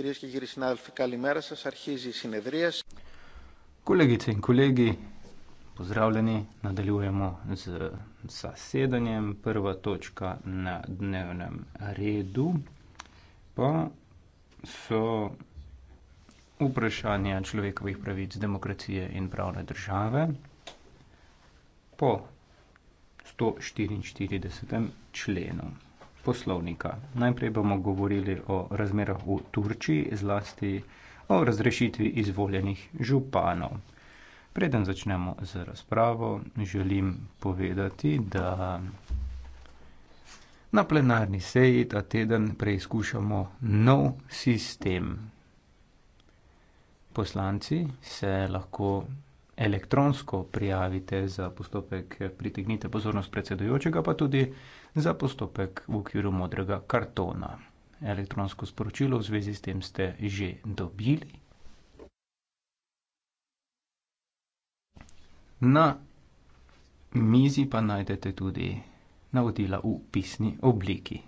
Κυρίε και κύριοι συνάδελφοι, καλημέρα σα. Αρχίζει η συνεδρία. Κολέγγιτε, κολέγγι, поздравлени. Надалюваємо з засіданням. Перва точка на дневному ряду по со упрашання чоловікових правіць демократії і правної держави по 144 членам poslovnika. Najprej bomo govorili o razmerah v Turčiji, zlasti o razrešitvi izvoljenih županov. Preden začnemo z razpravo, želim povedati, da na plenarni seji ta teden preizkušamo nov sistem. Poslanci se lahko elektronsko prijavite za postopek pritegnite pozornost predsedujočega, pa tudi za postopek v okviru modrega kartona. Elektronsko sporočilo v zvezi s tem ste že dobili. Na mizi pa najdete tudi navodila v pisni obliki.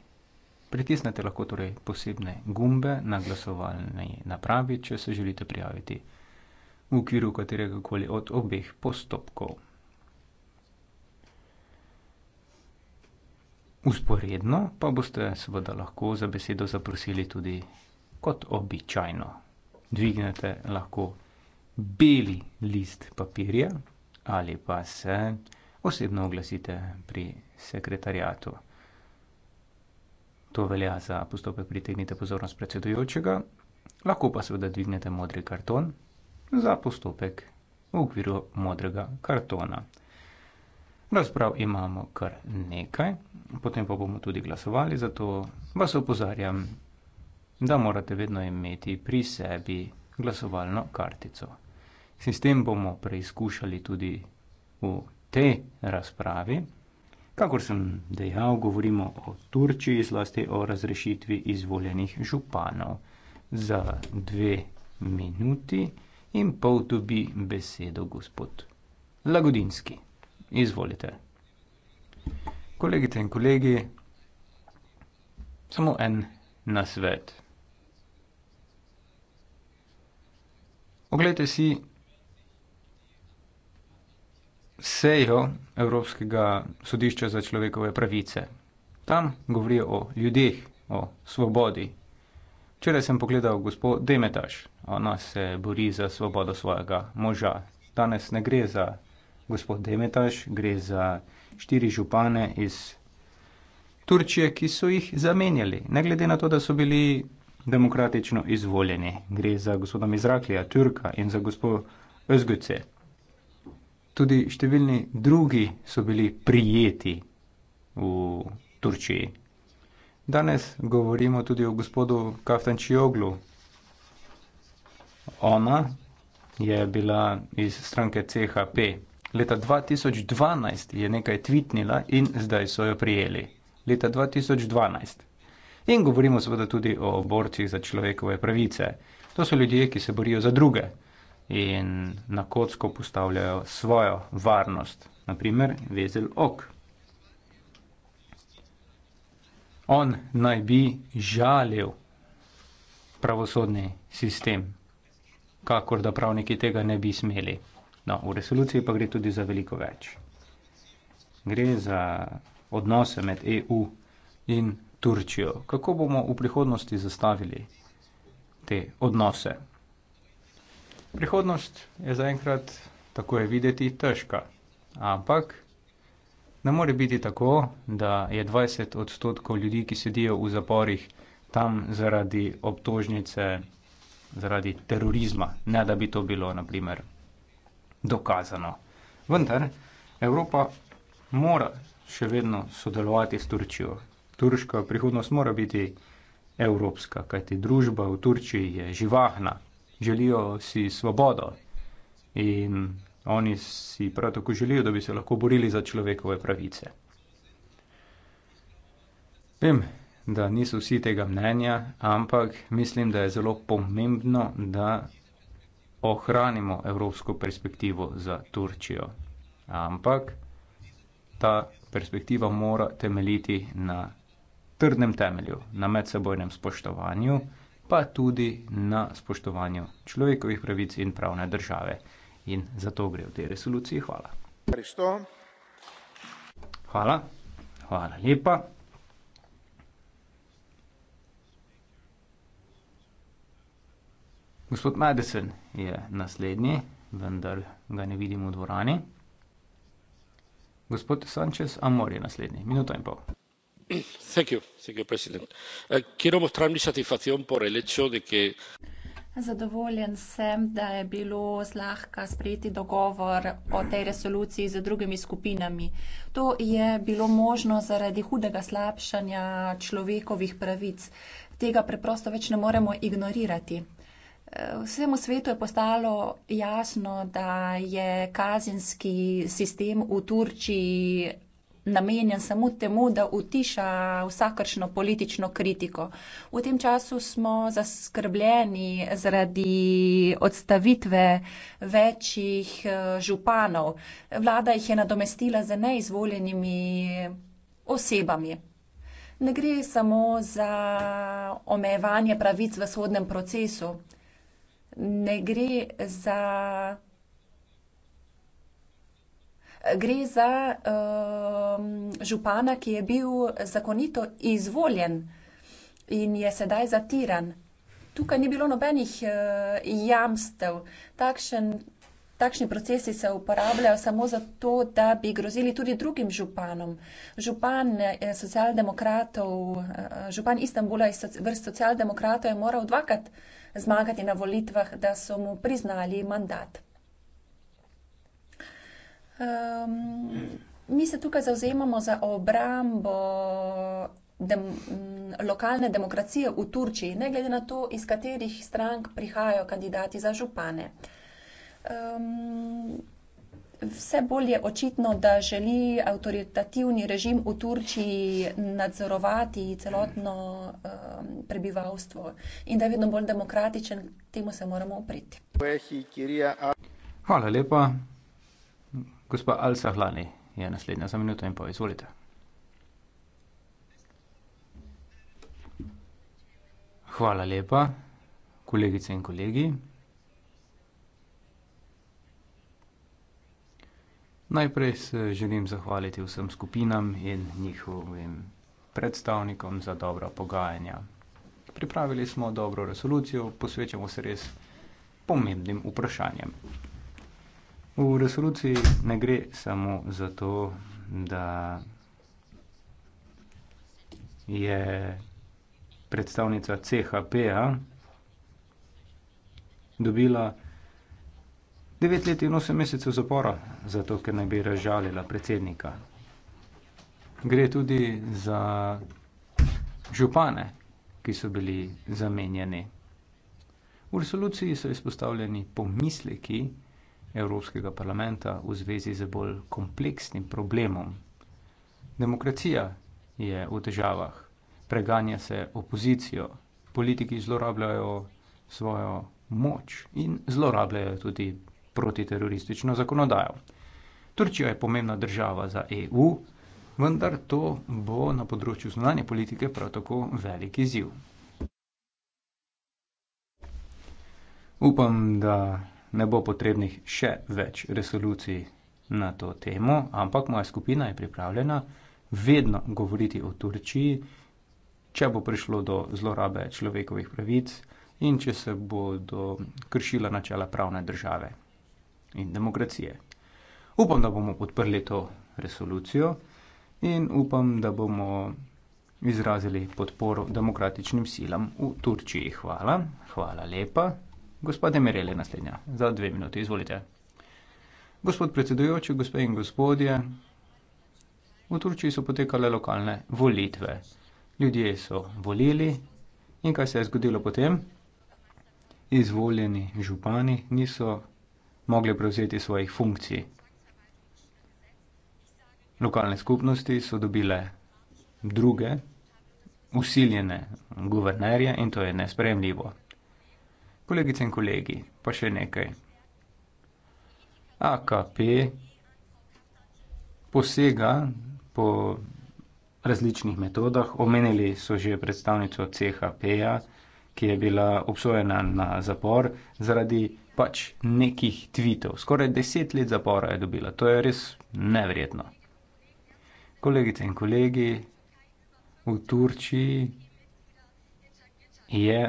Pritisnete lahko torej posebne gumbe na glasovalni napravi, če se želite prijaviti v okviru katerega koli od obeh postopkov vzporedno pa boste seveda lahko za besedo zaprosili tudi kot običajno dvignete lahko beli list papirja ali pa se osebno oglasite pri sekretarijatu to velja za postopek pritegnite pozornost predsedujočega lahko pa seveda dvignete modri karton za postopek v okviru modrega kartona. Razprav imamo kar nekaj, potem pa bomo tudi glasovali, zato vas opozarjam, da morate vedno imeti pri sebi glasovalno kartico. Sistem bomo preizkušali tudi v tej razpravi. Kakor sem dejal, govorimo o Turčiji, zlasti o razrešitvi izvoljenih županov. Za dve minuti in pol dobi besedo gospod Lagodinski. Izvolite. Kolegice in kolegi, samo en nasvet. Oglejte si sejo Evropskega sodišča za človekove pravice. Tam govorijo o ljudeh, o svobodi, Včeraj sem pogledal gospod Demetaš, ona se bori za svobodo svojega moža. Danes ne gre za gospod Demetaš, gre za štiri župane iz Turčije, ki so jih zamenjali, ne glede na to, da so bili demokratično izvoljeni. Gre za gospoda Mizraklija, Turka in za gospod Özgüce. Tudi številni drugi so bili prijeti v Turčiji. Danes govorimo tudi o gospodu Kaftančioglu. Ona je bila iz stranke CHP. Leta 2012 je nekaj tvitnila in zdaj so jo prijeli. Leta 2012. In govorimo seveda tudi o borcih za človekove pravice. To so ljudje, ki se borijo za druge in na kocko postavljajo svojo varnost. Naprimer, vezel ok. On naj bi žalil pravosodni sistem, kakor da pravniki tega ne bi smeli. No, v resoluciji pa gre tudi za veliko več. Gre za odnose med EU in Turčijo. Kako bomo v prihodnosti zastavili te odnose? Prihodnost je zaenkrat, tako je videti, težka. Ampak Ne more biti tako, da je 20 odstotkov ljudi, ki sedijo v zaporih, tam zaradi obtožnice, zaradi terorizma, ne da bi to bilo, naprimer, dokazano. Vendar Evropa mora še vedno sodelovati s Turčijo. Turška prihodnost mora biti evropska, kajti družba v Turčiji je živahna, želijo si svobodo in Oni si prav tako želijo, da bi se lahko borili za človekove pravice. Vem, da niso vsi tega mnenja, ampak mislim, da je zelo pomembno, da ohranimo evropsko perspektivo za Turčijo. Ampak ta perspektiva mora temeljiti na trdnem temelju, na medsebojnem spoštovanju, pa tudi na spoštovanju človekovih pravic in pravne države in zato gre v tej resoluciji. Hvala. Hvala. Hvala lepa. Gospod Madison je naslednji, vendar ga ne vidimo v dvorani. Gospod Sanchez Amor je naslednji, minuto in pol. Thank you, thank you, President. Uh, quiero mostrar mi satisfacción por el hecho de que. Zadovoljen sem, da je bilo zlahka sprejeti dogovor o tej resoluciji z drugimi skupinami. To je bilo možno zaradi hudega slabšanja človekovih pravic. Tega preprosto več ne moremo ignorirati. Vsemu svetu je postalo jasno, da je kazenski sistem v Turčiji namenjen samo temu, da utiša vsakršno politično kritiko. V tem času smo zaskrbljeni zaradi odstavitve večjih eh, županov. Vlada jih je nadomestila za neizvoljenimi osebami. Ne gre samo za omejevanje pravic v sodnem procesu, ne gre za Gre za um, župana, ki je bil zakonito izvoljen in je sedaj zatiran. Tukaj ni bilo nobenih uh, jamstev. Takšen, takšni procesi se uporabljajo samo zato, da bi grozili tudi drugim županom. Župan, uh, župan Istanbula iz vrst socialdemokratov je moral dvakrat zmagati na volitvah, da so mu priznali mandat. Um, mi se tukaj zauzemamo za obrambo dem, lokalne demokracije v Turčiji, ne glede na to, iz katerih strank prihajajo kandidati za župane. Um, Vse bolj je očitno, da želi avtoritativni režim v Turčiji nadzorovati celotno um, prebivalstvo in da je vedno bolj demokratičen, temu se moramo opriti. Hvala lepa. Gospa Al-Sahlani je naslednja za minuto in pol. Izvolite. Hvala lepa, kolegice in kolegi. Najprej se želim zahvaliti vsem skupinam in njihovim predstavnikom za dobra pogajanja. Pripravili smo dobro resolucijo, posvečamo se res pomembnim vprašanjem. V resoluciji ne gre samo za to, da je predstavnica CHP-a dobila 9 let in 8 mesecev zapora, zato ker naj bi razžalila predsednika. Gre tudi za župane, ki so bili zamenjeni. V resoluciji so izpostavljeni pomisleki, ki. Evropskega parlamenta v zvezi z bolj kompleksnim problemom. Demokracija je v težavah, preganja se opozicijo, politiki zlorabljajo svojo moč in zlorabljajo tudi protiteroristično zakonodajo. Turčija je pomembna država za EU, vendar to bo na področju znanje politike prav tako velik izziv. Upam, da ne bo potrebnih še več resolucij na to temo, ampak moja skupina je pripravljena vedno govoriti o Turčiji, če bo prišlo do zlorabe človekovih pravic in če se bodo kršila načela pravne države in demokracije. Upam, da bomo podprli to resolucijo in upam, da bomo izrazili podporo demokratičnim silam v Turčiji. Hvala, hvala lepa. Gospod Demirel je naslednja. Za dve minuti, izvolite. Gospod predsedujoči, gospe in gospodje, v Turčiji so potekale lokalne volitve. Ljudje so volili in kaj se je zgodilo potem? Izvoljeni župani niso mogli prevzeti svojih funkcij. Lokalne skupnosti so dobile druge usiljene guvernerje in to je nespremljivo. Kolegice in kolegi, pa še nekaj. AKP posega po različnih metodah. Omenili so že predstavnico CHP-ja, ki je bila obsojena na zapor zaradi pač nekih tvitev. Skoraj deset let zapora je dobila. To je res neverjetno. Kolegice in kolegi, v Turčiji je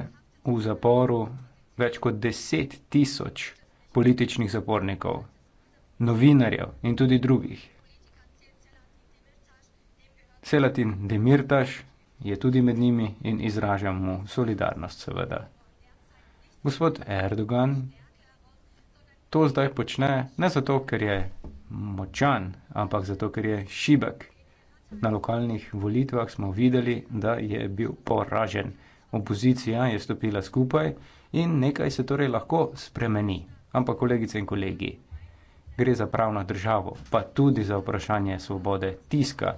v zaporu več kot deset tisoč političnih zapornikov, novinarjev in tudi drugih. Celatin Demirtaš je tudi med njimi in izražam mu solidarnost seveda. Gospod Erdogan to zdaj počne ne zato, ker je močan, ampak zato, ker je šibek. Na lokalnih volitvah smo videli, da je bil poražen. Opozicija je stopila skupaj in nekaj se torej lahko spremeni. Ampak, kolegice in kolegi, gre za pravno državo, pa tudi za vprašanje svobode tiska.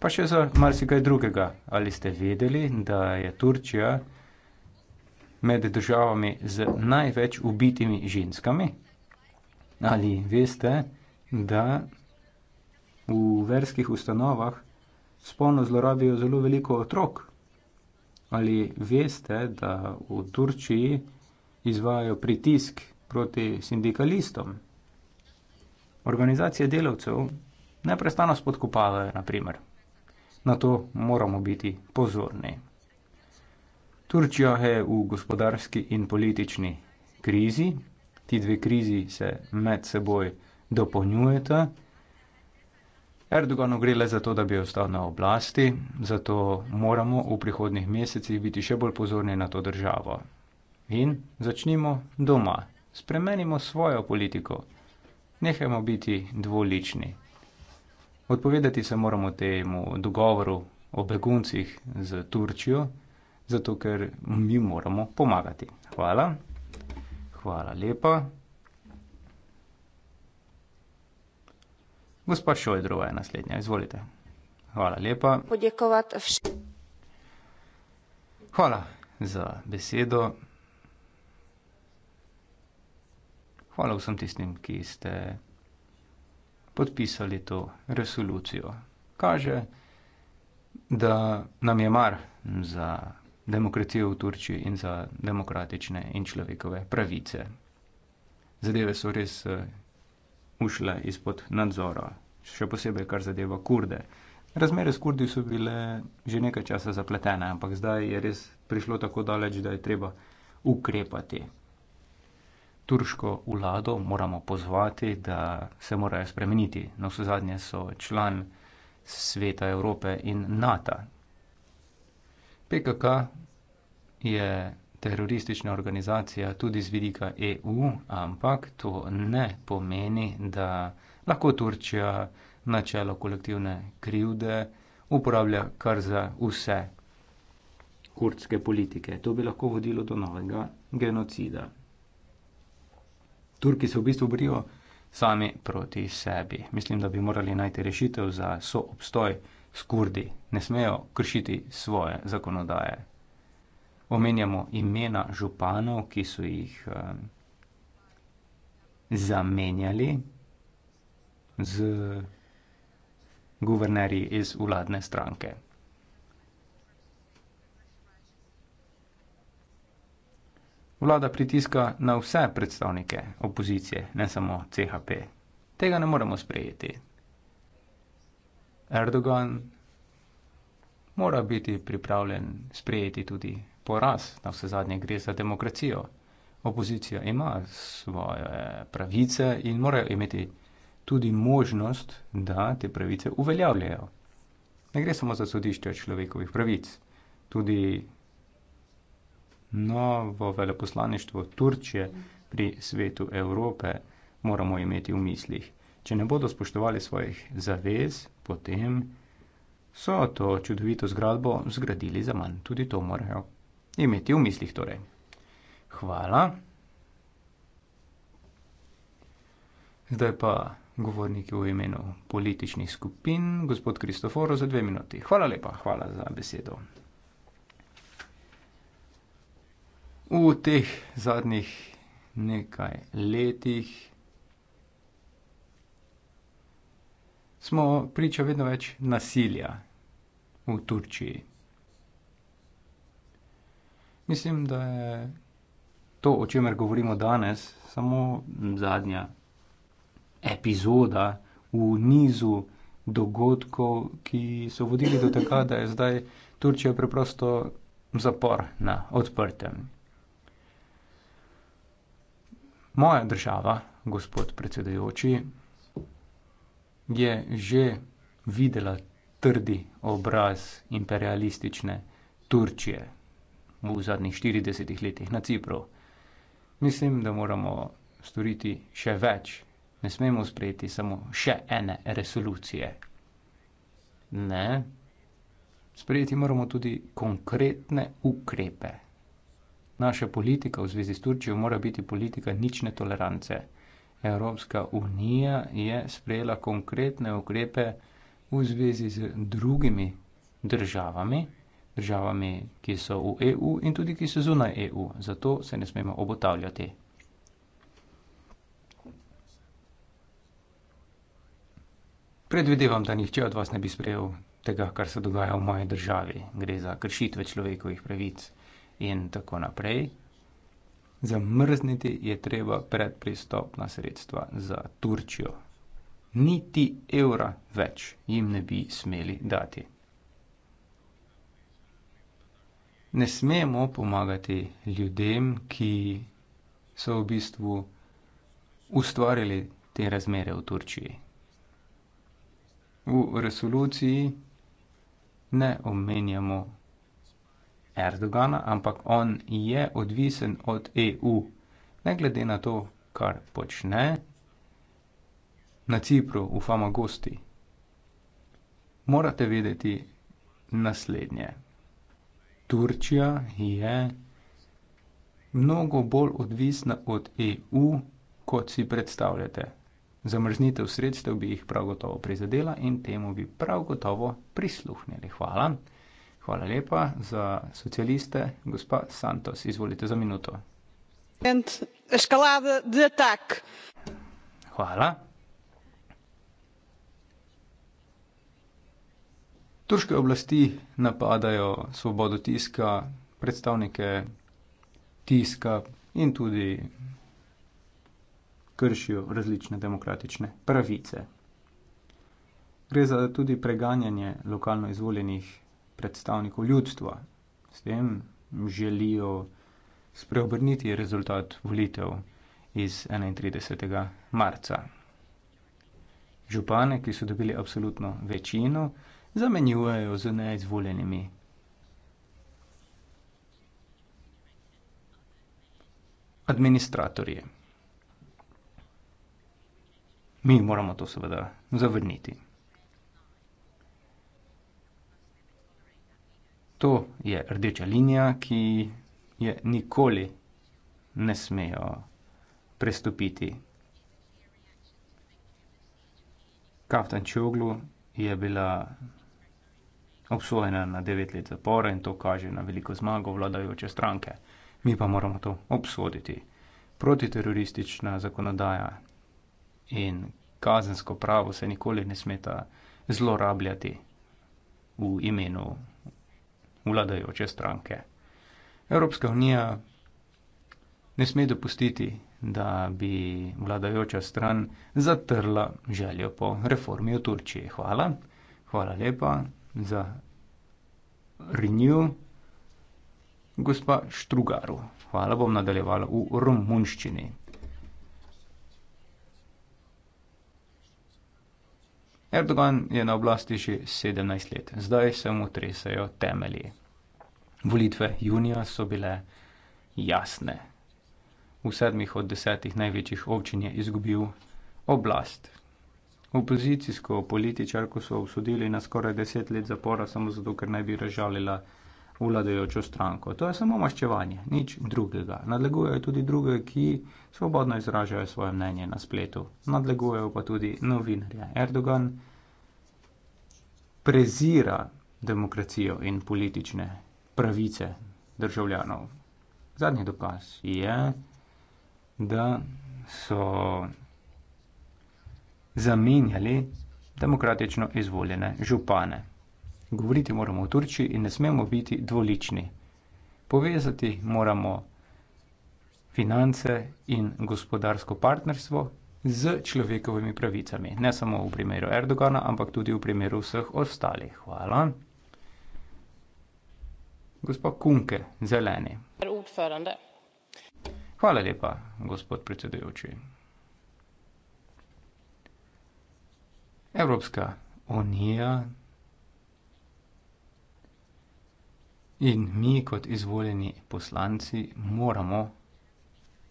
Pa še za marsikaj drugega. Ali ste vedeli, da je Turčija med državami z največ ubitimi ženskami? Ali veste, da v verskih ustanovah spolno zlorabijo zelo veliko otrok, Ali veste, da v Turčiji izvajajo pritisk proti sindikalistom? Organizacije delavcev neprestano spodkopavajo, naprimer. Na to moramo biti pozorni. Turčija je v gospodarski in politični krizi. Ti dve krizi se med seboj dopolnjujeta. Erdoganu gre le za to, da bi ostal na oblasti, zato moramo v prihodnih mesecih biti še bolj pozorni na to državo. In začnimo doma. Spremenimo svojo politiko. Nehajmo biti dvolični. Odpovedati se moramo temu dogovoru o beguncih z Turčijo, zato ker mi moramo pomagati. Hvala. Hvala lepa. Gospod Šojdrova je naslednja, izvolite. Hvala lepa. Podjekovati vsem. Hvala za besedo. Hvala vsem tistim, ki ste podpisali to resolucijo. Kaže, da nam je mar za demokracijo v Turčiji in za demokratične in človekove pravice. Zadeve so res eh, ušle izpod nadzora, še posebej kar zadeva kurde. Razmere s kurdi so bile že nekaj časa zapletene, ampak zdaj je res prišlo tako daleč, da je treba ukrepati. Turško vlado moramo pozvati, da se morajo spremeniti. Na vse zadnje so član sveta Evrope in NATO. PKK je teroristična organizacija tudi z vidika EU, ampak to ne pomeni, da lahko Turčija načelo kolektivne krivde uporablja kar za vse kurdske politike. To bi lahko vodilo do novega genocida. Turki se v bistvu brijo sami proti sebi. Mislim, da bi morali najti rešitev za soobstoj s Kurdi. Ne smejo kršiti svoje zakonodaje omenjamo imena županov, ki so jih eh, zamenjali z guvernerji iz vladne stranke. Vlada pritiska na vse predstavnike opozicije, ne samo CHP. Tega ne moremo sprejeti. Erdogan mora biti pripravljen sprejeti tudi poraz, na vse zadnje gre za demokracijo. Opozicija ima svoje pravice in morajo imeti tudi možnost, da te pravice uveljavljajo. Ne gre samo za sodišče človekovih pravic, tudi novo veleposlaništvo Turčije pri svetu Evrope moramo imeti v mislih. Če ne bodo spoštovali svojih zavez, potem so to čudovito zgradbo zgradili za manj. Tudi to morajo Imeti v mislih torej. Hvala. Zdaj pa govorniki v imenu političnih skupin, gospod Kristoforo za dve minuti. Hvala lepa, hvala za besedo. V teh zadnjih nekaj letih smo priča vedno več nasilja v Turčiji. Mislim, da je to, o čemer govorimo danes, samo zadnja epizoda v nizu dogodkov, ki so vodili do tega, da je zdaj Turčija preprosto zapor na odprtem. Moja država, gospod predsedajoči, je že videla trdi obraz imperialistične Turčije v zadnjih 40 letih na Cipru. Mislim, da moramo storiti še več. Ne smemo sprejeti samo še ene resolucije. Ne. Sprejeti moramo tudi konkretne ukrepe. Naša politika v zvezi s Turčijo mora biti politika nične tolerance. Evropska unija je sprejela konkretne ukrepe v zvezi z drugimi državami, državami, ki so v EU in tudi ki so zunaj EU. Zato se ne smemo obotavljati. Predvidevam, da nihče od vas ne bi sprejel tega, kar se dogaja v moji državi. Gre za kršitve človekovih pravic in tako naprej. Zamrzniti je treba predpristopna sredstva za Turčijo. Niti evra več jim ne bi smeli dati. ne smemo pomagati ljudem, ki so v bistvu ustvarili te razmere v Turčiji. V resoluciji ne omenjamo Erdogana, ampak on je odvisen od EU. Ne glede na to, kar počne na Cipru v Famagosti, morate vedeti naslednje. Turčija je mnogo bolj odvisna od EU, kot si predstavljate. Zamrznitev sredstev bi jih prav gotovo prizadela in temu bi prav gotovo prisluhnili. Hvala. Hvala lepa za socialiste. Gospa Santos, izvolite za minuto. Hvala. Turške oblasti napadajo svobodo tiska, predstavnike tiska in tudi kršijo različne demokratične pravice. Gre za tudi preganjanje lokalno izvoljenih predstavnikov ljudstva. S tem želijo spreobrniti rezultat volitev iz 31. marca. Župane, ki so dobili absolutno večino, zamenjujejo z neizvoljenimi. Administratorje. Mi moramo to seveda zavrniti. To je rdeča linija, ki je nikoli ne smejo prestopiti. Kaftan Čoglu je bila obsojena na devet let zapora in to kaže na veliko zmago vladajoče stranke. Mi pa moramo to obsoditi. Protiteroristična zakonodaja in kazensko pravo se nikoli ne smeta zlorabljati v imenu vladajoče stranke. Evropska unija ne sme dopustiti, da bi vladajoča stran zatrla željo po reformi v Turčiji. Hvala, hvala lepa za Renew. Gospa Štrugaru, hvala, bom nadaljevala v romunščini. Erdogan je na oblasti že 17 let, zdaj se mu tresajo temelji. Volitve junija so bile jasne. V sedmih od desetih največjih občin je izgubil oblast opozicijsko političarko so obsodili na skoraj deset let zapora, samo zato, ker naj bi razžalila vladajočo stranko. To je samo maščevanje, nič drugega. Nadlegujejo tudi druge, ki svobodno izražajo svoje mnenje na spletu. Nadlegujejo pa tudi novinarje. Erdogan prezira demokracijo in politične pravice državljanov. Zadnji dokaz je, da so zamenjali demokratično izvoljene župane. Govoriti moramo v Turčiji in ne smemo biti dvolični. Povezati moramo finance in gospodarsko partnerstvo z človekovimi pravicami. Ne samo v primeru Erdogana, ampak tudi v primeru vseh ostalih. Hvala. Gospa Kunke, zeleni. Hvala lepa, gospod predsedujoči. Evropska unija in mi kot izvoljeni poslanci moramo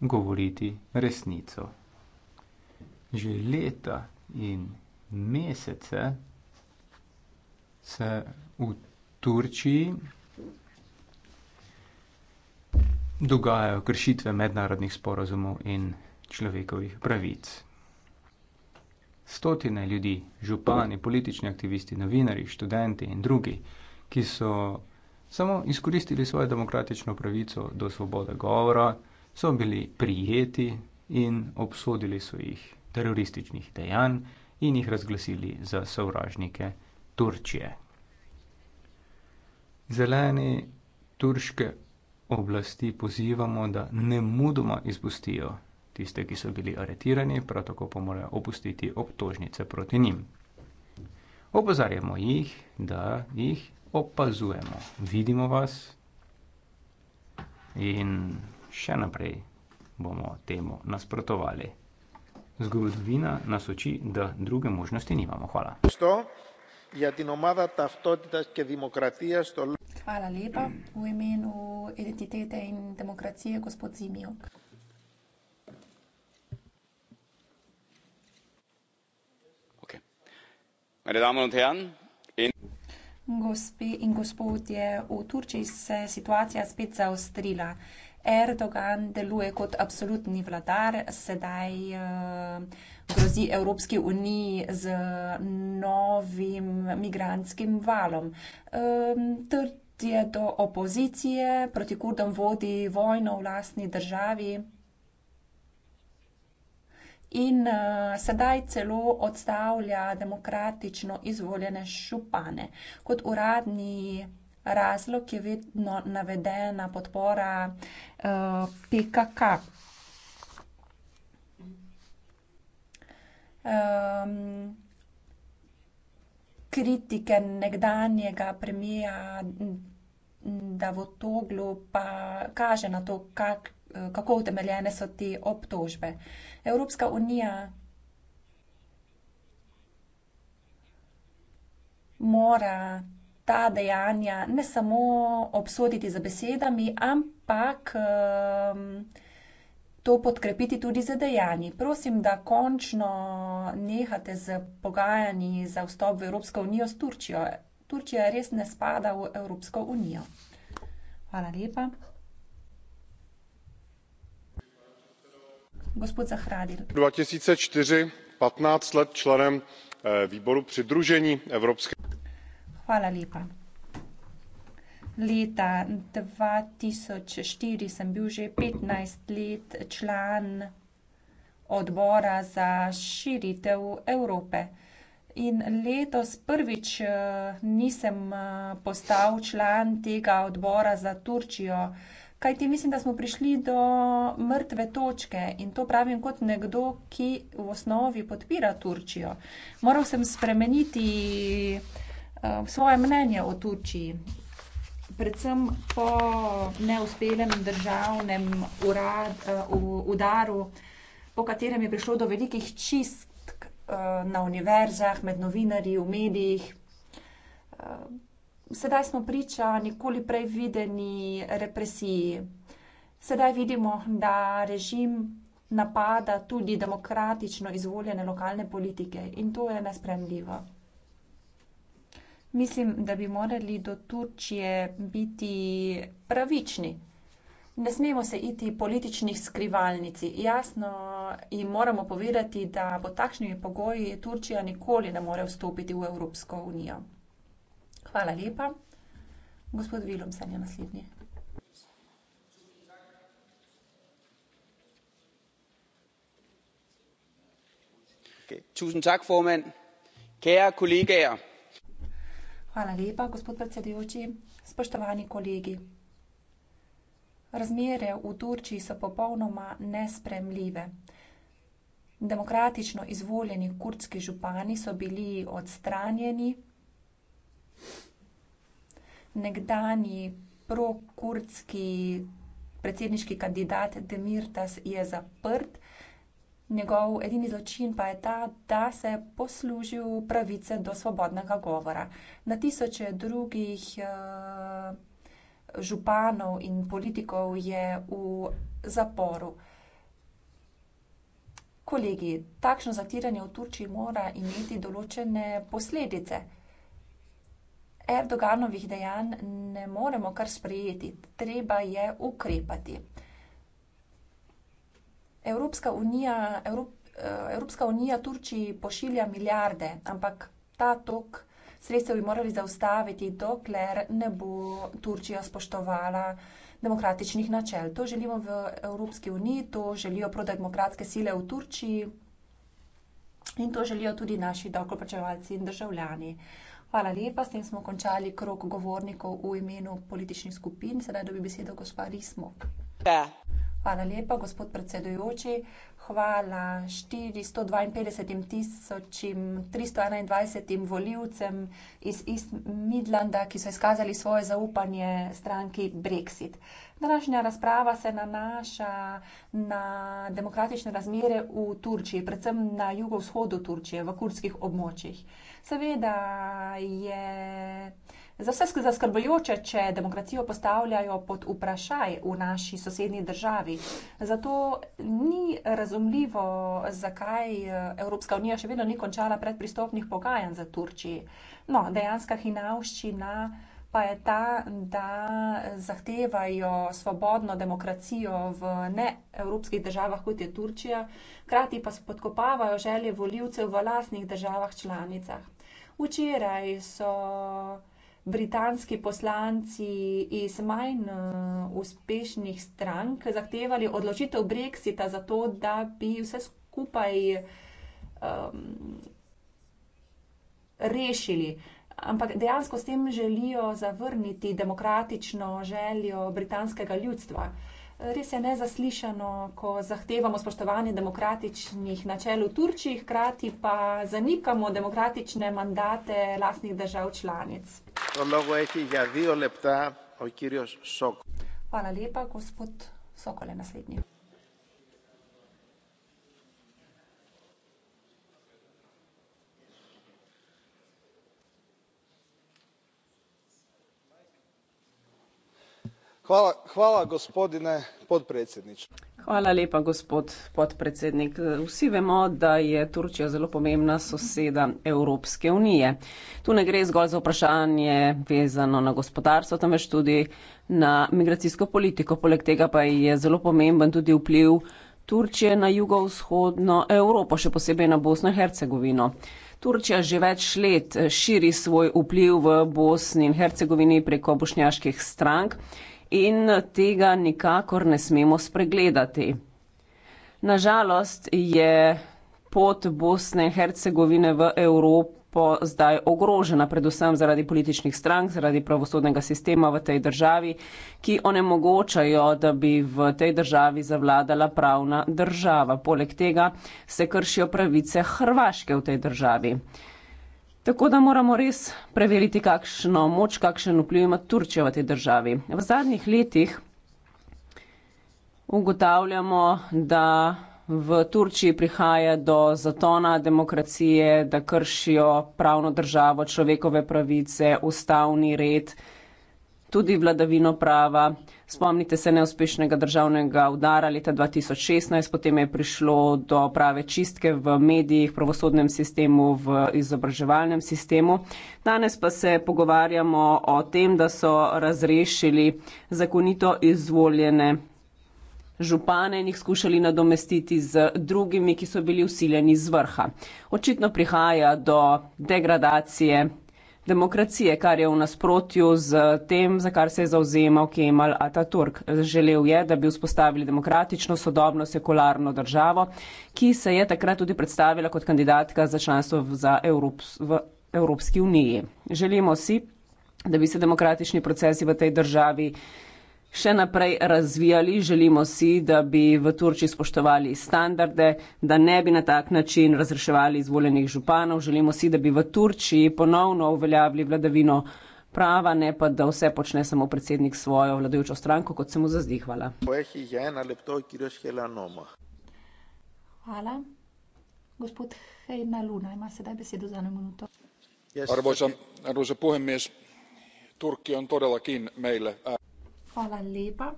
govoriti resnico. Že leta in mesece se v Turčiji dogajajo kršitve mednarodnih sporazumov in človekovih pravic stotine ljudi, župani, politični aktivisti, novinari, študenti in drugi, ki so samo izkoristili svojo demokratično pravico do svobode govora, so bili prijeti in obsodili svojih terorističnih dejanj in jih razglasili za sovražnike Turčije. Zeleni turške oblasti pozivamo, da ne mudoma izpustijo tiste, ki so bili aretirani, prav tako pa morajo opustiti obtožnice proti njim. Opozarjamo jih, da jih opazujemo. Vidimo vas in še naprej bomo temu nasprotovali. Zgodovina nas uči, da druge možnosti nimamo. Hvala. Ja, Hvala lepa v imenu identitete in demokracije, gospod Zimijok. meine Damen und Herren, in Gospe in gospodje, v Turčiji se je situacija spet zaostrila. Erdogan deluje kot absolutni vladar, sedaj uh, grozi Evropski uniji z novim migranskim valom. Um, trd je do opozicije, proti kurdom vodi vojno v lastni državi in uh, sedaj celo odstavlja demokratično izvoljene župane. Kot uradni razlog je vedno navedena podpora uh, eh, PKK. Um, kritike nekdanjega premija Davotoglu pa kaže na to, kako kako utemeljene so te obtožbe. Evropska unija mora ta dejanja ne samo obsoditi za besedami, ampak um, to podkrepiti tudi za dejanji. Prosim, da končno nehate z pogajanji za vstop v Evropsko unijo s Turčijo. Turčija res ne spada v Evropsko unijo. Hvala lepa. gospod zahradil. two thousand and four patnáct let členem eh, výboru přidružení evropské. hvala lepa. Leta 2004 sem bil že 15 let član odbora za širitev Evrope. In letos prvič eh, nisem eh, postal član tega odbora za Turčijo. Kaj ti mislim, da smo prišli do mrtve točke in to pravim kot nekdo, ki v osnovi podpira Turčijo. Moral sem spremeniti eh, svoje mnenje o Turčiji, predvsem po neuspelem državnem urad, eh, udaru, po katerem je prišlo do velikih čistk eh, na univerzah, med novinarji, v medijih sedaj smo priča nikoli prej videni represiji. Sedaj vidimo, da režim napada tudi demokratično izvoljene lokalne politike in to je nespremljivo. Mislim, da bi morali do Turčije biti pravični. Ne smemo se iti političnih skrivalnici. Jasno jim moramo povedati, da po takšnimi pogoji Turčija nikoli ne more vstopiti v Evropsko unijo. Hvala lepa. Gospod Vilomsen je naslednji. Hvala lepa, gospod predsedujoči. Spoštovani kolegi. Razmere v Turčiji so popolnoma nesprejemljive. Demokratično izvoljeni kurdski župani so bili odstranjeni, Nekdani prokurdski predsedniški kandidat Demirtas je zaprt. Njegov edini zločin pa je ta, da se je poslužil pravice do svobodnega govora. Na tisoče drugih eh, županov in politikov je v zaporu. Kolegi, takšno zatiranje v Turčiji mora imeti določene posledice. Erdoganovih dejanj ne moremo kar sprejeti, treba je ukrepati. Evropska unija, Evrop, eh, Evropska unija Turčiji pošilja milijarde, ampak ta tok sredstev bi morali zaustaviti, dokler ne bo Turčija spoštovala demokratičnih načel. To želimo v Evropski uniji, to želijo prodemokratske sile v Turčiji in to želijo tudi naši davkoplačevalci in državljani. Hvala lepa, s tem smo končali krok govornikov v imenu političnih skupin. Sedaj dobi besedo gospa Rismo. Da. Ja. Hvala lepa, gospod predsedujoči. Hvala 452 tisočim 321 voljivcem iz East Midlanda, ki so izkazali svoje zaupanje stranki Brexit. Današnja razprava se nanaša na demokratične razmere v Turčiji, predvsem na jugovzhodu Turčije, v kurdskih območjih. Seveda je za vse zaskrbljujoče, če demokracijo postavljajo pod vprašaj v naši sosednji državi. Zato ni razumljivo, zakaj eh, Evropska unija še vedno ni končala predpristopnih pogajanj za Turčijo. No, dejanska hinavščina pa je ta, da zahtevajo svobodno demokracijo v neevropskih državah, kot je Turčija, krati pa spodkopavajo želje voljivcev v lastnih državah članicah. Včeraj so britanski poslanci iz manj uh, uspešnih strank zahtevali odločitev Brexita zato, da bi vse skupaj um, rešili ampak dejansko s tem želijo zavrniti demokratično željo britanskega ljudstva. Res je nezaslišano, ko zahtevamo spoštovanje demokratičnih načel v Turčiji, hkrati pa zanikamo demokratične mandate lastnih držav članic. Hvala lepa, gospod Sokole, naslednji. Hvala, gospodine podpredsednik. Hvala lepa, gospod podpredsednik. Vsi vemo, da je Turčija zelo pomembna soseda Evropske unije. Tu ne gre zgolj za vprašanje vezano na gospodarstvo, temveč tudi na migracijsko politiko. Poleg tega pa je zelo pomemben tudi vpliv Turčije na jugovzhodno Evropo, še posebej na Bosno in Hercegovino. Turčija že več let širi svoj vpliv v Bosni in Hercegovini preko bošnjaških strank in tega nikakor ne smemo spregledati. Nažalost je pot Bosne in Hercegovine v Evropo Po zdaj ogrožena predvsem zaradi političnih strank, zaradi pravosodnega sistema v tej državi, ki onemogočajo, da bi v tej državi zavladala pravna država. Poleg tega se kršijo pravice Hrvaške v tej državi. Tako da moramo res preveriti, kakšno moč, kakšen vpliv ima Turčija v tej državi. V zadnjih letih ugotavljamo, da v Turčiji prihaja do zatona demokracije, da kršijo pravno državo, človekove pravice, ustavni red tudi vladavino prava. Spomnite se neuspešnega državnega udara leta 2016, potem je prišlo do prave čistke v medijih, pravosodnem sistemu, v izobraževalnem sistemu. Danes pa se pogovarjamo o tem, da so razrešili zakonito izvoljene župane in jih skušali nadomestiti z drugimi, ki so bili usiljeni z vrha. Očitno prihaja do degradacije demokracije, kar je v nasprotju z tem, za kar se je zauzemal Kemal Ataturk. Želel je, da bi vzpostavili demokratično, sodobno, sekularno državo, ki se je takrat tudi predstavila kot kandidatka za članstvo za Evrops v Evropski uniji. Želimo si, da bi se demokratični procesi v tej državi še naprej razvijali. Želimo si, da bi v Turčiji spoštovali standarde, da ne bi na tak način razreševali izvoljenih županov. Želimo si, da bi v Turčiji ponovno uveljavili vladavino prava, ne pa da vse počne samo predsednik svojo vladajočo stranko, kot se mu zazdihvala. Hvala. Gospod Heina Luna ima sedaj besedo za eno minuto. Arvoisa, arvoisa puhemies, Turkki on todellakin meille Hvala lepa.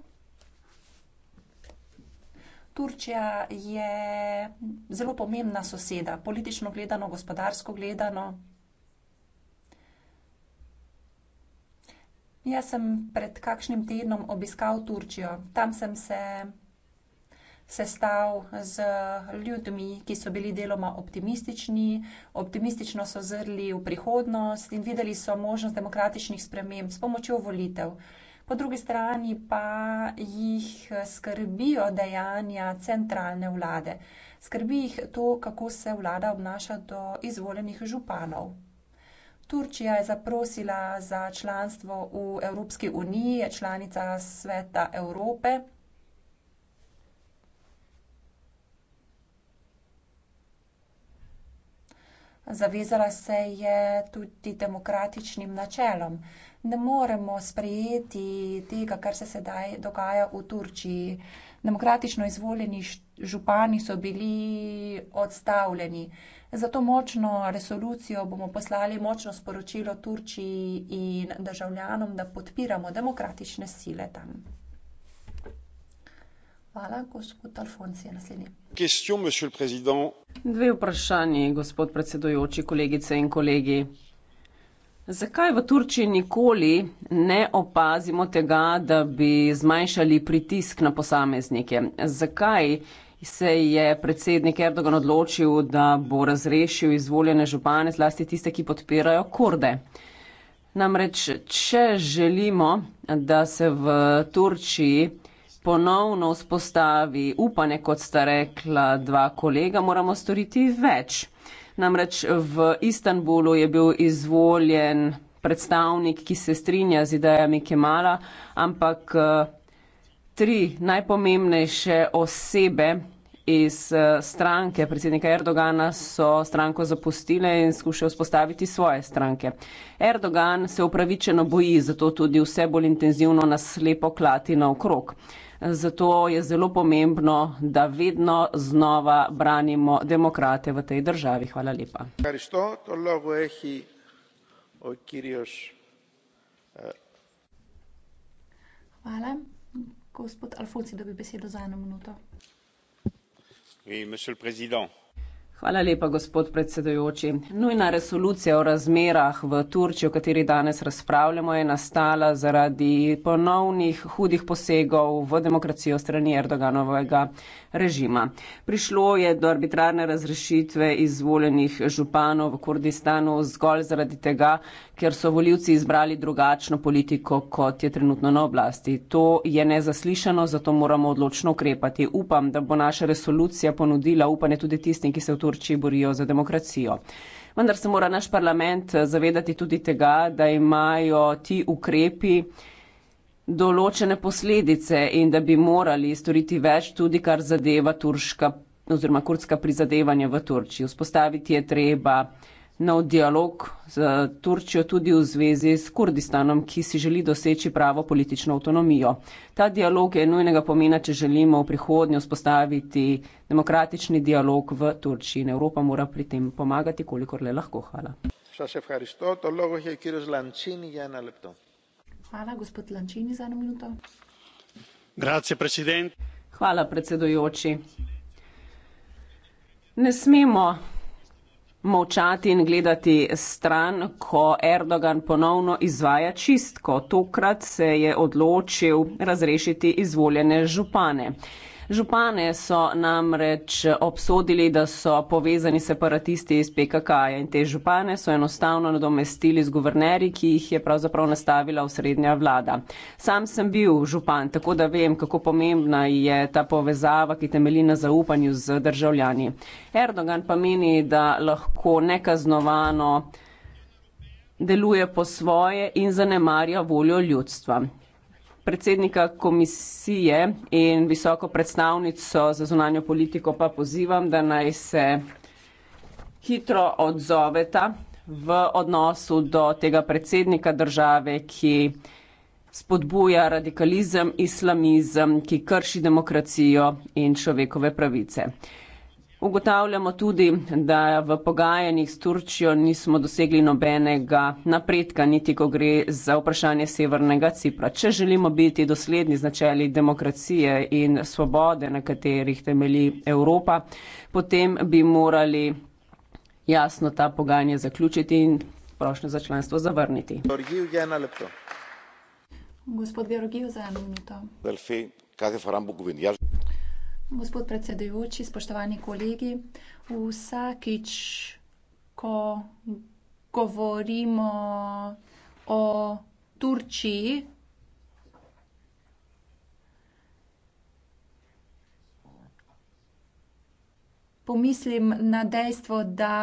Turčija je zelo pomembna soseda, politično gledano, gospodarsko gledano. Jaz sem pred kakšnim tednom obiskal Turčijo. Tam sem se sestal z ljudmi, ki so bili deloma optimistični, optimistično so zrli v prihodnost in videli so možnost demokratičnih sprememb s pomočjo volitev po drugi strani pa jih eh, skrbijo dejanja centralne vlade. Skrbi jih to, kako se vlada obnaša do izvoljenih županov. Turčija je zaprosila za članstvo v Evropski uniji, je članica Sveta Evrope. Zavezala se je tudi demokratičnim načelom ne moremo sprejeti tega, kar se sedaj dogaja v Turčiji. Demokratično izvoljeni župani so bili odstavljeni. Zato močno resolucijo bomo poslali, močno sporočilo Turčiji in državljanom, da podpiramo demokratične sile tam. Hvala, gospod Alfonsi, je naslednji. Question, Dve vprašanji, gospod predsedujoči, kolegice in kolegi. Zakaj v Turčiji nikoli ne opazimo tega, da bi zmanjšali pritisk na posameznike? Zakaj se je predsednik Erdogan odločil, da bo razrešil izvoljene župane, zlasti tiste, ki podpirajo kurde? Namreč, če želimo, da se v Turčiji ponovno vzpostavi upanje, kot sta rekla dva kolega, moramo storiti več. Namreč v Istanbulu je bil izvoljen predstavnik, ki se strinja z idejami Kemala, ampak eh, tri najpomembnejše osebe iz eh, stranke predsednika Erdogana so stranko zapustile in skušajo vzpostaviti svoje stranke. Erdogan se upravičeno boji, zato tudi vse bolj intenzivno naslepo klati na okrog zato je zelo pomembno, da vedno znova branimo demokrate v tej državi. Hvala lepa. Hvala. Gospod Alfonsi dobi besedo za eno minuto. Hvala lepa, gospod predsedujoči. Nujna resolucija o razmerah v Turčiji, o kateri danes razpravljamo, je nastala zaradi ponovnih hudih posegov v demokracijo strani Erdoganovega režima. Prišlo je do arbitrarne razrešitve izvoljenih županov v Kurdistanu zgolj zaradi tega, ker so voljivci izbrali drugačno politiko, kot je trenutno na oblasti. To je nezaslišano, zato moramo odločno ukrepati. Upam, da bo naša resolucija ponudila upanje tudi tistim, ki se v Turčiji borijo za demokracijo. Vendar se mora naš parlament zavedati tudi tega, da imajo ti ukrepi določene posledice in da bi morali storiti več tudi kar zadeva turška oziroma kurdska prizadevanja v Turčiji. Vzpostaviti je treba nov dialog z Turčijo tudi v zvezi s Kurdistanom, ki si želi doseči pravo politično avtonomijo. Ta dialog je nujnega pomena, če želimo v prihodnje vzpostaviti demokratični dialog v Turčiji. Evropa mora pri tem pomagati, kolikor le lahko. Hvala. Hvala. Hvala, predsedujoči. Ne smemo molčati in gledati stran, ko Erdogan ponovno izvaja čistko. Tokrat se je odločil razrešiti izvoljene župane. Župane so namreč obsodili, da so povezani separatisti iz PKK -ja in te župane so enostavno nadomestili z guvernerji, ki jih je pravzaprav nastavila osrednja vlada. Sam sem bil župan, tako da vem, kako pomembna je ta povezava, ki temelji na zaupanju z državljani. Erdogan pa meni, da lahko nekaznovano deluje po svoje in zanemarja voljo ljudstva predsednika komisije in visoko predstavnico za zunanjo politiko pa pozivam, da naj se hitro odzoveta v odnosu do tega predsednika države, ki spodbuja radikalizem, islamizem, ki krši demokracijo in človekove pravice. Ugotavljamo tudi, da v pogajanjih s Turčijo nismo dosegli nobenega napredka, niti ko gre za vprašanje Severnega Cipra. Če želimo biti dosledni z načeli demokracije in svobode, na katerih temelji Evropa, potem bi morali jasno ta pogajanja zaključiti in prošnjo za članstvo zavrniti. Ja, Gospod Georgijev, za eno minuto. Gospod predsedujoči, spoštovani kolegi, vsakič, ko govorimo o Turčiji, pomislim na dejstvo, da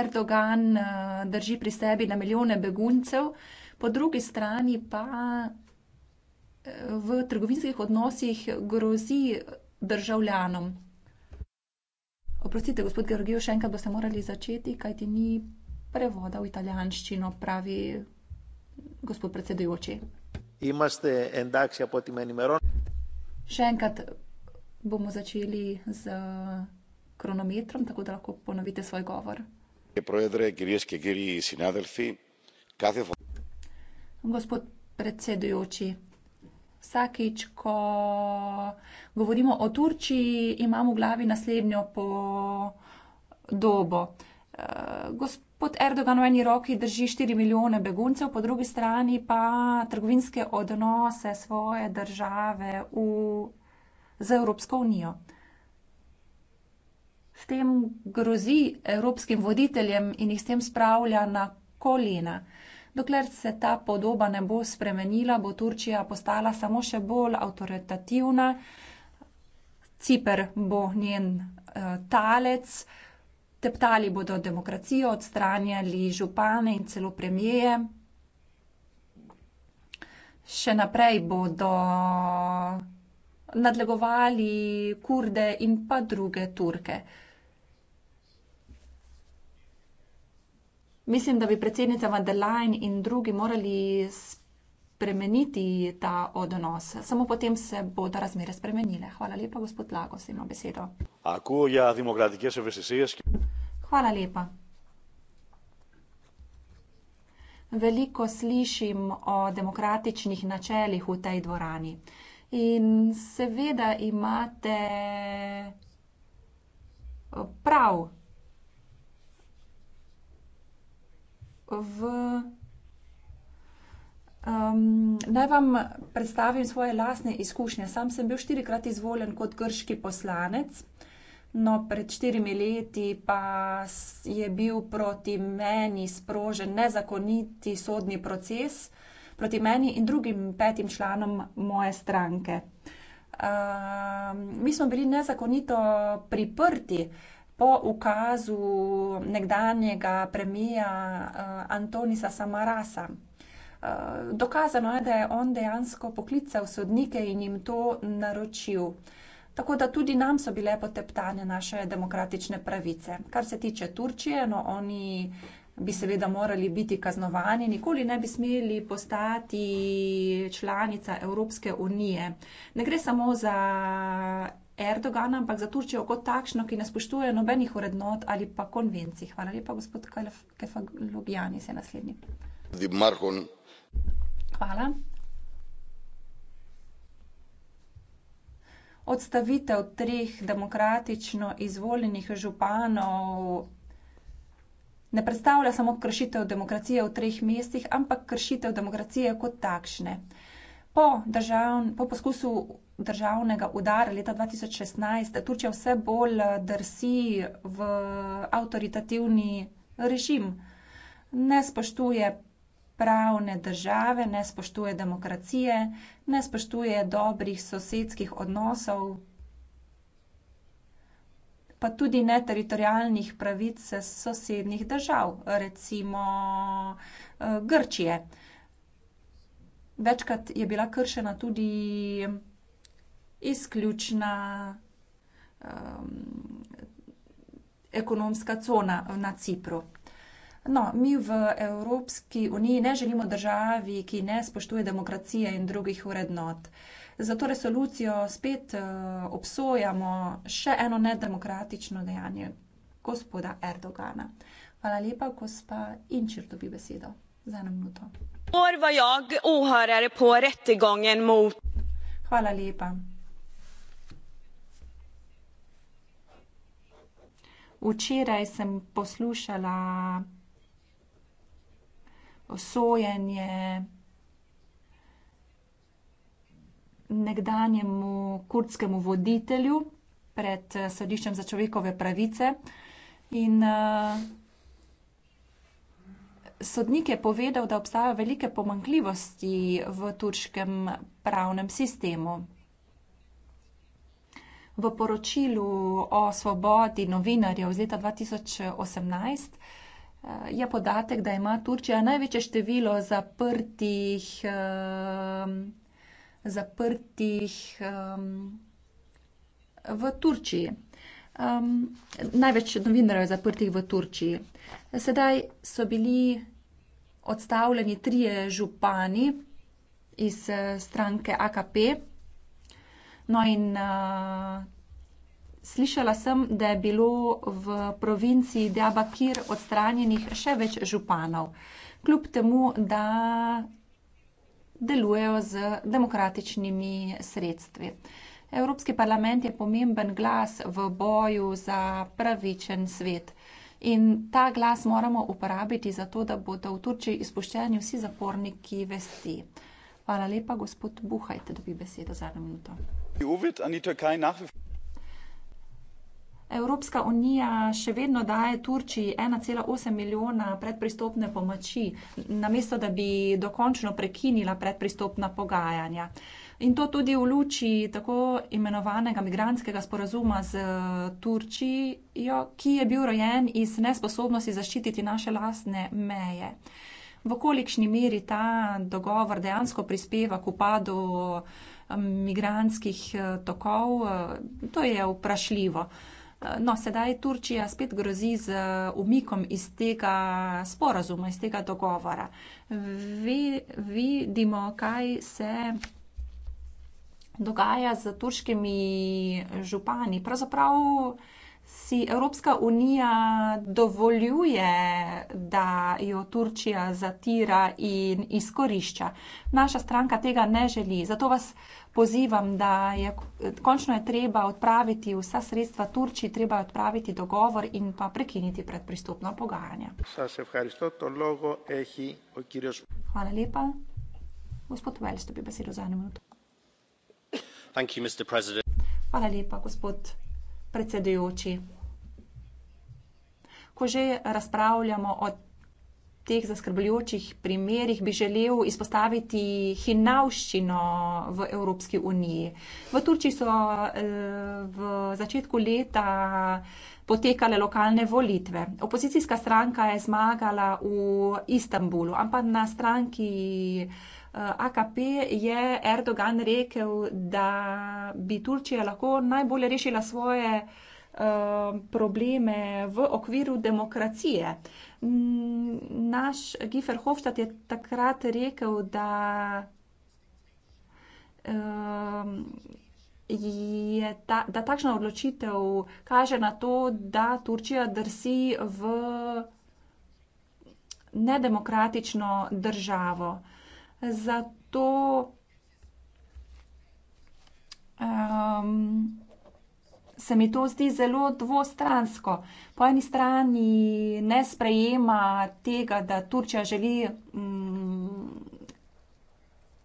Erdogan eh, drži pri sebi na milijone beguncev, po drugi strani pa eh, v trgovinskih odnosih grozi državljanom. Oprostite, gospod Georgijo, še enkrat boste morali začeti, kajti ni prevoda v italijanščino, pravi gospod predsedujoči. Imate en dakšja pod imenom Meron? Še enkrat bomo začeli z kronometrom, tako da lahko ponovite svoj govor. Gospod predsedujoči, vsakeč, ko govorimo o Turčiji, imam v glavi naslednjo podobo. Eh, gospod Erdogan v eni roki drži 4 milijone beguncev, po drugi strani pa trgovinske odnose svoje države v, z Evropsko unijo. S tem grozi evropskim voditeljem in jih s tem spravlja na kolena. Dokler se ta podoba ne bo spremenila, bo Turčija postala samo še bolj avtoritativna, Cipr bo njen uh, talec, teptali bodo demokracijo, odstranjali župane in celo premijeje. Še naprej bodo eh, nadlegovali kurde in pa druge turke. Mislim, da bi predsednica van der Leyen in drugi morali spremeniti ta odnos. Samo potem se bodo razmere spremenile. Hvala lepa, gospod Lagos, ima besedo. Ja, Hvala lepa. Veliko slišim o demokratičnih načelih v tej dvorani. In seveda imate prav. v. Um, naj vam predstavim svoje lastne izkušnje. Sam sem bil štirikrat izvoljen kot grški poslanec, no pred štirimi leti pa je bil proti meni sprožen nezakoniti sodni proces proti meni in drugim petim članom moje stranke. Um, mi smo bili nezakonito priprti po ukazu nekdanjega premija eh, Antonisa Samarasa. Eh, dokazano je, da je on dejansko poklical sodnike in jim to naročil. Tako da tudi nam so bile poteptane naše demokratične pravice. Kar se tiče Turčije, no oni bi seveda morali biti kaznovani, nikoli ne bi smeli postati članica Evropske unije. Ne gre samo za Erdogana, ampak za Turčijo kot takšno, ki ne spoštuje nobenih urednot ali pa konvencij. Hvala lepa, gospod Kefalogijani, se naslednji. Hvala. Odstavitev treh demokratično izvoljenih županov ne predstavlja samo kršitev demokracije v treh mestih, ampak kršitev demokracije kot takšne po, državn, po poskusu državnega udara leta 2016 Turčija vse bolj eh, drsi v avtoritativni režim. Ne spoštuje pravne države, ne spoštuje demokracije, ne spoštuje dobrih sosedskih odnosov, pa tudi ne teritorijalnih pravic sosednih držav, recimo eh, Grčije. Večkrat je bila kršena tudi izključna um, ekonomska cona na Cipru. No, mi v Evropski uniji ne želimo državi, ki ne spoštuje demokracije in drugih urednot. Zato resolucijo spet uh, obsojamo še eno nedemokratično dejanje gospoda Erdogana. Hvala lepa, gospa Inčir dobi besedo za eno minuto år var jag åhörare på rättegången mot... Hvala lepa. Včeraj sem poslušala osojenje nekdanjemu kurdskemu voditelju pred sodiščem za človekove pravice in... Uh, sodnik je povedal, da obstajajo velike pomankljivosti v turškem pravnem sistemu. V poročilu o svobodi novinarjev iz leta 2018 eh, je podatek, da ima Turčija največje število zaprtih, eh, zaprtih v Turčiji. Največ novinarjev je zaprtih v Turčiji. Sedaj so bili odstavljeni trije župani iz eh, stranke AKP. No in uh, slišala sem, da je bilo v provinciji Diabakir odstranjenih še več županov, kljub temu, da delujejo z demokratičnimi sredstvi. Evropski parlament je pomemben glas v boju za pravičen svet. In ta glas moramo uporabiti za to, da bodo v Turčiji izpuščeni vsi zaporniki vesti. Hvala lepa, gospod Buhajte, dobi besedo za eno minuto. Evropska unija še vedno daje Turčiji 1,8 milijona predpristopne pomoči, namesto da bi dokončno prekinila predpristopna pogajanja in to tudi v luči tako imenovanega migranskega sporazuma z eh, Turčijo, ki je bil rojen iz nesposobnosti zaščititi naše lastne meje. V kolikšni meri ta dogovor dejansko prispeva k upadu eh, migranskih eh, tokov, to je vprašljivo. No, sedaj Turčija spet grozi z umikom iz tega sporazuma, iz tega dogovora. Vi, vidimo, kaj se dogaja z turškimi župani. Pravzaprav si Evropska unija dovoljuje, da jo Turčija zatira in izkorišča. Naša stranka tega ne želi, zato vas pozivam, da je končno je treba odpraviti vsa sredstva Turčiji, treba je odpraviti dogovor in pa prekiniti predpristopno pogajanje. Hvala lepa. Gospod Veljstvo bi besedo za eno minuto. Hvala lepa, gospod predsedujoči. Ko že razpravljamo o teh zaskrbljujočih primerih, bi želel izpostaviti hinavščino v Evropski uniji. V Turčiji so eh, v začetku leta potekale lokalne volitve. Opozicijska stranka je zmagala v Istanbulu, ampak na stranki AKP je Erdogan rekel, da bi Turčija lahko najbolje rešila svoje eh, probleme v okviru demokracije. Mm, naš Gifer Hofstad je takrat rekel, da eh, je ta, da takšna odločitev kaže na to, da Turčija drsi v nedemokratično državo zato um, se mi to zdi zelo dvostransko. Po eni strani ne sprejema tega, da Turčija želi um,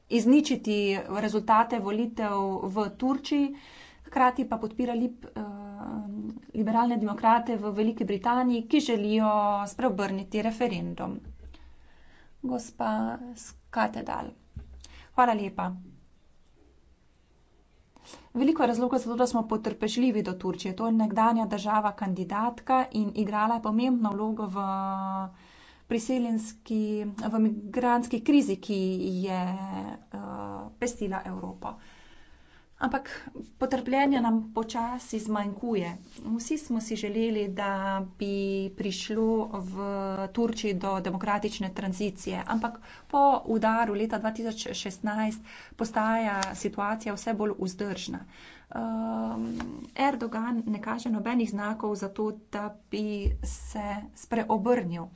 izničiti rezultate volitev v Turčiji. Hkrati pa podpira lip, eh, liberalne demokrate v Veliki Britaniji, ki želijo spreobrniti referendum. Gospa katedral. Hvala lepa. Veliko je razlogov za to, da smo potrpežljivi do Turčije. To je nekdanja država kandidatka in igrala je pomembno vlogo v priseljenski, v migranski krizi, ki je uh, pestila Evropo. Ampak potrpljenje nam počasi zmanjkuje. Vsi smo si želeli, da bi prišlo v Turčiji do demokratične tranzicije, ampak po udaru leta 2016 postaja situacija vse bolj vzdržna. Ehm, Erdogan ne kaže nobenih znakov za to, da bi se spreobrnil.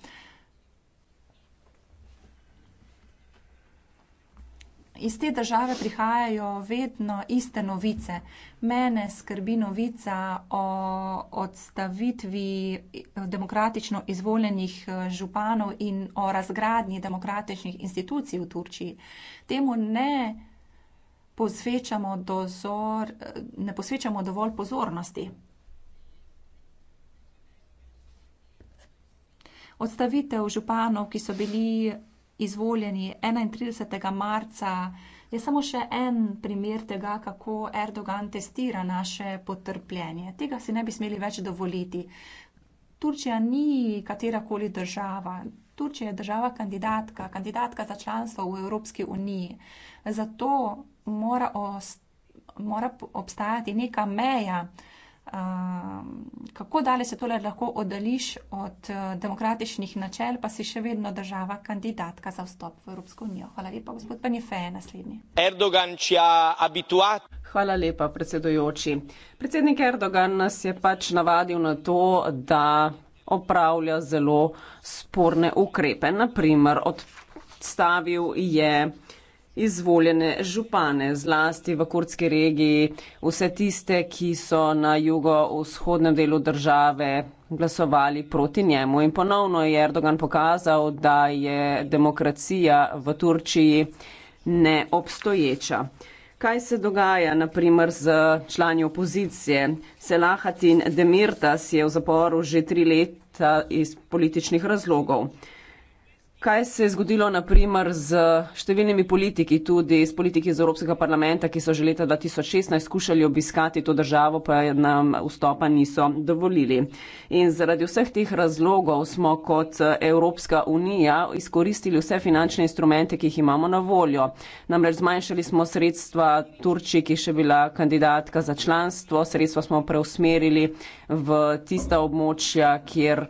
iz te države prihajajo vedno iste novice. Mene skrbi novica o odstavitvi eh, demokratično izvoljenih eh, županov in o razgradnji demokratičnih institucij v Turčiji. Temu ne posvečamo, dozor, eh, ne posvečamo dovolj pozornosti. Odstavitev županov, ki so bili izvoljeni 31. marca. Je samo še en primer tega, kako Erdogan testira naše potrpljenje. Tega si ne bi smeli več dovoliti. Turčija ni katerakoli država. Turčija je država kandidatka, kandidatka za članstvo v Evropski uniji. Zato mora, ost, mora obstajati neka meja, Ehm, kako dalje se tole lahko oddališ od eh, demokratičnih načel, pa si še vedno država kandidatka za vstop v Evropsko unijo. Hvala lepa, gospod Panifeje, naslednji. Erdogan će abituat. Hvala lepa, predsedujoči. Predsednik Erdogan nas je pač navadil na to, da opravlja zelo sporne ukrepe. Naprimer, odstavil je izvoljene župane, zlasti v kurdski regiji, vse tiste, ki so na jugo-vzhodnem delu države glasovali proti njemu. In ponovno je Erdogan pokazal, da je demokracija v Turčiji neobstoječa. Kaj se dogaja naprimer z člani opozicije? Selahatin Demirtas je v zaporu že tri leta iz političnih razlogov. Kaj se je zgodilo naprimer z številnimi politiki, tudi s politiki iz Evropskega parlamenta, ki so že leta 2016 skušali obiskati to državo, pa nam vstopa niso dovolili. In zaradi vseh teh razlogov smo kot Evropska unija izkoristili vse finančne instrumente, ki jih imamo na voljo. Namreč zmanjšali smo sredstva Turčiji, ki je še bila kandidatka za članstvo, sredstva smo preusmerili v tista območja, kjer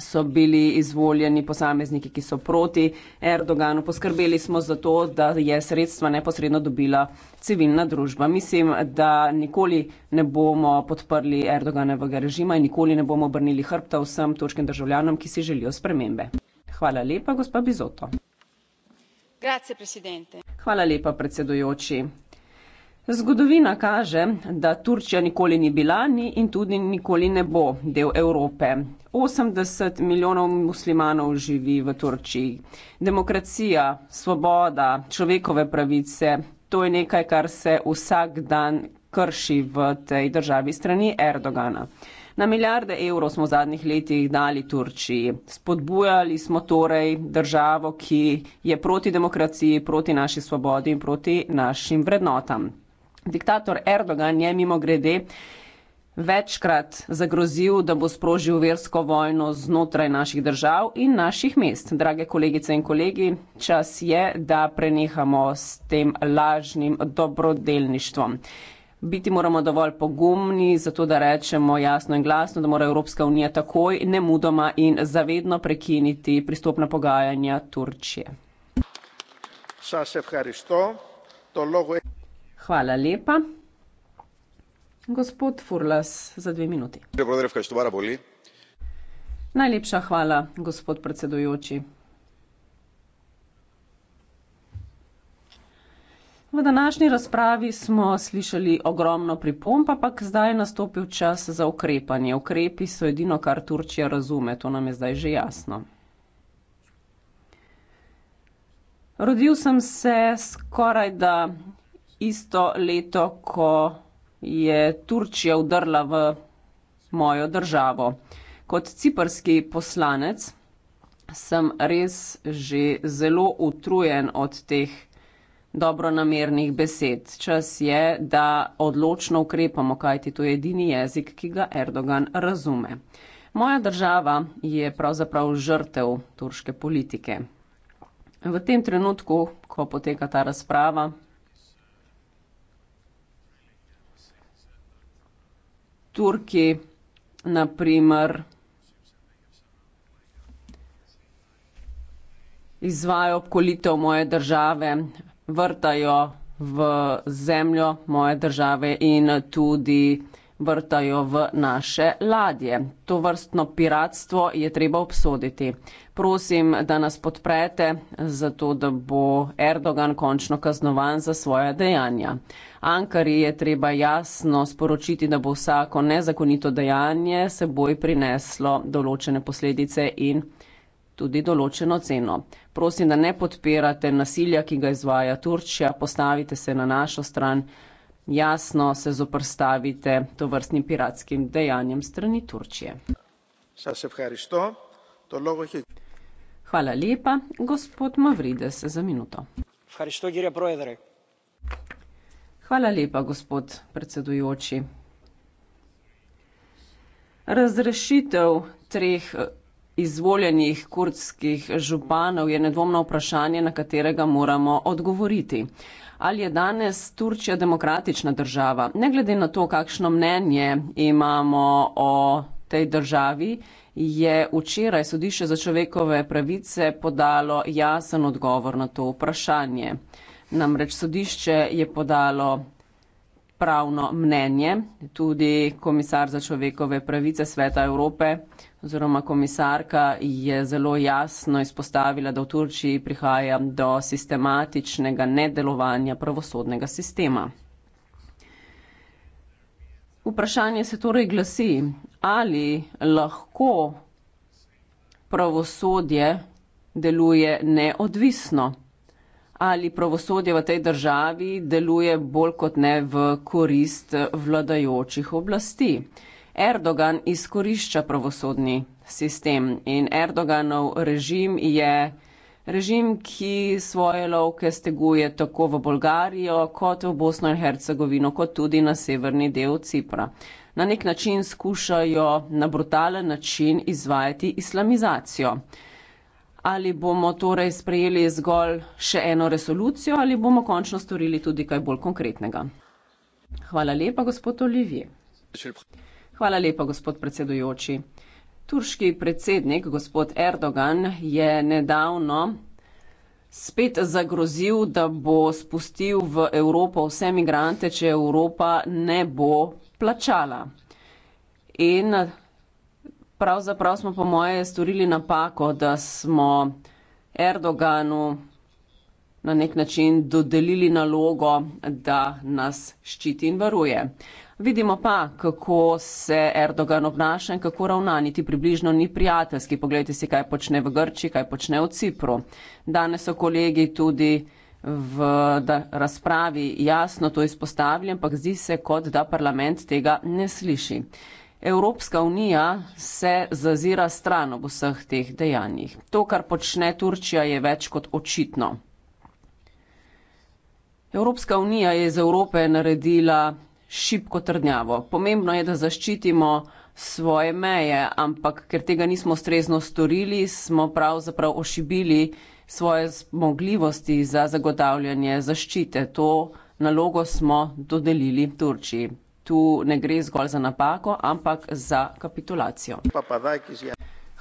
so bili izvoljeni posamezniki, ki so proti Erdoganu. Poskrbeli smo za to, da je sredstva neposredno dobila civilna družba. Mislim, da nikoli ne bomo podprli Erdoganovega režima in nikoli ne bomo obrnili hrbta vsem turškim državljanom, ki si želijo spremembe. Hvala lepa, gospa Bizoto. Hvala lepa, predsedujoči. Zgodovina kaže, da Turčija nikoli ni bila ni in tudi nikoli ne bo del Evrope. 80 milijonov muslimanov živi v Turčiji. Demokracija, svoboda, človekove pravice, to je nekaj, kar se vsak dan krši v tej državi strani Erdogana. Na milijarde evrov smo v zadnjih letih dali Turčiji. Spodbujali smo torej državo, ki je proti demokraciji, proti naši svobodi in proti našim vrednotam. Diktator Erdogan je mimo grede večkrat zagrozil, da bo sprožil versko vojno znotraj naših držav in naših mest. Drage kolegice in kolegi, čas je, da prenehamo s tem lažnim dobrodelništvom. Biti moramo dovolj pogumni, zato da rečemo jasno in glasno, da mora Evropska unija takoj, ne mudoma in zavedno prekiniti pristopna pogajanja Turčije. Hvala lepa. Gospod Furlas, za dve minuti. Najlepša hvala, gospod predsedujoči. V današnji razpravi smo slišali ogromno pripomb, ampak zdaj je nastopil čas za ukrepanje. Ukrepi so edino, kar Turčija razume, to nam je zdaj že jasno. Rodil sem se skoraj da isto leto, ko je Turčija vdrla v mojo državo. Kot ciprski poslanec sem res že zelo utrujen od teh dobronamernih besed. Čas je, da odločno ukrepamo, kajti to je edini jezik, ki ga Erdogan razume. Moja država je pravzaprav žrtev turške politike. V tem trenutku, ko poteka ta razprava, Turki, na primer, izvajajo obkolitev moje države, vrtajo v zemljo moje države in tudi vrtajo v naše ladje. To vrstno piratstvo je treba obsoditi. Prosim, da nas podprete, zato da bo Erdogan končno kaznovan za svoja dejanja. Ankari je treba jasno sporočiti, da bo vsako nezakonito dejanje seboj prineslo določene posledice in tudi določeno ceno. Prosim, da ne podpirate nasilja, ki ga izvaja Turčja, postavite se na našo stran jasno se zoprstavite to vrstnim piratskim dejanjem strani Turčije. Hvala lepa, gospod Mavrides, za minuto. Hvala lepa, gospod predsedujoči. Razrešitev treh izvoljenih kurdskih županov je nedvomno vprašanje, na katerega moramo odgovoriti. Ali je danes Turčija demokratična država? Ne glede na to, kakšno mnenje imamo o tej državi, je včeraj sodišče za človekove pravice podalo jasen odgovor na to vprašanje. Namreč sodišče je podalo pravno mnenje. Tudi komisar za človekove pravice Sveta Evrope oziroma komisarka je zelo jasno izpostavila, da v Turčiji prihaja do sistematičnega nedelovanja pravosodnega sistema. Vprašanje se torej glasi, ali lahko pravosodje deluje neodvisno ali pravosodje v tej državi deluje bolj kot ne v korist vladajočih oblasti. Erdogan izkorišča pravosodni sistem in Erdoganov režim je režim, ki svoje lovke steguje tako v Bolgarijo kot v Bosno in Hercegovino, kot tudi na severni del Cipra. Na nek način skušajo na brutalen način izvajati islamizacijo ali bomo torej sprejeli zgolj še eno resolucijo ali bomo končno storili tudi kaj bolj konkretnega. Hvala lepa, gospod Olivier. Hvala lepa, gospod predsedujoči. Turški predsednik, gospod Erdogan, je nedavno spet zagrozil, da bo spustil v Evropo vse migrante, če Evropa ne bo plačala. In pravzaprav smo, po moje, storili napako, da smo Erdoganu na nek način dodelili nalogo, da nas ščiti in varuje. Vidimo pa, kako se Erdogan obnaša in kako ravna, niti približno ni prijateljski. Poglejte si, kaj počne v Grči, kaj počne v Cipru. Danes so kolegi tudi v razpravi jasno to izpostavljen, ampak zdi se, kot da parlament tega ne sliši. Evropska unija se zazira stran ob vseh teh dejanjih. To, kar počne Turčija, je več kot očitno. Evropska unija je iz Evrope naredila šipko trdnjavo. Pomembno je, da zaščitimo svoje meje, ampak ker tega nismo strezno storili, smo pravzaprav ošibili svoje zmogljivosti za zagotavljanje zaščite. To nalogo smo dodelili Turčiji tu ne gre zgolj za napako, ampak za kapitulacijo. Ja.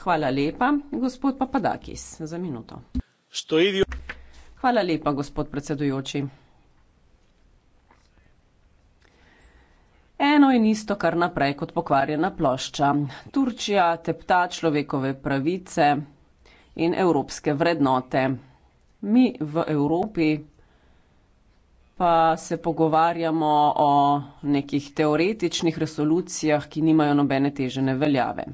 Hvala lepa, gospod Papadakis, za minuto. Hvala lepa, gospod predsedujoči. Eno in isto kar naprej kot pokvarjena plošča. Turčija tepta človekove pravice in evropske vrednote. Mi v Evropi pa se pogovarjamo o nekih teoretičnih resolucijah, ki nimajo nobene težene veljave.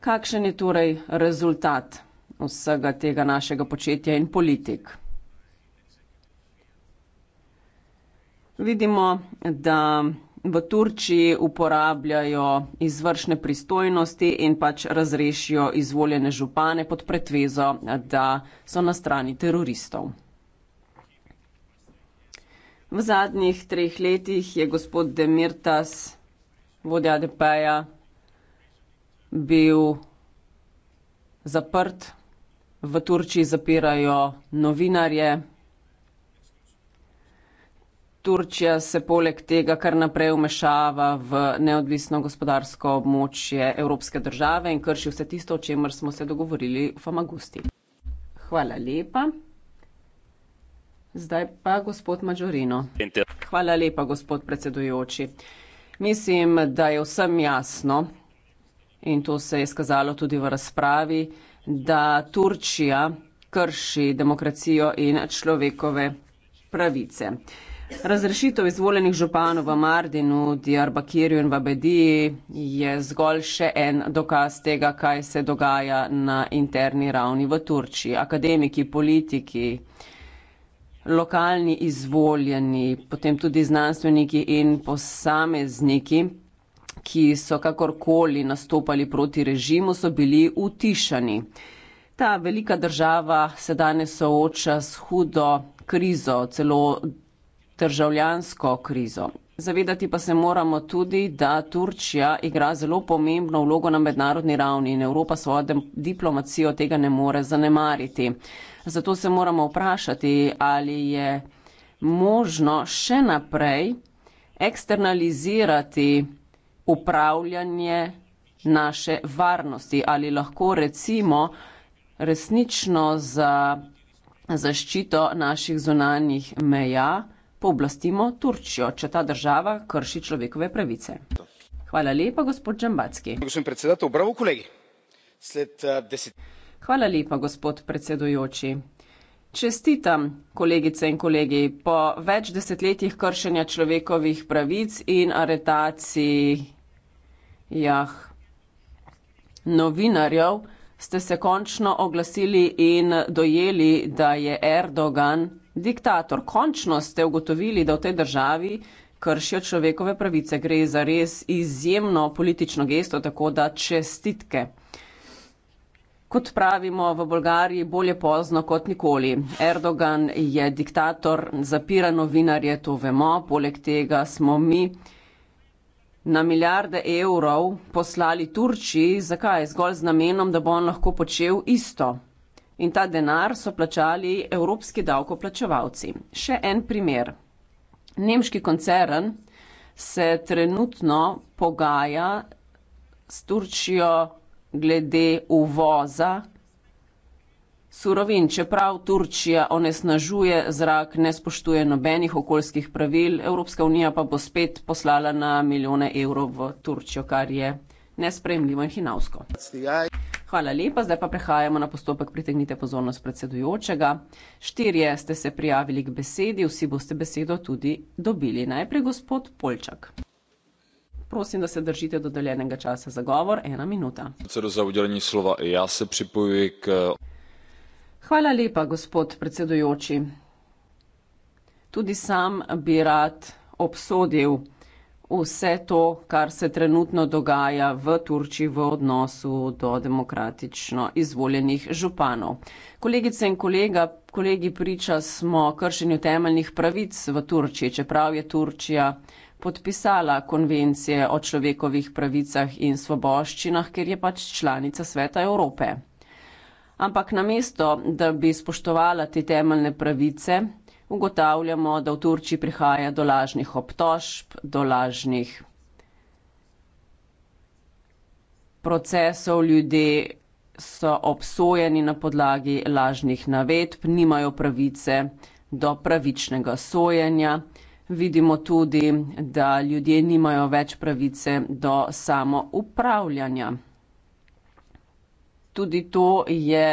Kakšen je torej rezultat vsega tega našega početja in politik? Vidimo, da v Turčiji uporabljajo izvršne pristojnosti in pač razrešijo izvoljene župane pod pretvezo, da so na strani teroristov. V zadnjih treh letih je gospod Demirtas, vodja ADP-ja, bil zaprt. V Turčiji zapirajo novinarje. Turčija se poleg tega kar naprej umešava v neodvisno gospodarsko območje Evropske države in krši vse tisto, o čemer smo se dogovorili v Famagusti. Hvala lepa. Zdaj pa gospod Mađurino. Hvala lepa, gospod predsedujoči. Mislim, da je vsem jasno in to se je skazalo tudi v razpravi, da Turčija krši demokracijo in človekove pravice. Razrešitev izvoljenih županov v Mardinu, Diarbakirju in Vabediji je zgolj še en dokaz tega, kaj se dogaja na interni ravni v Turčiji. Akademiki, politiki, lokalni izvoljeni, potem tudi znanstveniki in posamezniki, ki so kakorkoli nastopali proti režimu, so bili utišani. Ta velika država se danes sooča s hudo krizo, celo državljansko krizo. Zavedati pa se moramo tudi, da Turčija igra zelo pomembno vlogo na mednarodni ravni in Evropa svojo diplomacijo tega ne more zanemariti. Zato se moramo vprašati, ali je možno še naprej eksternalizirati upravljanje naše varnosti, ali lahko recimo resnično za zaščito naših zunanjih meja pooblastimo Turčijo, če ta država krši človekove pravice. Hvala lepa, gospod Džambacki. Gospod predsedatelj, bravo kolegi. Sled eh, deset. Hvala lepa, gospod predsedujoči. Čestitam, kolegice in kolegi, po več desetletjih kršenja človekovih pravic in aretaciji jah, novinarjev ste se končno oglasili in dojeli, da je Erdogan diktator. Končno ste ugotovili, da v tej državi kršijo človekove pravice. Gre za res izjemno politično gesto, tako da čestitke. Kot pravimo v Bolgariji, bolje pozno kot nikoli. Erdogan je diktator, zapira novinarje, to vemo. Poleg tega smo mi na milijarde evrov poslali Turčiji, zakaj? Zgolj z namenom, da bo on lahko počel isto. In ta denar so plačali evropski davkoplačevalci. Še en primer. Nemški koncern se trenutno pogaja s Turčijo glede uvoza surovin. Čeprav Turčija onesnažuje zrak, ne spoštuje nobenih okoljskih pravil, Evropska unija pa bo spet poslala na milijone evrov v Turčijo, kar je nespremljivo in hinavsko. Hvala lepa, zdaj pa prehajamo na postopek pritegnite pozornost predsedujočega. Štirje ste se prijavili k besedi, vsi boste besedo tudi dobili. Najprej gospod Polčak. Prosim, da se držite dodeljenega časa za govor, ena minuta. Za udeljenje slova, jaz se pripojujem k. Hvala lepa, gospod predsedujoči. Tudi sam bi rad obsodil vse to, kar se trenutno dogaja v Turčiji v odnosu do demokratično izvoljenih županov. Kolegice in kolega, kolegi priča smo kršenju temeljnih pravic v Turčiji, čeprav je Turčija podpisala konvencije o človekovih pravicah in svoboščinah, ker je pač članica Sveta Evrope. Ampak namesto, da bi spoštovala te temeljne pravice, ugotavljamo, da v Turčiji prihaja do lažnih obtožb, do lažnih procesov ljudi so obsojeni na podlagi lažnih navedb, nimajo pravice do pravičnega sojenja. Vidimo tudi, da ljudje nimajo več pravice do samoupravljanja. Tudi to je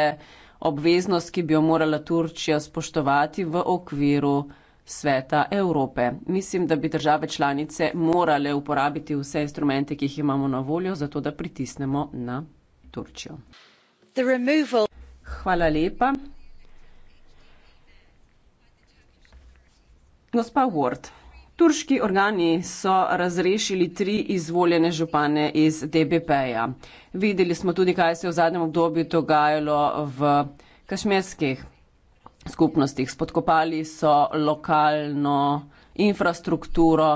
obveznost, ki bi jo morala Turčija spoštovati v okviru sveta Evrope. Mislim, da bi države članice morale uporabiti vse instrumente, ki jih imamo na voljo, zato da pritisnemo na Turčijo. Hvala lepa. Gospa Ward, turški organi so razrešili tri izvoljene župane iz DBP-ja. Videli smo tudi, kaj se je v zadnjem obdobju dogajalo v kašmerskih skupnostih. Spodkopali so lokalno infrastrukturo,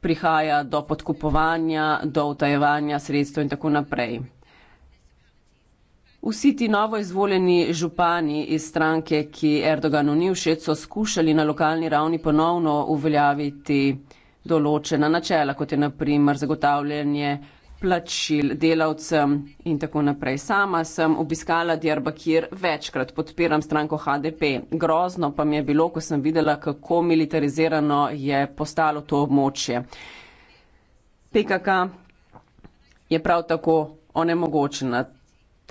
prihaja do podkupovanja, do utajevanja sredstev in tako naprej. Vsi ti novo izvoljeni župani iz stranke, ki Erdoganu ni všeč, so skušali na lokalni ravni ponovno uveljaviti določena načela, kot je naprimer zagotavljanje plačil delavcem in tako naprej. Sama sem obiskala Djerbakir večkrat, podpiram stranko HDP. Grozno pa mi je bilo, ko sem videla, kako militarizirano je postalo to območje. PKK je prav tako onemogočena.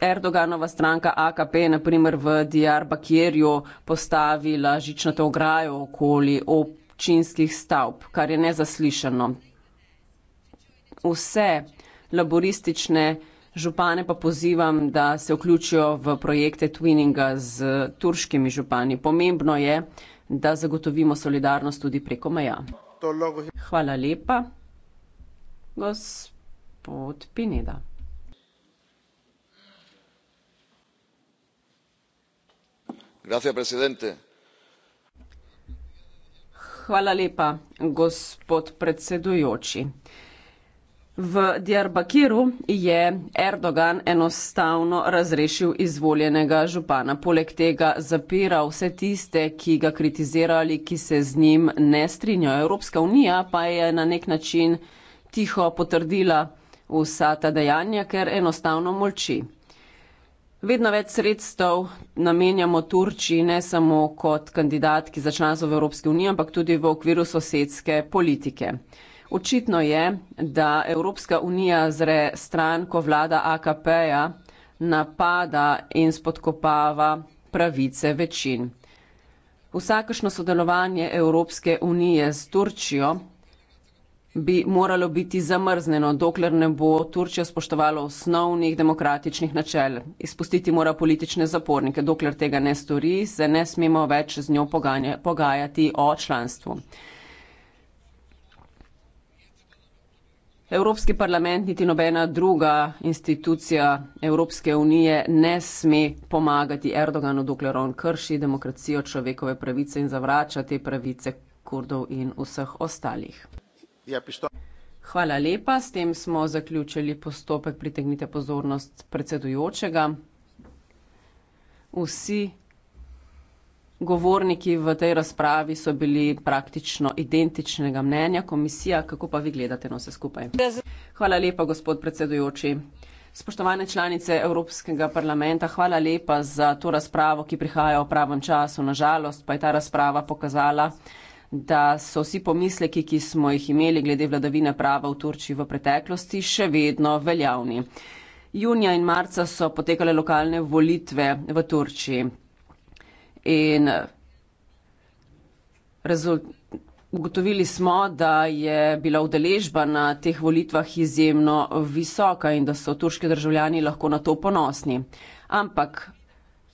Erdoganova stranka AKP naprimer v Diyarbakirju postavila žičnato ograjo okoli občinskih stavb, kar je nezaslišano. Vse laboristične župane pa pozivam, da se vključijo v projekte twininga z turškimi župani. Pomembno je, da zagotovimo solidarnost tudi preko meja. Hvala lepa, gospod Pineda. gospod predsednik hvala lepa gospod predsedujoči. v diyarbakiru je erdogan enostavno razrešil izvoljenega župana poleg tega zapira vse tiste ki ga kritizirajo ali ki se z njim ne strinjajo evropska unija pa je na neki način tiho potrdila vsa ta dejanja ker enostavno molči. Vedno več sredstev namenjamo Turčiji, ne samo kot kandidatki za članstvo v Evropski uniji, ampak tudi v okviru sosedske politike. Očitno je, da Evropska unija zre stran, ko vlada AKP-ja napada in spodkopava pravice večin. Vsakošno sodelovanje Evropske unije s Turčijo bi moralo biti zamrzneno, dokler ne bo Turčijo spoštovalo osnovnih demokratičnih načel. Izpustiti mora politične zapornike, dokler tega ne stori, se ne smemo več z njo poganje, pogajati o članstvu. Evropski parlament niti nobena druga institucija Evropske unije ne sme pomagati Erdoganu, dokler on krši demokracijo, človekove pravice in zavrača te pravice Kurdov in vseh ostalih. Hvala lepa, s tem smo zaključili postopek pritegnite pozornost predsedujočega. Vsi govorniki v tej razpravi so bili praktično identičnega mnenja, komisija, kako pa vi gledate na vse skupaj? Hvala lepa, gospod predsedujoči. Spoštovane članice Evropskega parlamenta, hvala lepa za to razpravo, ki prihaja v pravem času, na žalost pa je ta razprava pokazala, da so vsi pomisleki, ki smo jih imeli glede vladavine prava v Turčiji v preteklosti, še vedno veljavni. Junija in marca so potekale lokalne volitve v Turčiji. In ugotovili smo, da je bila udeležba na teh volitvah izjemno visoka in da so turški državljani lahko na to ponosni. Ampak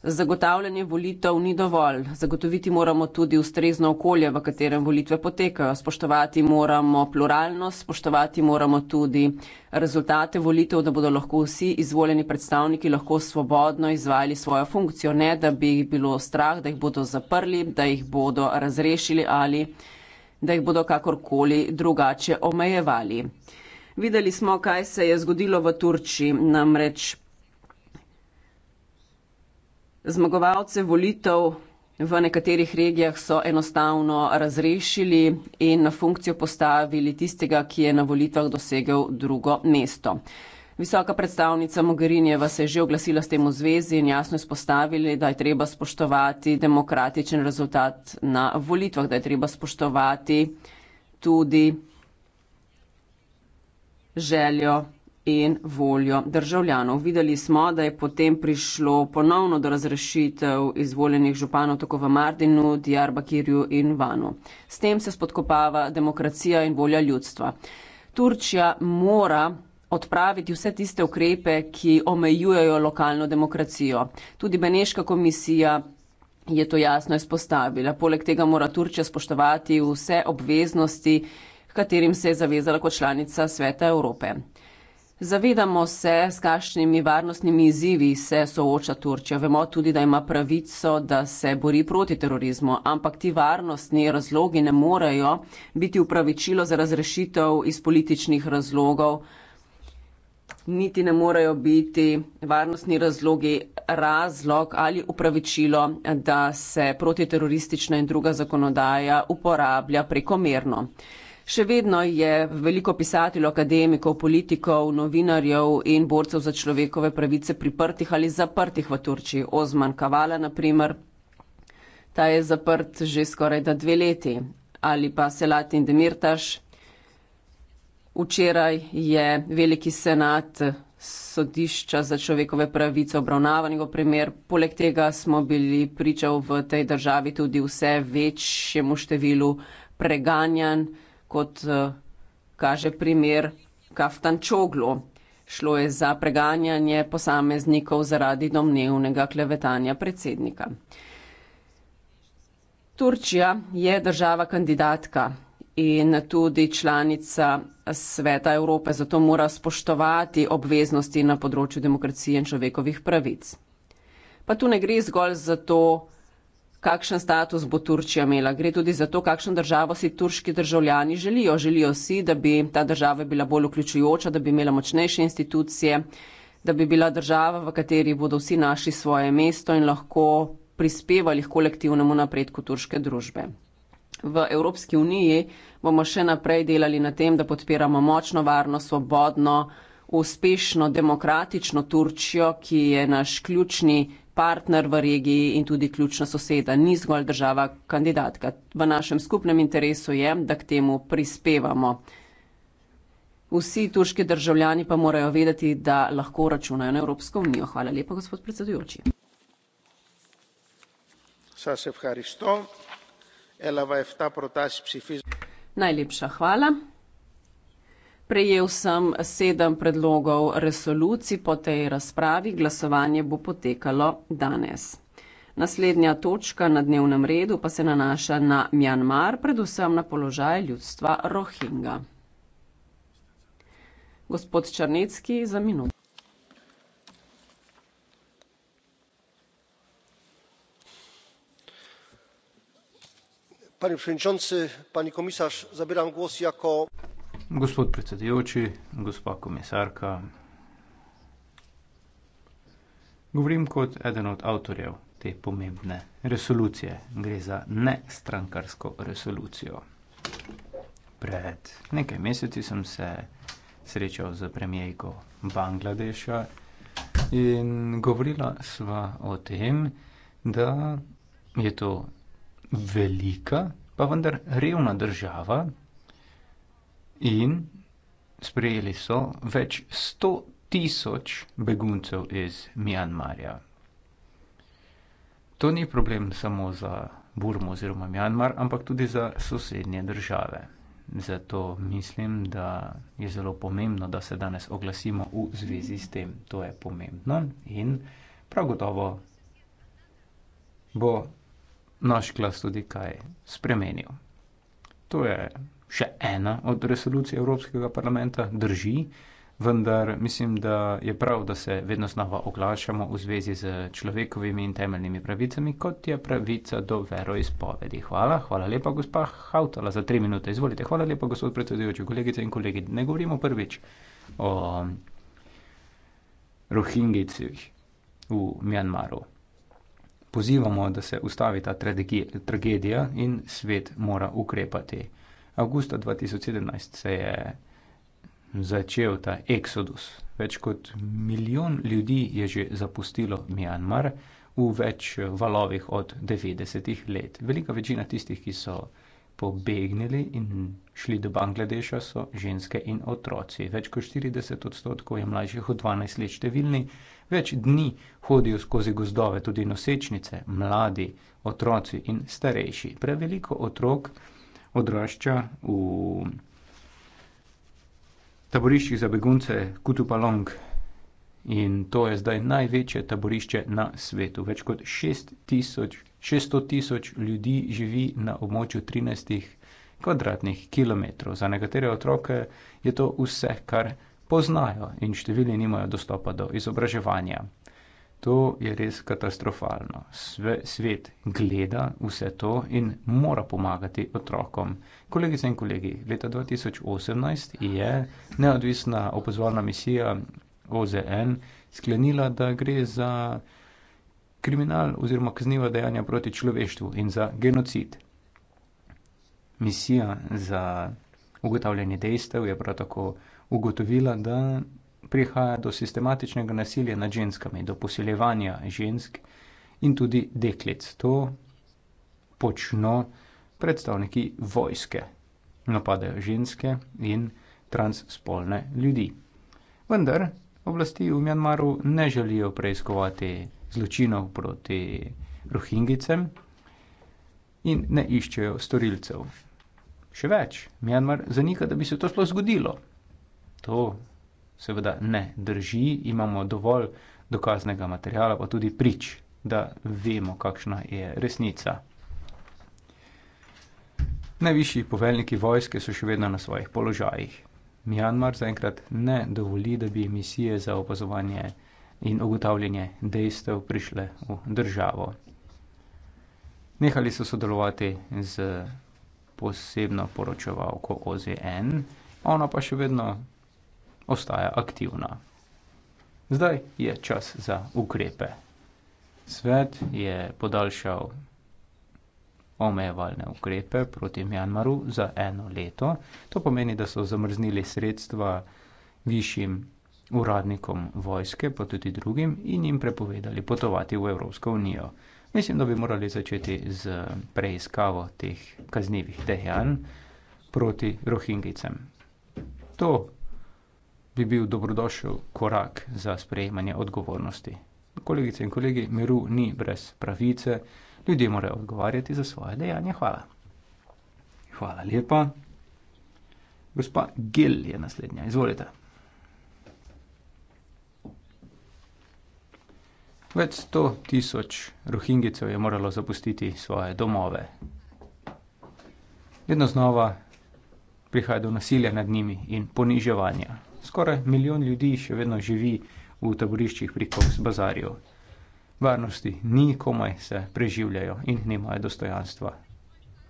Zagotavljanje volitev ni dovolj. Zagotoviti moramo tudi ustrezno okolje, v katerem volitve potekajo. Spoštovati moramo pluralnost, spoštovati moramo tudi rezultate volitev, da bodo lahko vsi izvoljeni predstavniki lahko svobodno izvajali svojo funkcijo, ne da bi jih bilo strah, da jih bodo zaprli, da jih bodo razrešili ali da jih bodo kakorkoli drugače omejevali. Videli smo, kaj se je zgodilo v Turčiji, namreč Zmagovalce volitev v nekaterih regijah so enostavno razrešili in na funkcijo postavili tistega, ki je na volitvah dosegel drugo mesto. Visoka predstavnica Mogherinjeva se je že oglasila s tem v zvezi in jasno izpostavili, da je treba spoštovati demokratičen rezultat na volitvah, da je treba spoštovati tudi željo in voljo državljanov. Videli smo, da je potem prišlo ponovno do razrešitev izvoljenih županov tako v Mardinu, Diarbakirju in Vanu. S tem se spodkopava demokracija in volja ljudstva. Turčija mora odpraviti vse tiste ukrepe, ki omejujejo lokalno demokracijo. Tudi Beneška komisija je to jasno izpostavila. Poleg tega mora Turčija spoštovati vse obveznosti, katerim se je zavezala kot članica Sveta Evrope. Zavedamo se, s kakšnimi varnostnimi izzivi se sooča Turčija. Vemo tudi, da ima pravico, da se bori proti terorizmu, ampak ti varnostni razlogi ne morejo biti upravičilo za razrešitev iz političnih razlogov. Niti ne morejo biti varnostni razlogi razlog ali upravičilo, da se protiteroristična in druga zakonodaja uporablja prekomerno. Še vedno je veliko pisateljev, akademikov, politikov, novinarjev in borcev za človekove pravice priprtih ali zaprtih v Turčiji. Ozman Kavala, naprimer, ta je zaprt že skoraj da dve leti. Ali pa Selatin Demirtaš. Včeraj je veliki senat sodišča za človekove pravice obravnavanjivo primer. Poleg tega smo bili pričal v tej državi tudi vse večjemu številu preganjanj kot eh, kaže primer Kaftančoglu. Šlo je za preganjanje posameznikov zaradi domnevnega klevetanja predsednika. Turčija je država kandidatka in tudi članica Sveta Evrope, zato mora spoštovati obveznosti na področju demokracije in človekovih pravic. Pa tu ne gre zgolj za to, kakšen status bo Turčija imela. Gre tudi za to, kakšno državo si turški državljani želijo. Želijo si, da bi ta država bila bolj vključujoča, da bi imela močnejše institucije, da bi bila država, v kateri bodo vsi našli svoje mesto in lahko prispevali k kolektivnemu napredku turške družbe. V Evropski uniji bomo še naprej delali na tem, da podpiramo močno, varno, svobodno, uspešno demokratično Turčijo, ki je naš ključni partner v regiji in tudi ključna soseda, ni zgolj država kandidatka. V našem skupnem interesu je, da k temu prispevamo. Vsi turški državljani pa morajo vedeti, da lahko računajo na Evropsko unijo. Hvala lepa, gospod predsedujoči. Najlepša hvala prejel sem sedem predlogov resolucij po tej razpravi. Glasovanje bo potekalo danes. Naslednja točka na dnevnem redu pa se nanaša na Mjanmar, predvsem na položaj ljudstva Rohingja. Gospod Črnecki, za minuto. Panie przewodniczący, pani komisarz, zabieram głos jako. Gospod predsedujoči, gospa komisarka. Govorim kot eden od avtorjev te pomembne resolucije. Gre za nestrankarsko resolucijo. Pred nekaj meseci sem se srečal z premijejko Bangladeša in govorila sva o tem, da je to velika, pa vendar revna država, in sprejeli so več 100.000 beguncev iz myanmarja to ni problem samo za burmo oziroma myanmar ampak tudi za sosednje države zato mislim da je zelo pomembno da se danes oglasimo v zvezi s tem to je pomembno in prav gotovo bo naš glas tudi kaj spremenil to je še ena od resolucij Evropskega parlamenta, drži, vendar mislim, da je prav, da se vedno znova oglašamo v zvezi z človekovimi in temeljnimi pravicami, kot je pravica do veroizpovedi. Hvala, hvala lepa, gospa Hautala, za tri minute. Izvolite, hvala lepa, gospod predsedujoči, kolegice in kolegi. Ne govorimo prvič o rohingicih v Mjanmaru. Pozivamo, da se ustavi ta tragedija in svet mora ukrepati. Augusta 2017 se je začel ta eksodus. Več kot milijon ljudi je že zapustilo Mjanmar v več valovih od 90 let. Velika večina tistih, ki so pobegnili in šli do Bangladeša, so ženske in otroci. Več kot 40 odstotkov je mlajših od 12 let številni, več dni hodijo skozi gozdove tudi nosečnice, mladi, otroci in starejši. Preveliko otrok odrašča v taboriščih za begunce Kutupalong in to je zdaj največje taborišče na svetu. Več kot 6000, 600 tisoč ljudi živi na območju 13 kvadratnih kilometrov. Za nekatere otroke je to vse, kar poznajo in številni nimajo dostopa do izobraževanja. To je res katastrofalno. Sve, svet gleda vse to in mora pomagati otrokom. Kolegice in kolegi, leta 2018 je neodvisna opozorna misija OZN sklenila, da gre za kriminal oziroma kaznivo dejanje proti človeštvu in za genocid. Misija za ugotavljanje dejstev je prav tako ugotovila, da prihaja do sistematičnega nasilja nad ženskami, do posiljevanja žensk in tudi deklic. To počno predstavniki vojske. Napadajo ženske in transspolne ljudi. Vendar oblasti v Mjanmaru ne želijo preiskovati zločinov proti rohingicem in ne iščejo storilcev. Še več, Mjanmar zanika, da bi se to sploh zgodilo. To seveda ne drži, imamo dovolj dokaznega materijala, pa tudi prič, da vemo, kakšna je resnica. Najvišji poveljniki vojske so še vedno na svojih položajih. Mjanmar zaenkrat ne dovoli, da bi misije za opazovanje in ugotavljanje dejstev prišle v državo. Nehali so sodelovati z posebno poročevalko OZN, ona pa še vedno ostaja aktivna. Zdaj je čas za ukrepe. Svet je podaljšal omejevalne ukrepe proti Mjanmaru za eno leto. To pomeni, da so zamrznili sredstva višjim uradnikom vojske, pa tudi drugim, in jim prepovedali potovati v Evropsko unijo. Mislim, da bi morali začeti z preiskavo teh kaznivih dejanj proti Rohingicem. To bi bil dobrodošel korak za sprejemanje odgovornosti. Kolegice in kolegi, miru ni brez pravice, ljudje morajo odgovarjati za svoje dejanje. Hvala. Hvala lepa. Gospa Gel je naslednja, izvolite. Več sto tisoč rohingicev je moralo zapustiti svoje domove. Vedno znova prihaja do nasilja nad njimi in poniževanja skoraj milijon ljudi še vedno živi v taboriščih pri Kovs bazarju. Varnosti ni, komaj se preživljajo in nimajo dostojanstva.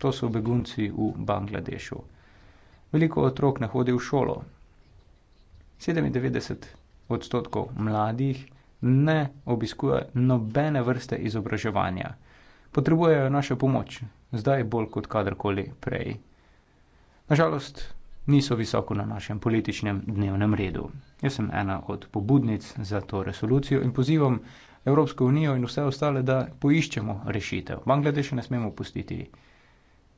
To so begunci v Bangladešu. Veliko otrok ne hodi v šolo. 97 odstotkov mladih ne obiskuje nobene vrste izobraževanja. Potrebujejo našo pomoč, zdaj bolj kot kadarkoli prej. Nažalost, niso visoko na našem političnem dnevnem redu. Jaz sem ena od pobudnic za to resolucijo in pozivam Evropsko unijo in vse ostale, da poiščemo rešitev. Bangladeša ne smemo pustiti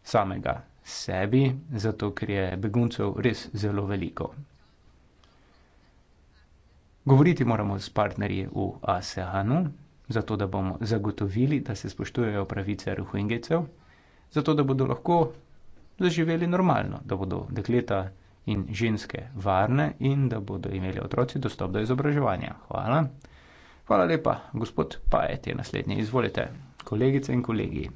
samega sebi, zato ker je beguncev res zelo veliko. Govoriti moramo s partnerji v ASEANu, zato da bomo zagotovili, da se spoštujejo pravice ruhingecev, zato da bodo lahko zaživeli normalno, da bodo dekleta in ženske varne in da bodo imeli otroci dostop do izobraževanja. Hvala. Hvala lepa, gospod Pajet je naslednji. Izvolite, kolegice in kolegi.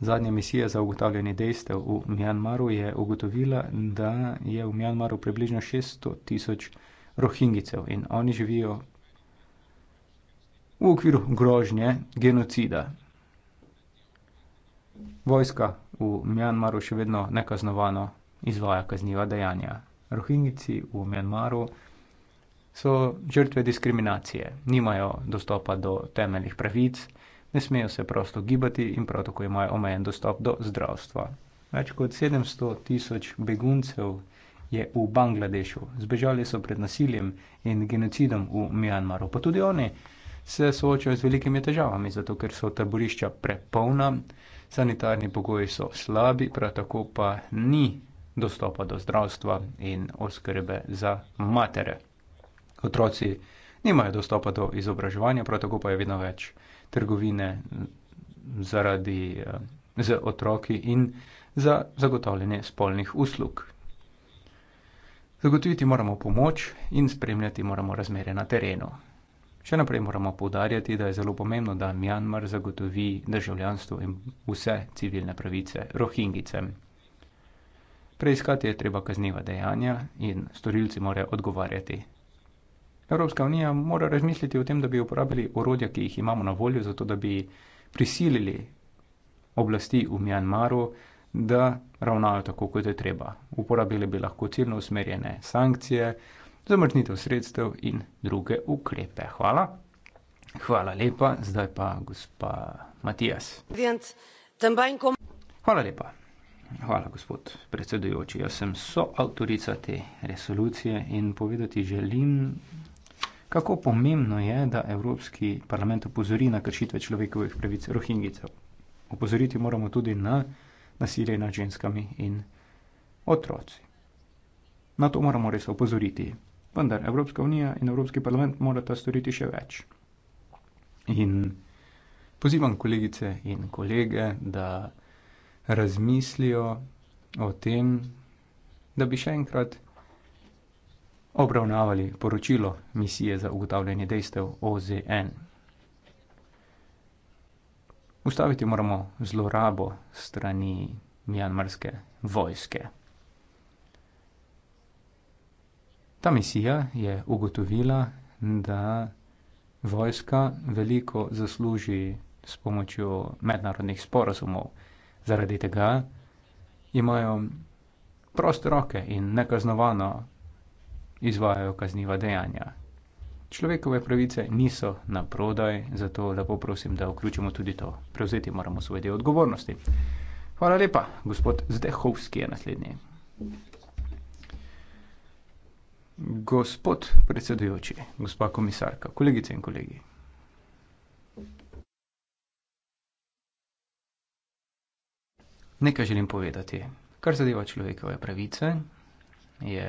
Zadnja misija za ugotavljanje dejstev v Mjanmaru je ugotovila, da je v Mjanmaru približno 600 tisoč rohingicev in oni živijo v okviru grožnje genocida. Vojska v Mjanmaru še vedno nekaznovano izvaja kazniva dejanja. Rohingici v Mjanmaru so žrtve diskriminacije, nimajo dostopa do temeljnih pravic, ne smejo se prosto gibati in prav tako imajo omejen dostop do zdravstva. Več kot 700 tisoč beguncev je v Bangladešu. Zbežali so pred nasiljem in genocidom v Mjanmaru, pa tudi oni se soočajo z velikimi težavami, zato ker so taborišča prepolna, sanitarni pogoji so slabi, prav tako pa ni dostopa do zdravstva in oskrbe za matere. Otroci nimajo dostopa do izobraževanja, prav tako pa je vedno več trgovine zaradi, eh, z otroki in za zagotavljanje spolnih uslug. Zagotoviti moramo pomoč in spremljati moramo razmere na terenu. Še naprej moramo povdarjati, da je zelo pomembno, da Mjanmar zagotovi državljanstvo in vse civilne pravice rohingicem. Preiskati je treba kazniva dejanja in storilci morajo odgovarjati. Evropska unija mora razmisliti o tem, da bi uporabili orodja, ki jih imamo na voljo, zato da bi prisilili oblasti v Mjanmaru, da ravnajo tako, kot je treba. Uporabili bi lahko ciljno usmerjene sankcije, zamrznitev sredstev in druge ukrepe. Hvala. Hvala lepa, zdaj pa gospa Matijas. Hvala lepa. Hvala, gospod predsedujoči. Jaz sem soavtorica te resolucije in povedati želim, kako pomembno je, da Evropski parlament upozori na kršitve človekovih pravic rohingicev. Opozoriti moramo tudi na nasilje nad ženskami in otroci. Na to moramo res opozoriti vendar Evropska unija in Evropski parlament morata storiti še več. In pozivam kolegice in kolege, da razmislijo o tem, da bi še enkrat obravnavali poročilo misije za ugotavljanje dejstev OZN. Ustaviti moramo zlorabo strani mjanmarske vojske. Ta misija je ugotovila, da vojska veliko zasluži s pomočjo mednarodnih sporazumov. Zaradi tega imajo proste roke in nekaznovano izvajajo kazniva dejanja. Človekove pravice niso na prodaj, zato lepo prosim, da vključimo tudi to. Prevzeti moramo svoje odgovornosti. Hvala lepa, gospod Zdehovski je naslednji. Gospod predsedujoči, gospa komisarka, kolegice in kolegi. Nekaj želim povedati. Kar zadeva človekove pravice, je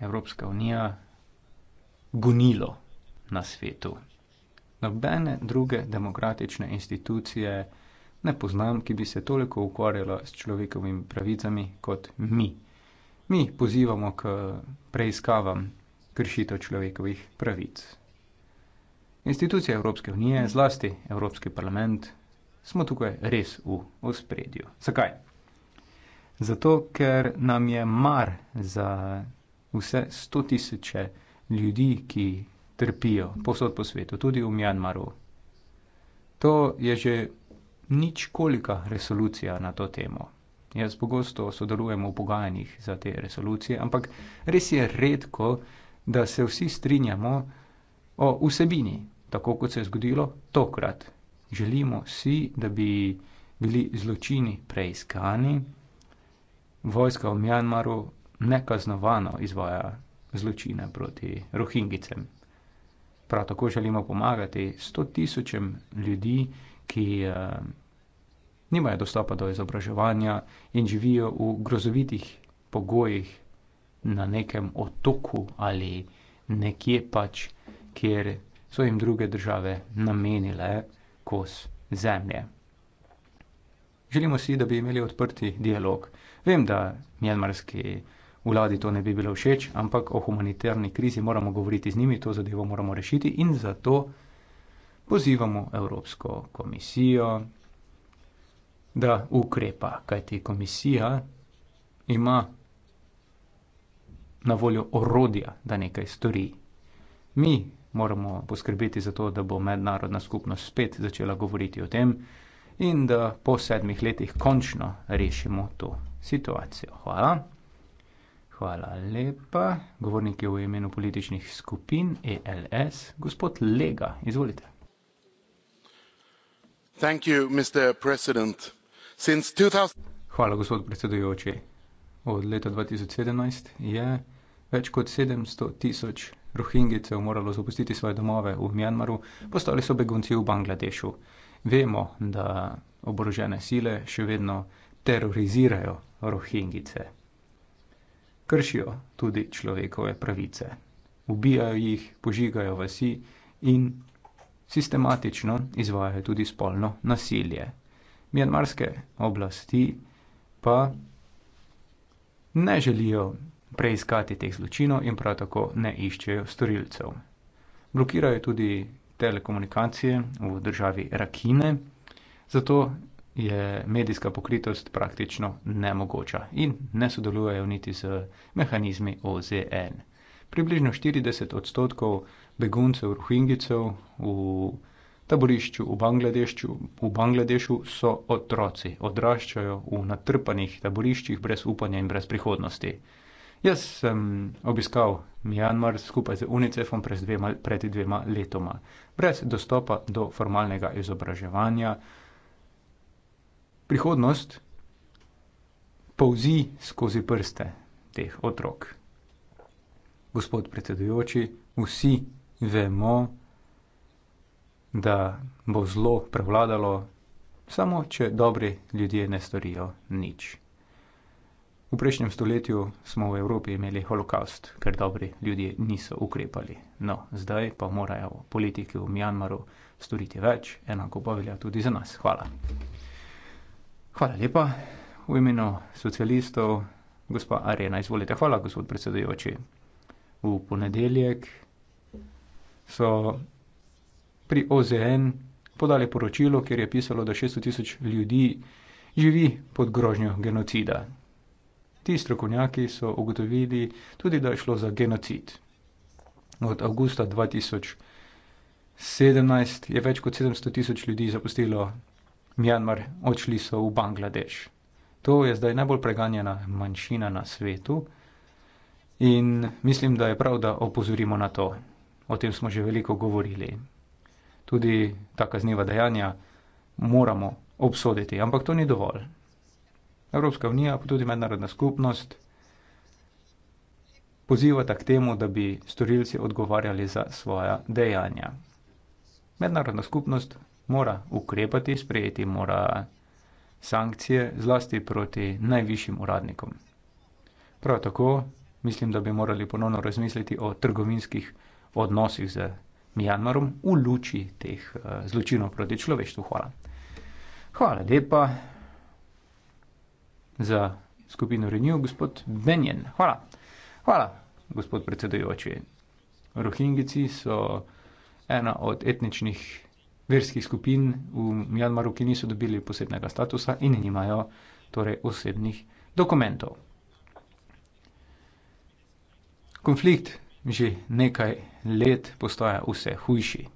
Evropska unija gonilo na svetu. Nobene druge demokratične institucije ne poznam, ki bi se toliko ukvarjala s človekovimi pravicami kot mi mi pozivamo k preiskavam kršitev človekovih pravic. Institucije Evropske unije, zlasti Evropski parlament, smo tukaj res v ospredju. Zakaj? Zato, ker nam je mar za vse sto tisoče ljudi, ki trpijo posod po svetu, tudi v Mjanmaru. To je že nič kolika resolucija na to temo. Jaz pogosto sodelujem v pogajanjih za te resolucije, ampak res je redko, da se vsi strinjamo o vsebini, tako kot se je zgodilo tokrat. Želimo si, da bi bili zločini preiskani, vojska v Mjanmaru nekaznovano izvaja zločine proti rohingicem. Prav tako želimo pomagati sto tisočem ljudi, ki uh, nimajo dostopa do izobraževanja in živijo v grozovitih pogojih na nekem otoku ali nekje pač, kjer so jim druge države namenile kos zemlje. Želimo si, da bi imeli odprti dialog. Vem, da mjelmarski vladi to ne bi bilo všeč, ampak o humanitarni krizi moramo govoriti z njimi, to zadevo moramo rešiti in zato pozivamo Evropsko komisijo, da ukrepa, kajti komisija ima na voljo orodja, da nekaj stori. Mi moramo poskrbeti za to, da bo mednarodna skupnost spet začela govoriti o tem in da po sedmih letih končno rešimo to situacijo. Hvala. Hvala lepa. Govornik je v imenu političnih skupin ELS, gospod Lega. Izvolite. Thank you, Mr. President. Hvala, gospod predsedujoči. Od leta 2017 je več kot 700 tisoč rohingjcev moralo zapustiti svoje domove v Mjanmaru, postali so begunci v Bangladešu. Vemo, da oborožene sile še vedno terorizirajo rohingjce. Kršijo tudi človekove pravice. Ubijajo jih, požigajo vasi in sistematično izvajajo tudi spolno nasilje. Mjanmarske oblasti pa ne želijo preiskati teh zločinov in prav tako ne iščejo storilcev. Blokirajo tudi telekomunikacije v državi Rakine, zato je medijska pokritost praktično nemogoča in ne sodelujejo niti z mehanizmi OZN. Približno 40 odstotkov beguncev, ruhingicev v taborišču v Bangladešu, v Bangladešu so otroci, odraščajo v natrpanih taboriščih brez upanja in brez prihodnosti. Jaz sem obiskal Mjanmar skupaj z UNICEF-om pred, pred dvema letoma, brez dostopa do formalnega izobraževanja. Prihodnost pouzi skozi prste teh otrok. Gospod predsedujoči, vsi vemo, da bo zlo prevladalo, samo če dobri ljudje ne storijo nič. V prejšnjem stoletju smo v Evropi imeli holokaust, ker dobri ljudje niso ukrepali. No, zdaj pa morajo politiki v Mjanmaru storiti več, enako pa velja tudi za nas. Hvala. Hvala lepa. V imenu socialistov, gospa Arena, izvolite. Hvala, gospod predsedujoči. V ponedeljek so pri OZN podali poročilo, kjer je pisalo, da 600 tisoč ljudi živi pod grožnjo genocida. Ti strokovnjaki so ugotovili tudi, da je šlo za genocid. Od avgusta 2017 je več kot 700 tisoč ljudi zapustilo Mjanmar, odšli so v Bangladeš. To je zdaj najbolj preganjena manjšina na svetu in mislim, da je prav, da opozorimo na to. O tem smo že veliko govorili tudi ta kazniva dejanja moramo obsoditi. Ampak to ni dovolj. Evropska unija, pa tudi mednarodna skupnost, pozivata k temu, da bi storilci odgovarjali za svoja dejanja. Mednarodna skupnost mora ukrepati, sprejeti mora sankcije zlasti proti najvišjim uradnikom. Prav tako mislim, da bi morali ponovno razmisliti o trgovinskih odnosih z Mjanmarom v luči teh eh, zločinov proti človeštvu. Hvala. Hvala lepa za skupino Renew, gospod Benjen. Hvala. Hvala, gospod predsedujoči. Rohingici so ena od etničnih verskih skupin v Mjanmaru, ki niso dobili posebnega statusa in nimajo torej osebnih dokumentov. Konflikt že nekaj let postaja vse hujši.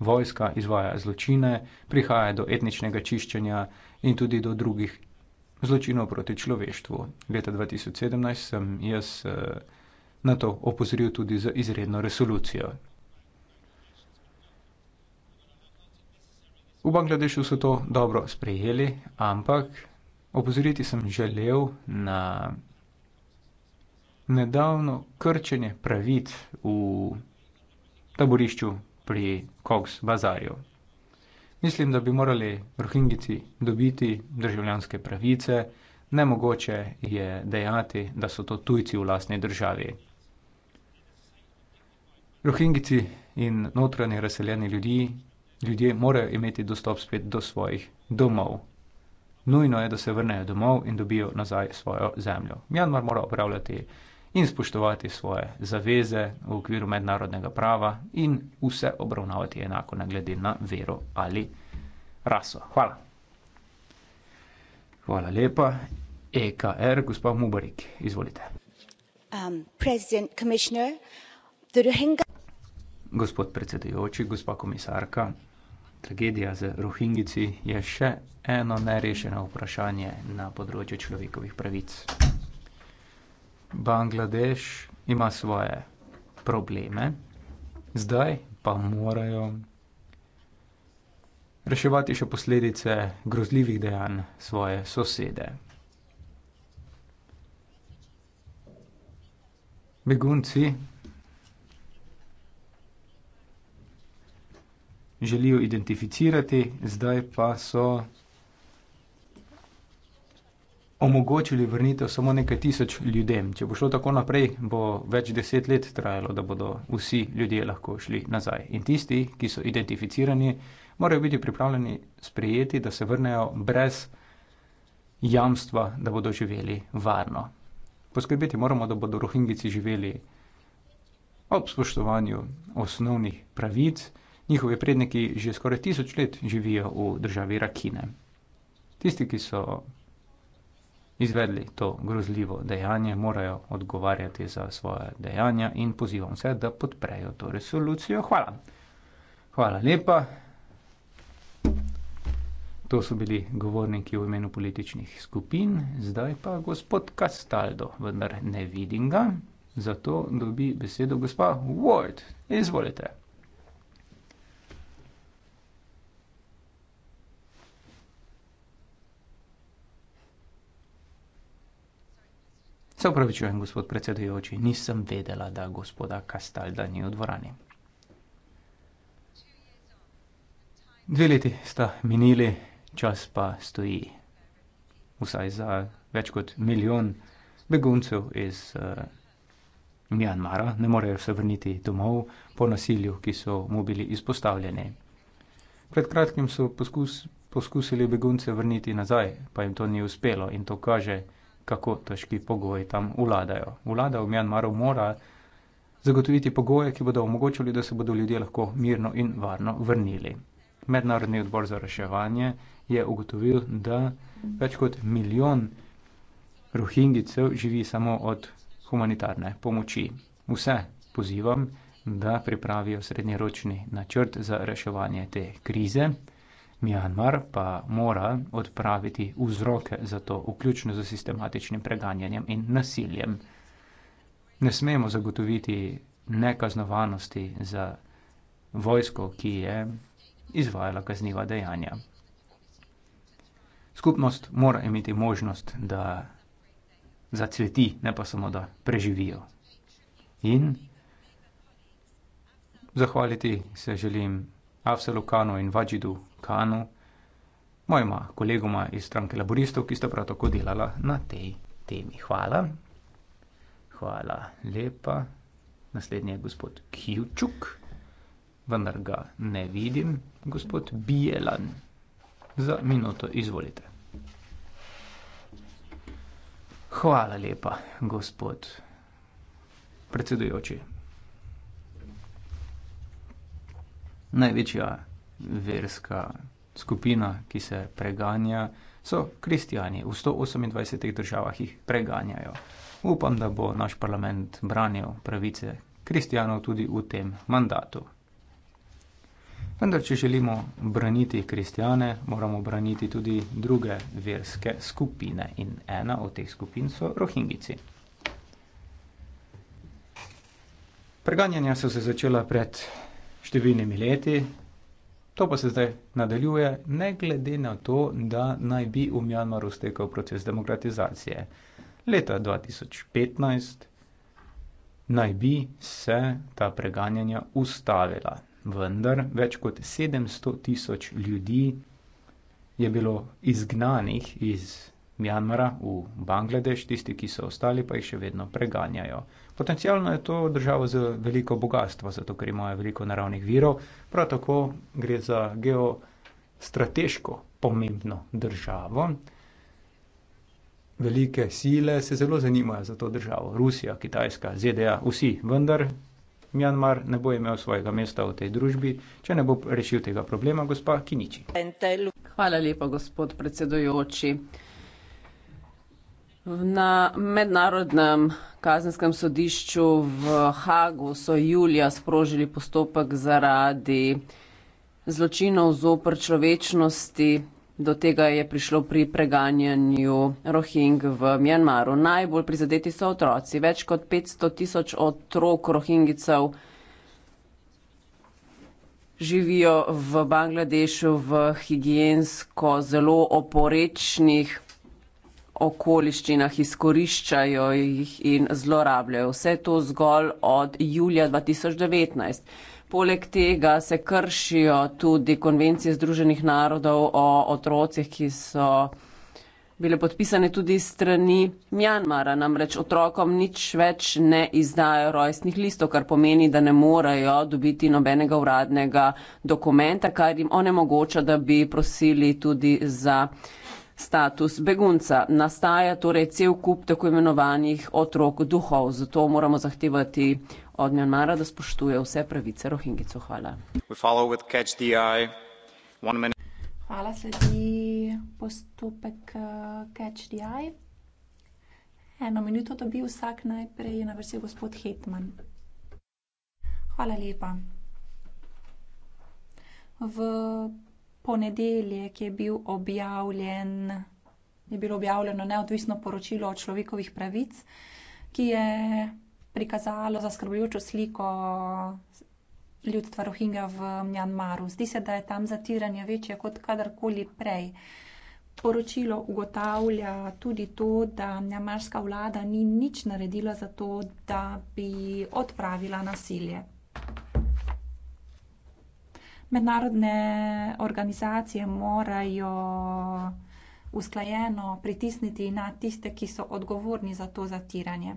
Vojska izvaja zločine, prihaja do etničnega čiščenja in tudi do drugih zločinov proti človeštvu. Leta 2017 sem jaz eh, na to opozoril tudi z izredno resolucijo. V Bangladešu so to dobro sprejeli, ampak opozoriti sem želel na nedavno krčenje pravic v taborišču pri Cox Bazarju. Mislim, da bi morali rohingici dobiti državljanske pravice, nemogoče je dejati, da so to tujci v lastni državi. Rohingici in notranje razseljeni ljudi, ljudje morajo imeti dostop spet do svojih domov. Nujno je, da se vrnejo domov in dobijo nazaj svojo zemljo. Mjanmar mora upravljati in spoštovati svoje zaveze v okviru mednarodnega prava in vse obravnavati enako, ne glede na vero ali raso. Hvala. Hvala lepa. EKR, er, gospod Mubarik, izvolite. Um, gospod predsedujoči, gospa komisarka, tragedija z rohingici je še eno nerešeno vprašanje na področju človekovih pravic. Bangladeš ima svoje probleme, zdaj pa morajo reševati še posledice grozljivih dejanj svoje sosede. Begunci želijo identificirati, zdaj pa so omogočili vrnitev samo nekaj tisoč ljudem. Če bo šlo tako naprej, bo več deset let trajalo, da bodo vsi ljudje lahko šli nazaj. In tisti, ki so identificirani, morajo biti pripravljeni sprejeti, da se vrnejo brez jamstva, da bodo živeli varno. Poskrbeti moramo, da bodo rohingici živeli ob spoštovanju osnovnih pravic. Njihovi predniki že skoraj tisoč let živijo v državi Rakine. Tisti, ki so izvedli to grozljivo dejanje, morajo odgovarjati za svoje dejanja in pozivam vse, da podprejo to resolucijo. Hvala. Hvala lepa. To so bili govorniki v imenu političnih skupin, zdaj pa gospod Castaldo, vendar ne vidim ga, zato dobi besedo gospa Ward. Izvolite. Se upravičujem, gospod predsedujoči, nisem vedela, da gospoda Castalda ni v dvorani. Dve leti sta minili, čas pa stoji. Vsaj za več kot milijon beguncev iz uh, Mjanmara ne morejo se vrniti domov po nasilju, ki so mu bili izpostavljeni. Pred kratkim so poskus, poskusili begunce vrniti nazaj, pa jim to ni uspelo in to kaže, da kako težki pogoji tam vladajo. Vlada v Mjanmaru mora zagotoviti pogoje, ki bodo omogočili, da se bodo ljudje lahko mirno in varno vrnili. Mednarodni odbor za reševanje je ugotovil, da več kot milijon rohingicev živi samo od humanitarne pomoči. Vse pozivam, da pripravijo srednjeročni načrt za reševanje te krize. Mjanmar pa mora odpraviti vzroke za to, vključno z sistematičnim preganjanjem in nasiljem. Ne smemo zagotoviti nekaznovanosti za vojsko, ki je izvajala kazniva dejanja. Skupnost mora imeti možnost, da zacveti, ne pa samo, da preživijo. In zahvaliti se želim Avselukanu in Vajidu Kanu, mojima kolegoma iz stranke laboristov, ki sta prav tako delala na tej temi. Hvala. Hvala lepa. Naslednji je gospod Kivčuk, vendar ga ne vidim. Gospod Bielan, za minuto izvolite. Hvala lepa, gospod predsedujoči. Največja verska skupina, ki se preganja, so kristijani. V 128 državah jih preganjajo. Upam, da bo naš parlament branil pravice kristijanov tudi v tem mandatu. Vendar, če želimo braniti kristijane, moramo braniti tudi druge verske skupine in ena od teh skupin so rohingici. Preganjanja so se začela pred številnimi leti, To pa se zdaj nadaljuje, ne glede na to, da naj bi v Mjanmaru stekel proces demokratizacije. Leta 2015 naj bi se ta preganjanja ustavila, vendar več kot 700 tisoč ljudi je bilo izgnanih iz Mjanmara v Bangladeš, tisti, ki so ostali, pa jih še vedno preganjajo. Potencialno je to država z veliko bogatstva, zato ker imajo veliko naravnih virov, prav tako gre za geostrateško pomembno državo. Velike sile se zelo zanimajo za to državo, Rusija, Kitajska, ZDA, vsi, vendar Mjanmar ne bo imel svojega mesta v tej družbi, če ne bo rešil tega problema, gospa Kiniči. Hvala lepa, gospod predsedujoči. Na mednarodnem kazenskem sodišču v Hagu so julija sprožili postopek zaradi zločinov zopr človečnosti. Do tega je prišlo pri preganjanju rohing v Mjanmaru. Najbolj prizadeti so otroci. Več kot 500 tisoč otrok rohingicev živijo v Bangladešu v higijensko zelo oporečnih okoliščinah izkoriščajo jih in zlorabljajo. Vse to zgolj od julija 2019. Poleg tega se kršijo tudi konvencije Združenih narodov o otrocih, ki so bile podpisane tudi strani Mjanmara. Namreč otrokom nič več ne izdajo rojstnih listov, kar pomeni, da ne morajo dobiti nobenega uradnega dokumenta, kar jim onemogoča, da bi prosili tudi za status begunca. Nastaja torej cel kup tako imenovanih otrok duhov, zato moramo zahtevati od Mjanmara, da spoštuje vse pravice Rohingicov. Hvala. Hvala, sledi postopek uh, Catch the Eye. Eno minuto dobi vsak najprej na vrsti gospod Hetman. Hvala lepa. V ponedeljek je, bil objavljen, je bilo objavljeno neodvisno poročilo o človekovih pravic, ki je prikazalo zaskrbljujočo sliko ljudstva Rohingja v Mjanmaru. Zdi se, da je tam zatiranje večje kot kadarkoli prej. Poročilo ugotavlja tudi to, da mjamarska vlada ni nič naredila za to, da bi odpravila nasilje mednarodne organizacije morajo usklajeno pritisniti na tiste, ki so odgovorni za to zatiranje.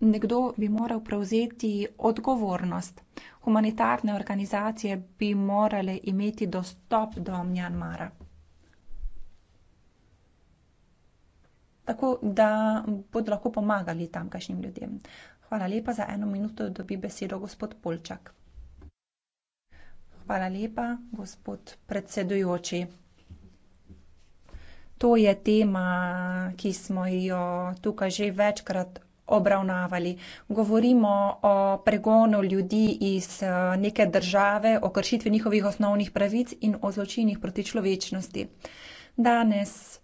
Nekdo bi moral prevzeti odgovornost. Humanitarne organizacije bi morale imeti dostop do Mjanmara. Tako da bodo lahko pomagali tamkajšnjim ljudem. Hvala lepa. Za eno minuto dobi besedo gospod Polčak. Hvala lepa, gospod predsedujoči. To je tema, ki smo jo tukaj že večkrat obravnavali. Govorimo o pregonu ljudi iz eh, neke države, o kršitvi njihovih osnovnih pravic in o zločinih proti človečnosti. Danes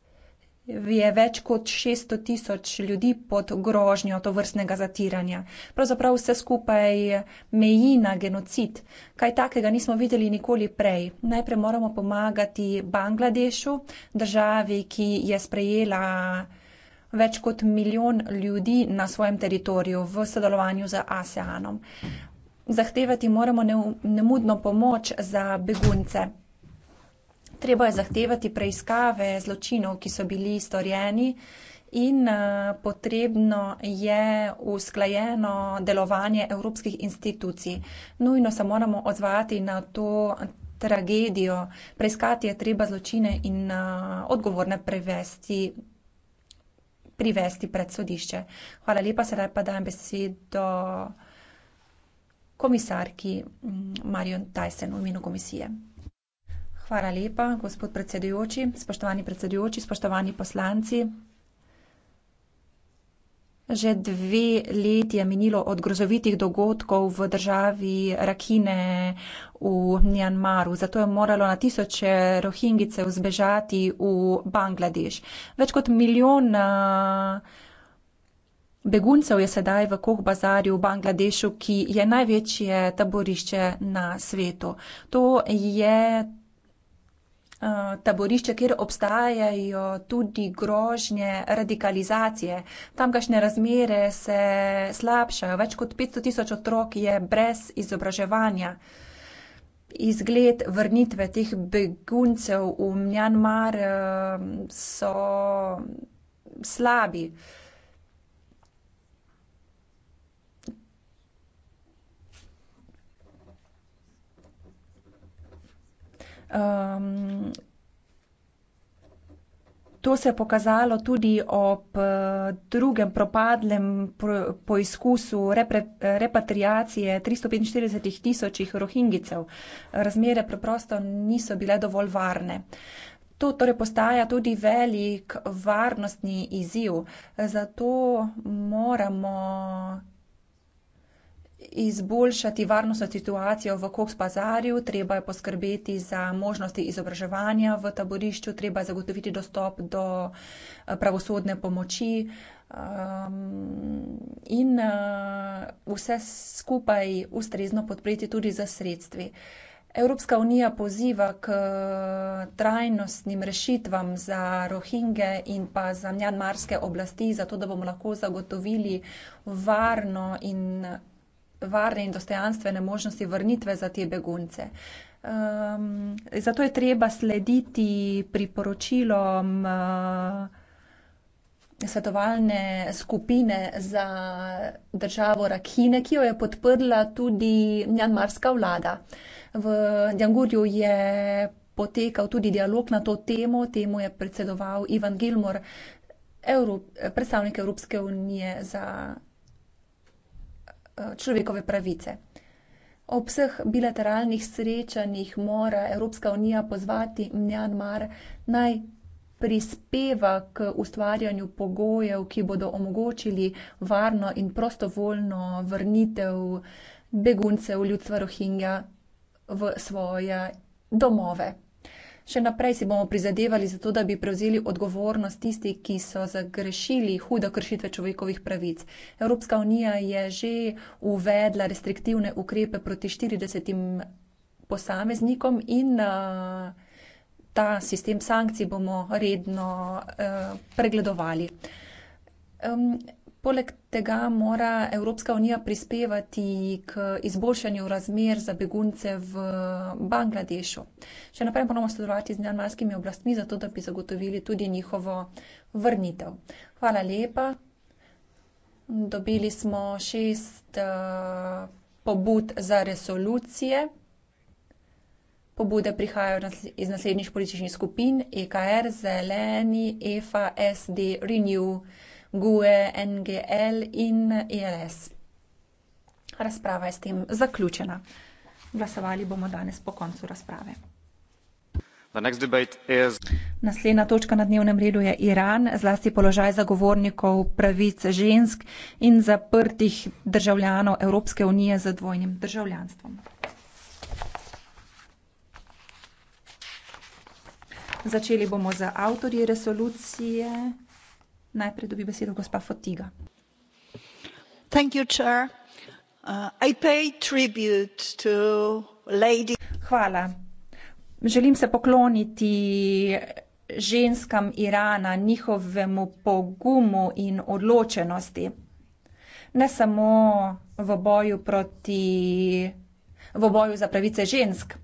je več kot 600 tisoč ljudi pod grožnjo to vrstnega zatiranja. Pravzaprav vse skupaj meji na genocid. Kaj takega nismo videli nikoli prej. Najprej moramo pomagati Bangladešu, državi, ki je sprejela več kot milijon ljudi na svojem teritoriju v sodelovanju z ASEANom. Zahtevati moramo neumudno pomoč za begunce treba je zahtevati preiskave zločinov, ki so bili storjeni. In eh, potrebno je usklajeno delovanje evropskih institucij. Nujno se moramo odzvati na to tragedijo. Preiskati je treba zločine in eh, odgovorne prevesti, privesti pred sodišče. Hvala lepa, sedaj pa dajem besedo komisarki mm, Marion Tyson v imenu komisije. Hvala lepa, gospod predsedujoči, spoštovani predsedujoči, spoštovani poslanci. Že dve let je minilo od grozovitih dogodkov v državi Rakine v Mjanmaru, zato je moralo na tisoče rohingice vzbežati v Bangladeš. Več kot milijon beguncev je sedaj v Kohbazarju v Bangladešu, ki je največje taborišče na svetu. To je Eh, taborišče, kjer obstajajo tudi grožnje radikalizacije. Tamkajšnje razmere se slabšajo, več kot 500 tisoč otrok je brez izobraževanja. Izgled vrnitve teh beguncev v Mjanmar eh, so slabi. Um, to se je pokazalo tudi ob eh, drugem propadlem po, poizkusu repre, repatriacije 345 tisočih rohingicev. Razmere preprosto niso bile dovolj varne. To torej postaja tudi velik varnostni izziv. Zato moramo izboljšati varnostno situacijo v Koks bazarju, treba je poskrbeti za možnosti izobraževanja v taborišču, treba je zagotoviti dostop do eh, pravosodne pomoči. Um, in uh, vse skupaj ustrezno podpreti tudi za sredstvi. Evropska unija poziva k eh, trajnostnim rešitvam za rohinge in pa za mjanmarske oblasti, zato da bomo lahko zagotovili varno in varne in dostojanstvene možnosti vrnitve za te begunce. Um, zato je treba slediti priporočilom uh, svetovalne skupine za državo Rakhine, ki jo je podprla tudi mjanmarska vlada. V Djangurju je potekal tudi dialog na to temo, temu je predsedoval Ivan Gilmor, Evrop, predstavnik Evropske unije za Eh, človekove pravice. Ob vseh bilateralnih srečanjih mora Evropska unija pozvati Mjanmar naj prispeva k ustvarjanju pogojev, ki bodo omogočili varno in prostovoljno vrnitev beguncev ljudstva Rohingja v svoje domove. Še naprej si bomo prizadevali za to, da bi prevzeli odgovornost tisti, ki so zagrešili hudo kršitve človekovih pravic. Evropska unija je že uvedla restriktivne ukrepe proti 40 posameznikom in ta sistem sankcij bomo redno eh, pregledovali. Poleg tega mora Evropska unija prispevati k izboljšanju razmer za begunce v Bangladešu. Še naprej moramo sodelovati z njanmarskimi oblastmi, zato da bi zagotovili tudi njihovo vrnitev. Hvala lepa. Dobili smo šest uh, pobud za resolucije. Pobude prihajajo iz naslednjih političnih skupin EKR, Zeleni, EFA, SD, Renew. GUE, NGL in ILS. E Razprava je s tem zaključena. Glasovali bomo danes po koncu razprave. Is... Naslednja točka na dnevnem redu je Iran, zlasti položaj zagovornikov pravic žensk in zaprtih državljanov Evropske unije z dvojnim državljanstvom. Začeli bomo z avtorji resolucije najprej dobi besedo gospa fotyga. Uh, hvala. želim se pokloniti ženskam irana njihovemu pogumu in odločenosti ne samo v boju proti v boju za pravice žensk.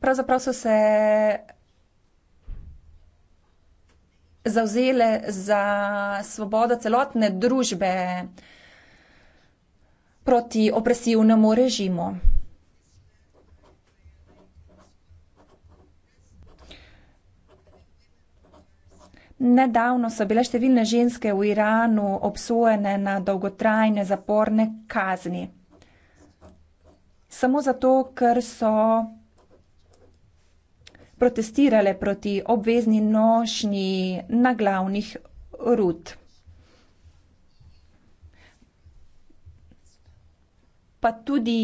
pravzaprav so se zauzele za svobodo celotne družbe proti opresivnemu režimu. Nedavno so bile številne ženske v Iranu obsojene na dolgotrajne zaporne kazni. Samo zato, ker so protestirale proti obvezni nošnji naglavnih rut. Pa tudi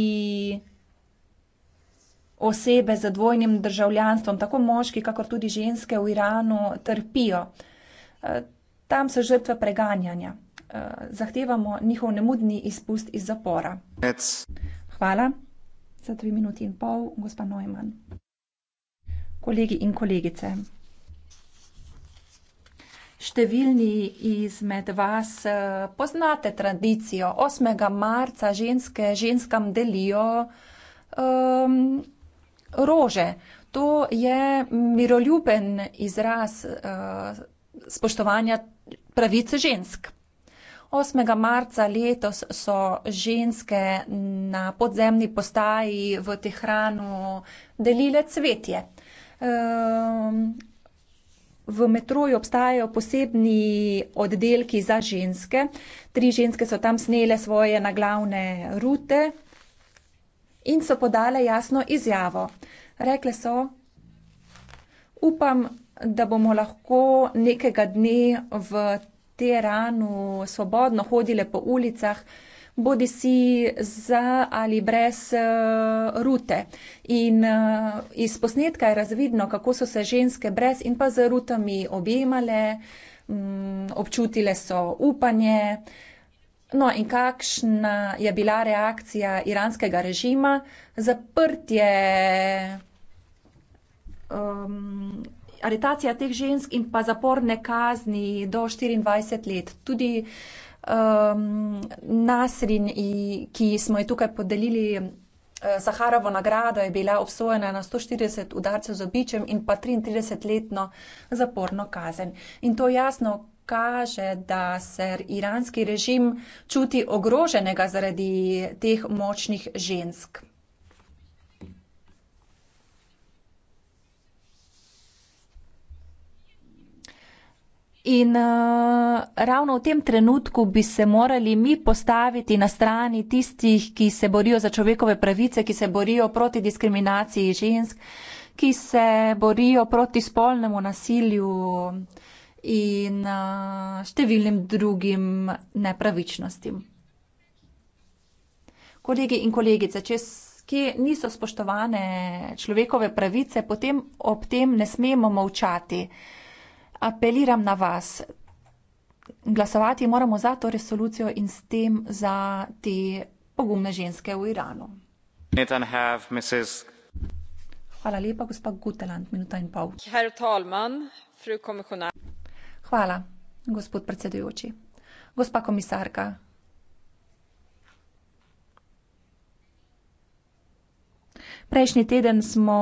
osebe z dvojnim državljanstvom, tako moški, kakor tudi ženske v Iranu, trpijo. Eh, tam so žrtve preganjanja. Eh, zahtevamo njihov nemudni izpust iz zapora. Hvala za tri minuti in pol, gospa Neumann kolegi in kolegice. Številni izmed vas eh, poznate tradicijo. 8. marca ženske ženskam delijo um, rože. To je miroljuben izraz uh, spoštovanja pravice žensk. 8. marca letos so ženske na podzemni postaji v Tehranu delile cvetje. Ehm, v metroju obstajajo posebni oddelki za ženske. Tri ženske so tam snele svoje naglavne rute in so podale jasno izjavo. Rekle so, upam, da bomo lahko nekega dne v Teheranu svobodno hodile po ulicah, bodi si za ali brez uh, rute. In uh, iz posnetka je razvidno, kako so se ženske brez in pa z rutami objemale, um, občutile so upanje. No in kakšna je bila reakcija iranskega režima? Zaprtje, um, aretacija teh žensk in pa zaporne kazni do 24 let. Tudi uh, um, Nasrin, ki smo ji tukaj podelili uh, Saharovo nagrado, je bila obsojena na 140 udarcev z običem in pa 33-letno zaporno kazen. In to jasno kaže, da se iranski režim čuti ogroženega zaradi teh močnih žensk. In uh, ravno v tem trenutku bi se morali mi postaviti na strani tistih, ki se borijo za človekove pravice, ki se borijo proti diskriminaciji žensk, ki se borijo proti spolnemu nasilju in uh, številnim drugim nepravičnostim. Kolegi in kolegice, če kje niso spoštovane človekove pravice, potem ob tem ne smemo molčati. Uh, apeliram na vas. Glasovati moramo za to resolucijo in s tem za te pogumne ženske v Iranu. Hvala lepa, gospa Guteland, minuta in pol. Hvala, gospod predsedujoči. Gospa komisarka. Prejšnji teden smo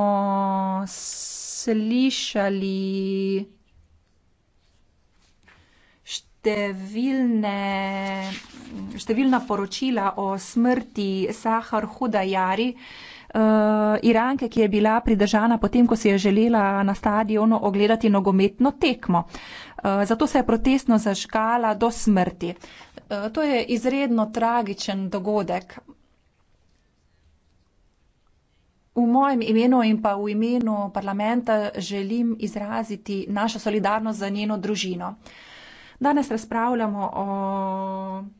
slišali številne, številna poročila o smrti Sahar Hudajari, eh, Iranke, ki je bila pridržana potem, ko si je želela na stadionu ogledati nogometno tekmo. Eh, zato se je protestno zaškala do smrti. Eh, to je izredno tragičen dogodek. V mojem imenu in pa v imenu parlamenta želim izraziti našo solidarnost za njeno družino. Danes razpravljamo o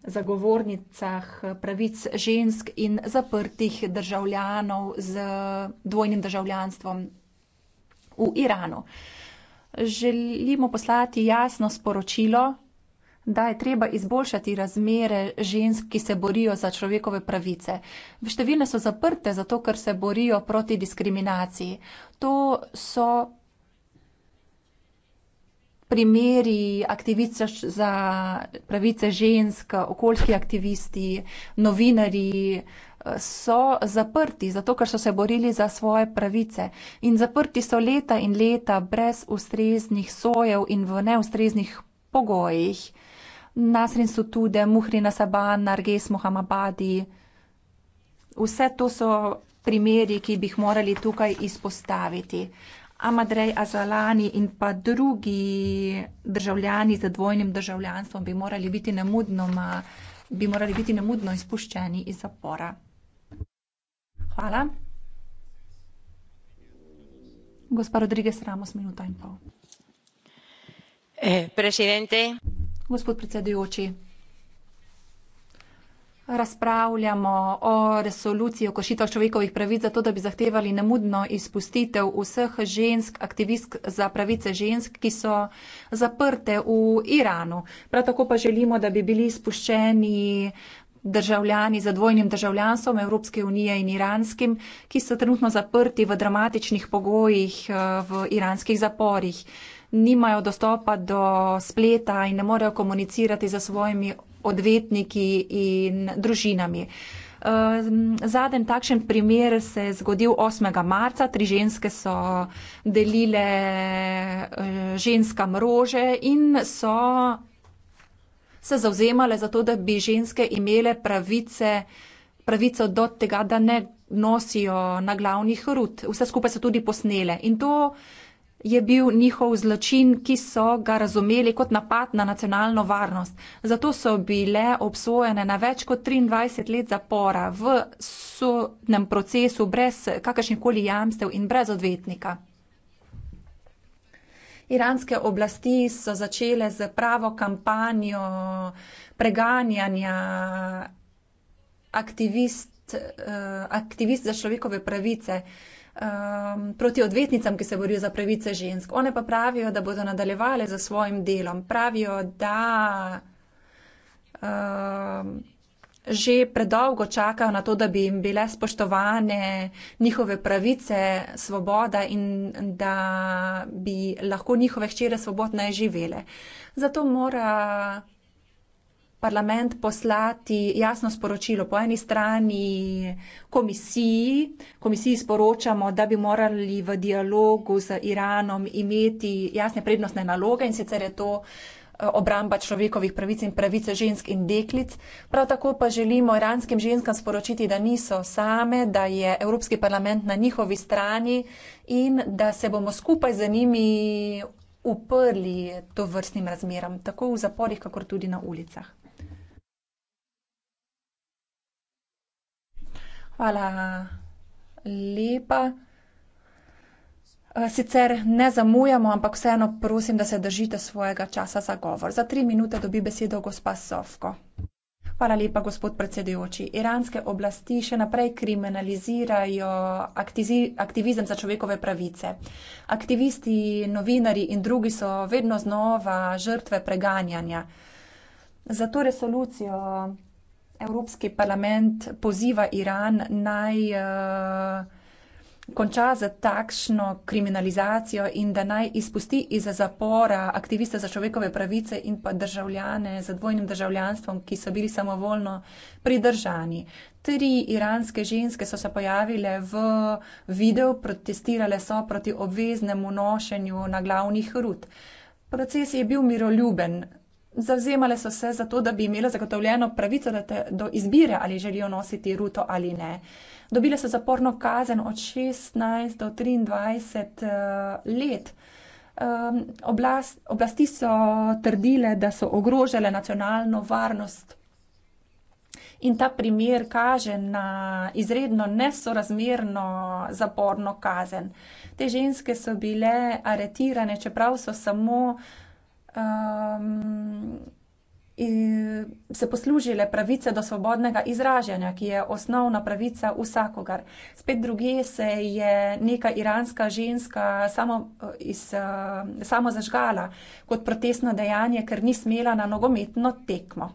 zagovornicah pravic žensk in zaprtih državljanov z dvojnim državljanstvom v Iranu. Želimo poslati jasno sporočilo, da je treba izboljšati razmere žensk, ki se borijo za človekove pravice. Številne so zaprte zato, ker se borijo proti diskriminaciji. To so primeri aktivista za pravice žensk, okoljski aktivisti, novinari eh, so zaprti, zato ker so se borili za svoje pravice. In zaprti so leta in leta brez ustreznih sojev in v neustreznih pogojih. Nasrin Sutude, Muhrina Saban, Narges Mohamabadi. Vse to so primeri, ki bi jih morali tukaj izpostaviti. Amadrej Azalani in pa drugi državljani z dvojnim državljanstvom bi morali biti nemudno, bi morali biti nemudno izpuščeni iz zapora. Hvala. Gospa Rodriguez Ramos, minuta in pol. Eh, Gospod predsedujoči razpravljamo o resoluciji o kršitvah človekovih pravic, zato da bi zahtevali nemudno izpustitev vseh žensk, aktivistk za pravice žensk, ki so zaprte v Iranu. Prav tako pa želimo, da bi bili spuščeni državljani za dvojnim državljanstvom Evropske unije in iranskim, ki so trenutno zaprti v dramatičnih pogojih eh, v iranskih zaporih. Nimajo dostopa do spleta in ne morejo komunicirati za svojimi odvetniki in družinami. Ehm, zadnji takšen primer se je zgodil 8. marca. Tri ženske so delile eh, ženska mrože in so se zauzemale za to, da bi ženske imele pravice, pravico do tega, da ne nosijo na glavnih rut. Vse skupaj so tudi posnele. In to je bil njihov zločin, ki so ga razumeli kot napad na nacionalno varnost. Zato so bile obsojene na več kot 23 let zapora v sodnem procesu brez kakršnih koli jamstev in brez odvetnika. Iranske oblasti so začele z pravo kampanjo preganjanja aktivist, eh, aktivist za človekove pravice um, proti odvetnicam, ki se borijo za pravice žensk. One pa pravijo, da bodo nadaljevale za svojim delom. Pravijo, da um, že predolgo čakajo na to, da bi jim bile spoštovane njihove pravice, svoboda in da bi lahko njihove hčere svobodno živele. Zato mora parlament poslati jasno sporočilo. Po eni strani komisiji, komisiji sporočamo, da bi morali v dialogu z Iranom imeti jasne prednostne naloge in sicer je to eh, obramba človekovih pravic in pravice žensk in deklic. Prav tako pa želimo iranskim ženskam sporočiti, da niso same, da je Evropski parlament na njihovi strani in da se bomo skupaj z njimi uprli to vrstnim razmeram, tako v zaporih, kakor tudi na ulicah. Hvala lepa. Eh, sicer ne zamujamo, ampak vseeno prosim, da se držite svojega časa za govor. Za tri minute dobi besedo gospa Sovko. Hvala lepa, gospod predsedujoči. Iranske oblasti še naprej kriminalizirajo aktivizem za človekove pravice. Aktivisti, novinari in drugi so vedno znova žrtve preganjanja. Zato resolucijo Evropski parlament poziva Iran naj eh, konča z takšno kriminalizacijo in da naj izpusti iz zapora aktiviste za človekove pravice in pa državljane z dvojnim državljanstvom, ki so bili samovoljno pridržani. Tri iranske ženske so se pojavile v videu, protestirale so proti obveznemu nošenju na glavnih rut. Proces je bil miroljuben, Zavzemale so se za to, da bi imele zagotovljeno pravico do, te, do izbire, ali želijo nositi ruto ali ne. Dobile so zaporno kazen od 16 do 23 uh, eh, let. Um, oblast, oblasti so trdile, da so ogrožale nacionalno varnost. In ta primer kaže na izredno nesorazmerno zaporno kazen. Te ženske so bile aretirane, čeprav so samo uh, um, se poslužile pravice do svobodnega izražanja, ki je osnovna pravica vsakogar. Spet druge se je neka iranska ženska samo, eh, iz, eh, samo zažgala kot protestno dejanje, ker ni smela na nogometno tekmo.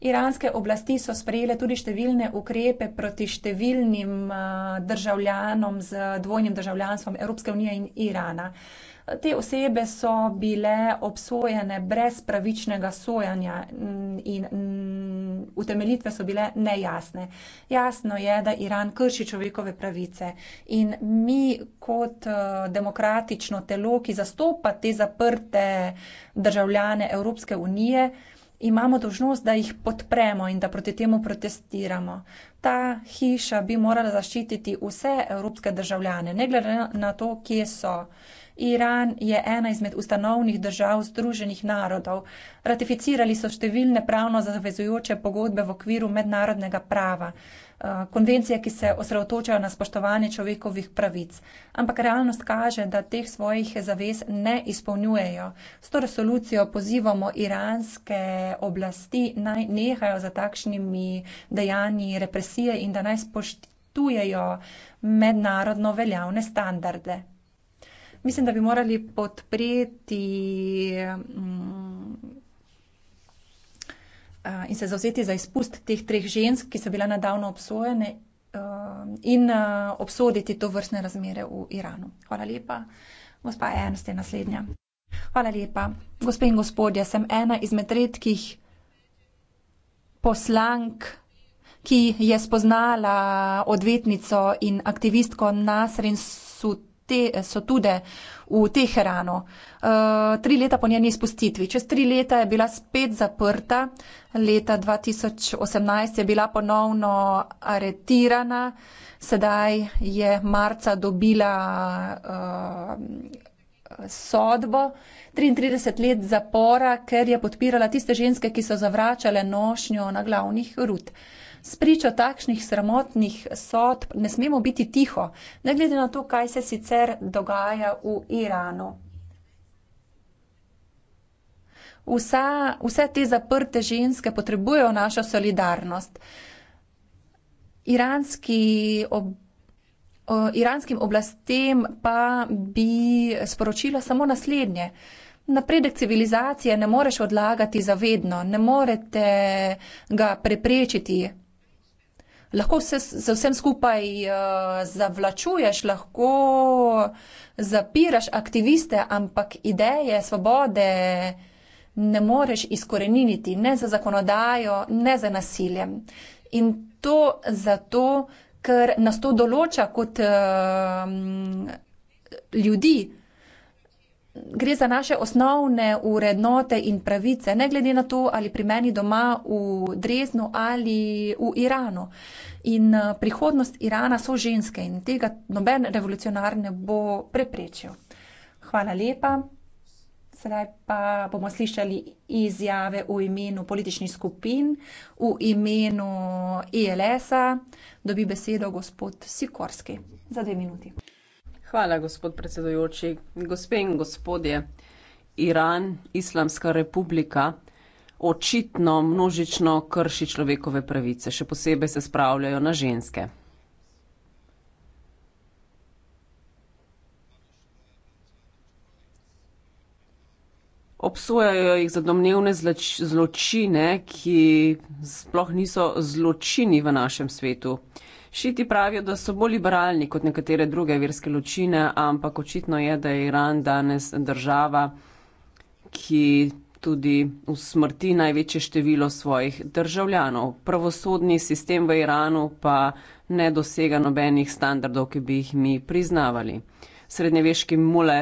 Iranske oblasti so sprejele tudi številne ukrepe proti številnim eh, državljanom z dvojnim državljanstvom Evropske unije in Irana. Te osebe so bile obsojene brez pravičnega sojanja in mm, utemeljitve so bile nejasne. Jasno je, da Iran krši človekove pravice in mi kot eh, demokratično telo, ki zastopa te zaprte državljane Evropske unije, imamo dožnost, da jih podpremo in da proti temu protestiramo. Ta hiša bi morala zaščititi vse evropske državljane, ne glede na to, kje so. Iran je ena izmed ustanovnih držav Združenih narodov. Ratificirali so številne pravno zavezujoče pogodbe v okviru mednarodnega prava. Eh, konvencije, ki se osredotočajo na spoštovanje človekovih pravic. Ampak realnost kaže, da teh svojih zavez ne izpolnjujejo. S to resolucijo pozivamo iranske oblasti naj nehajo za takšnimi dejanji represije in da naj spoštujejo mednarodno veljavne standarde. Mislim, da bi morali podpreti. Mm, Eh, in se zauzeti za izpust teh treh žensk, ki so bile nedavno obsojene, eh, in eh, obsoditi to vrstne razmere v Iranu. Hvala lepa. Gospa Ernst je naslednja. Hvala lepa. Gospe in gospodje, sem ena izmed redkih poslank, ki je spoznala odvetnico in aktivistko Nasrin Sovjetov te sotude v Teheranu. Uh, tri leta po njeni izpustitvi. Čez tri leta je bila spet zaprta, leta 2018 je bila ponovno aretirana, sedaj je marca dobila uh, sodbo 33 let zapora, ker je podpirala tiste ženske, ki so zavračale nošnjo na glavnih rut. Uh, Spričo takšnih sramotnih sodb ne smemo biti tiho, ne glede na to, kaj se sicer dogaja v Iranu. Vsa, vse te zaprte ženske potrebujejo našo solidarnost. Iranski ob, o, iranskim oblastem pa bi sporočila samo naslednje. Napredek civilizacije ne moreš odlagati zavedno, ne morete ga preprečiti lahko se, se vsem skupaj uh, zavlačuješ, lahko zapiraš aktiviste, ampak ideje svobode ne moreš izkoreniniti, ne za zakonodajo, ne za nasiljem. In to zato, ker nas to določa kot uh, ljudi, gre za naše osnovne urednote in pravice, ne glede na to, ali pri meni doma v Dreznu ali v Iranu. In eh, prihodnost Irana so ženske in tega noben revolucionar ne bo preprečil. Hvala lepa. Sedaj pa bomo slišali izjave v imenu političnih skupin, v imenu ELS-a. Dobi besedo gospod Sikorski za dve minuti. Hvala, gospod predsedujoči. Gospe in gospodje, Iran, Islamska republika, očitno množično krši človekove pravice, še posebej se spravljajo na ženske. Obsojajo jih za domnevne zločine, ki sploh niso zločini v našem svetu. Šiti pravijo, da so bolj liberalni kot nekatere druge verske ločine, ampak očitno je, da je Iran danes država, ki tudi usmrti največje število svojih državljanov. Pravosodni sistem v Iranu pa ne dosega nobenih standardov, ki bi jih mi priznavali. Srednjeveški mule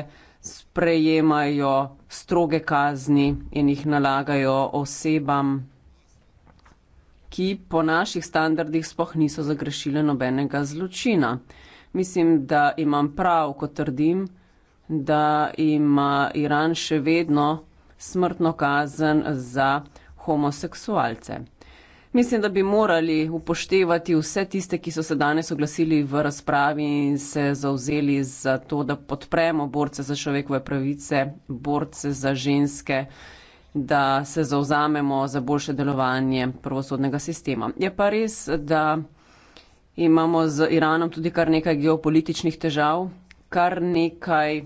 sprejemajo stroge kazni in jih nalagajo osebam ki po naših standardih sploh niso zagrešile nobenega zločina. Mislim, da imam prav, ko trdim, da ima Iran še vedno smrtno kazen za homoseksualce. Mislim, da bi morali upoštevati vse tiste, ki so se danes oglasili v razpravi in se zauzeli za to, da podpremo borce za človekove pravice, borce za ženske da se zauzamemo za boljše delovanje pravosodnega sistema. Je pa res, da imamo z Iranom tudi kar nekaj geopolitičnih težav, kar nekaj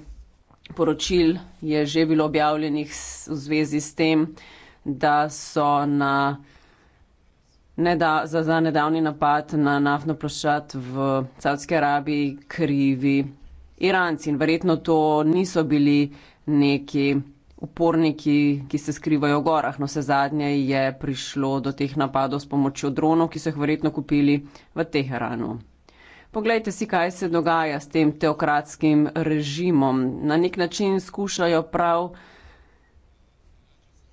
poročil je že bilo objavljenih v zvezi s tem, da so na Neda, za, za nedavni napad na naftno ploščad v Saudski Arabiji krivi Iranci in verjetno to niso bili neki uporniki, ki se skrivajo v gorah. No, vse zadnje je prišlo do teh napadov s pomočjo dronov, ki so jih verjetno kupili v Teheranu. Poglejte si, kaj se dogaja s tem teokratskim režimom. Na nek način skušajo prav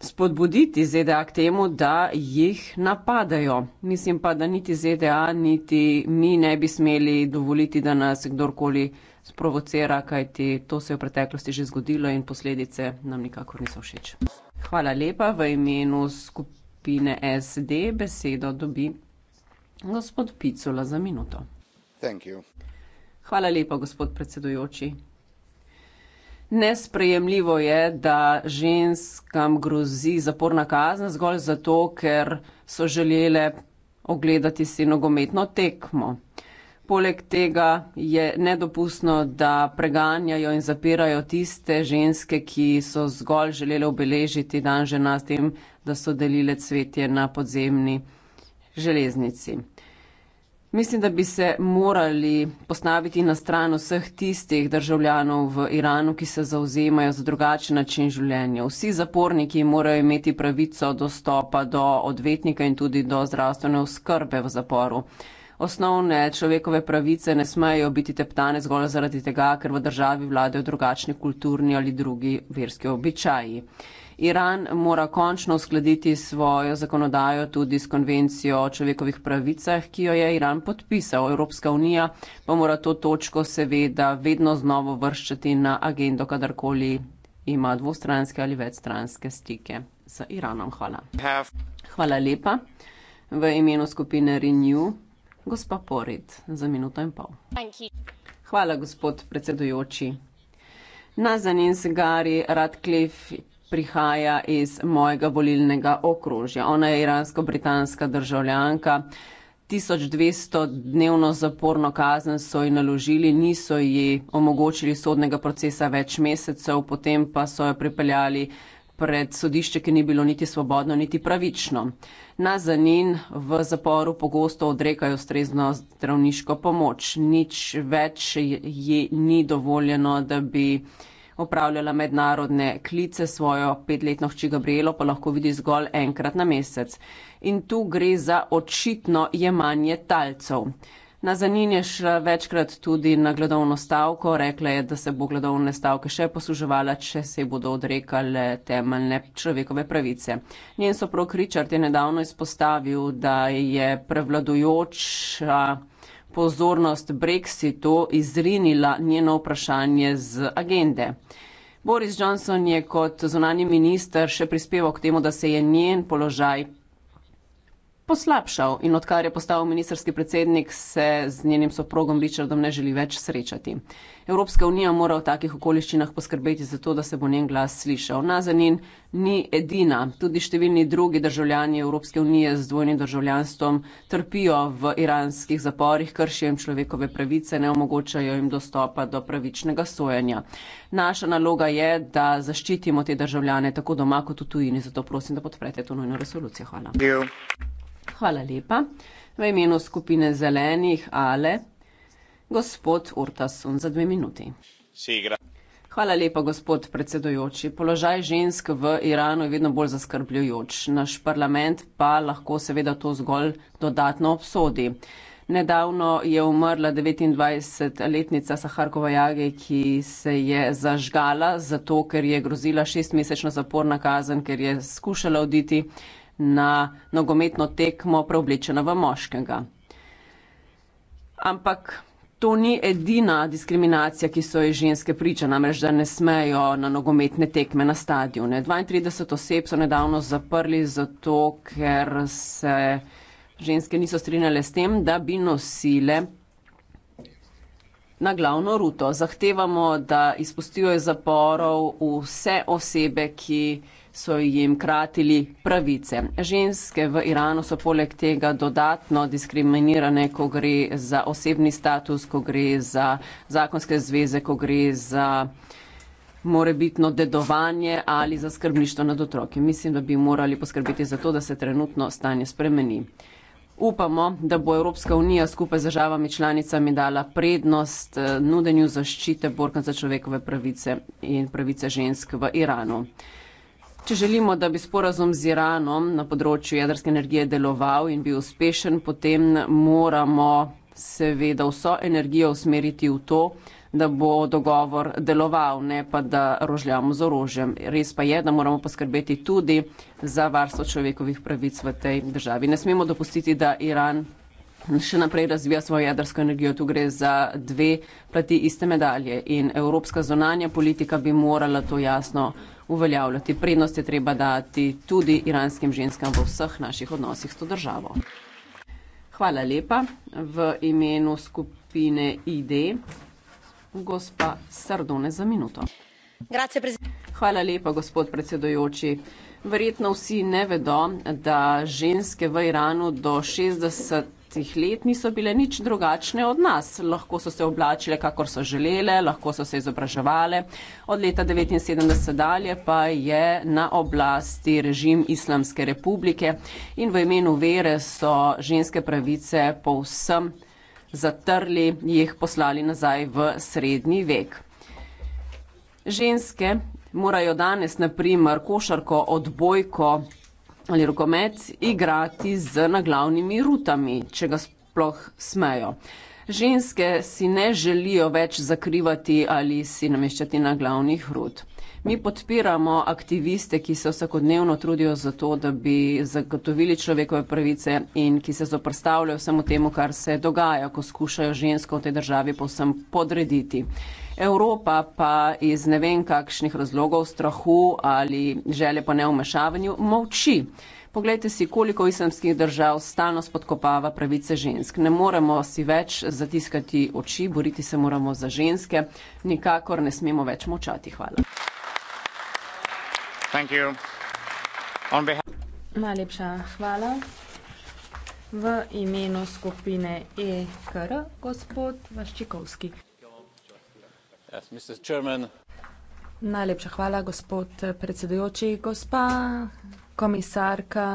spodbuditi ZDA k temu, da jih napadajo. Mislim pa, da niti ZDA, niti mi ne bi smeli dovoliti, da nas kdorkoli napadajo sprovocira, kajti to se je v preteklosti že zgodilo in posledice nam nikakor niso všeč. Hvala lepa. V imenu skupine SD besedo dobi gospod Picula za minuto. Thank you. Hvala lepa, gospod predsedujoči. Nesprejemljivo je, da ženskam grozi zaporna kazen zgolj zato, ker so želele ogledati si nogometno tekmo. Poleg tega je nedopustno, da preganjajo in zapirajo tiste ženske, ki so zgolj želele obeležiti dan žena s tem, da so delile cvetje na podzemni železnici. Mislim, da bi se morali postaviti na stran vseh tistih državljanov v Iranu, ki se zauzemajo za drugačen način življenja. Vsi zaporniki morajo imeti pravico dostopa do odvetnika in tudi do zdravstvene oskrbe v zaporu osnovne človekove pravice ne smejo biti teptane zgolj zaradi tega, ker v državi vladajo drugačni kulturni ali drugi verski običaji. Iran mora končno uskladiti svojo zakonodajo tudi s konvencijo o človekovih pravicah, ki jo je Iran podpisal. Evropska unija pa mora to točko seveda vedno znova vrščati na agendo, kadarkoli ima dvostranske ali večstranske stike z Iranom. Hvala. Hvala lepa. V imenu skupine Renew Gospa Porit, za minuto in pol. Hvala, gospod predsedujoči. Nazanin Segari Radcliff prihaja iz mojega volilnega okrožja. Ona je iransko-britanska državljanka. 1200 dnevno zaporno kazen so ji naložili, niso ji omogočili sodnega procesa več mesecev, potem pa so jo pripeljali pred sodišče, ki ni bilo niti svobodno, niti pravično. Na zanin v zaporu pogosto odrekajo strezno zdravniško pomoč. Nič več ji ni dovoljeno, da bi opravljala mednarodne klice, svojo petletno hči Gabrielo pa lahko vidi zgolj enkrat na mesec. In tu gre za očitno jemanje talcev. Nazaninješ eh, večkrat tudi na gladovno stavko, rekla je, da se bo gladovne stavke še posluževala, če se bodo odrekale temeljne človekove pravice. Njen soprok Richard je nedavno izpostavil, da je prevladujoča pozornost Brexitu izrinila njeno vprašanje z agende. Boris Johnson je kot zunani minister še prispeval k temu, da se je njen položaj poslabšal in odkar je postal ministerski predsednik, se z njenim soprogom Richardom ne želi več srečati. Evropska unija mora v takih okoliščinah poskrbeti za to, da se bo njen glas slišal. Nazanin ni edina. Tudi številni drugi državljani Evropske unije z dvojnim državljanstvom trpijo v iranskih zaporih, kršijo jim človekove pravice, ne omogočajo jim dostopa do pravičnega sojanja. Naša naloga je, da zaščitimo te državljane tako doma kot v tujini. Zato prosim, da podprete to nojno resolucijo. Hvala. Thank you. Hvala lepa. V imenu skupine zelenih Ale, gospod Urtasun za dve minuti. Hvala lepa, gospod predsedujoči. Položaj žensk v Iranu je vedno bolj zaskrbljujoč. Naš parlament pa lahko seveda to zgolj dodatno obsodi. Nedavno je umrla 29-letnica Saharkova Jage, ki se je zažgala zato, ker je grozila šestmesečna zaporna kazen, ker je skušala oditi na nogometno tekmo preoblečena v moškega. Ampak to ni edina diskriminacija, ki so jo ženske priča, namreč da ne smejo na nogometne tekme na stadionu. 32 oseb so nedavno zaprli zato, ker se ženske niso strinjale s tem, da bi nosile na glavno ruto. Zahtevamo, da izpustijo iz zaporov vse osebe, ki so jim kratili pravice. Ženske v Iranu so poleg tega dodatno diskriminirane, ko gre za osebni status, ko gre za zakonske zveze, ko gre za morebitno dedovanje ali za skrbništvo nad otroki. Mislim, da bi morali poskrbeti za to, da se trenutno stanje spremeni. Upamo, da bo Evropska unija skupaj z državami članicami dala prednost eh, nudenju zaščite borka za človekove pravice in pravice žensk v Iranu. Če želimo, da bi sporazum z Iranom na področju jedrske energije deloval in bil uspešen, potem moramo seveda vso energijo usmeriti v to, da bo dogovor deloval, ne pa da rožljamo z orožjem. Res pa je, da moramo poskrbeti tudi za varstvo človekovih pravic v tej državi. Ne smemo dopustiti, da Iran še naprej razvija svojo jedrsko energijo. Tu gre za dve plati iste medalje in evropska zonanja politika bi morala to jasno uveljavljati. Prednost je treba dati tudi iranskim ženskam v vseh naših odnosih s to državo. Hvala lepa v imenu skupine ID. Gospa Sardone za minuto. Hvala lepa, gospod predsedojoči. Verjetno vsi ne vedo, da ženske v Iranu do 60 20-ih let niso bile nič drugačne od nas. Lahko so se oblačile, kakor so želele, lahko so se izobraževale. Od leta 1979 dalje pa je na oblasti režim Islamske republike in v imenu vere so ženske pravice povsem zatrli, jih poslali nazaj v srednji vek. Ženske morajo danes, naprimer, košarko, odbojko, ali rokomet igrati z naglavnimi rutami, če ga sploh smejo. Ženske si ne želijo več zakrivati ali si nameščati na glavnih rut. Mi podpiramo aktiviste, ki se vsakodnevno trudijo za to, da bi zagotovili človekove pravice in ki se zoprstavljajo vsemu temu, kar se dogaja, ko skušajo žensko v tej državi povsem podrediti. Evropa pa iz ne vem kakšnih razlogov strahu ali žele po neumešavanju molči. Poglejte si, koliko islamskih držav stalno spodkopava pravice žensk. Ne moremo si več zatiskati oči, boriti se moramo za ženske, nikakor ne smemo več močati. Hvala. Najlepša hvala. V imenu skupine EKR, gospod Vaščikovski. Najlepša hvala, gospod predsedujoči. Gospa komisarka,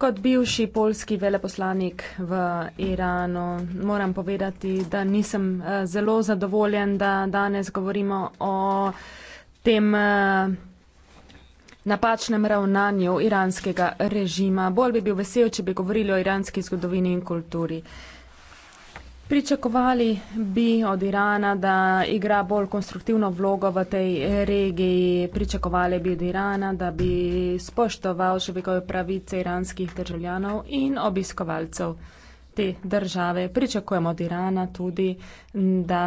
kot bivši polski veleposlanik v Iranu, moram povedati, da nisem eh, zelo zadovoljen, da danes govorimo o tem eh, napačnem ravnanju iranskega režima. Bolj bi bil vesel, če bi govorili o iranski zgodovini in kulturi. Pričakovali bi od Irana, da igra bolj konstruktivno vlogo v tej regiji. Pričakovali bi od Irana, da bi spoštoval človekove pravice iranskih državljanov in obiskovalcev te države. Pričakujemo od Irana tudi, da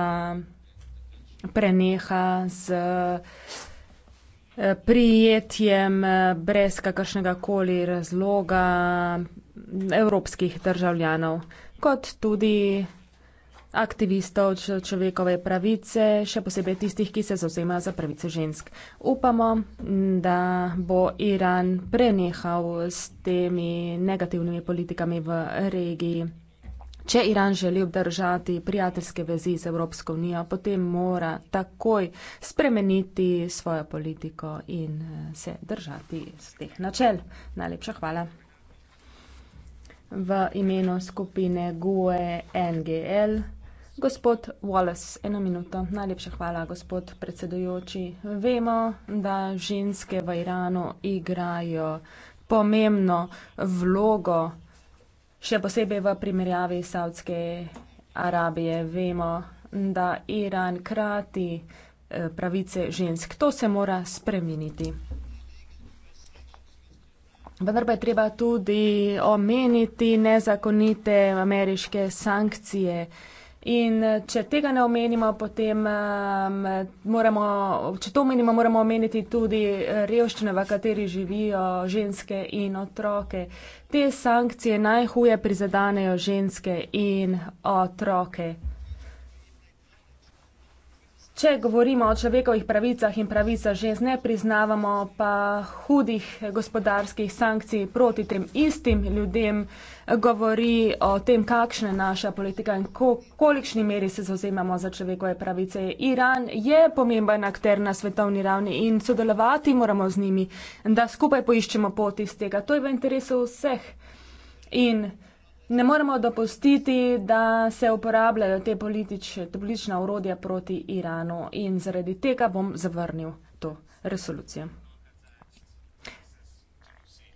preneha z eh, prijetjem eh, brez kakršnega koli razloga eh, evropskih državljanov, kot tudi aktivistov človekove pravice, še posebej tistih, ki se zauzemajo za pravice žensk. Upamo, da bo Iran prenehal s temi negativnimi politikami v regiji. Če Iran želi obdržati prijateljske vezi z Evropsko unijo, potem mora takoj spremeniti svojo politiko in eh, se držati z teh načel. Najlepša hvala. V imenu skupine GUE NGL. Gospod Wallace, eno minuto. Najlepša hvala, gospod predsedujoči. Vemo, da ženske v Iranu igrajo pomembno vlogo, še posebej v primerjavi Saudske Arabije. Vemo, da Iran krati eh, pravice žensk. To se mora spremeniti. Vendar pa je treba tudi omeniti nezakonite ameriške sankcije. In eh, če tega ne omenimo, potem um, moramo, če to omenimo, moramo omeniti tudi eh, revščine, v kateri živijo ženske in otroke. Te sankcije najhuje prizadanejo ženske in otroke. Če govorimo o človekovih pravicah in pravica žensk, ne priznavamo pa hudih gospodarskih sankcij proti tem istim ljudem, govori o tem, kakšna je naša politika in ko, kolikšni meri se zauzemamo za človekove pravice. Iran je pomemben akter na svetovni ravni in sodelovati moramo z njimi, da skupaj poiščemo poti iz tega. To je v interesu vseh. In ne moremo dopustiti, da se uporabljajo te politič, politična urodja proti Iranu in zaradi tega bom zavrnil to resolucijo.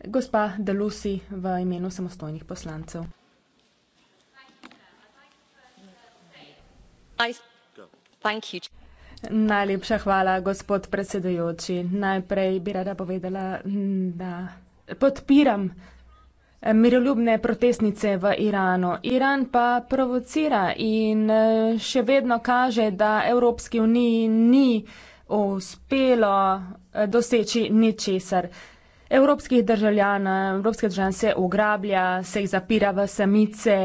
Gospa Delusi v imenu samostojnih poslancev. Najlepša hvala, gospod predsedujoči. Najprej bi rada povedala, da podpiram miroljubne protestnice v Iranu. Iran pa provocira in eh, še vedno kaže, da Evropski uniji ni uspelo eh, doseči ničesar. Evropskih državljana, eh, evropske državljane se ugrablja, se jih zapira v samice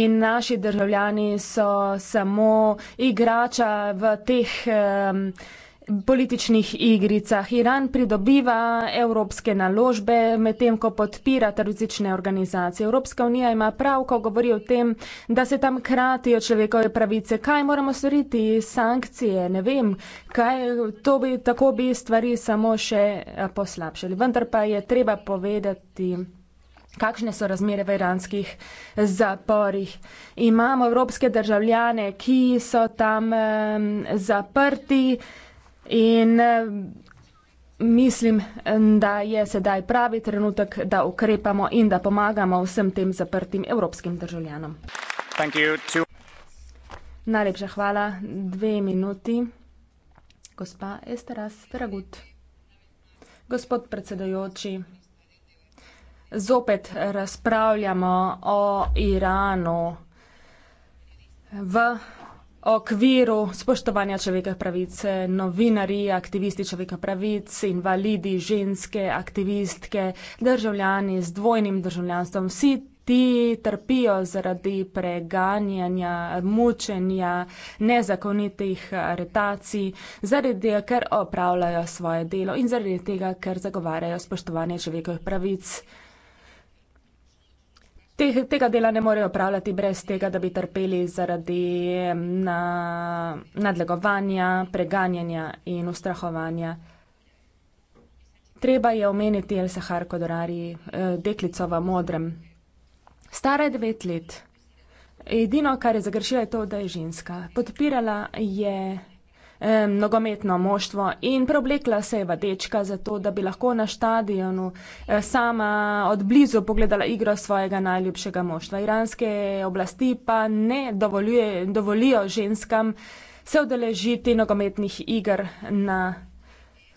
in naši državljani so samo igrača v teh um, političnih igricah. Iran pridobiva evropske naložbe, medtem ko podpira teroristične organizacije. Evropska unija ima prav, ko govori o tem, da se tam kratijo človekove pravice. Kaj moramo storiti? Sankcije? Ne vem, kaj to bi, tako bi stvari samo še eh, poslabšali. Vendar pa je treba povedati. Kakšne so razmere v iranskih zaporih? Imamo evropske državljane, ki so tam eh, zaprti. Eh, In eh, mislim, da je sedaj pravi trenutek, da ukrepamo in da pomagamo vsem tem zaprtim evropskim državljanom. Najlepša hvala. Dve minuti. Gospa Esteras Teragut. Gospod predsedojoči, zopet razpravljamo o Iranu v okviru spoštovanja človekovih pravic, eh, novinari, aktivisti človekovih pravic, invalidi, ženske, aktivistke, državljani z dvojnim državljanstvom, vsi ti trpijo zaradi preganjanja, mučenja, nezakonitih aretacij, zaradi tega, ker opravljajo svoje delo in zaradi tega, ker zagovarjajo spoštovanje človekovih pravic te, tega dela ne morejo opravljati brez tega, da bi trpeli zaradi na, nadlegovanja, preganjanja in ustrahovanja. Treba je omeniti El Sahar Kodorari, eh, deklico v modrem. Stara je devet let. Edino, kar je zagrešila, je to, da je ženska. Podpirala je eh, nogometno moštvo in preoblekla se je v dečka zato, da bi lahko na stadionu eh, sama od blizu pogledala igro svojega najljubšega moštva. Iranske oblasti pa ne dovolijo ženskam se odeležiti nogometnih igr na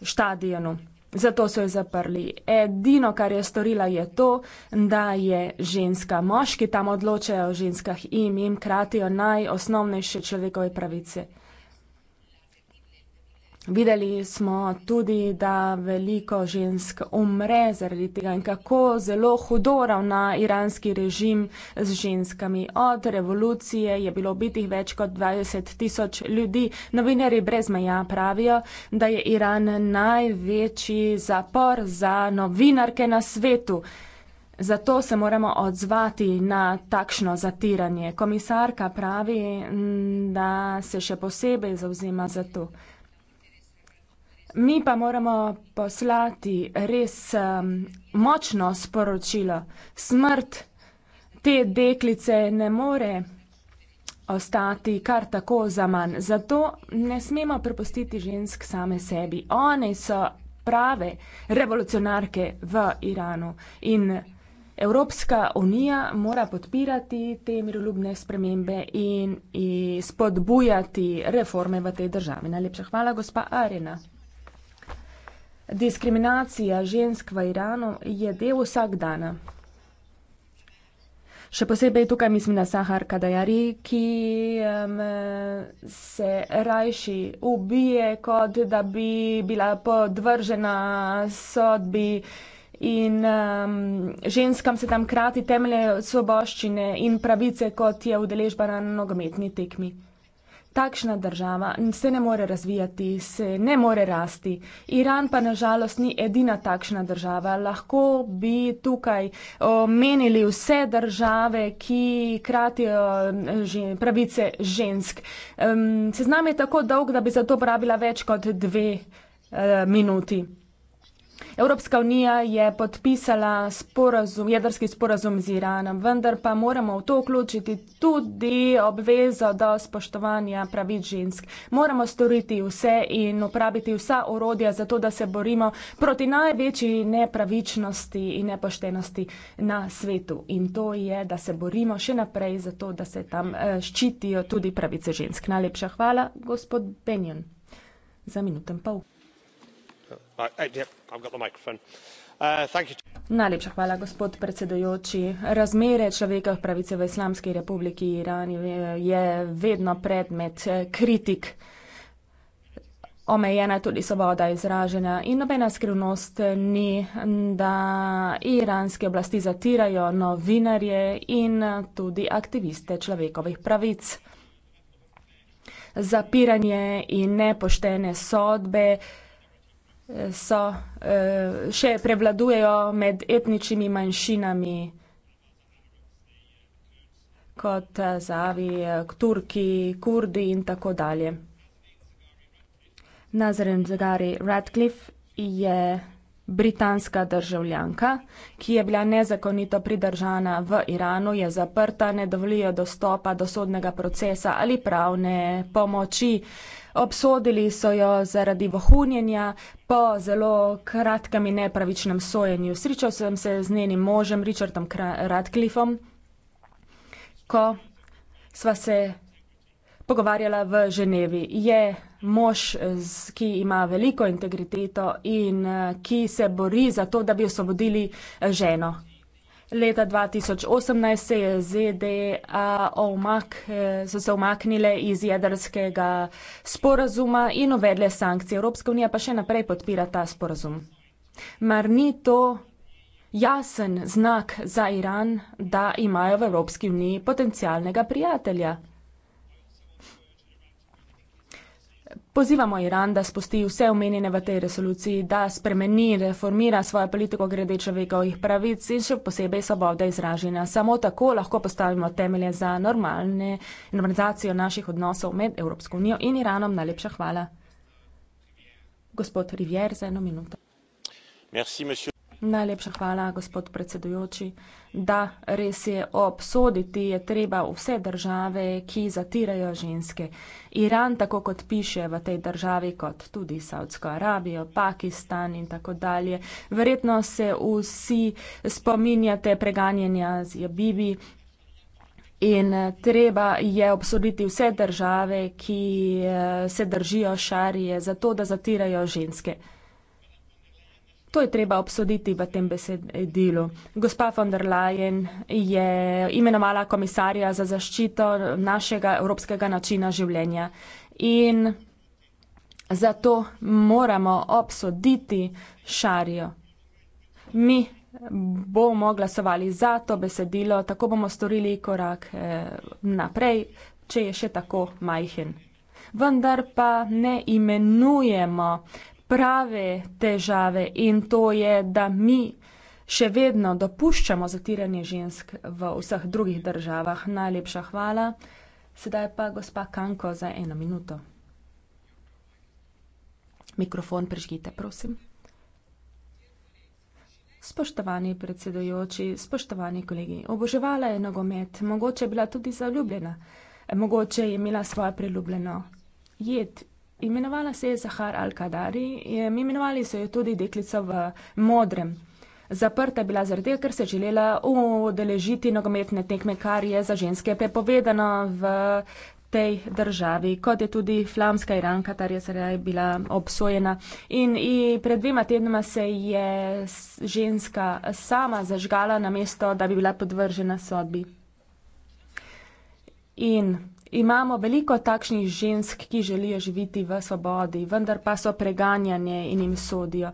stadionu. Zato so jo zaprli. Edino, kar je storila, je to, da je ženska. Moški tam odločajo o ženskah in jim kratijo najosnovnejše človekove pravice. Videli smo tudi, da veliko žensk umre zaradi tega in kako zelo hudo ravna iranski režim z ženskami. Od revolucije je bilo obitih več kot 20 tisoč ljudi. Novinari brez meja pravijo, da je Iran največji zapor za novinarke na svetu. Zato se moramo odzvati na takšno zatiranje. Komisarka pravi, da se še posebej zauzema za to. Mi pa moramo poslati res um, močno sporočilo. Smrt te deklice ne more ostati kar tako za manj. Zato ne smemo prepustiti žensk same sebi. One so prave revolucionarke v Iranu in Evropska unija mora podpirati te miroljubne spremembe in, in spodbujati reforme v tej državi. Najlepša hvala, gospa Arena. Diskriminacija žensk v Iranu je del vsakdana. Še posebej tukaj mislim na Sahar Kadajari, ki um, se rajši ubije, kot da bi bila podvržena sodbi in um, ženskam se tam krati temelje svoboščine in pravice, kot je udeležba na nogometni tekmi takšna država se ne more razvijati, se ne more rasti. Iran pa nažalost ni edina takšna država. Lahko bi tukaj eh, omenili vse države, ki kratijo eh, pravice žensk. Seznam je tako dolg, da bi za to porabila več kot dve eh, minuti. Evropska unija je podpisala sporazum, jedrski sporazum z Iranom, vendar pa moramo v to vključiti tudi obvezo do spoštovanja pravic žensk. Moramo storiti vse in upraviti vsa orodja za to, da se borimo proti največji nepravičnosti in nepoštenosti na svetu. In to je, da se borimo še naprej za to, da se tam eh, ščitijo tudi pravice žensk. Najlepša hvala, gospod Benjon, za minuten pol. Uh, uh, uh, Najlepša hvala, gospod predsedujoči. Razmere človekove pravice v Islamski republiki Iran je vedno predmet eh, kritik. Omejena je tudi svoboda izražanja in nobena skrivnost ni, da iranske oblasti zatirajo novinarje in eh, tudi aktiviste človekovih pravic. Zapiranje in nepoštene sodbe so, eh, še prevladujejo med etničnimi manjšinami kot eh, Zavi, eh, Turki, Kurdi in tako dalje. Nazaren Zagari Radcliffe je britanska državljanka, ki je bila nezakonito pridržana v Iranu, je zaprta, ne dovolijo dostopa do sodnega procesa ali pravne pomoči. Uh, Obsodili so jo zaradi vohunjenja po zelo kratkem in nepravičnem sojenju. Sričal sem se z njenim možem Richardom Radcliffom, ko sva se pogovarjala v Ženevi. Je mož, ki ima veliko integriteto in eh, ki se bori za to, da bi osvobodili eh, ženo. Leta 2018 se je ZDA omak, so se omaknile iz jedrskega sporazuma in uvedle sankcije. Evropska unija pa še naprej podpira ta sporazum. Mar ni to jasen znak za Iran, da imajo v Evropski uniji potencialnega prijatelja? Pozivamo Iran, da spusti vse omenjene v tej resoluciji, da spremeni, reformira svojo politiko glede človekovih pravic in še posebej svobode izražanja. Samo tako lahko postavimo temelje za normalne, normalizacijo naših odnosov med Evropsko unijo in Iranom. Najlepša hvala. Gospod Rivier, za eno minuto. Merci, Najlepša hvala, gospod predsedujoči. Da, res je, obsoditi je treba vse države, ki zatirajo ženske. Iran, tako kot piše v tej državi, kot tudi Saudsko Arabijo, Pakistan in tako dalje. Verjetno se vsi spominjate preganjanja z Jabibi. In eh, treba je obsoditi vse države, ki eh, se držijo šarije, zato da zatirajo ženske. To je treba obsoditi v tem besedilu. Gospa von der Leyen je imenovala komisarja za zaščito našega evropskega načina življenja in zato moramo obsoditi šarijo. Mi bomo glasovali za to besedilo, tako bomo storili korak eh, naprej, če je še tako majhen. Vendar pa ne imenujemo prave težave in to je, da mi še vedno dopuščamo zatiranje žensk v vseh drugih državah. Najlepša hvala. Sedaj pa gospa Kanko za eno minuto. Mikrofon prežgite, prosim. Spoštovani predsedujoči, spoštovani kolegi, oboževala je nogomet, mogoče je bila tudi zaljubljena, mogoče je imela svojo priljubljeno jed Imenovala se je Zahar Al-Kadari, imenovali so jo tudi deklica v modrem. Zaprta je bila zaradi, ker se je želela udeležiti nogometne tekme, kar je za ženske prepovedano v tej državi, kot je tudi flamska Iranka, kar je sedaj bila obsojena. In, in pred dvema tednoma se je ženska sama zažgala na mesto, da bi bila podvržena sodbi. In Imamo veliko takšnih žensk, ki želijo živeti v svobodi, vendar pa so preganjanje in jim sodijo.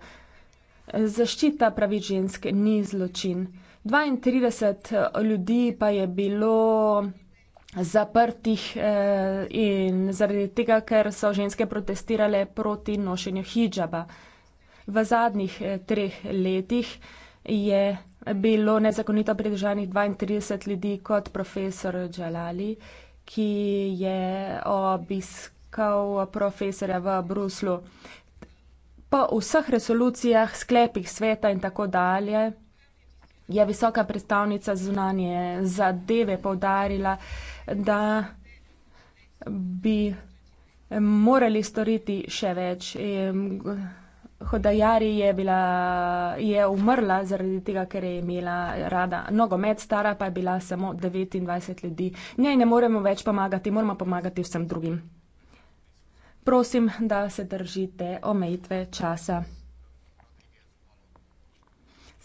Zaščita pravi žensk ni zločin. 32 ljudi pa je bilo zaprtih eh, in zaradi tega, ker so ženske protestirale proti nošenju hijaba. V zadnjih eh, treh letih je bilo nezakonito pridržanih 32 ljudi kot profesor Džalali. Eh, ki je obiskal profesorja v Bruslu. Po vseh resolucijah, sklepih sveta in tako dalje je visoka predstavnica zunanje zadeve povdarila, da bi morali storiti še več. In, Hodajari je, bila, je umrla zaradi tega, ker je imela rada nogomet, stara pa je bila samo 29 ljudi. Njej ne moremo več pomagati, moramo pomagati vsem drugim. Prosim, da se držite omejitve časa.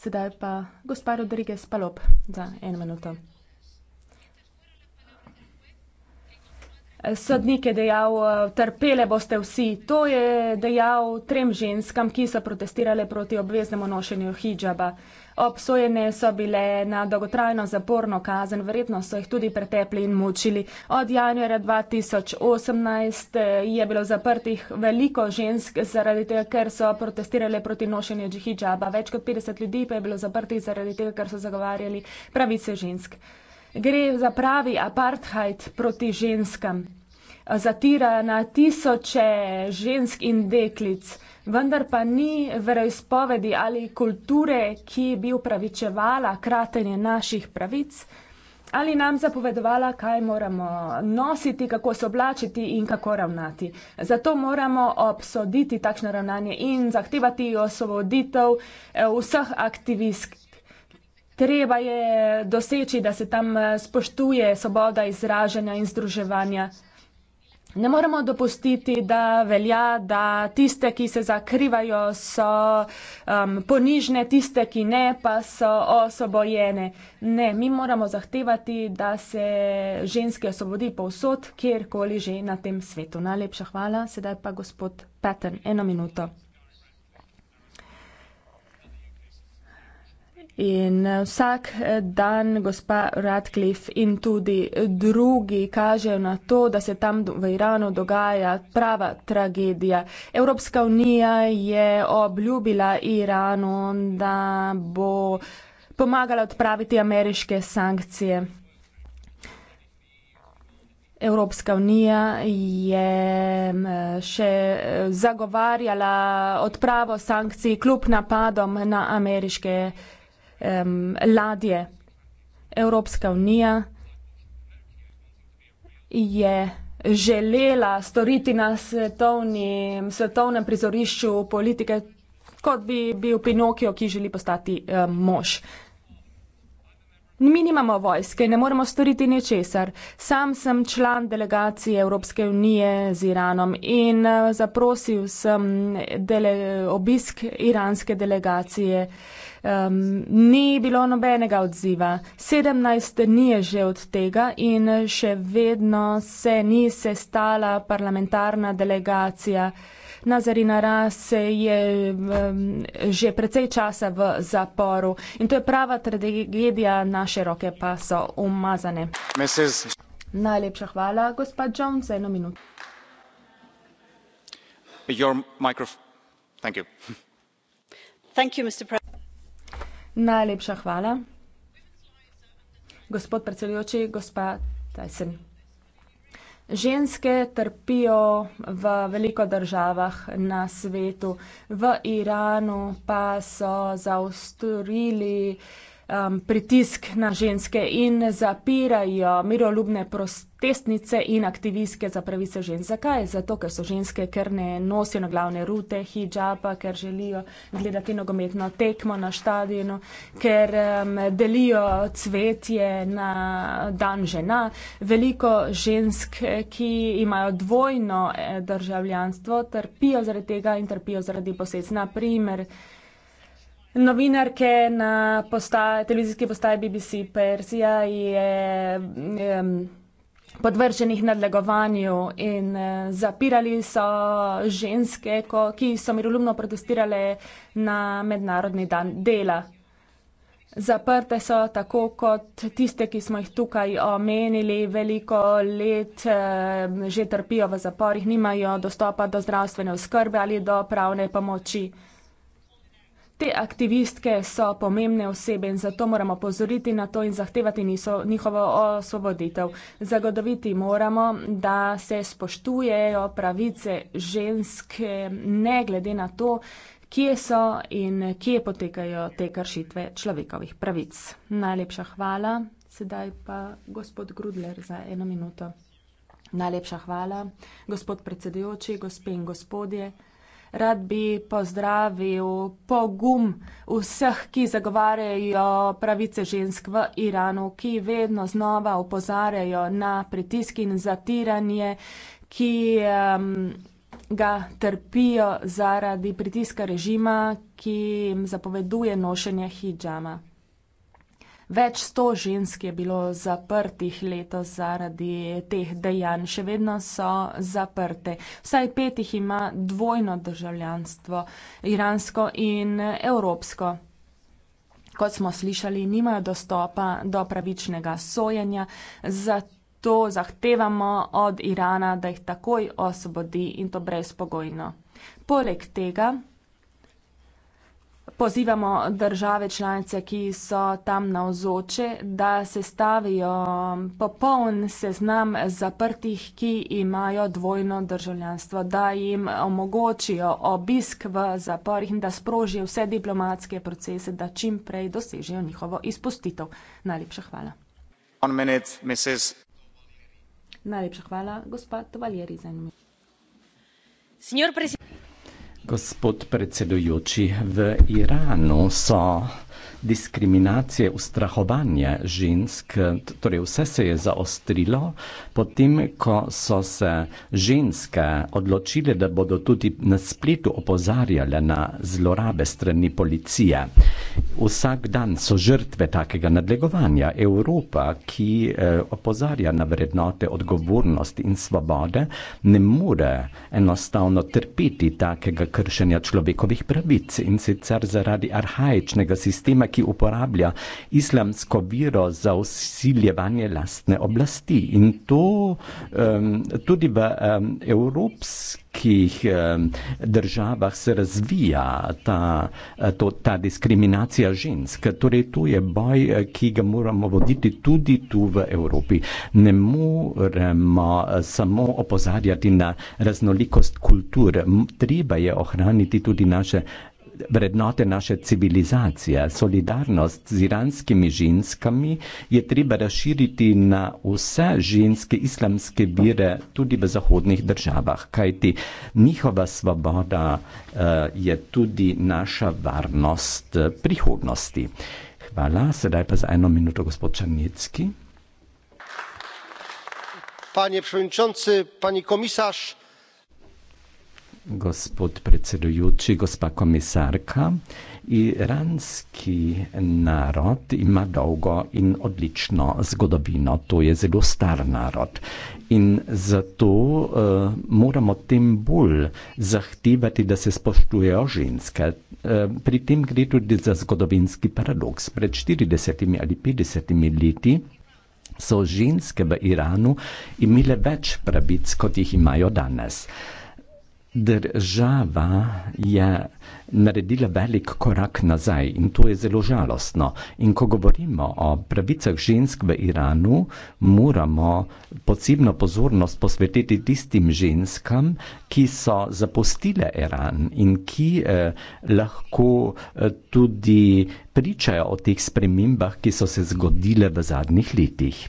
Sedaj pa gospod Rodriguez Palop za eno minuto. sodnik je dejal, e, trpele boste vsi. To je dejal trem ženskam, ki so protestirale proti obveznemu nošenju hijaba. Obsojene so bile na dolgotrajno zaporno kazen, verjetno so jih tudi pretepli in mučili. Od januarja 2018 e, je bilo zaprtih veliko žensk zaradi tega, ker so protestirale proti nošenju džihidžaba. Več kot 50 ljudi pa je bilo zaprtih zaradi tega, ker so zagovarjali pravice žensk. Gre za pravi apartheid proti ženskam. Zatira na tisoče žensk in deklic, vendar pa ni veroizpovedi ali kulture, ki bi upravičevala kratenje naših pravic ali nam zapovedovala, kaj moramo nositi, kako se oblačiti in kako ravnati. Zato moramo obsoditi takšno ravnanje in zahtevati osvoboditev eh, vseh aktivistk treba je doseči, da se tam eh, spoštuje svoboda izražanja in združevanja. Ne moremo dopustiti, da velja, da tiste, ki se zakrivajo, so um, ponižne, tiste, ki ne, pa so osvobojene. Ne, mi moramo zahtevati, da se ženske osvobodi povsod, kjerkoli že na tem svetu. Najlepša hvala, sedaj pa gospod Petr, eno minuto. In eh, vsak eh, dan, gospa Radcliffe in tudi drugi, kažejo na to, da se tam v Iranu dogaja prava tragedija. Evropska unija je obljubila Iranu, da bo pomagala odpraviti ameriške sankcije. Evropska unija je mm, še zagovarjala odpravo sankcij kljub napadom na ameriške sankcije um, ladje. Evropska unija je želela storiti na svetovni, svetovnem prizorišču politike, kot bi bil Pinokio, ki želi postati um, mož. Mi nimamo vojske, ne moremo storiti ničesar. Sam sem član delegacije Evropske unije z Iranom in zaprosil sem dele, obisk iranske delegacije. Uh, Um, ni bilo nobenega odziva. 17 dni je že od tega in še vedno se ni sestala parlamentarna delegacija. Nazarina Rase je um, že precej časa v zaporu in to je prava tragedija, naše roke pa so umazane. Mrs. Najlepša hvala, gospod Jones, eno minuto. Your microphone. Thank you. Thank you, Mr. President. Najlepša hvala. Gospod predsedujoči, gospa Tyson. Ženske trpijo v veliko državah na svetu. V Iranu pa so zaostrili um, pritisk na ženske in zapirajo miroljubne protestnice in aktivistke za pravice žensk. Zakaj? Zato, ker so ženske, ker ne nosijo na glavne rute hijaba, ker želijo gledati nogometno tekmo na stadionu, ker um, delijo cvetje na dan žena. Veliko žensk, ki imajo dvojno eh, državljanstvo, trpijo zaradi tega in trpijo zaradi posledic. Novinarke na postaji, televizijski postaji BBC Persija je um, podvrženih nadlegovanju in uh, zapirali so ženske, ko, ki so miroljubno protestirale na mednarodni dan dela. Zaprte so tako kot tiste, ki smo jih tukaj omenili, veliko let uh, že trpijo v zaporih, nimajo dostopa do zdravstvene oskrbe ali do pravne pomoči. Te aktivistke so pomembne osebe in zato moramo pozoriti na to in zahtevati niso, njihovo osvoboditev. Zagodoviti moramo, da se spoštujejo pravice ženske, ne glede na to, kje so in kje potekajo te kršitve človekovih pravic. Najlepša hvala. Sedaj pa gospod Grudler za eno minuto. Najlepša hvala, gospod predsedujoči, gospe in gospodje rad bi pozdravil pogum vseh, ki zagovarjajo pravice žensk v Iranu, ki vedno znova upozarjajo na pritisk in zatiranje, ki um, ga trpijo zaradi pritiska režima, ki jim zapoveduje nošenje hijama. Več sto žensk je bilo zaprtih letos zaradi teh dejanj, še vedno so zaprte. Vsaj pet jih ima dvojno državljanstvo, iransko in evropsko. Kot smo slišali, nimajo dostopa do pravičnega sojenja, zato zahtevamo od Irana, da jih takoj osvobodi in to brezpogojno. Poleg tega pozivamo države članice, ki so tam navzoče, da se stavijo popoln seznam zaprtih, ki imajo dvojno državljanstvo, da jim omogočijo obisk v zaporih in da sprožijo vse diplomatske procese, da čim prej dosežejo njihovo izpustitev. Najlepša hvala. One minute, Mrs. Najlepša hvala, gospod Valjeri, za eno minuto. Gospod predsedujoči, v Iranu so diskriminacije, ustrahovanje žensk, torej vse se je zaostrilo, potem ko so se ženske odločile, da bodo tudi na spletu opozarjale na zlorabe strani policije. Vsak dan so žrtve takega nadlegovanja. Evropa, ki eh, opozarja na vrednote odgovornosti in svobode, ne more enostavno trpiti takega kršenja človekovih pravic in sicer zaradi arhajičnega sistema, ki uporablja islamsko viro za usiljevanje lastne oblasti. In to um, tudi v um, evropskih um, državah se razvija ta, to, ta diskriminacija žensk. Torej, to je boj, ki ga moramo voditi tudi tu v Evropi. Ne moremo eh, samo opozarjati na raznolikost kultur. Treba je ohraniti tudi naše vrednote naše civilizacije. Solidarnost z iranskimi ženskami je treba razširiti na vse ženske islamske vire, tudi v zahodnih državah, kajti njihova svoboda uh, je tudi naša varnost eh, prihodnosti. Hvala, sedaj pa za eno minuto, gospod Črnjevski. Panie przewodniczący, pani komisarz gospod predsedujoči, gospa komisarka. Iranski narod ima dolgo in odlično zgodovino, to je zelo star narod. In zato uh, moramo tem bolj zahtevati, da se spoštujejo ženske. Uh, pri tem gre tudi za zgodovinski paradoks. Pred 40 ali 50 leti so ženske v Iranu imele več pravic, kot jih imajo danes. Država je naredila velik korak nazaj in to je zelo žalostno. In ko govorimo o pravicah žensk v Iranu, moramo posebno pozornost posvetiti tistim ženskam, ki so zapustile Iran in ki eh, lahko eh, tudi pričajo o teh spremembah, ki so se zgodile v zadnjih letih.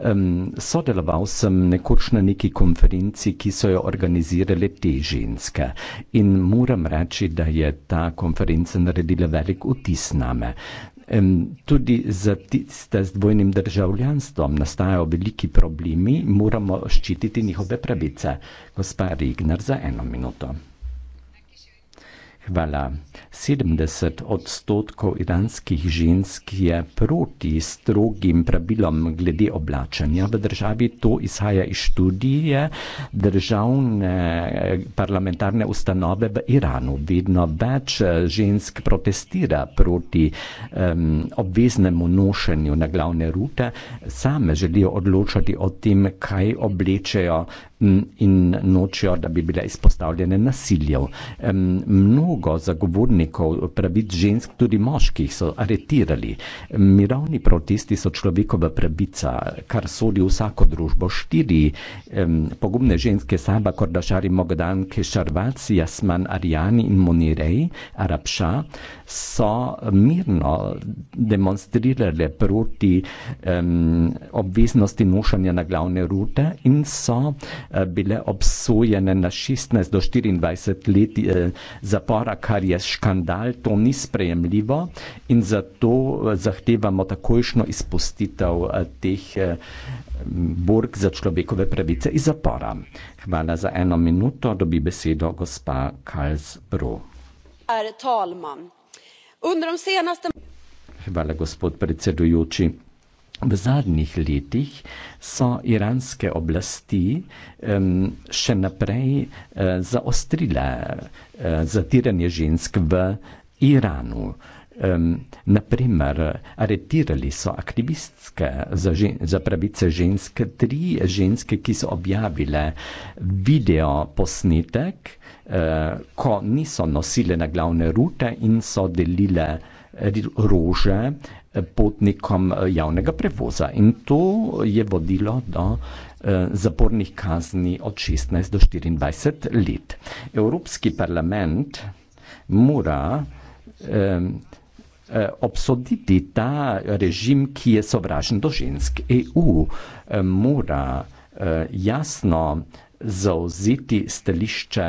Um, sodeloval sem nekoč na neki konferenci, ki so jo organizirale te ženske in moram reči, da je je ta konferenca naredila velik vtis name. Tudi za tiste z dvojnim državljanstvom nastajajo veliki problemi, moramo ščititi njihove pravice. Gospa Rigner, za eno minuto. Hvala. 70 odstotkov iranskih žensk je proti strogim pravilom glede oblačanja v državi. To izhaja iz študije državne parlamentarne ustanove v Iranu. Vedno več žensk protestira proti um, obveznemu nošenju na glavne rute. Same želijo odločati o tem, kaj oblečejo in nočijo, da bi bile izpostavljene nasiljev. Mnogo zagovornikov pravic žensk, tudi moških, so aretirali. Mirovni protesti so človekova pravica, kar sodi vsako družbo. Štiri um, pogumne ženske, Saba Kordašari, Mogadan, Kešarvac, Jasman, Arjani in Monirej, Arabša, so mirno demonstrirale proti um, obveznosti nošanja na glavne rute in so Eh, bile obsojene na 16 do 24 let eh, zapora, kar je škandal, to ni sprejemljivo in zato eh, zahtevamo takojšno izpustitev teh borg za človekove pravice iz zapora. Hvala za eno minuto, dobi besedo gospa Karlsbro. Hvala, gospod predsedujoči. V zadnjih letih so iranske oblasti um, še naprej uh, zaostrile uh, zatiranje žensk v Iranu. Um, naprimer, aretirali so aktivistke za, žen, za pravice žensk, tri ženske, ki so objavile video posnetek, uh, ko niso nosile na glavne rute in so delile rože uh, potnikom eh, javnega prevoza in to je vodilo do eh, zapornih kazni od 16 do 24 let. Evropski parlament mora eh, obsoditi ta režim, ki je sovražen do žensk. EU mora jasno zauzeti stališče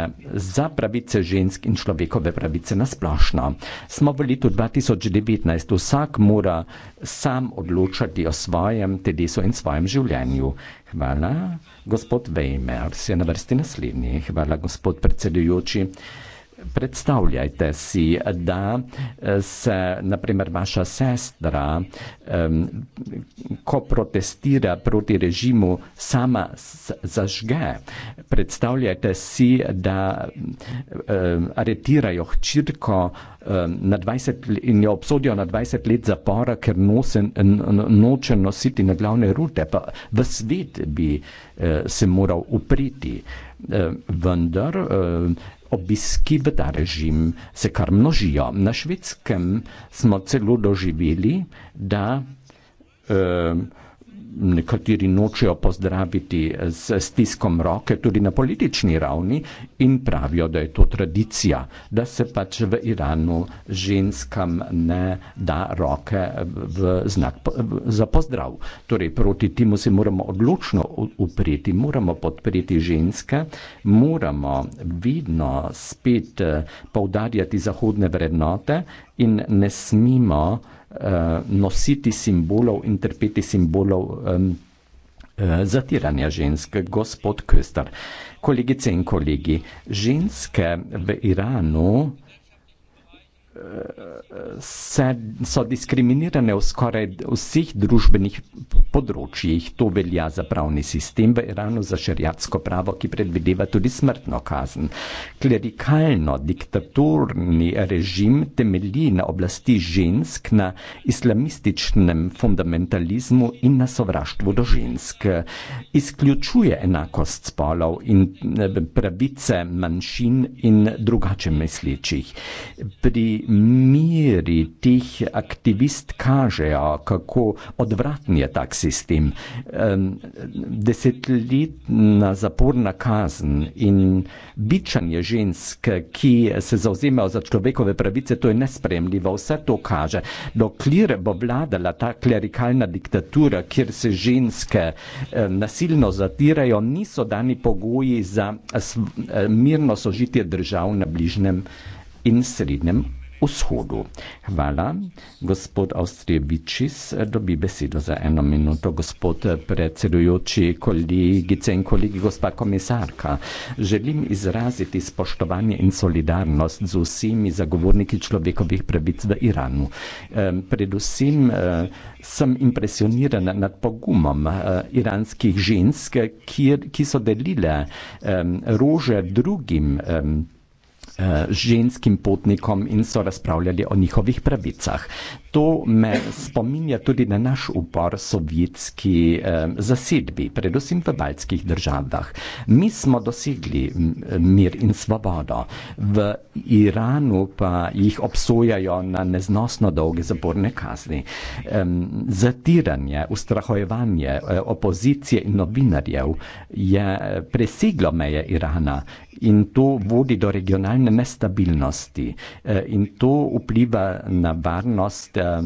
za pravice žensk in človekove pravice na splošno. Smo v letu 2019, vsak mora sam odločati o svojem telesu in svojem življenju. Hvala, gospod Weimer, se na vrsti naslednji. Hvala, gospod predsedujoči. Predstavljajte si, da eh, se naprimer vaša sestra, ko protestira proti režimu, sama zažge. Predstavljajte si, da aretirajo hčirko in jo obsodijo na 20 let zapora, ker noče nositi na glavne rute. Pa v svet bi eh, se moral upriti. Vendar obiski v ta režim se kar množijo. Na švedskem smo celo doživeli, da eh, nekateri nočejo pozdraviti s stiskom roke tudi na politični ravni in pravijo, da je to tradicija, da se pač v Iranu ženskam ne da roke v znak za pozdrav. Torej, proti temu se moramo odločno upreti, moramo podpreti ženske, moramo vidno spet eh, poudarjati zahodne vrednote in ne smimo uh, nositi simbolov in trpeti simbolov um, uh, zatiranja žensk, gospod Köstar. Kolegice in kolegi, ženske v Iranu se, so diskriminirane v skoraj vseh družbenih področjih. To velja za pravni sistem v Iranu, za šariatsko pravo, ki predvideva tudi smrtno kazen. Klerikalno diktaturni režim temelji na oblasti žensk, na islamističnem fundamentalizmu in na sovraštvu do žensk. Izključuje enakost spolov in eh, pravice manjšin in drugače mislečih. Pri meri teh aktivist kažejo, kako odvratni je tak sistem. Desetletna zaporna kazen in bičanje žensk, ki se zauzemajo za človekove pravice, to je nespremljivo. Vse to kaže, dokler bo vladala ta klerikalna diktatura, kjer se ženske nasilno zatirajo, niso dani pogoji za mirno sožitje držav na bližnjem in srednjem vzhodu. Hvala. Gospod Austrijevičis eh, dobi besedo za eno minuto. Gospod eh, predsedujoči, kolegice in kolegi, gospa komisarka, želim izraziti spoštovanje in solidarnost z vsemi zagovorniki človekovih pravic v Iranu. Predvsem eh, sem impresionirana nad pogumom iranskih žensk, ki so delile rože drugim Eh, ženskim potnikom in so razpravljali o njihovih pravicah. To me spominja tudi na naš upor sovjetski eh, zasedbi, predvsem v baltskih državah. Mi smo dosegli mir in svobodo, v Iranu pa jih obsojajo na neznosno dolge zaporne kazni. Eh, zatiranje, ustrahojevanje eh, opozicije in novinarjev je eh, preseglo meje Irana. In to vodi do regionalne nestabilnosti eh, in to vpliva na varnost eh,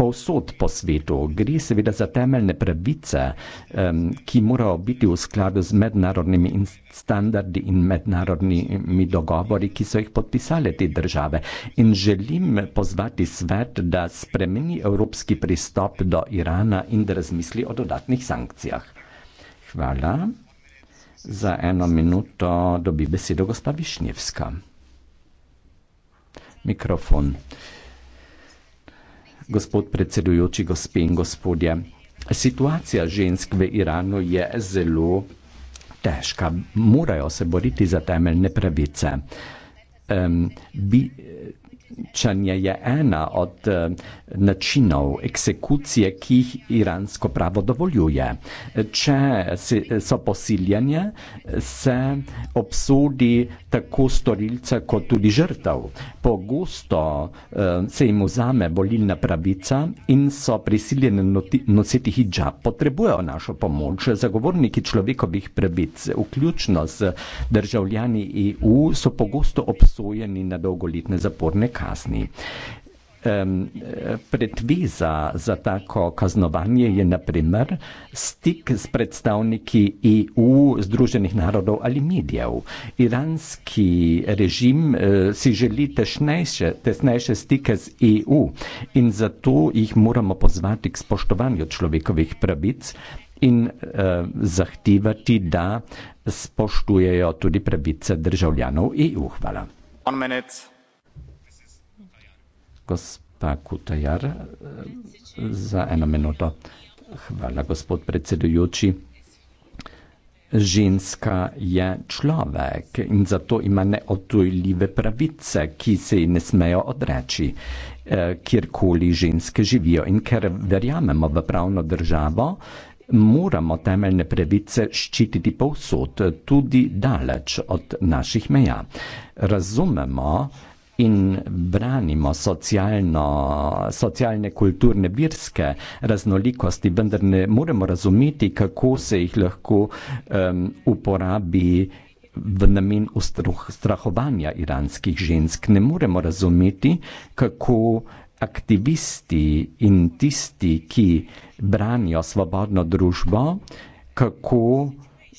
povsod po svetu. Gre seveda za temeljne pravice, eh, ki morajo biti v skladu z mednarodnimi standardi in mednarodnimi dogovori, ki so jih podpisale te države. In želim pozvati svet, da spremeni evropski pristop do Irana in da razmisli o dodatnih sankcijah. Hvala. Za eno minuto dobi besedo gospa Višnjevska. Mikrofon. Gospod predsedujoči, gospe in gospodje, situacija žensk v Iranu je zelo težka. Morajo se boriti za temeljne pravice. Um, bi, Črnja je ena od uh, načinov eksekucije, ki jih iransko pravo dovoljuje. Če si, so posiljanje, se obsodi tako storilca, kot tudi žrtev. Pogosto uh, se jim vzame volilna pravica in so prisiljeni nositi hijab. Potrebujejo našo pomoč. Zagovorniki človekovih pravic, vključno z državljani EU, so pogosto obsojeni na dolgoletne zaporne kazne kazni. Um, predviza za tako kaznovanje je naprimer stik s predstavniki EU, Združenih narodov ali medijev. Iranski režim uh, si želi tesnejše, tesnejše stike z EU in zato jih moramo pozvati k spoštovanju človekovih pravic in uh, zahtevati, da spoštujejo tudi pravice državljanov EU. Hvala. One minute gospa Kutajar za eno minuto. Hvala, gospod predsedujoči. Ženska je človek in zato ima neotujljive pravice, ki se ji ne smejo odreči, eh, kjerkoli ženske živijo. In ker verjamemo v pravno državo, moramo temeljne pravice ščititi povsod, tudi daleč od naših meja. Razumemo, in branimo socialno, socialne, kulturne, virske raznolikosti, vendar ne moremo razumeti, kako se jih lahko um, uporabi v namen ustrahovanja iranskih žensk. Ne moremo razumeti, kako aktivisti in tisti, ki branijo svobodno družbo, kako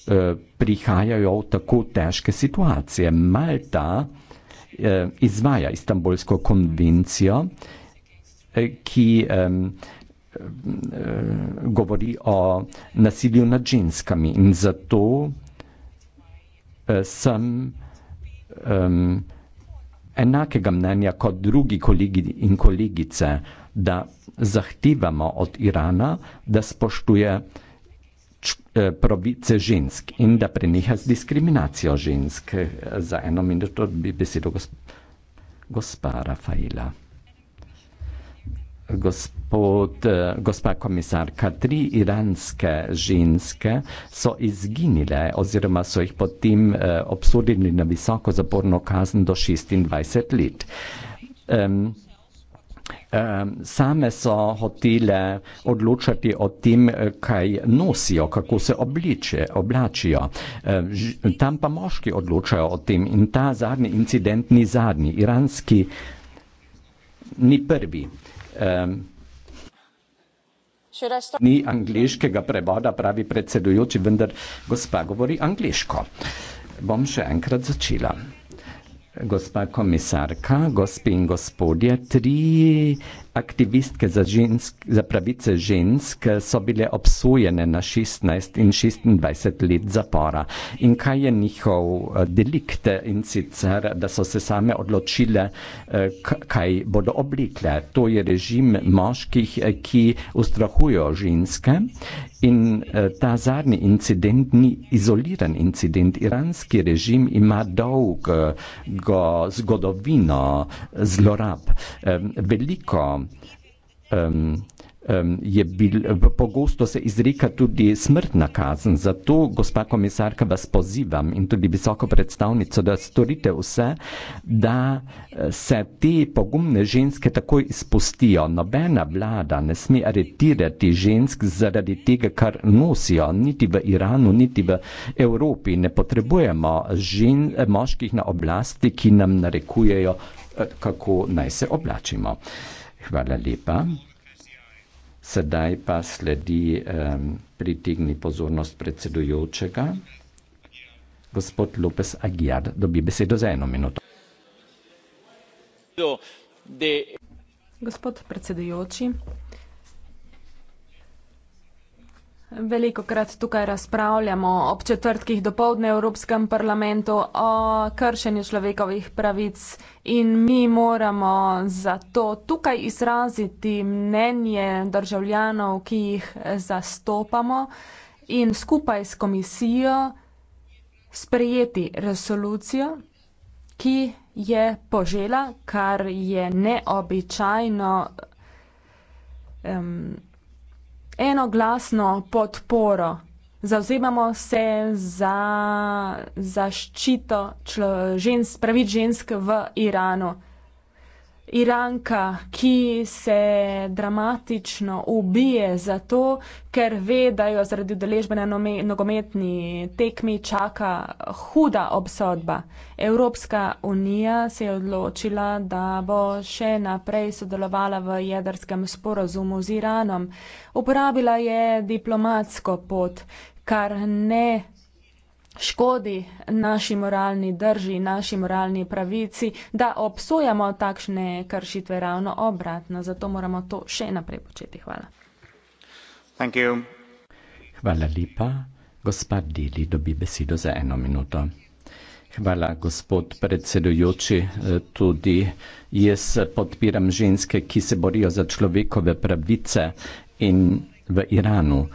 eh, prihajajo v tako težke situacije. Malta Eh, izvaja Istanbulsko konvencijo, eh, ki eh, govori o nasilju nad ženskami in zato sem enakega mnenja kot drugi kolegi in kolegice, da zahtevamo od Irana, da spoštuje č, eh, pravice žensk in da preneha z diskriminacijo žensk. Za eno minuto bi besedo gospa, gospa Rafaela. Gospod, eh, gospa komisarka, tri iranske ženske so izginile oziroma so jih potem eh, obsodili na visoko zaporno kazen do 26 let. Um, Ehm, same so hotele odločati o tem, eh, kaj nosijo, kako se obliče, oblačijo. Ehm, tam pa moški odločajo o tem in ta zadnji incident ni zadnji, iranski ni prvi. Ehm, ni angliškega prevoda, pravi predsedujoči, vendar gospa govori angliško. Bom še enkrat začela gospa komisarka, gospe in gospodje, tri aktivistke za, žensk, za pravice žensk so bile obsojene na 16 in 26 let zapora. In kaj je njihov eh, delikt in sicer, da so se same odločile, eh, kaj bodo oblikle. To je režim moških, eh, ki ustrahujo ženske. In ta zadnji incident ni izoliran incident. Iranski režim ima dolgo zgodovino zlorab. Veliko um, um, je bil, pogosto se izreka tudi smrtna kazen. Zato, gospa komisarka, vas pozivam in tudi visoko predstavnico, da storite vse, da eh, se te pogumne ženske takoj izpustijo. Nobena vlada ne sme aretirati žensk zaradi tega, kar nosijo, niti v Iranu, niti v Evropi. Ne potrebujemo žen, eh, moških na oblasti, ki nam narekujejo, eh, kako naj se oblačimo. Hvala lepa. Sedaj pa sledi um, pritigni pozornost predsedujočega. Gospod Lopes Aguiar dobi besedo za eno minuto. Gospod predsedujoči, Veliko krat tukaj razpravljamo ob četrtkih do povdne v Evropskem parlamentu o kršenju človekovih pravic in mi moramo zato tukaj izraziti mnenje državljanov, ki jih zastopamo in skupaj s komisijo sprejeti resolucijo, ki je požela, kar je neobičajno. Um, enoglasno podporo. Zauzemamo se za zaščito žensk, pravic žensk v Iranu. Iranka, ki se dramatično ubije zato, ker ve, da jo zaradi udeležbe na nogometni tekmi čaka huda obsodba. Evropska unija se je odločila, da bo še naprej sodelovala v jedrskem sporozumu z Iranom. Uporabila je diplomatsko pot, kar ne škodi naši moralni drži, naši moralni pravici, da obsojamo takšne kršitve ravno obratno. Zato moramo to še naprej početi. Hvala. Thank you. Hvala lepa. Gospa Deli dobi besedo za eno minuto. Hvala, gospod predsedujoči. Eh, tudi jaz podpiram ženske, ki se borijo za človekove pravice in v Iranu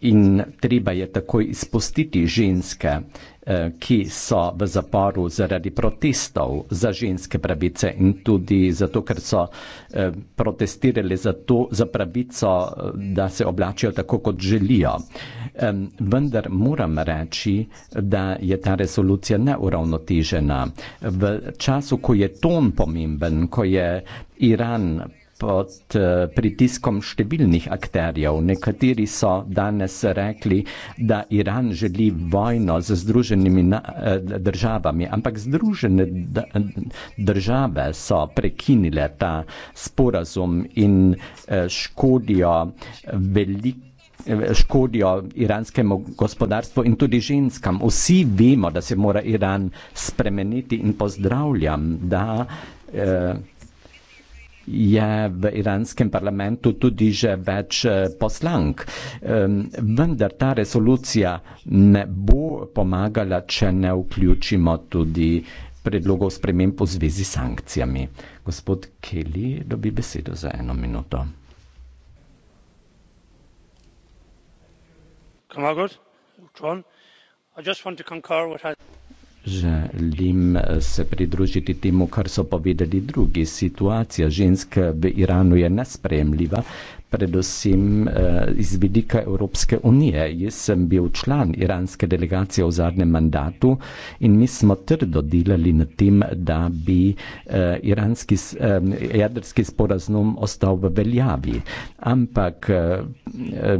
in treba je takoj izpustiti ženske, eh, ki so v zaporu zaradi protestov za ženske pravice in tudi zato, ker so eh, protestirali za, to, za pravico, eh, da se oblačijo tako, kot želijo. Vendar moram reči, da je ta resolucija neuravnotežena. V času, ko je ton pomemben, ko je Iran pod uh, pritiskom številnih akterjev. Nekateri so danes rekli, da Iran želi vojno z združenimi na, eh, državami, ampak združene države so prekinile ta sporazum in eh, škodijo veliko škodijo iranskemu gospodarstvu in tudi ženskam. Vsi vemo, da se mora Iran spremeniti in pozdravljam, da eh, je v iranskem parlamentu tudi že več eh, poslank. Vendar ta resolucija ne bo pomagala, če ne vključimo tudi predlogov sprememb v zvezi s sankcijami. Gospod Kelly dobi besedo za eno minuto. Margaret, John, I just want to concur with her. Želim eh, se pridružiti temu, kar so povedali drugi. Situacija žensk v Iranu je nespremljiva predvsem eh, iz vidika Evropske unije. Jaz sem bil član iranske delegacije v zadnjem mandatu in mi smo trdo delali na tem, da bi eh, iranski eh, jedrski sporazum ostal v veljavi. Ampak eh, eh,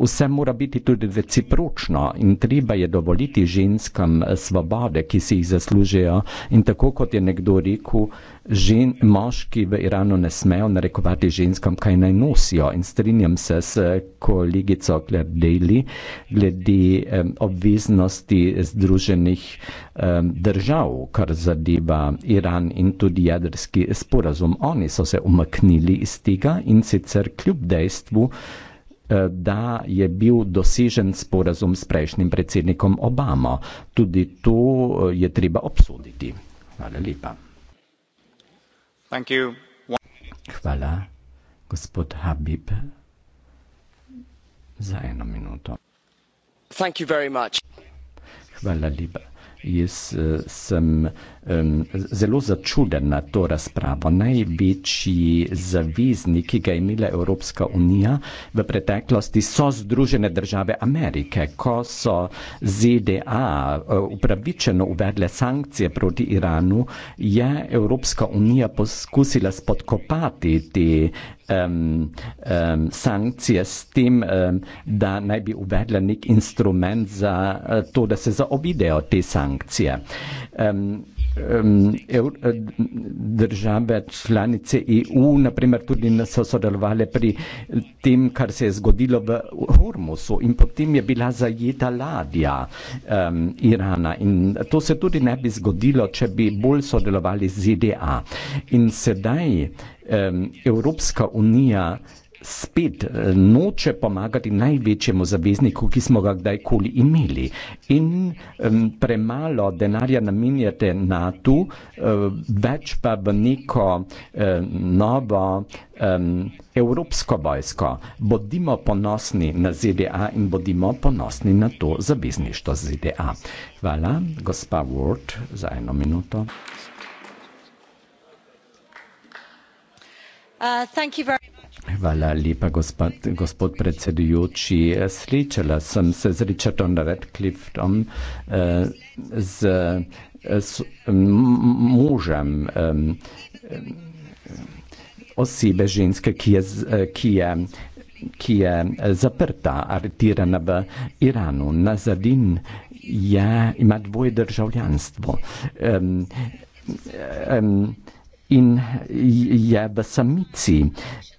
vse mora biti tudi recipročno in treba je dovoliti ženskam eh, svobode, ki si jih zaslužijo in tako kot je nekdo rekel, žen, moški v Iranu ne smejo narekovati ženskam, kaj naj nosijo. In strinjam se s eh, kolegico Klerdeli glede um, obveznosti združenih um, držav, kar zadeva Iran in tudi jedrski sporazum. Oni so se umaknili iz tega in sicer kljub dejstvu, da je bil dosežen sporazum s prejšnjim predsednikom Obamo. Tudi to je treba obsoditi. Hvala lepa. Hvala, gospod Habib, za eno minuto. Hvala lepa. Jaz uh, sem um, zelo začuden na to razpravo. Največji zaveznik, ki ga je imela Evropska unija v preteklosti, so Združene države Amerike. Ko so ZDA uh, eh, upravičeno uvedle sankcije proti Iranu, je Evropska unija poskusila spodkopati te um, um, sankcije s tem, um, da naj bi uvedla nek instrument za uh, to, da se zaobidejo te sankcije. Um, um uh, države članice EU, naprimer, tudi so sodelovali pri tem, kar se je zgodilo v Hormusu in potem je bila zajeta ladja um, Irana in to se tudi ne bi zgodilo, če bi bolj sodelovali z ZDA. In sedaj Evropska unija spet eh, noče pomagati največjemu zavezniku, ki smo ga kdajkoli imeli. In um, premalo denarja namenjate NATO, uh, eh, več pa v neko uh, novo um, evropsko vojsko. Bodimo ponosni na ZDA in bodimo ponosni na to zavezništvo ZDA. Hvala, gospa Ward, za eno minuto. Uh, Hvala lepa, gospod, gospod predsedujoči. Srečala sem se z Richardom Radcliffom, eh, z, z eh, možem osebe ženske, ki je, eh, ki je, ki je zaprta, aretirana v Iranu. Nazadin je, ima dvoje državljanstvo. Um, um, in je v samici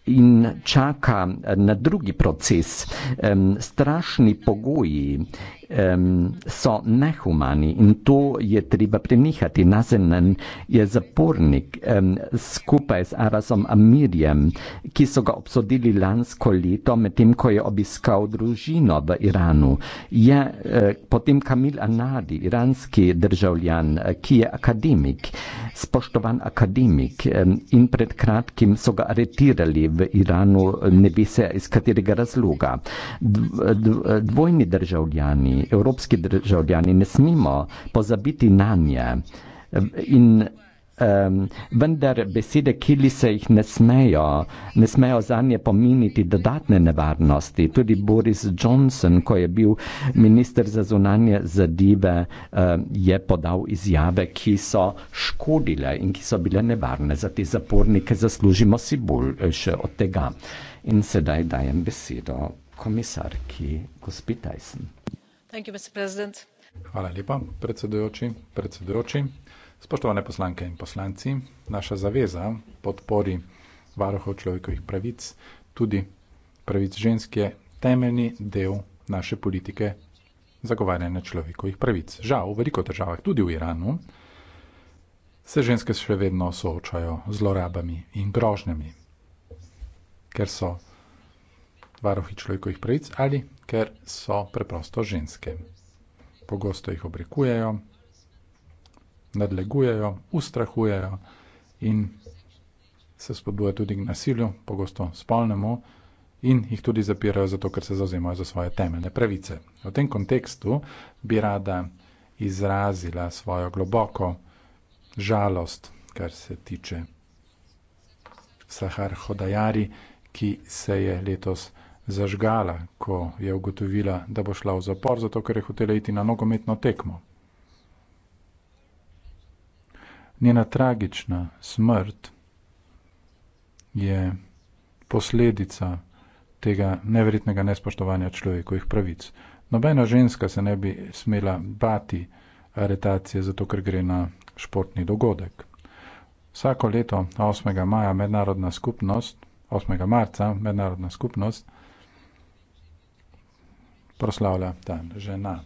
in čaka na drugi proces. Um, strašni pogoji um, so nehumani in to je treba prenehati. Nazenen je zapornik um, skupaj z Arasom Amirjem, ki so ga obsodili lansko leto, medtem ko je obiskal družino v Iranu. Je uh, potem Kamil Anadi, iranski državljan, e, ki je akademik, spoštovan akademik um, in pred kratkim so ga aretirali v Iranu, ne bi se iz katerega razloga. Dvojni državljani, evropski državljani, ne smemo pozabiti na nje. In Um, vendar besede kili se jih ne smejo, ne smejo za nje pomeniti dodatne nevarnosti. Tudi Boris Johnson, ko je bil minister za zunanje zadeve, um, je podal izjave, ki so škodile in ki so bile nevarne za te zapornike. Zaslužimo si bolj eh, še od tega. In sedaj dajem besedo komisarki gospitajsen. Hvala lepa, predsedujoči. predsedujoči. Spoštovane poslanke in poslanci, naša zaveza podpori varohov človekovih pravic, tudi pravic žensk, je temeljni del naše politike zagovarjanja človekovih pravic. Žal, v veliko državah, tudi v Iranu, se ženske še vedno soočajo z zlorabami in grožnjami, ker so varohi človekovih pravic ali ker so preprosto ženske. Pogosto jih obrekujejo, nadlegujejo, ustrahujejo in se spodbuja tudi k nasilju, pogosto spolnemu, in jih tudi zapirajo zato, ker se zauzemajo za svoje temeljne pravice. V tem kontekstu bi rada izrazila svojo globoko žalost, kar se tiče Sahar Hodajari, ki se je letos zažgala, ko je ugotovila, da bo šla v zapor, zato ker je hotela iti na nogometno tekmo. njena tragična smrt je posledica tega neverjetnega nespoštovanja človekovih pravic. Nobena ženska se ne bi smela bati aretacije, zato ker gre na športni dogodek. Vsako leto 8. maja mednarodna skupnost, 8. marca mednarodna skupnost proslavlja dan žena.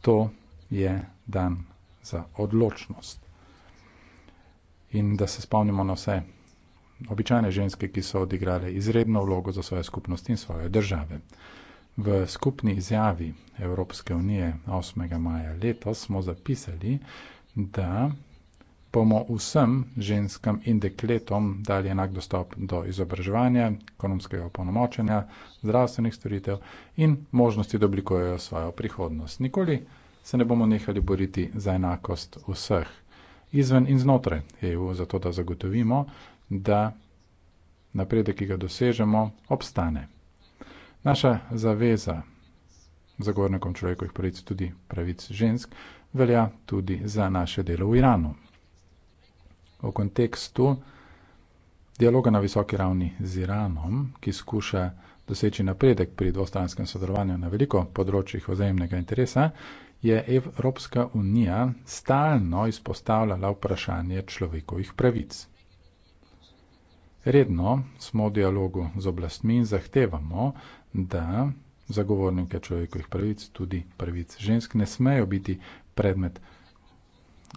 To je dan za odločnost in da se spomnimo na vse običajne ženske, ki so odigrale izredno vlogo za svojo skupnost in svoje države. V skupni izjavi Evropske unije 8. maja letos smo zapisali, da bomo vsem ženskam in dekletom dali enak dostop do izobraževanja, ekonomskega opolnomočenja, zdravstvenih storitev in možnosti, da oblikujejo svojo prihodnost. Nikoli se ne bomo nehali boriti za enakost vseh izven in znotraj EU, zato da zagotovimo, da napredek, ki ga dosežemo, obstane. Naša zaveza zagovornikom človekovih pravic, tudi pravic žensk, velja tudi za naše delo v Iranu. V kontekstu dialoga na visoki ravni z Iranom, ki skuša doseči napredek pri dvostranskem sodelovanju na veliko področjih vzajemnega interesa, je Evropska unija stalno izpostavljala vprašanje človekovih pravic. Redno smo v dialogu z oblastmi in zahtevamo, da zagovornike človekovih pravic, tudi pravic žensk, ne smejo biti predmet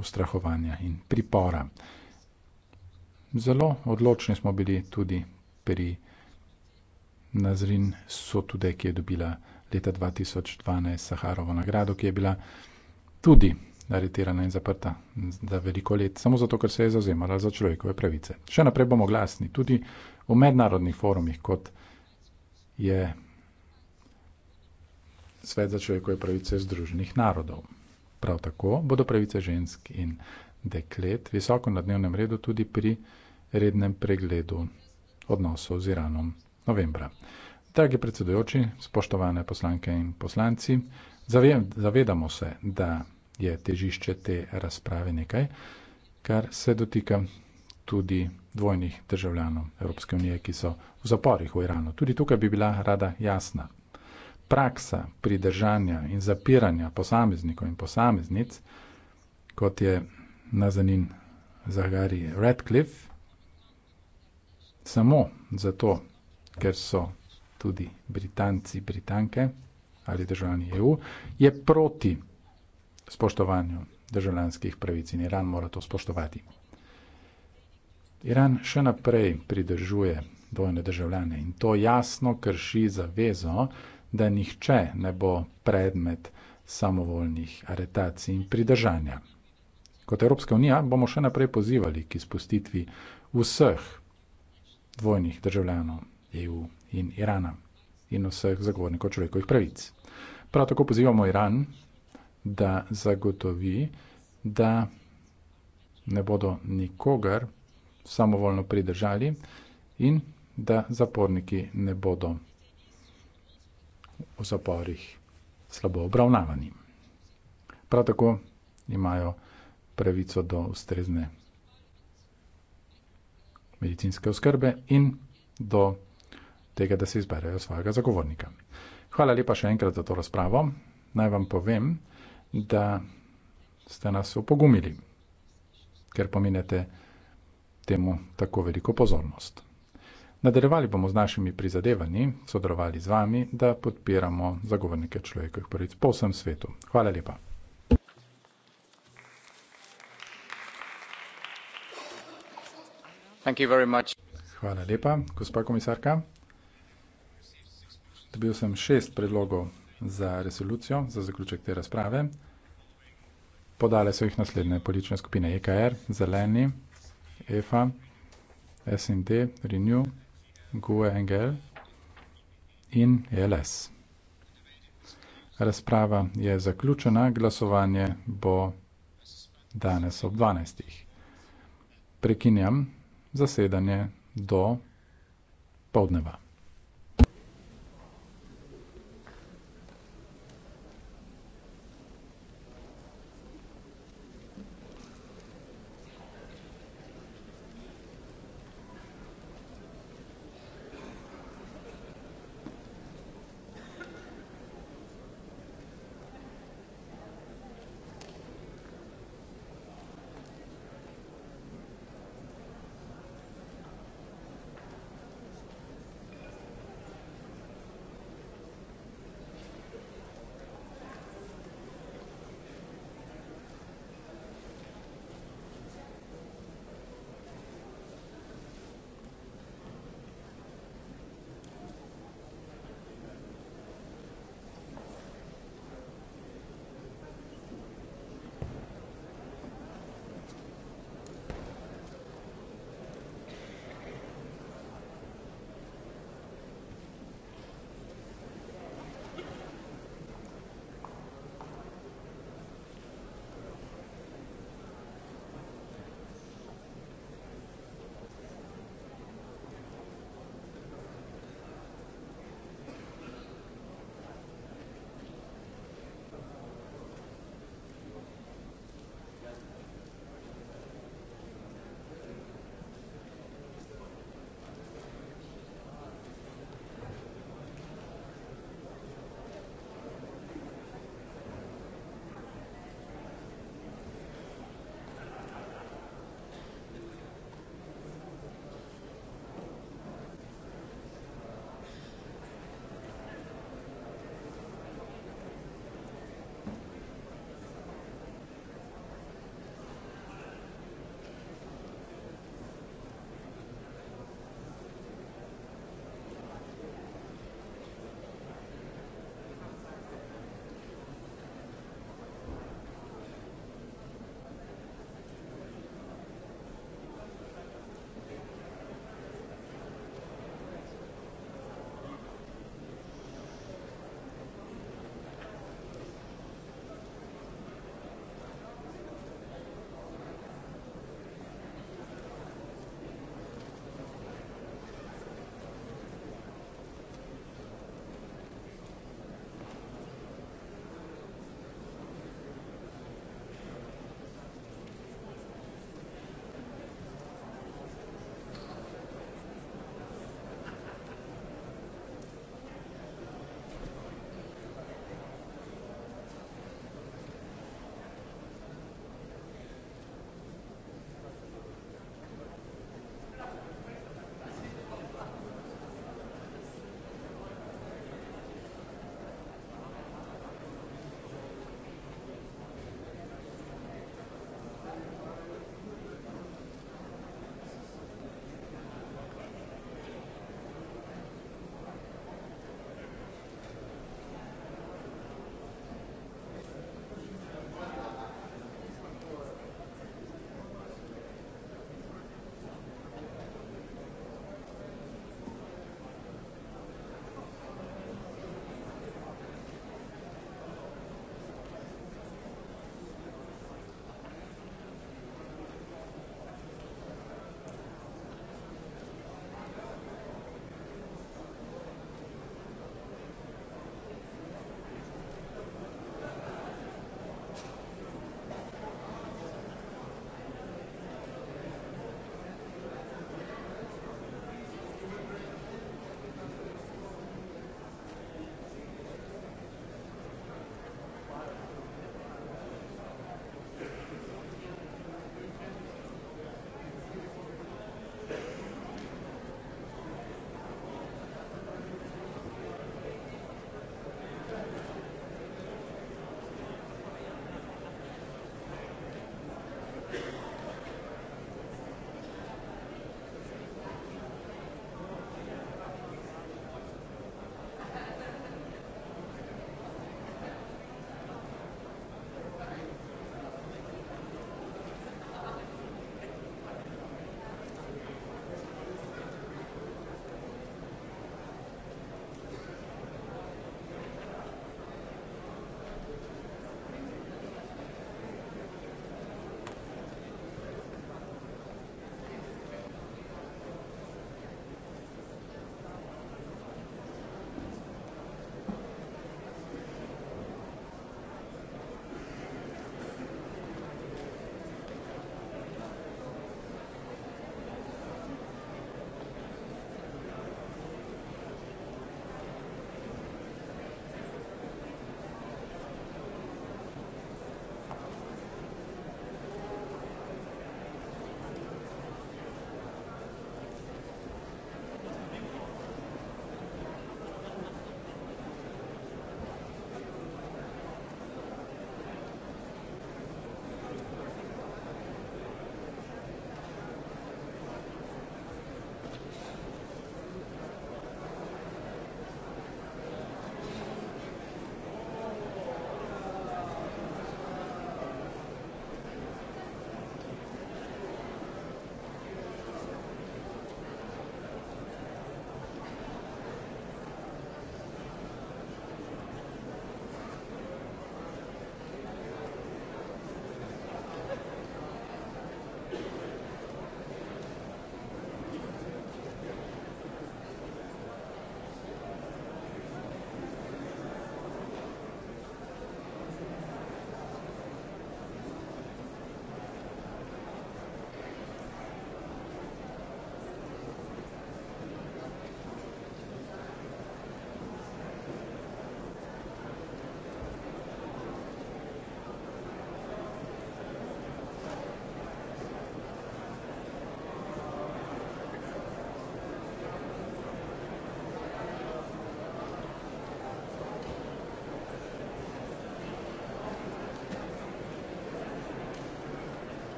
ustrahovanja in pripora. Zelo odločni smo bili tudi pri Nazrin Sotude, ki je dobila leta 2012 Saharovo nagrado, ki je bila tudi aretirana in zaprta za veliko let, samo zato, ker se je zauzemala za človekove pravice. Še naprej bomo glasni tudi v mednarodnih forumih, kot je Svet za človekove pravice Združenih narodov. Prav tako bodo pravice žensk in deklet visoko na dnevnem redu tudi pri rednem pregledu odnosov z Iranom novembra. Dragi predsedujoči, spoštovane poslanke in poslanci, zavijem, zavedamo se, da je težišče te razprave nekaj, kar se dotika tudi dvojnih državljanov Evropske unije, ki so v zaporih v Iranu. Tudi tukaj bi bila rada jasna. Praksa pridržanja in zapiranja posameznikov in posameznic, kot je nazanin Zagari Radcliffe, samo zato, ker so tudi Britanci, Britanke ali državljani EU, je proti spoštovanju državljanskih pravic in Iran mora to spoštovati. Iran še naprej pridržuje dvojne državljane in to jasno krši zavezo, da nihče ne bo predmet samovoljnih aretacij in pridržanja. Kot Evropska unija bomo še naprej pozivali k izpustitvi vseh dvojnih državljanov EU in Irana in vseh zagovornikov človekovih pravic. Prav tako pozivamo Iran, da zagotovi, da ne bodo nikogar samovoljno pridržali in da zaporniki ne bodo v zaporih slabo obravnavani. Prav tako imajo pravico do ustrezne medicinske oskrbe in do tega, da si izberejo svojega zagovornika. Hvala lepa še enkrat za to razpravo. Naj vam povem, da ste nas opogumili, ker pominjate temu tako veliko pozornost. Nadaljevali bomo z našimi prizadevanji, sodelovali z vami, da podpiramo zagovornike človekovih pravic po vsem svetu. Hvala lepa. Hvala lepa, gospa komisarka. Dobil sem šest predlogov za resolucijo, za zaključek te razprave. Podale so jih naslednje politične skupine EKR, Zeleni, EFA, SND, Renew, GUE, NGL in ELS. Razprava je zaključena, glasovanje bo danes ob 12. Prekinjam zasedanje do povdneva.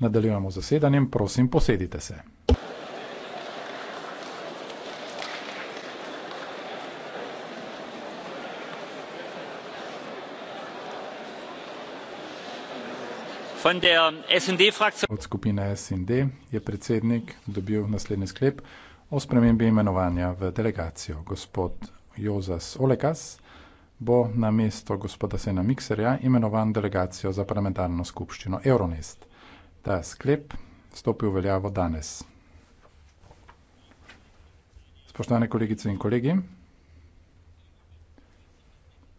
Nadaljujemo z zasedanjem, prosim, posedite se. Od skupine SND je predsednik dobil naslednji sklep o spremembi imenovanja v delegacijo. Gospod Jozas Olekas bo na mesto gospoda Sena Mikserja imenovan delegacijo za parlamentarno skupščino Euronest. Ta sklep stopi v veljavo danes. Spoštovane kolegice in kolegi,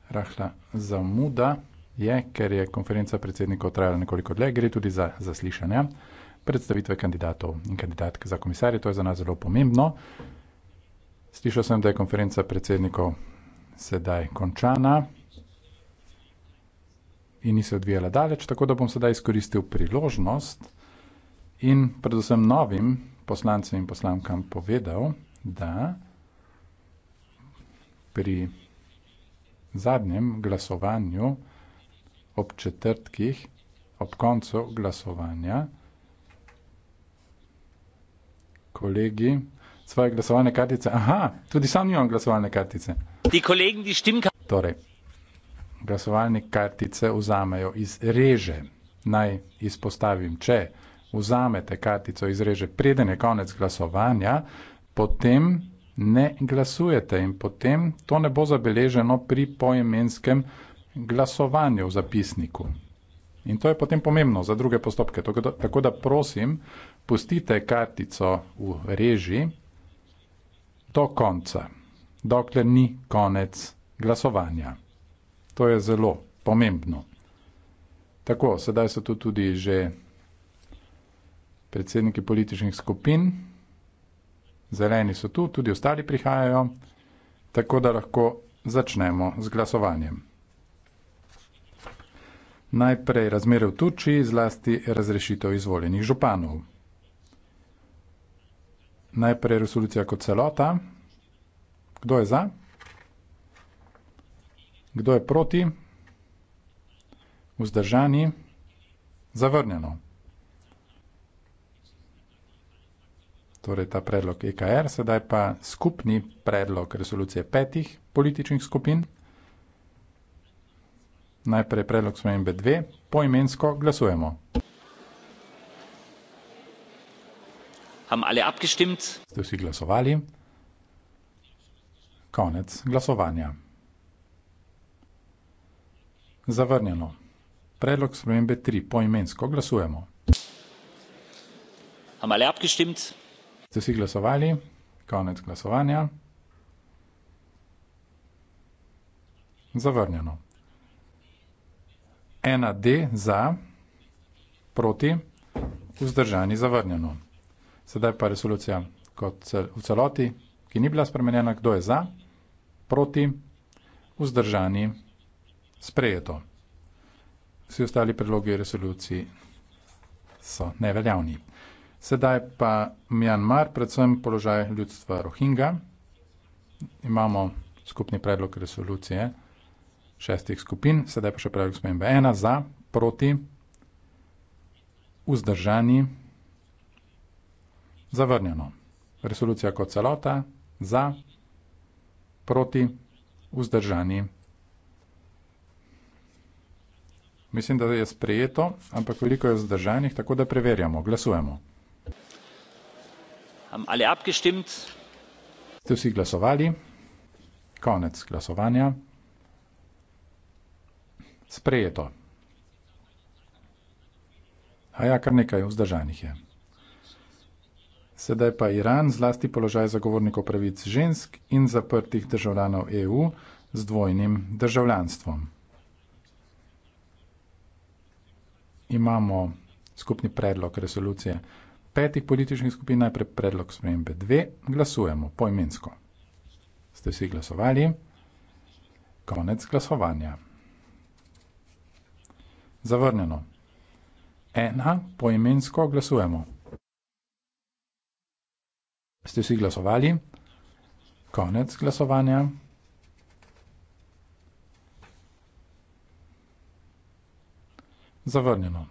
rahla zamuda je, ker je konferenca predsednikov trajala nekoliko dlje, gre tudi za zaslišanja, predstavitve kandidatov in kandidatke za komisarje, to je za nas zelo pomembno. Slišal sem, da je konferenca predsednikov sedaj končana in ni se odvijala daleč, tako da bom sedaj izkoristil priložnost in predvsem novim poslancem in poslankam povedal, da pri zadnjem glasovanju ob četrtkih, ob koncu glasovanja, kolegi svoje glasovalne kartice, aha, tudi sam nimam glasovalne kartice, Torej, glasovalne kartice vzamejo iz reže. Naj izpostavim, če vzamete kartico iz reže, preden je konec glasovanja, potem ne glasujete in potem to ne bo zabeleženo pri poemenskem glasovanju v zapisniku. In to je potem pomembno za druge postopke. Tako da, tako da prosim, pustite kartico v reži do konca dokler ni konec glasovanja. To je zelo pomembno. Tako, sedaj so tu tudi že predsedniki političnih skupin, zeleni so tu, tudi ostali prihajajo, tako da lahko začnemo z glasovanjem. Najprej razmere v Turčiji, zlasti razrešitev izvoljenih županov. Najprej resolucija kot celota, Kdo je za? Kdo je proti? Vzdržani? Zavrnjeno. Torej ta predlog EKR, sedaj pa skupni predlog resolucije petih političnih skupin. Najprej predlog SMB2, poimensko glasujemo. Ste vsi glasovali? Konec glasovanja. Zavrnjeno. Predlog spremembe 3. Poimensko glasujemo. Ste vsi glasovali? Konec glasovanja. Zavrnjeno. 1D za, proti, vzdržani zavrnjeno. Sedaj pa resolucija kot cel, v celoti, ki ni bila spremenjena, kdo je za? proti, vzdržani, sprejeto. Vsi ostali predlogi resolucij so neveljavni. Sedaj pa Mjanmar, predvsem položaj ljudstva Rohingja. Imamo skupni predlog resolucije šestih skupin, sedaj pa še predlog spremembe. Ena za, proti, vzdržani, zavrnjeno. Resolucija kot celota, za, proti vzdržani. Mislim, da je sprejeto, ampak veliko je vzdržanih, tako da preverjamo. Glasujemo. Ste vsi glasovali? Konec glasovanja. Sprejeto. A ja, kar nekaj vzdržanih je. Sedaj pa Iran, zlasti položaj zagovornikov pravic žensk in zaprtih državljanov EU z dvojnim državljanstvom. Imamo skupni predlog resolucije petih političnih skupin, najprej predlog spremembe dve, glasujemo poimensko. Ste vsi glasovali? Konec glasovanja. Zavrnjeno. Ena, poimensko glasujemo. Ste vsi glasovali? Konec glasovanja. Zavrnjeno.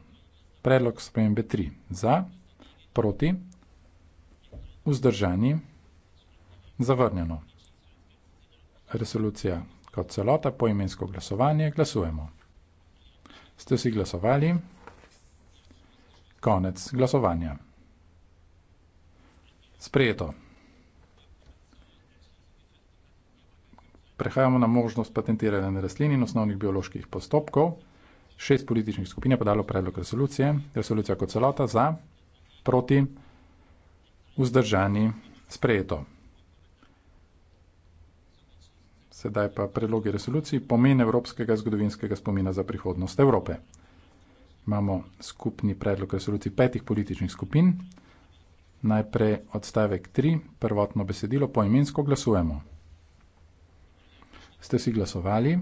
Predlog spremembe 3. Za, proti, vzdržani, zavrnjeno. Resolucija kot celota, poimensko glasovanje, glasujemo. Ste vsi glasovali? Konec glasovanja. Sprejeto. Prehajamo na možnost patentiranja rastlin in osnovnih bioloških postopkov. Šest političnih skupin je podalo predlog resolucije. Resolucija kot celota za, proti, vzdržani, sprejeto. Sedaj pa predlogi resolucij pomen evropskega zgodovinskega spomina za prihodnost Evrope. Imamo skupni predlog resolucij petih političnih skupin. Najprej odstavek 3, prvotno besedilo, poimensko glasujemo. Ste si glasovali?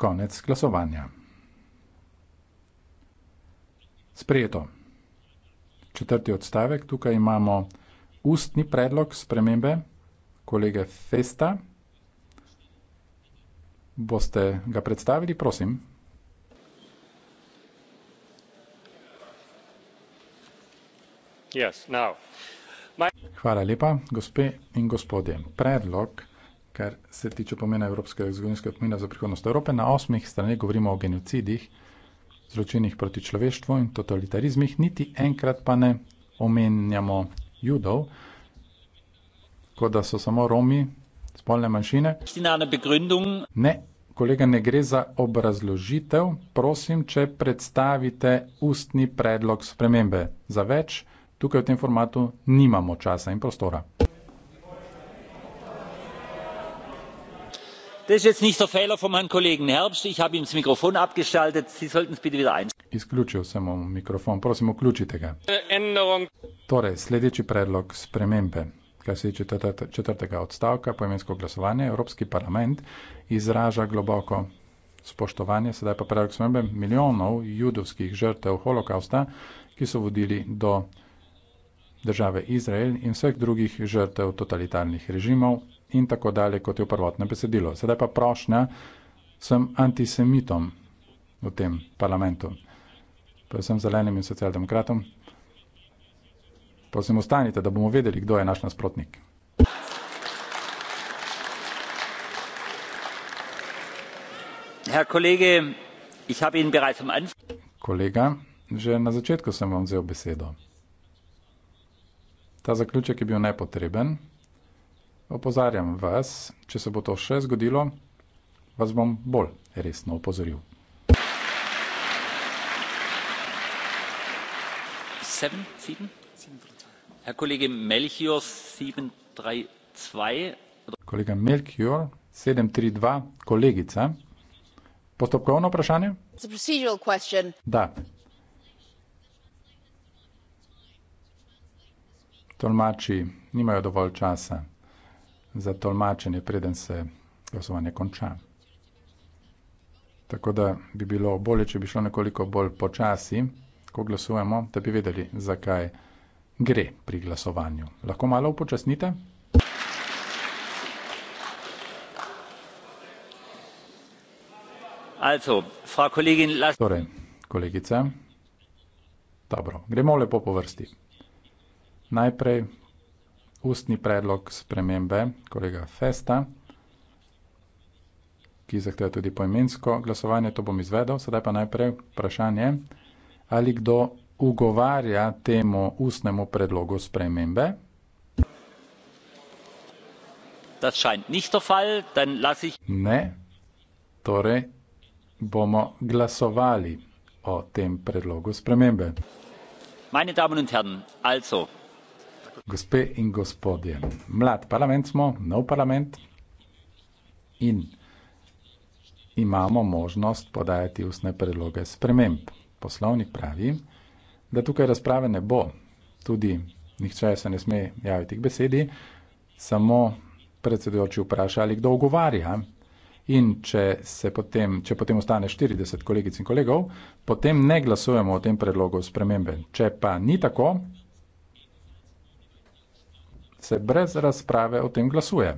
Konec glasovanja. Sprejeto. Četrti odstavek, tukaj imamo ustni predlog spremembe kolege Festa. Boste ga predstavili, prosim. Hvala lepa. Gospe in gospodje, predlog, kar se tiče pomena evropskega zgodovinskega pomena za prihodnost Evrope, na osmih straneh govorimo o genocidih, zločinih proti človeštvu in totalitarizmih, niti enkrat pa ne omenjamo judov, kot da so samo Romi, spolne manjšine. Ne, kolega, ne gre za obrazložitev. Prosim, če predstavite ustni predlog spremembe. Za več tukaj v tem formatu nimamo časa in prostora. Izključil sem mu mikrofon, prosim, vključite ga. Torej, sledeči predlog spremembe, kar se tiče četrtega odstavka poemensko glasovanje, Evropski parlament izraža globoko spoštovanje, sedaj pa predlog spremembe milijonov judovskih žrtev holokausta, ki so vodili do države Izrael in vseh drugih žrtev totalitarnih režimov in tako dalje, kot je v prvotnem besedilu. Sedaj pa prošnja sem antisemitom v tem parlamentu, predvsem zelenim in socialdemokratom. Prosim, ostanite, da bomo vedeli, kdo je naš nasprotnik. Herr kolege, ich habe Ihnen bereits am Anfang... Kolega, že na začetku sem vam vzel besedo. Ta zaključek je bil nepotreben. Opozarjam vas, če se bo to še zgodilo, vas bom bolj resno opozoril. 732. Kolega Melchior, 732, kolegica. Postopkovno vprašanje? Da, Tolmači nimajo dovolj časa za tolmačenje, preden se glasovanje konča. Tako da bi bilo bolje, če bi šlo nekoliko bolj počasi, ko glasujemo, da bi vedeli, zakaj gre pri glasovanju. Lahko malo upočasnite? Also, Frau Kollegin, las... Torej, kolegica. Dobro, gremo lepo po vrsti najprej ustni predlog spremembe kolega Festa, ki zahteva tudi poimensko glasovanje, to bom izvedel, sedaj pa najprej vprašanje, ali kdo ugovarja temu ustnemu predlogu spremembe. Ne, torej bomo glasovali o tem predlogu spremembe. Meine Damen und Herren, also Gospe in gospodje, mlad parlament smo, nov parlament in imamo možnost podajati ustne predloge sprememb. Poslovnik pravi, da tukaj razprave ne bo, tudi nihče se ne sme javiti k besedi, samo predsedujoči vpraša, ali kdo ogovarja. In če, se potem, če potem ostane 40 kolegic in kolegov, potem ne glasujemo o tem predlogu spremembe. Če pa ni tako, se brez razprave o tem glasuje.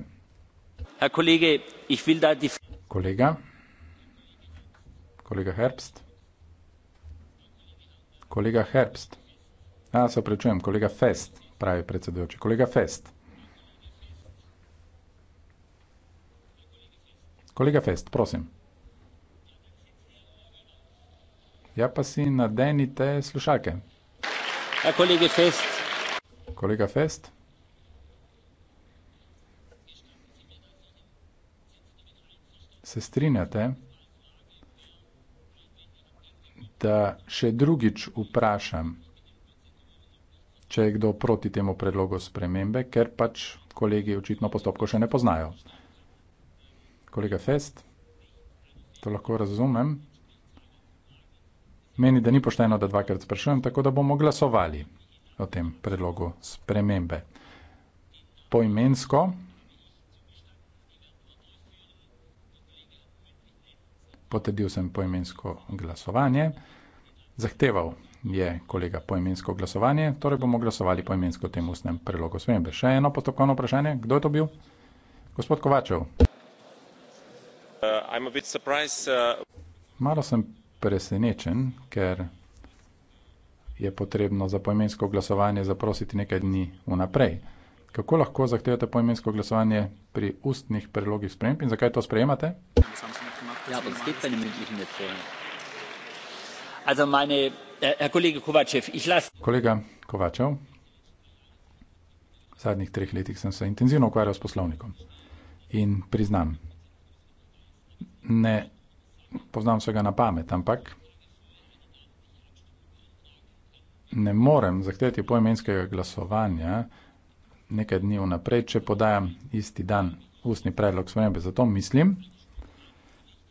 Kolega, kolega Herbst. Kolega Herbst. A, se opravičujem, kolega Fest, pravi predsedujoči. Kolega Fest. Kolega Fest, prosim. Ja, pa si nadenite slušalke. Kolega Fest. Kolega Fest. se strinjate, da še drugič vprašam, če je kdo proti temu predlogu spremembe, ker pač kolegi očitno postopko še ne poznajo. Kolega Fest, to lahko razumem, meni, da ni pošteno, da dvakrat sprašujem, tako da bomo glasovali o tem predlogu spremembe. Poimensko. potrdil sem poimensko glasovanje, zahteval je kolega poimensko glasovanje, torej bomo glasovali poimensko temu ustnem predlogu spremembe. Še eno postopkovno vprašanje, kdo je to bil? Gospod Kovačev. Uh, uh, Malo sem presenečen, ker je potrebno za poimensko glasovanje zaprositi nekaj dni vnaprej. Kako lahko zahtevate poimensko glasovanje pri ustnih predlogih sprememb in zakaj to sprejemate? das haben sie nicht gemacht. Ja, aber es gibt keine mündlichen Mitteilungen. Also meine, äh, Herr Kollege Kovacev, ich lasse... Kollege Kovacev, v zadnjih treh letih sem se intenzivno ukvarjal s poslovnikom in priznam, ne poznam vsega na pamet, ampak ne morem zahtevati poimenskega glasovanja nekaj dni vnaprej, če podajam isti dan ustni predlog svojembe. Zato mislim,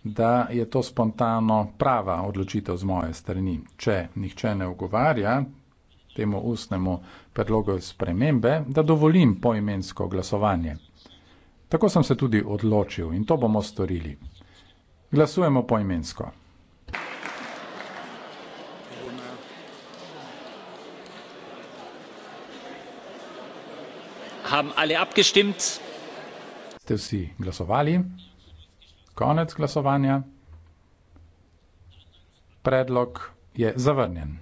da je to spontano prava odločitev z moje strani. Če nihče ne ogovarja temu ustnemu predlogu spremembe, da dovolim poimensko glasovanje. Tako sem se tudi odločil in to bomo storili. Glasujemo poimensko. Ste vsi glasovali? Konec glasovanja. Predlog je zavrnjen.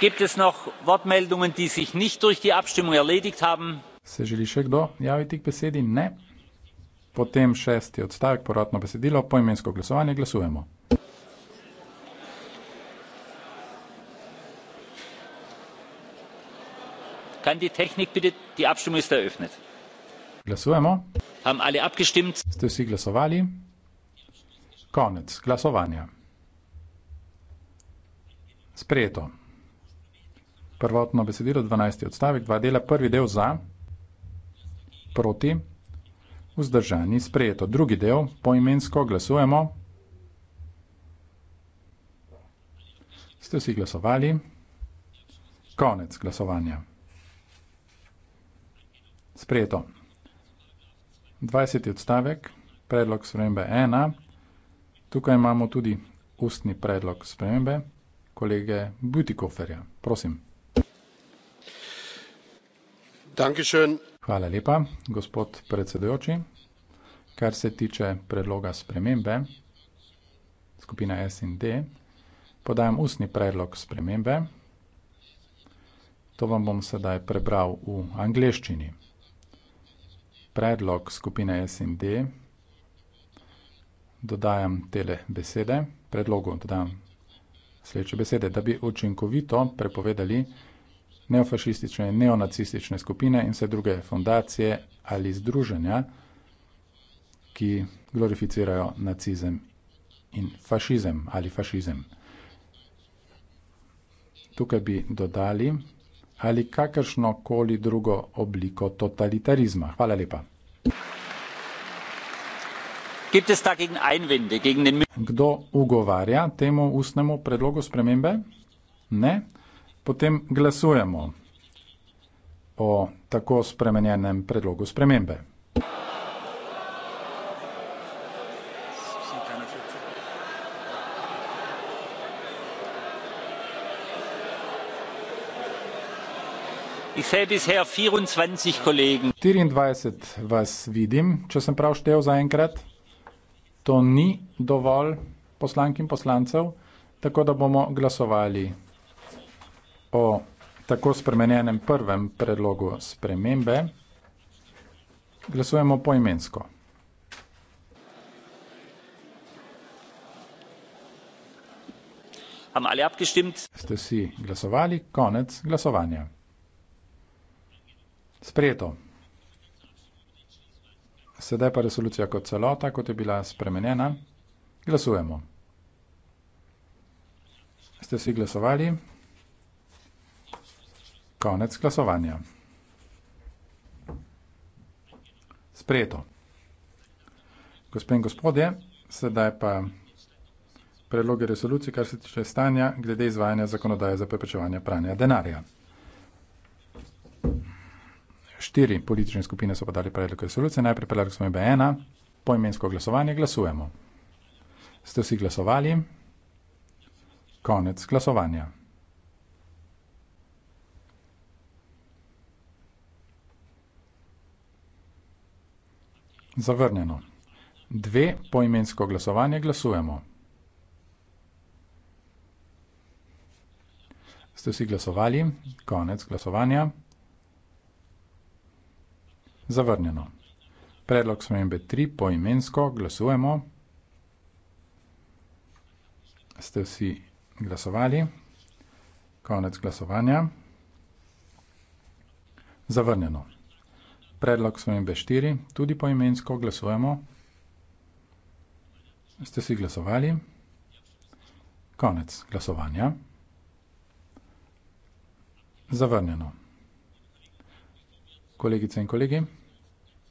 Gibt es noch Wortmeldungen, die sich nicht durch die Abstimmung erledigt haben? Se želi še kdo javiti k besedi? Ne. Potem šesti odstavek, porotno besedilo, poimensko glasovanje, glasujemo. kann die technik bitte die abstimmung ist eröffnet glasujemo haben alle abgestimmt ste vsi glasovali konec glasovanja sprejeto prvotno besedilo dvanajsti odstavek dva dela prvi del za proti vzdržani sprejeto drugi del poimensko glasujemo ste vsi glasovali konec glasovanja sprejeto. 20. odstavek, predlog spremembe 1. Tukaj imamo tudi ustni predlog spremembe kolege Butikoferja. Prosim. Dankeschön. Hvala lepa, gospod predsedujoči. Kar se tiče predloga spremembe skupina SND, podajam ustni predlog spremembe. To vam bom sedaj prebral v angleščini predlog skupine SND dodajam tele besede, predlogu dodajam sledeče besede, da bi učinkovito prepovedali neofašistične, neonacistične skupine in vse druge fondacije ali združenja, ki glorificirajo nacizem in fašizem ali fašizem. Tukaj bi dodali ali kakršno koli drugo obliko totalitarizma. Hvala lepa. Kdo ugovarja temu ustnemu predlogu spremembe? Ne. Potem glasujemo o tako spremenjenem predlogu spremembe. Ich sehe bisher 24 Kollegen. 24, was vidim, če sem prav štel za enkrat. To ni dovolj poslank in poslancev, tako da bomo glasovali o tako spremenjenem prvem predlogu spremembe. Glasujemo poimensko. Ste vsi glasovali? Konec glasovanja. Sprejeto. Sedaj pa resolucija kot celota, kot je bila spremenjena. Glasujemo. Ste si glasovali? Konec glasovanja. Sprejeto. Gospe in gospodje, sedaj pa predloge resolucije, kar se tiče stanja glede izvajanja zakonodaje za preprečevanje pranja denarja. Štiri politične skupine so podali predlog resolucije, najprej predlog smo imeli ena, poimensko glasovanje glasujemo. Ste vsi glasovali? Konec glasovanja. Zavrnjeno. Dve poimensko glasovanje glasujemo. Ste vsi glasovali? Konec glasovanja zavrnjeno. Predlog smembe 3 poimensko glasujemo. Ste vsi glasovali. Konec glasovanja. Zavrnjeno. Predlog smembe 4 tudi poimensko glasujemo. Ste vsi glasovali. Konec glasovanja. Zavrnjeno. Kolegice in kolegi,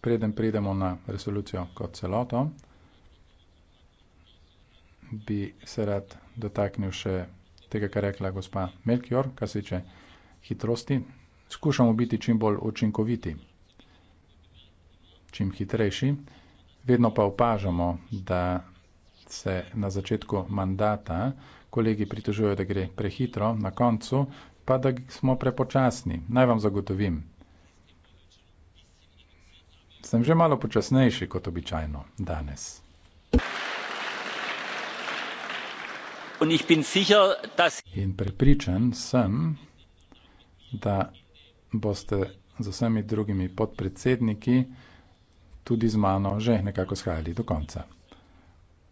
preden pridemo na resolucijo kot celoto, bi se rad dotaknil še tega, kar je rekla gospa Melkior, kar se tiče hitrosti. Skušamo biti čim bolj učinkoviti, čim hitrejši, vedno pa opažamo, da se na začetku mandata kolegi pritožujejo, da gre prehitro, na koncu pa da smo prepočasni. Naj vam zagotovim, Sem že malo počasnejši kot običajno danes. In prepričan sem, da boste z vsemi drugimi podpredsedniki tudi z mano že nekako shajali do konca.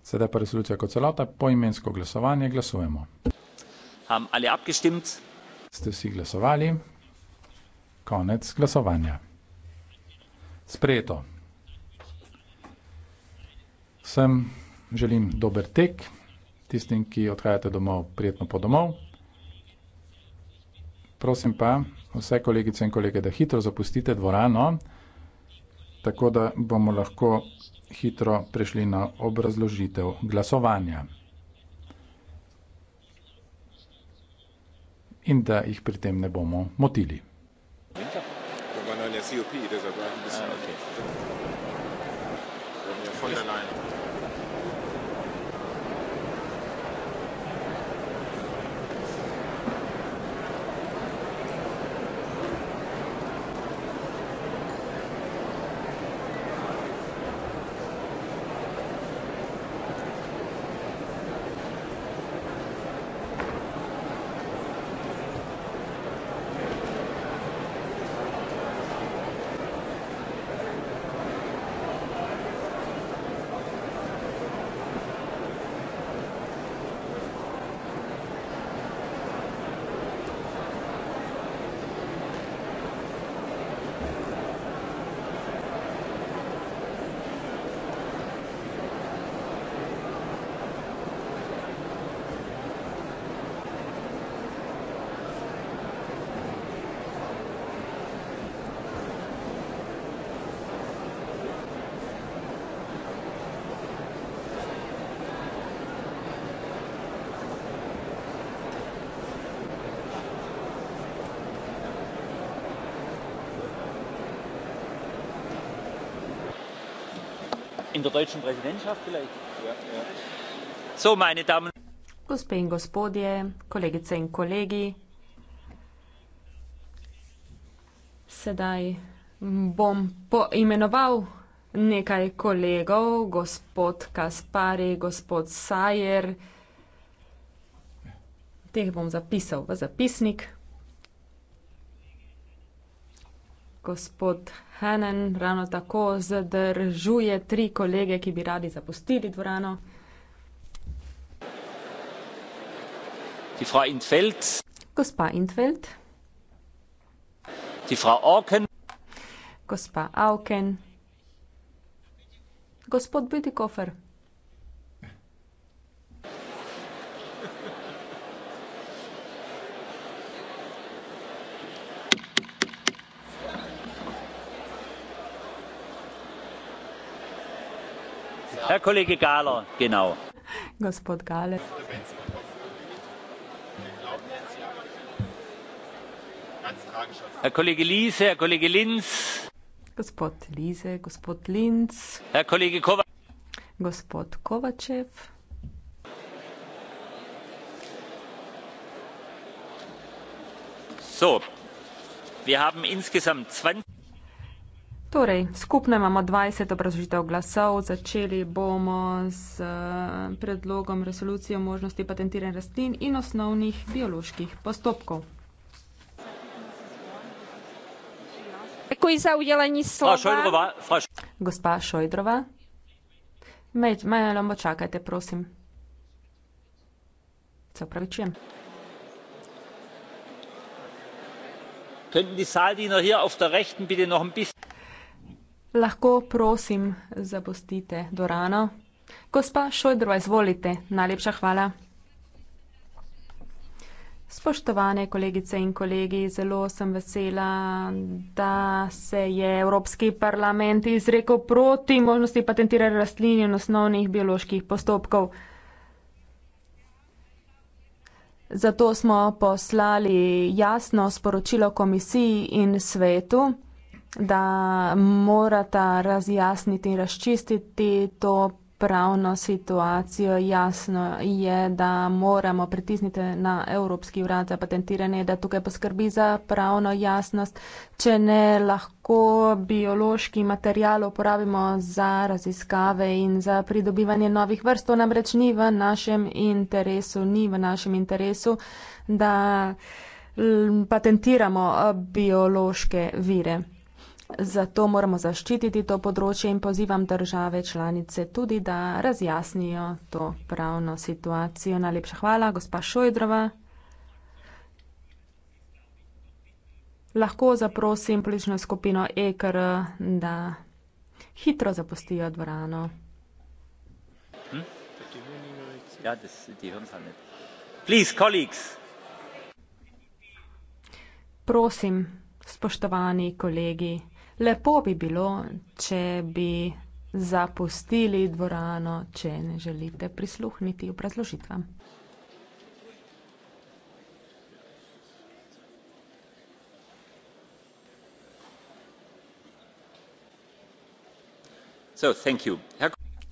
Sedaj pa resolucija kot celota, poimensko glasovanje, glasujemo. Ste vsi glasovali? Konec glasovanja sprejeto. Vsem želim dober tek, tistim, ki odhajate domov, prijetno po domov. Prosim pa vse kolegice in kolege, da hitro zapustite dvorano, tako da bomo lahko hitro prešli na obrazložitev glasovanja. In da jih pri tem ne bomo motili. COP, deshalb war ich ein bisschen. Ah, okay. Von der Leine. in der deutschen Präsidentschaft vielleicht. Ja, ja. So, meine Damen und gospodje, kolegice in kolegi, sedaj bom poimenoval nekaj kolegov, gospod Kaspari, gospod Sajer, teh bom zapisal v zapisnik. gospod Henen ravno tako zadržuje tri kolege, ki bi radi zapustili dvorano. Die Frau Intfeld. Gospa Intfeld. Die Frau Auken. Gospa Auken. Gospod Bütikofer. Herr Kollege Gahler, genau. Gospod Gahler. Herr Kollege Liese, Herr Kollege Linz. Gospod Liese, Gospod Linz. Herr Kollege Kovac. Gospod Kovacev. So, wir haben insgesamt 20. Torej, skupno imamo 20 obražitev glasov. Začeli bomo z eh, predlogom resolucije o možnosti patentiranja rastlin in osnovnih bioloških postopkov. Za udeljenje slova. Gospa Šojdrova, malo počakajte, prosim. Se upravičujem. Könnten die Saaldiener hier auf der rechten bitte noch ein bisschen. Lahko prosim zapustite dvorano. Gospa Šojdro, izvolite. Najlepša hvala. Spoštovane kolegice in kolegi, zelo sem vesela, da se je Evropski parlament izrekel proti možnosti patentirati rastlin in osnovnih bioloških postopkov. Zato smo poslali jasno sporočilo komisiji in svetu da morata razjasniti in razčistiti to pravno situacijo. Jasno je, da moramo pritisniti na Evropski urad za patentiranje, da tukaj poskrbi za pravno jasnost, če ne lahko biološki material uporabimo za raziskave in za pridobivanje novih vrst. To namreč ni v našem interesu, ni v našem interesu, da patentiramo eh, biološke vire. Zato moramo zaščititi to področje in pozivam države članice tudi, da razjasnijo to pravno situacijo. Najlepša hvala, gospa Šojdrova. Lahko zaprosim politično skupino EKR, da hitro zapustijo dvorano. Hm? Ja, Prosim, spoštovani kolegi. Lepo bi bilo, če bi zapustili dvorano, če ne želite prisluhniti obrazložitvam.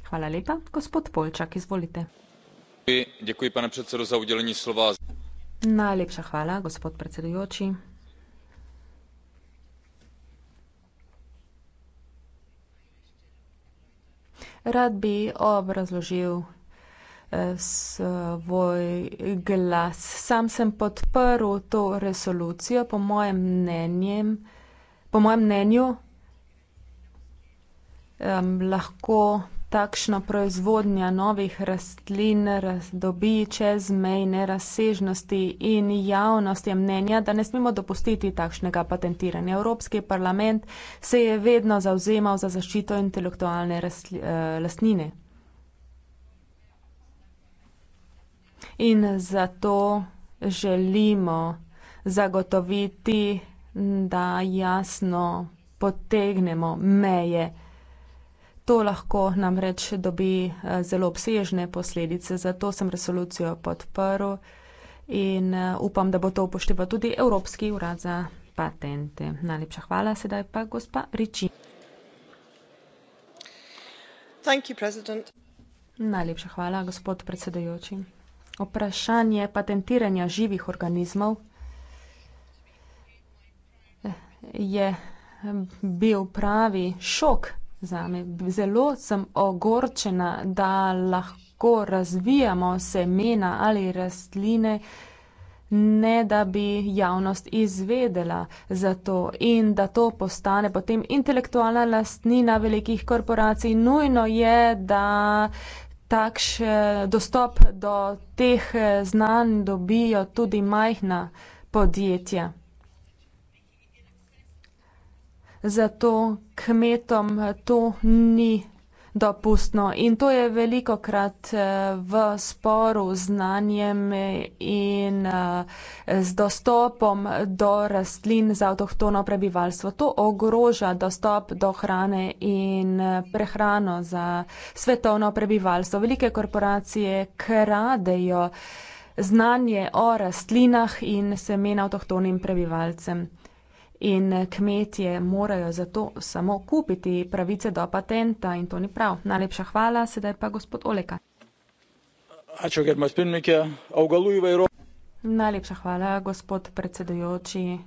Hvala lepa. Gospod Polčak, izvolite. Najlepša hvala, gospod predsedujoči. rad bi obrazložil eh, svoj glas. Sam sem podprl to resolucijo, po mojem mnenjem, po mojem mnenju, um, lahko takšna proizvodnja novih rastlin razdobi čez mejne razsežnosti in javnost je mnenja, da ne smemo dopustiti takšnega patentiranja. Evropski parlament se je vedno zauzemal za zaščito intelektualne eh, lastnine. In zato želimo zagotoviti, da jasno potegnemo meje. To lahko namreč dobi eh, zelo obsežne posledice, zato sem resolucijo podprl in eh, upam, da bo to upošteval tudi Evropski urad za patente. Najlepša hvala, sedaj pa gospa Riči. Najlepša hvala, gospod predsedujoči. Vprašanje patentiranja živih organizmov eh, je bil pravi šok zame. Zelo sem ogorčena, da lahko razvijamo semena ali rastline, ne da bi javnost izvedela za to in da to postane potem intelektualna lastnina velikih korporacij. Nujno je, da takšen eh, dostop do teh eh, znanj dobijo tudi majhna podjetja zato kmetom to ni dopustno. In to je veliko krat eh, v sporu z znanjem in eh, z dostopom do rastlin za avtohtono prebivalstvo. To ogroža dostop do hrane in eh, prehrano za svetovno prebivalstvo. Velike korporacije kradejo znanje o rastlinah in semena avtohtonim prebivalcem in eh, kmetje morajo zato samo kupiti pravice do patenta in to ni prav. Najlepša hvala, sedaj pa gospod Oleka. Najlepša hvala, gospod predsedujoči.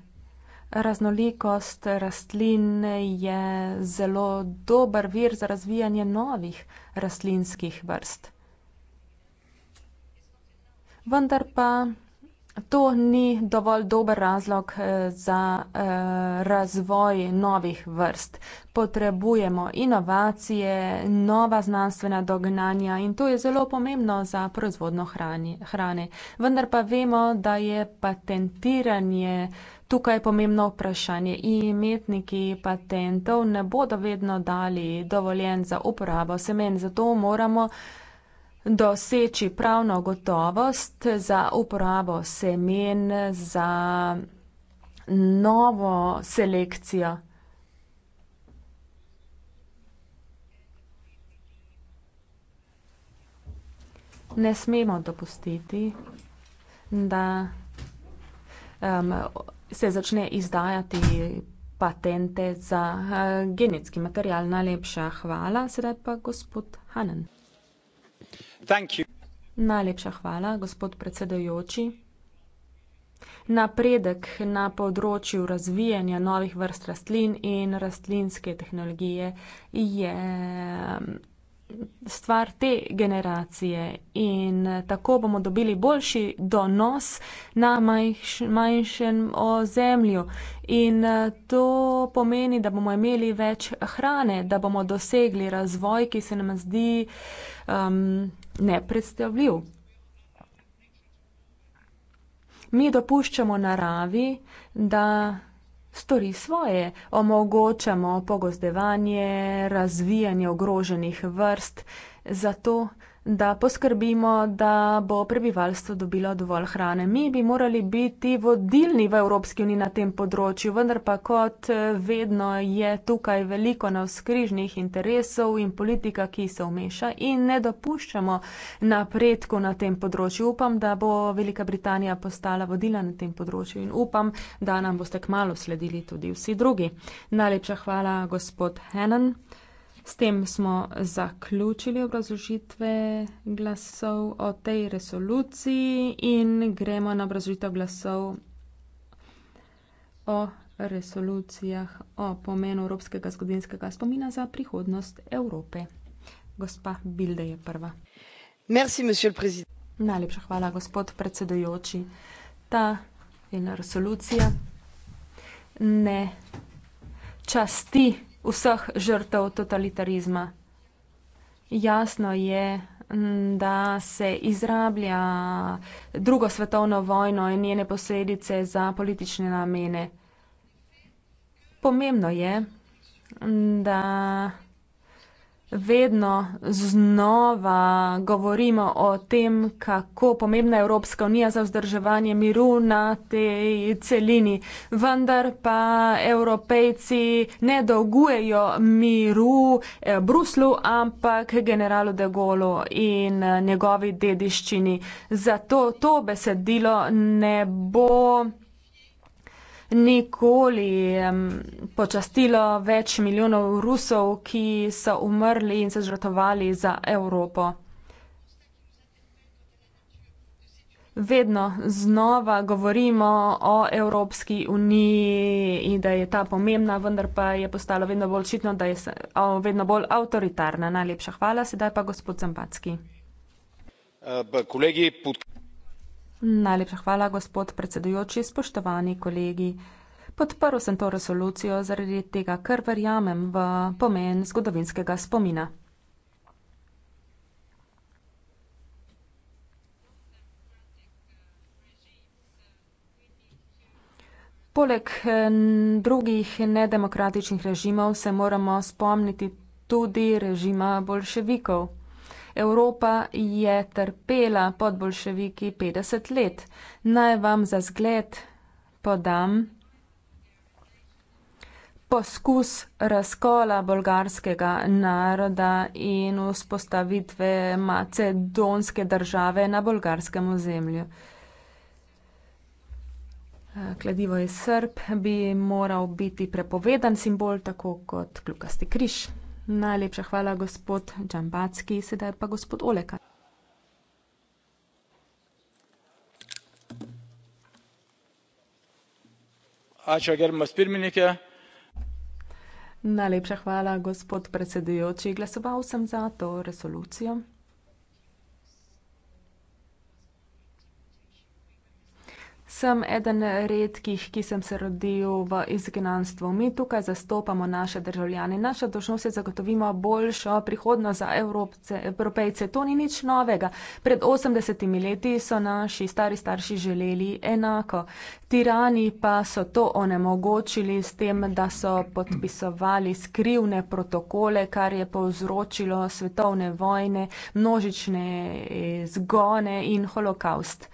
Raznolikost rastlin je zelo dober vir za razvijanje novih rastlinskih vrst. Vendar pa To ni dovolj dober razlog eh, za eh, razvoj novih vrst. Potrebujemo inovacije, nova znanstvena dognanja in to je zelo pomembno za proizvodno hrane. Vendar pa vemo, da je patentiranje tukaj pomembno vprašanje in imetniki patentov ne bodo vedno dali dovoljen za uporabo semen, zato moramo doseči pravno gotovost za uporabo semen za novo selekcijo. Ne smemo dopustiti, da um, se začne izdajati patente za uh, genetski material. Najlepša hvala, sedaj pa gospod Hanen. Najlepša hvala, gospod predsedajoči. Napredek na področju razvijanja novih vrst rastlin in rastlinske tehnologije je um, stvar te generacije in tako bomo dobili boljši donos na manjš, manjšem ozemlju. In to pomeni, da bomo imeli več hrane, da bomo dosegli razvoj, ki se nam zdi um, nepredstavljiv. Mi dopuščamo naravi, da stori svoje, omogočamo pogozdevanje, razvijanje ogroženih vrst, zato, da da poskrbimo, da bo prebivalstvo dobilo dovolj hrane. Mi bi morali biti vodilni v Evropski uniji na tem področju, vendar pa kot eh, vedno je tukaj veliko navskrižnih interesov in politika, ki se umeša in ne dopuščamo napredku na tem področju. Upam, da bo Velika Britanija postala vodila na tem področju in upam, da nam boste kmalo sledili tudi vsi drugi. Najlepša hvala, gospod Henan. S tem smo zaključili obrazložitve glasov o tej resoluciji in gremo na obrazložitev glasov o resolucijah o pomenu evropskega zgodovinskega spomina za prihodnost Evrope. Gospa Bilde je prva. Merci, Najlepša hvala, gospod predsedujoči. Ta in resolucija ne časti vseh žrtev totalitarizma. Jasno je, da se izrablja drugo svetovno vojno in njene posledice za politične namene. Pomembno je, da vedno znova govorimo o tem, kako pomembna je Evropska unija za vzdrževanje miru na tej celini. Vendar pa evropejci ne dolgujejo miru eh, Bruslu, ampak generalu de Golu in eh, njegovi dediščini. Zato to besedilo ne bo nikoli um, počastilo več milijonov Rusov, ki so umrli in se žrtovali za Evropo. Vedno znova govorimo o Evropski uniji in da je ta pomembna, vendar pa je postalo vedno bolj očitno, da je vedno bolj avtoritarna. Najlepša hvala, sedaj pa gospod Zambacki. Uh, kolegi, put... Najlepša hvala, gospod predsedujoči, spoštovani kolegi. Podprl sem to resolucijo zaradi tega, ker verjamem v pomen zgodovinskega spomina. Poleg eh, drugih nedemokratičnih režimov se moramo spomniti tudi režima bolševikov. Evropa je trpela pod bolševiki 50 let. Naj vam za zgled podam poskus razkola bolgarskega naroda in vzpostavitve macedonske države na bolgarskem ozemlju. Kladivo je srp, bi moral biti prepovedan simbol, tako kot kljukasti križ. Najlepša hvala, gospod Džambacki, sedaj pa gospod Oleka. Ačiū, gerbiamas pirmininkė. Najlepša hvala, gospod predsedujoči. Glasoval sem za to resolucijo. Sem eden redkih, ki sem se rodil v izgnanstvu. Mi tukaj zastopamo naše državljane. Naša dožnost je zagotovimo boljšo prihodnost za Evropce, Evropejce. To ni nič novega. Pred 80 leti so naši stari starši želeli enako. Tirani pa so to onemogočili s tem, da so podpisovali skrivne protokole, kar je povzročilo svetovne vojne, množične eh, zgone in holokaust.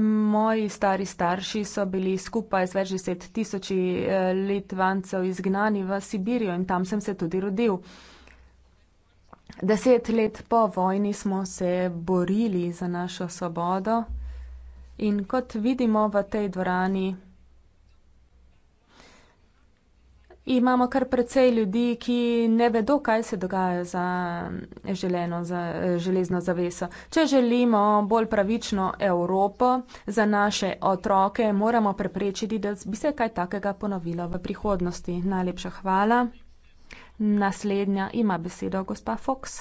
Moji stari starši so bili skupaj z več deset tisoči eh, Litvancev izgnani v Sibirijo in tam sem se tudi rodil. Deset let po vojni smo se borili za našo svobodo in kot vidimo v tej dvorani, Imamo kar precej ljudi, ki ne vedo, kaj se dogaja za, želeno, za železno zaveso. Če želimo bolj pravično Evropo za naše otroke, moramo preprečiti, da bi se kaj takega ponovilo v prihodnosti. Najlepša hvala. Naslednja ima besedo gospa Fox.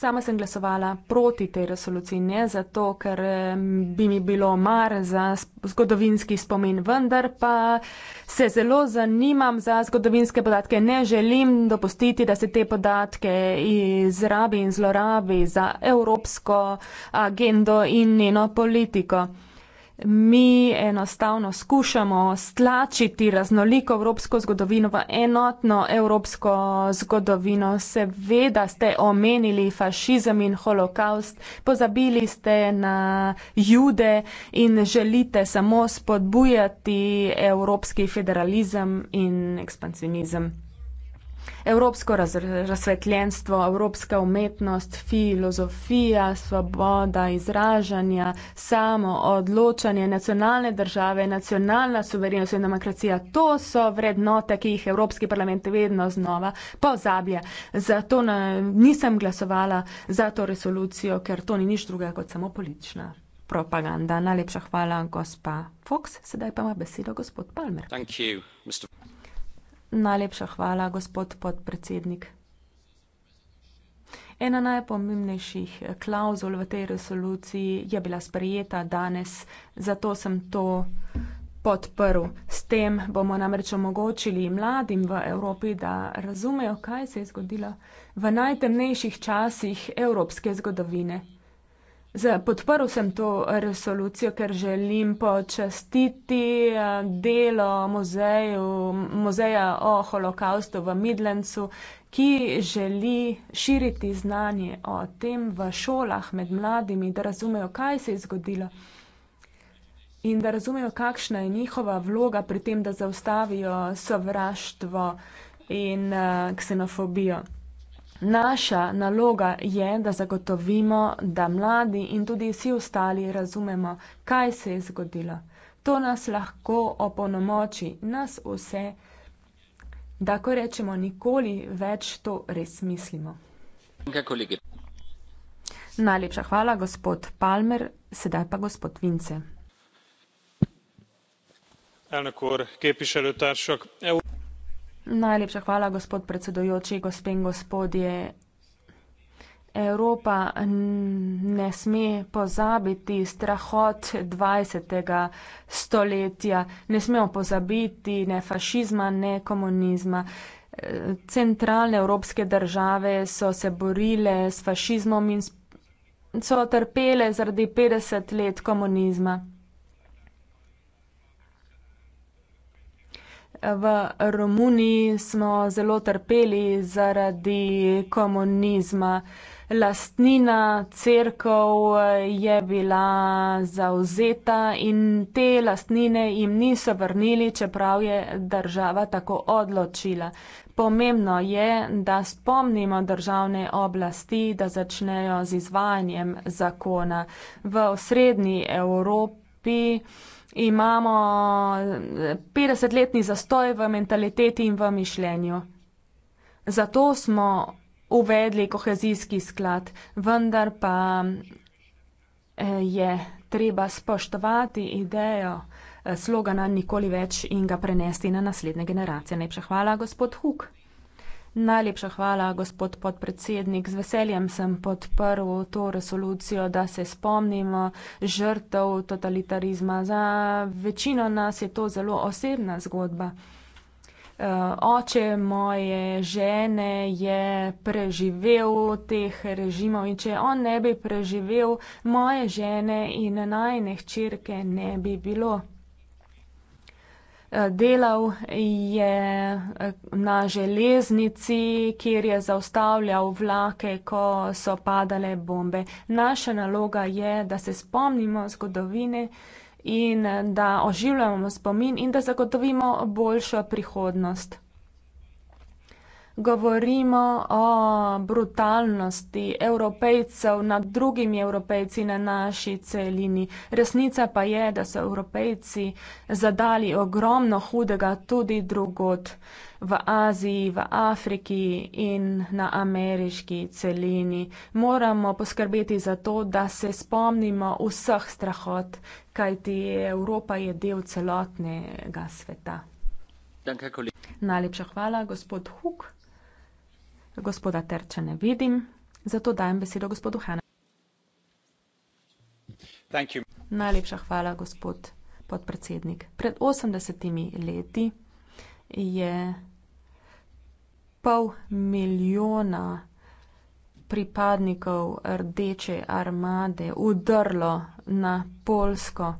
Sama sem glasovala proti tej resoluciji, ne zato, ker bi mi bilo mar za zgodovinski spomin, vendar pa se zelo zanimam za zgodovinske podatke. Ne želim dopustiti, da se te podatke izrabi in zlorabi za evropsko agendo in njeno politiko mi enostavno skušamo stlačiti raznoliko evropsko zgodovino v enotno evropsko zgodovino. Seveda ste omenili fašizem in holokaust, pozabili ste na jude in želite samo spodbujati evropski federalizem in ekspansionizem. Evropsko raz razsvetljenstvo, evropska umetnost, filozofija, svoboda izražanja, samo odločanje nacionalne države, nacionalna suverenost in demokracija, to so vrednote, ki jih Evropski parlament vedno znova pozablja. Zato na, nisem glasovala za to resolucijo, ker to ni nič druga kot samo politična. Propaganda. Najlepša hvala, gospa Fox. Sedaj pa ima besedo gospod Palmer. Thank you, Mr. Najlepša hvala, gospod podpredsednik. Ena najpomembnejših klauzul v tej resoluciji je bila sprejeta danes, zato sem to podprl. S tem bomo namreč omogočili mladim v Evropi, da razumejo, kaj se je zgodilo v najtemnejših časih evropske zgodovine. Podprl sem to resolucijo, ker želim počastiti eh, delo muzeju, muzeja o holokaustu v Midlencu, ki želi širiti znanje o tem v šolah med mladimi, da razumejo, kaj se je zgodilo in da razumejo, kakšna je njihova vloga pri tem, da zaustavijo sovraštvo in eh, ksenofobijo. Naša naloga je, da zagotovimo, da mladi in tudi vsi ostali razumemo, kaj se je zgodilo. To nas lahko opolnomoči, nas vse, da ko rečemo, nikoli več to res mislimo. Najlepša hvala, gospod Palmer, sedaj pa gospod Vince. Elnök úr, képviselőtársak! Najlepša hvala, gospod predsedujoči, gospe in gospodje. Evropa ne sme pozabiti strahot 20. stoletja, ne smemo pozabiti ne fašizma, ne komunizma. Centralne evropske države so se borile s fašizmom in so trpele zaradi 50 let komunizma. v Romuniji smo zelo trpeli zaradi komunizma. Lastnina crkv eh, je bila zauzeta in te lastnine jim niso vrnili, čeprav je država tako odločila. Pomembno je, da spomnimo državne oblasti, da začnejo z izvajanjem zakona. V srednji Evropi imamo 50-letni eh, zastoj v mentaliteti in v mišljenju. Zato smo uvedli kohezijski sklad, vendar pa eh, je treba spoštovati idejo eh, slogana nikoli več in ga prenesti na naslednje generacije. Najprej hvala, gospod Huk. Najlepša hvala, gospod podpredsednik. Z veseljem sem podprl to resolucijo, da se spomnimo žrtev totalitarizma. Za večino nas je to zelo osebna zgodba. Eh, oče moje žene je preživel teh režimov in če on ne bi preživel, moje žene in najne hčerke ne bi bilo delal je na železnici, kjer je zaustavljal vlake, ko so padale bombe. Naša naloga je, da se spomnimo zgodovine in da oživljamo spomin in da zagotovimo boljšo prihodnost govorimo o brutalnosti evropejcev nad drugimi evropejci na naši celini. Resnica pa je, da so evropejci zadali ogromno hudega tudi drugod v Aziji, v Afriki in na ameriški celini. Moramo poskrbeti za to, da se spomnimo vseh strahot, kajti Evropa je del celotnega sveta. Danke, Najlepša hvala, gospod Huk. Gospoda Terča ne vidim, zato dajem besedo gospodu Hanu. Najlepša hvala, gospod podpredsednik. Pred 80 leti je pol milijona pripadnikov rdeče armade udrlo na Polsko.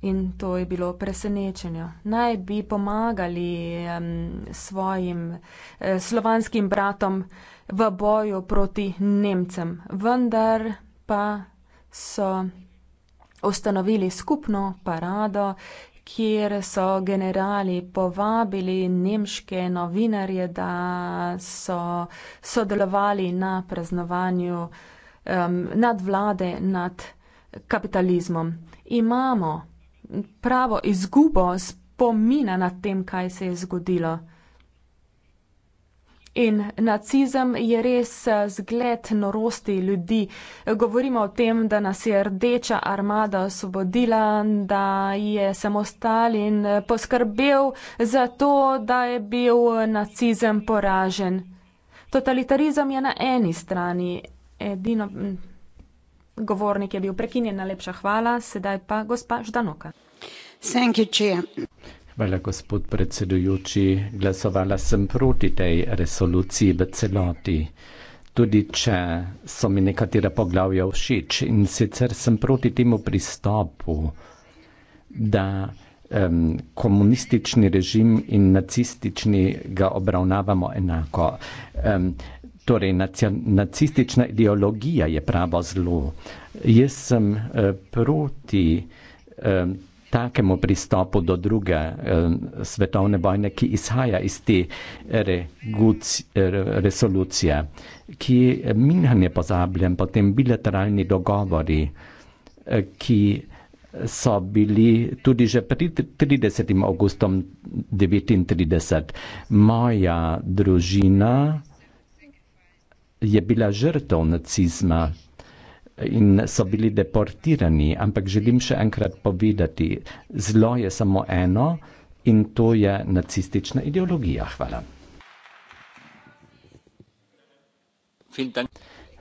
In to je bilo presenečenje. Naj bi pomagali um, svojim eh, slovanskim bratom v boju proti Nemcem, vendar pa so ustanovili skupno parado, kjer so generali povabili nemške novinarje, da so sodelovali na praznovanju um, nadvlade nad kapitalizmom. Imamo pravo izgubo spomina na tem, kaj se je zgodilo. In nacizem je res eh, zgled norosti ljudi. Govorimo o tem, da nas je rdeča armada osvobodila, da je samo Stalin eh, poskrbel za to, da je bil eh, nacizem poražen. Totalitarizem je na eni strani edino Govornik je bil prekinjen, najlepša hvala, sedaj pa gospa Ždanoka. Hvala, gospod predsedujoči. Glasovala sem proti tej resoluciji v celoti. Tudi če so mi nekatera poglavja všeč in sicer sem proti temu pristopu, da um, komunistični režim in nacistični ga obravnavamo enako. Um, Torej, naci nacistična ideologija je pravo zlo. Jaz sem eh, proti eh, takemu pristopu do druge eh, svetovne vojne, ki izhaja iz te re resolucije, ki eh, minhan je pozabljen, potem bilateralni dogovori, eh, ki so bili tudi že pred 30. augustom 1939. Moja družina, je bila žrtev nacizma in so bili deportirani, ampak želim še enkrat povedati, zlo je samo eno in to je nacistična ideologija. Hvala.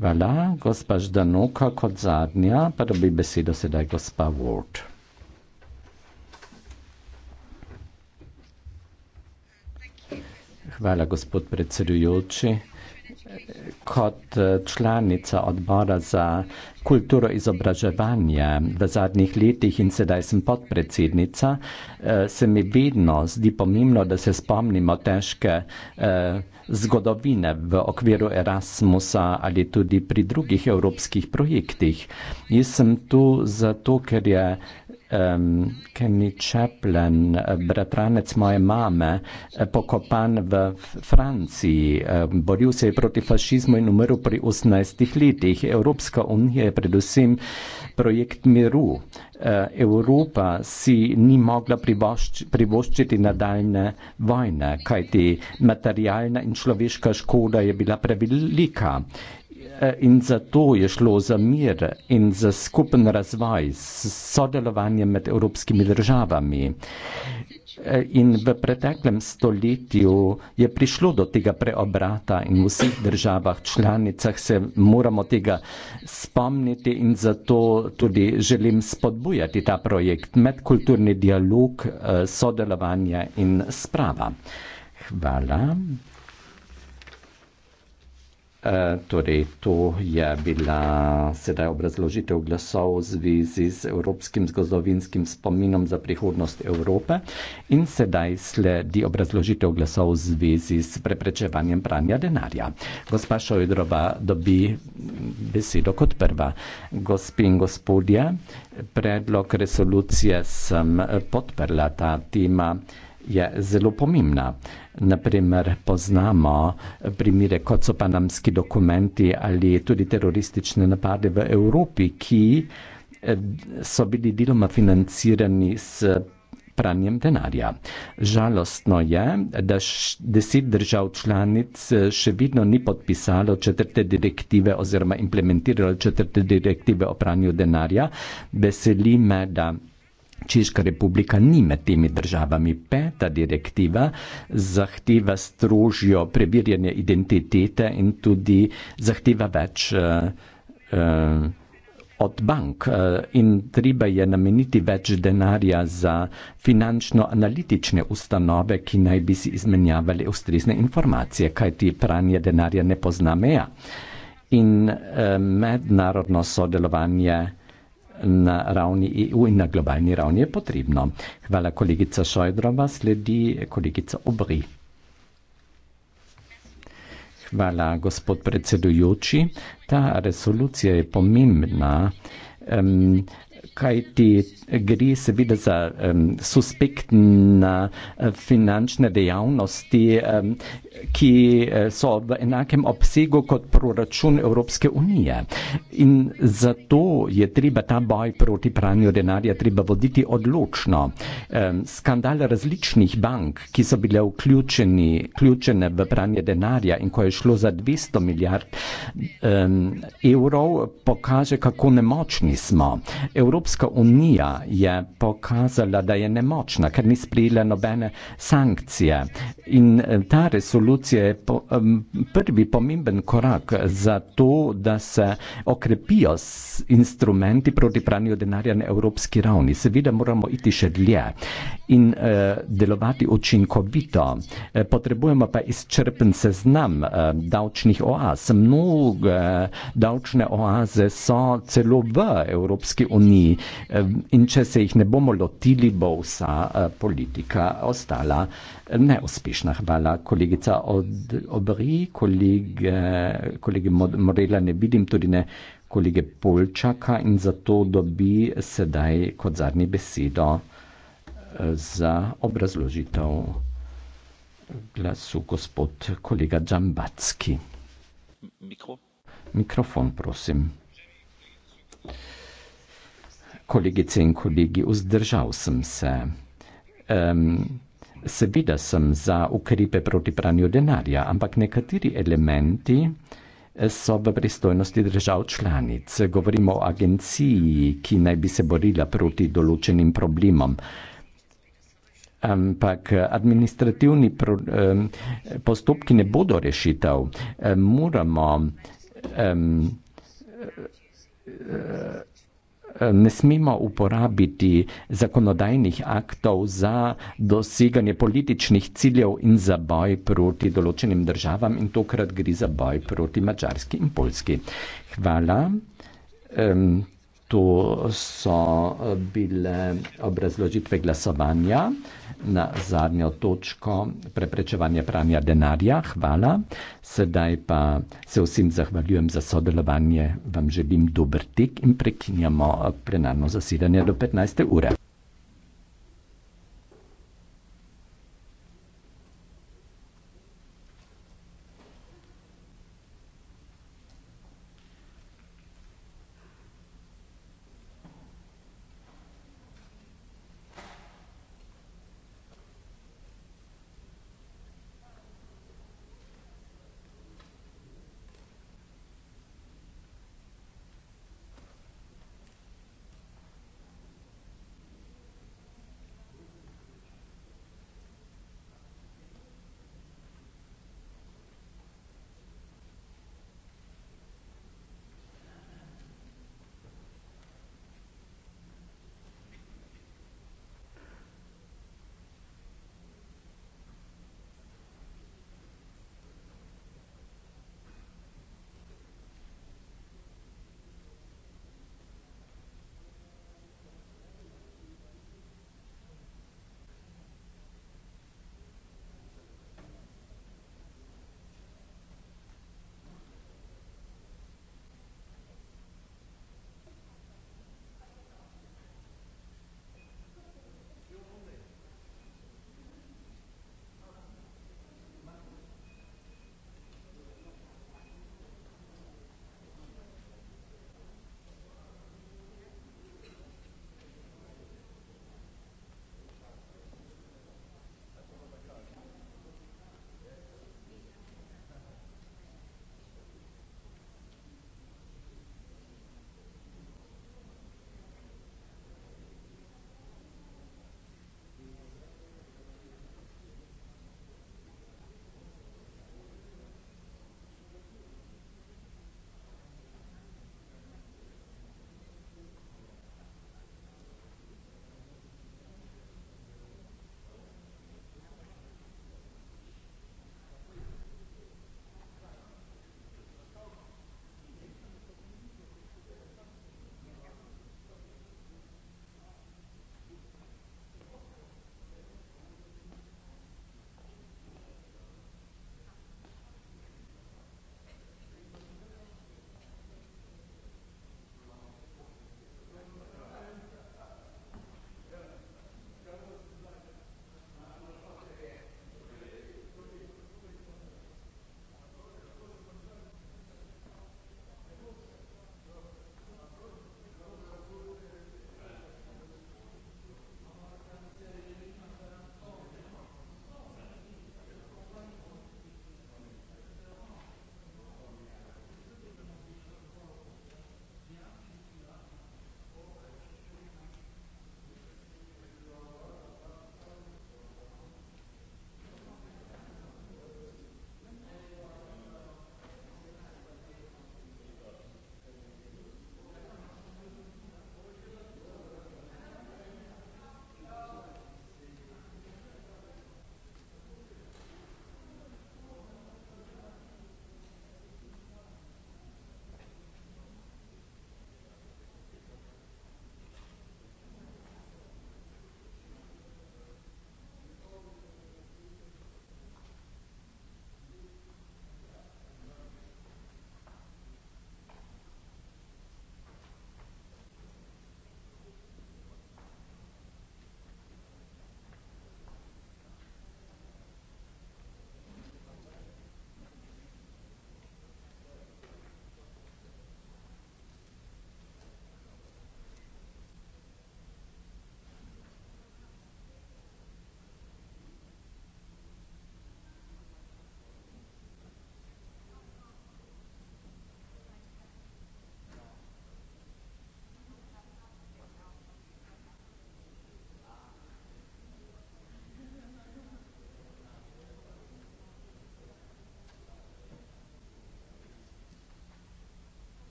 Hvala, gospa Ždanuka kot zadnja, pa dobi besedo sedaj gospa Ward. Hvala, gospod predsedujoči kot eh, članica odbora za kulturo izobraževanja v zadnjih letih in sedaj sem podpredsednica, eh, se mi vedno zdi pomembno, da se spomnimo težke eh, zgodovine v okviru Erasmusa ali tudi pri drugih evropskih projektih. Jaz sem tu zato, ker je um, Kenny Chaplin, bratranec moje mame, eh, pokopan v Franciji. Boril se je proti fašizmu in umrl pri 18 letih. Evropska unija je predvsem projekt miru. Eh, Evropa si ni mogla privoščiti nadaljne vojne, kajti materialna in človeška škoda je bila prevelika in zato je šlo za mir in za skupen razvoj s sodelovanjem med evropskimi državami. In v preteklem stoletju je prišlo do tega preobrata in v vseh državah, članicah se moramo tega spomniti in zato tudi želim spodbujati ta projekt medkulturni dialog, eh, sodelovanje in sprava. Hvala. E, torej, to je bila sedaj obrazložitev glasov v zvezi z evropskim zgodovinskim spominom za prihodnost Evrope in sedaj sledi obrazložitev glasov v zvezi s preprečevanjem pranja denarja. Gospa Šojdrova dobi besedo kot prva. Gospi in gospodje, predlog resolucije sem podprla ta tema je zelo pomembna. Naprimer, poznamo primere, kot so panamski dokumenti ali tudi teroristične napade v Evropi, ki eh, so bili deloma financirani s pranjem denarja. Žalostno je, da deset držav članic eh, še vedno ni podpisalo četrte direktive oziroma implementiralo četrte direktive o pranju denarja. Veseli me, da Češka republika ni med temi državami. Peta direktiva zahteva strožjo preverjanje identitete in tudi zahteva več uh, uh, od bank. Uh, in treba je nameniti več denarja za finančno-analitične ustanove, ki naj bi si izmenjavali ustrezne informacije, kajti pranje denarja ne pozna meja. In uh, mednarodno sodelovanje na ravni EU in na globalni ravni je potrebno. Hvala kolegica Šojdrova, sledi kolegica Obri. Hvala, gospod predsedujoči. Ta resolucija je pomembna, um, kaj ti. Te gre seveda za um, suspektne eh, finančne dejavnosti, um, ki eh, so v enakem obsegu kot proračun Evropske unije. In zato je treba ta boj proti pranju denarja treba voditi odločno. Um, skandal različnih bank, ki so bile vključeni, vključene v pranje denarja in ko je šlo za 200 milijard um, evrov, pokaže, kako nemočni smo. Evropska unija je pokazala, da je nemočna, ker ni sprijela nobene sankcije. In eh, ta resolucija je po, um, prvi pomemben korak za to, da se okrepijo instrumenti proti pranju denarja na evropski ravni. Seveda moramo iti še dlje in uh, delovati učinkovito. Uh, potrebujemo pa izčrpen seznam uh, davčnih oaz. Mnoge uh, davčne oaze so celo v Evropski uniji uh, in če se jih ne bomo lotili, bo vsa uh, politika ostala neuspešna. Hvala, kolegica od Obri, kolege, kolege Morela ne vidim, tudi ne kolege Polčaka in zato dobi sedaj kot zadnji besedo za obrazložitev glasu gospod kolega Džambacki. Mikro. Mikrofon, prosim. Kolegice in kolegi, vzdržal sem se. Um, seveda sem za ukrepe proti pranju denarja, ampak nekateri elementi eh, so v pristojnosti držav članic. Govorimo o agenciji, ki naj bi se borila proti določenim problemom ampak eh, administrativni pro, um, postopki ne bodo rešitev. Um, moramo. Um, uh, Ne smemo uporabiti zakonodajnih aktov za doseganje političnih ciljev in za boj proti določenim državam, in tokrat gre za boj proti Mačarski in Polski. Hvala. Um, to so bile obrazložitve glasovanja na zadnjo točko preprečevanje pranja denarja. Hvala. Sedaj pa se vsem zahvaljujem za sodelovanje. Vam želim dober tek in prekinjamo plenarno zasedanje do 15. ure.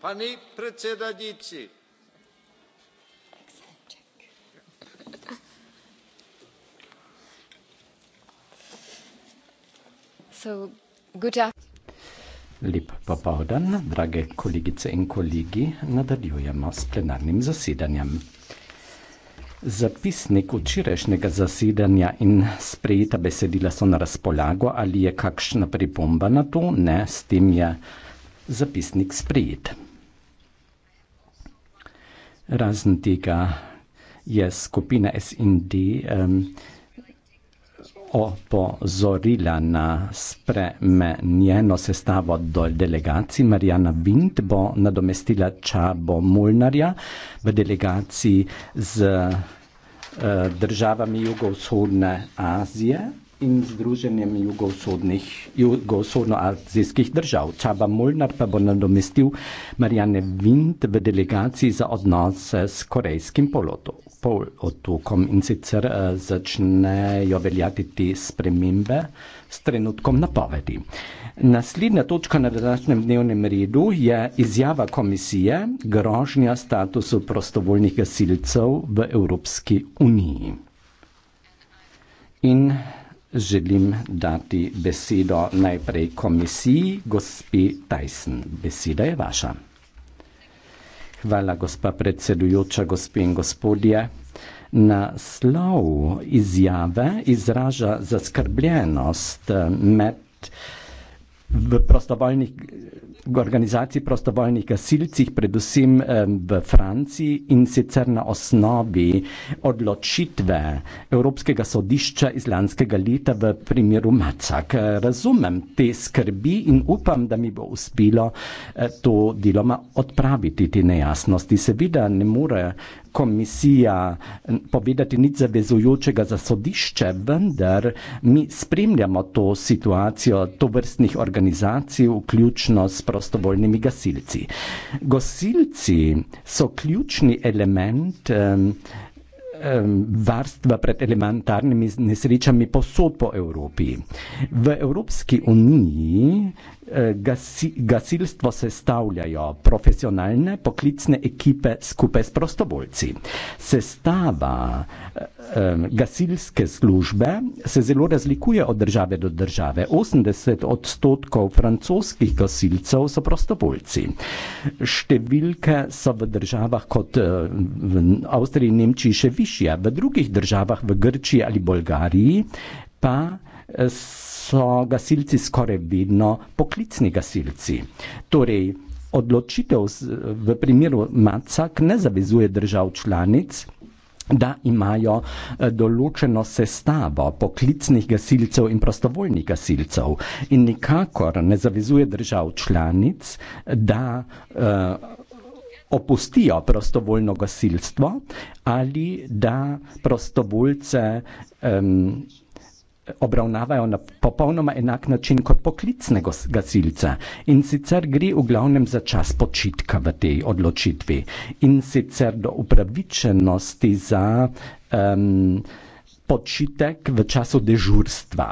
paní předsedající lep popoldan drage kolegice in kolegi nadaljujemo s plenarnim zasedanjem Zapisnik včerajšnjega zasedanja in sprejeta besedila so na razpolago, ali je kakšna pripomba na to? Ne, s tem je zapisnik sprejet razen tega je skupina SND um, opozorila na spremenjeno sestavo dol delegacij. Marijana Vint bo nadomestila Čabo Molnarja v delegaciji z uh, državami jugovzhodne Azije in Združenjem jugovzhodnih, jugovzhodnoazijskih držav. Čaba Molnar pa bo nadomestil Marianne Wind v delegaciji za odnose s korejskim polotu. polotukom in sicer uh, začnejo veljati te spremembe s trenutkom napovedi. Naslednja točka na današnjem dnevnem redu je izjava komisije grožnja statusu prostovoljnih gasilcev v Evropski uniji. In želim dati besedo najprej komisiji, gospi Tyson. Beseda je vaša. Hvala, gospa predsedujoča, gospe in gospodje. Naslov izjave izraža zaskrbljenost eh, med v prostovoljnih v organizaciji prostovoljnih gasilcih, predvsem v Franciji in sicer na osnovi odločitve Evropskega sodišča iz lanskega leta v primeru Macak. Razumem te skrbi in upam, da mi bo uspelo eh, to deloma odpraviti, te nejasnosti. Seveda ne more komisija povedati nič zavezujočega za sodišče, vendar mi spremljamo to situacijo to vrstnih organizacij, vključno s prostovoljnimi gasilci. Gasilci so ključni element um, varstva pred elementarnimi nesrečami posod po Evropi. V Evropski uniji Eh, gasi, gasilstvo sestavljajo profesionalne poklicne ekipe skupaj s prostovoljci. Sestava eh, gasilske službe se zelo razlikuje od države do države. 80 odstotkov francoskih gasilcev so prostovoljci. Številke so v državah kot eh, v Avstriji in Nemčiji še višje, v drugih državah, v Grčiji ali Bolgariji, pa eh, so gasilci skoraj vedno poklicni gasilci. Torej, odločitev v primeru MACAK ne zavezuje držav članic, da imajo eh, določeno sestavo poklicnih gasilcev in prostovoljnih gasilcev in nikakor ne zavezuje držav članic, da eh, opustijo prostovoljno gasilstvo ali da prostovoljce um, obravnavajo na popolnoma enak način kot poklicnega gasilca in sicer gre v glavnem za čas počitka v tej odločitvi in sicer do upravičenosti za um, počitek v času dežurstva.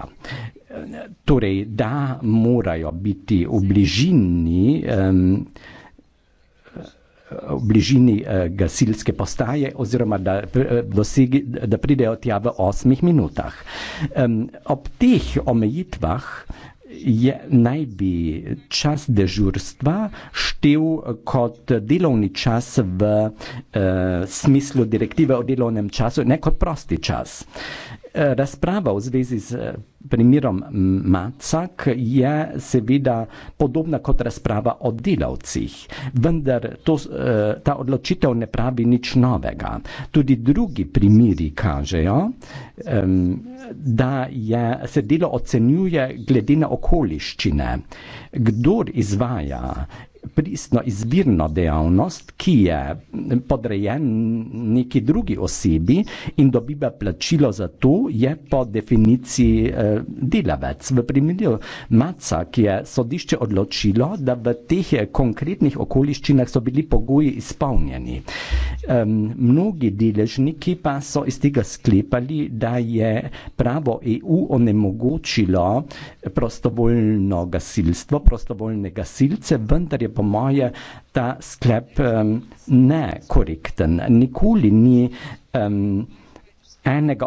Torej, da morajo biti v bližini um, v bližini eh, gasilske postaje, oziroma da, eh, dosegi, da pridejo tja v osmih minutah. Ob teh omejitvah je naj bi čas dežurstva štev eh, kot delovni čas v eh, smislu direktive o delovnem času, ne kot prosti čas. Eh, Eh, razprava v zvezi z eh, primerom Macak je seveda podobna kot razprava o delavcih, vendar to, eh, ta odločitev ne pravi nič novega. Tudi drugi primiri kažejo, da je, se delo ocenjuje glede na okoliščine. Kdor izvaja pristna izvirna dejavnost, ki je podrejen neki drugi osebi in dobiva plačilo za to, je po definiciji eh, delavec. V primeru Maca, ki je sodišče odločilo, da v teh eh, konkretnih okoliščinah so bili pogoji izpolnjeni. Mnogi deležniki pa so iz tega sklepali, da je pravo EU onemogočilo prostovoljno gasilstvo, prostovoljne gasilce, vendar je po moje ta sklep um, nekorekten. Nikoli ni um, enega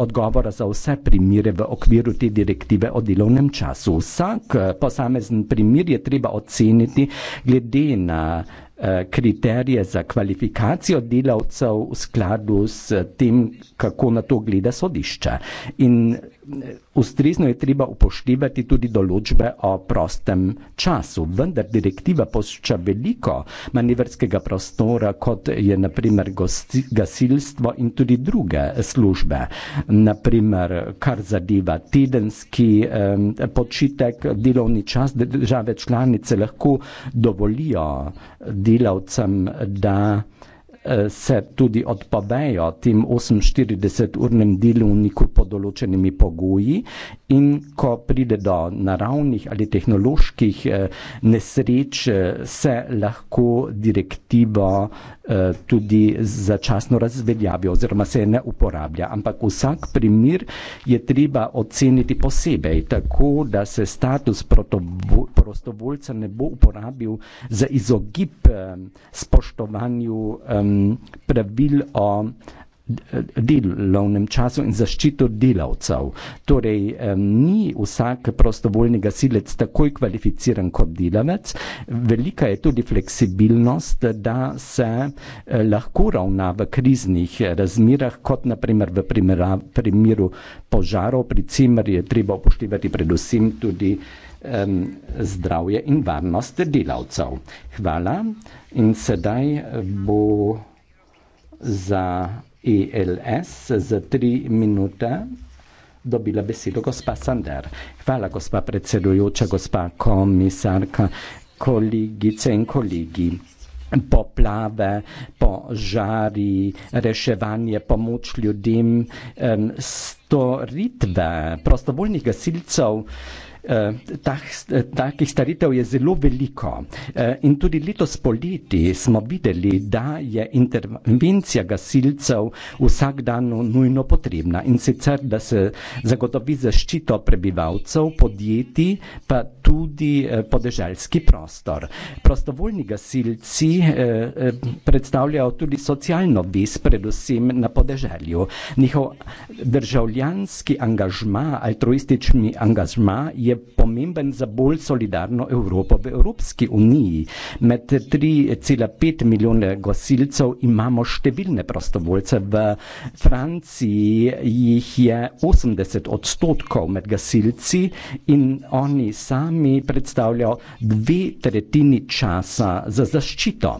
odgovora za vse primere v okviru te direktive o delovnem času. Vsak eh, posamezen primer je treba oceniti glede na eh, kriterije za kvalifikacijo delavcev v skladu s tem, kako na to gleda sodišče. In ustrezno je treba upoštevati tudi določbe o prostem času, vendar direktiva pošča veliko manevrskega prostora, kot je naprimer gasilstvo in tudi druge službe. Naprimer, kar zadeva tedenski eh, počitek, delovni čas države članice lahko dovolijo delavcem, da eh, Eh, se tudi odpovejo tem 48-urnem delovniku pod določenimi pogoji in ko pride do naravnih ali tehnoloških eh, nesreč, eh, se lahko direktivo Eh, tudi začasno razveljavi oziroma se ne uporablja. Ampak vsak primer je treba oceniti posebej, tako da se status prostovoljca ne bo uporabil za izogib eh, spoštovanju um, pravil o delovnem času in zaščito delavcev. Torej, ni vsak prostovoljni gasilec takoj kvalificiran kot delavec, velika je tudi fleksibilnost, da se eh, lahko ravna v kriznih eh, razmirah, kot naprimer v primeru požarov, pri cimer je treba upoštevati predvsem tudi zdravje in varnost delavcev. Hvala in sedaj bo za ELS za tri minute. Dobila besedo gospa Sander. Hvala, gospa predsedujoča, gospa komisarka, kolegice in kolegi. Poplave, požari, reševanje, pomoč ljudem, storitve prostovoljnih gasilcev. Uh, eh, tak, eh, takih staritev je zelo veliko. Uh, in tudi letos poleti smo videli, da je intervencija gasilcev vsak dan nujno potrebna in sicer, da se zagotovi zaščito prebivalcev, podjetij, pa tudi uh, podeželski prostor. Prostovoljni gasilci uh, predstavljajo tudi socialno vis, predvsem na podeželju. Njihov državljanski angažma, altruistični angažma je je pomemben za bolj solidarno Evropo. V Evropski uniji med 3,5 milijone gosilcev imamo številne prostovoljce, v Franciji jih je 80 odstotkov med gasilci in oni sami predstavljajo dve tretjini časa za zaščito.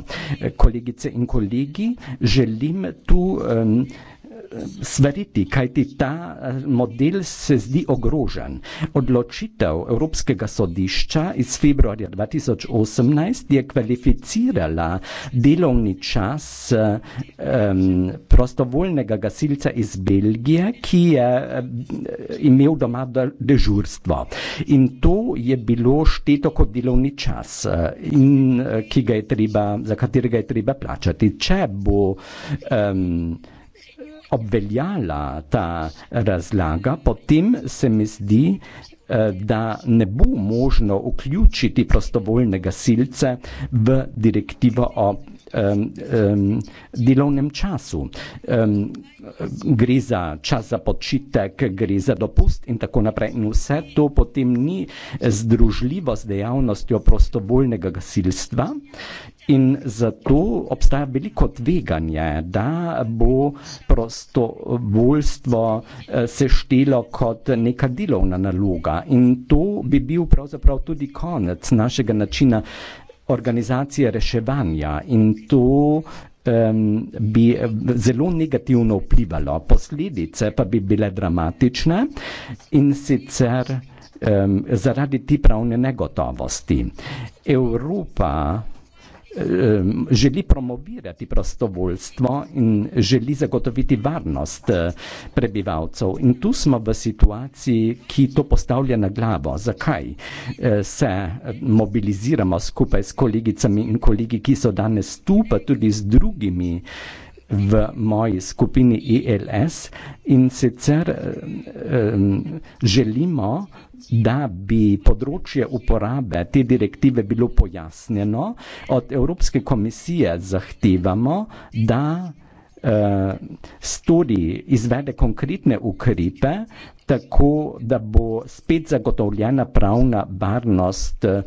Kolegice in kolegi, želim tu um, svariti, kajti ta eh, model se zdi ogrožen. Odločitev Evropskega sodišča iz februarja 2018 je kvalificirala delovni čas um, prostovoljnega gasilca iz Belgije, ki je eh, imel doma dežurstvo. In to je bilo šteto kot delovni čas, in, ki ga je treba, za katerega je treba plačati. Če bo um, obveljala ta razlaga, potem se mi zdi, eh, da ne bo možno vključiti prostovoljnega silca v direktivo o um, um, delovnem času. Um, gre za čas za počitek, gre za dopust in tako naprej. In vse to potem ni združljivo z dejavnostjo prostovoljnega gasilstva In zato obstaja veliko tveganje, da bo prostovoljstvo eh, se štelo kot neka delovna naloga. In to bi bil pravzaprav tudi konec našega načina organizacije reševanja. In to um, bi zelo negativno vplivalo. Posledice pa bi bile dramatične in sicer um, zaradi te pravne negotovosti. Evropa Ehm, želi promovirati prostovoljstvo in želi zagotoviti varnost eh, prebivalcev. In tu smo v situaciji, ki to postavlja na glavo. Zakaj eh, se eh, mobiliziramo skupaj s kolegicami in kolegi, ki so danes tu, pa tudi z drugimi? v moji skupini ILS in sicer um, želimo, da bi področje uporabe te direktive bilo pojasnjeno. Od Evropske komisije zahtevamo, da eh, studi izvede konkretne ukrepe, tako da bo spet zagotovljena pravna varnost uh,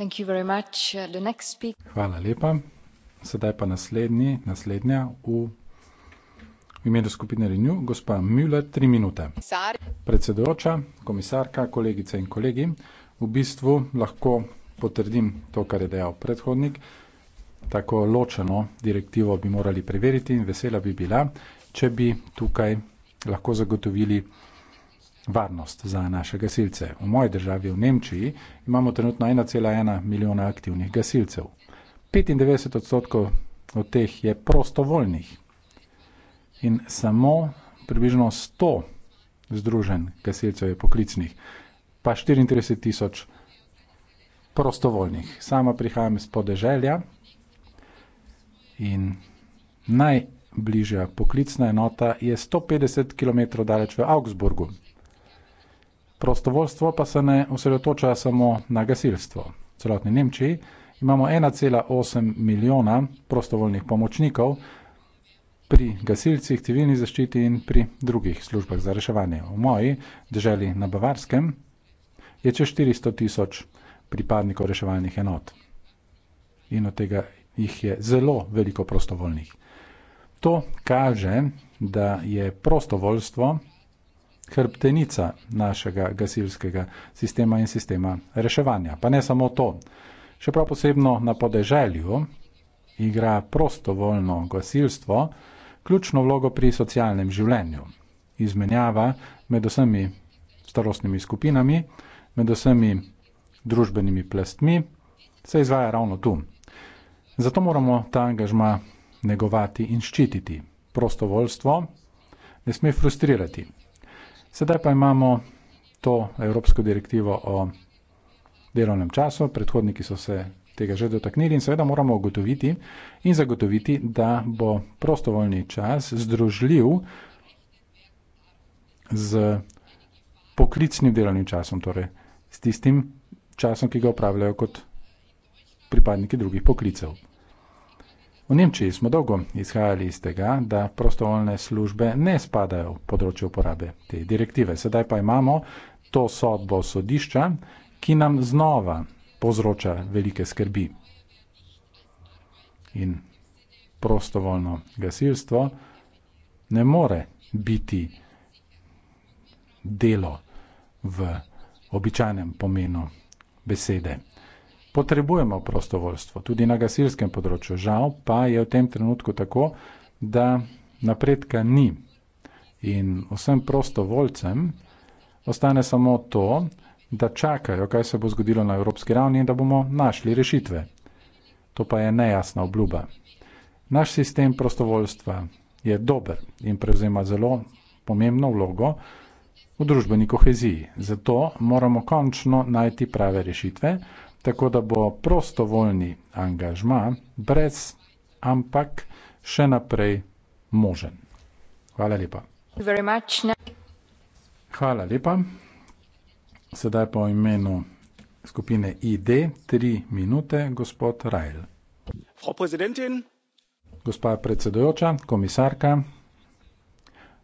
Uh, Hvala lepa. Sedaj pa naslednji, naslednja v v imenu skupine Renew, gospa Müller, tri minute. Predsedujoča, komisarka, kolegice in kolegi. V bistvu lahko potrdim to, kar je dejal predhodnik. Tako ločeno direktivo bi morali preveriti in vesela bi bila, če bi tukaj lahko zagotovili varnost za naše gasilce. V moji državi, v Nemčiji, imamo trenutno 1,1 milijona aktivnih gasilcev. 95 odstotkov od teh je prostovoljnih in samo približno 100 združen gasilcev je poklicnih, pa 34 tisoč prostovoljnih. Sama prihajam iz podeželja in najbližja poklicna enota je 150 km daleč v Augsburgu. Prostovoljstvo pa se ne osredotoča samo na gasilstvo. V celotni Nemčiji imamo 1,8 milijona prostovoljnih pomočnikov pri gasilcih, civilni zaščiti in pri drugih službah za reševanje. V moji državi na Bavarskem je čez 400 tisoč pripadnikov reševalnih enot in od tega jih je zelo veliko prostovoljnih. To kaže, da je prostovoljstvo hrbtenica našega gasilskega sistema in sistema reševanja. Pa ne samo to. Še prav posebno na podeželju igra prostovoljno gasilstvo ključno vlogo pri socialnem življenju. Izmenjava med vsemi starostnimi skupinami, med vsemi družbenimi plastmi se izvaja ravno tu. Zato moramo ta angažma negovati in ščititi. Prostovoljstvo ne sme frustrirati. Sedaj pa imamo to Evropsko direktivo o delovnem času, predhodniki so se tega že dotaknili in seveda moramo ugotoviti in zagotoviti, da bo prostovoljni čas združljiv z poklicnim delovnim časom, torej s tistim časom, ki ga upravljajo kot pripadniki drugih poklicev. V Nemčiji smo dolgo izhajali iz tega, da prostovoljne službe ne spadajo v področju uporabe te direktive. Sedaj pa imamo to sodbo sodišča, ki nam znova povzroča velike skrbi. In prostovoljno gasilstvo ne more biti delo v običajnem pomenu besede potrebujemo prostovoljstvo, tudi na gasilskem področju. Žal pa je v tem trenutku tako, da napredka ni. In vsem prostovoljcem ostane samo to, da čakajo, kaj se bo zgodilo na evropski ravni in da bomo našli rešitve. To pa je nejasna obljuba. Naš sistem prostovoljstva je dober in prevzema zelo pomembno vlogo v družbeni koheziji. Zato moramo končno najti prave rešitve, tako da bo prostovoljni angažma brez ampak še naprej možen. Hvala lepa. Hvala lepa. Sedaj pa v imenu skupine ID tri minute gospod Rajl. Gospa predsedujoča, komisarka,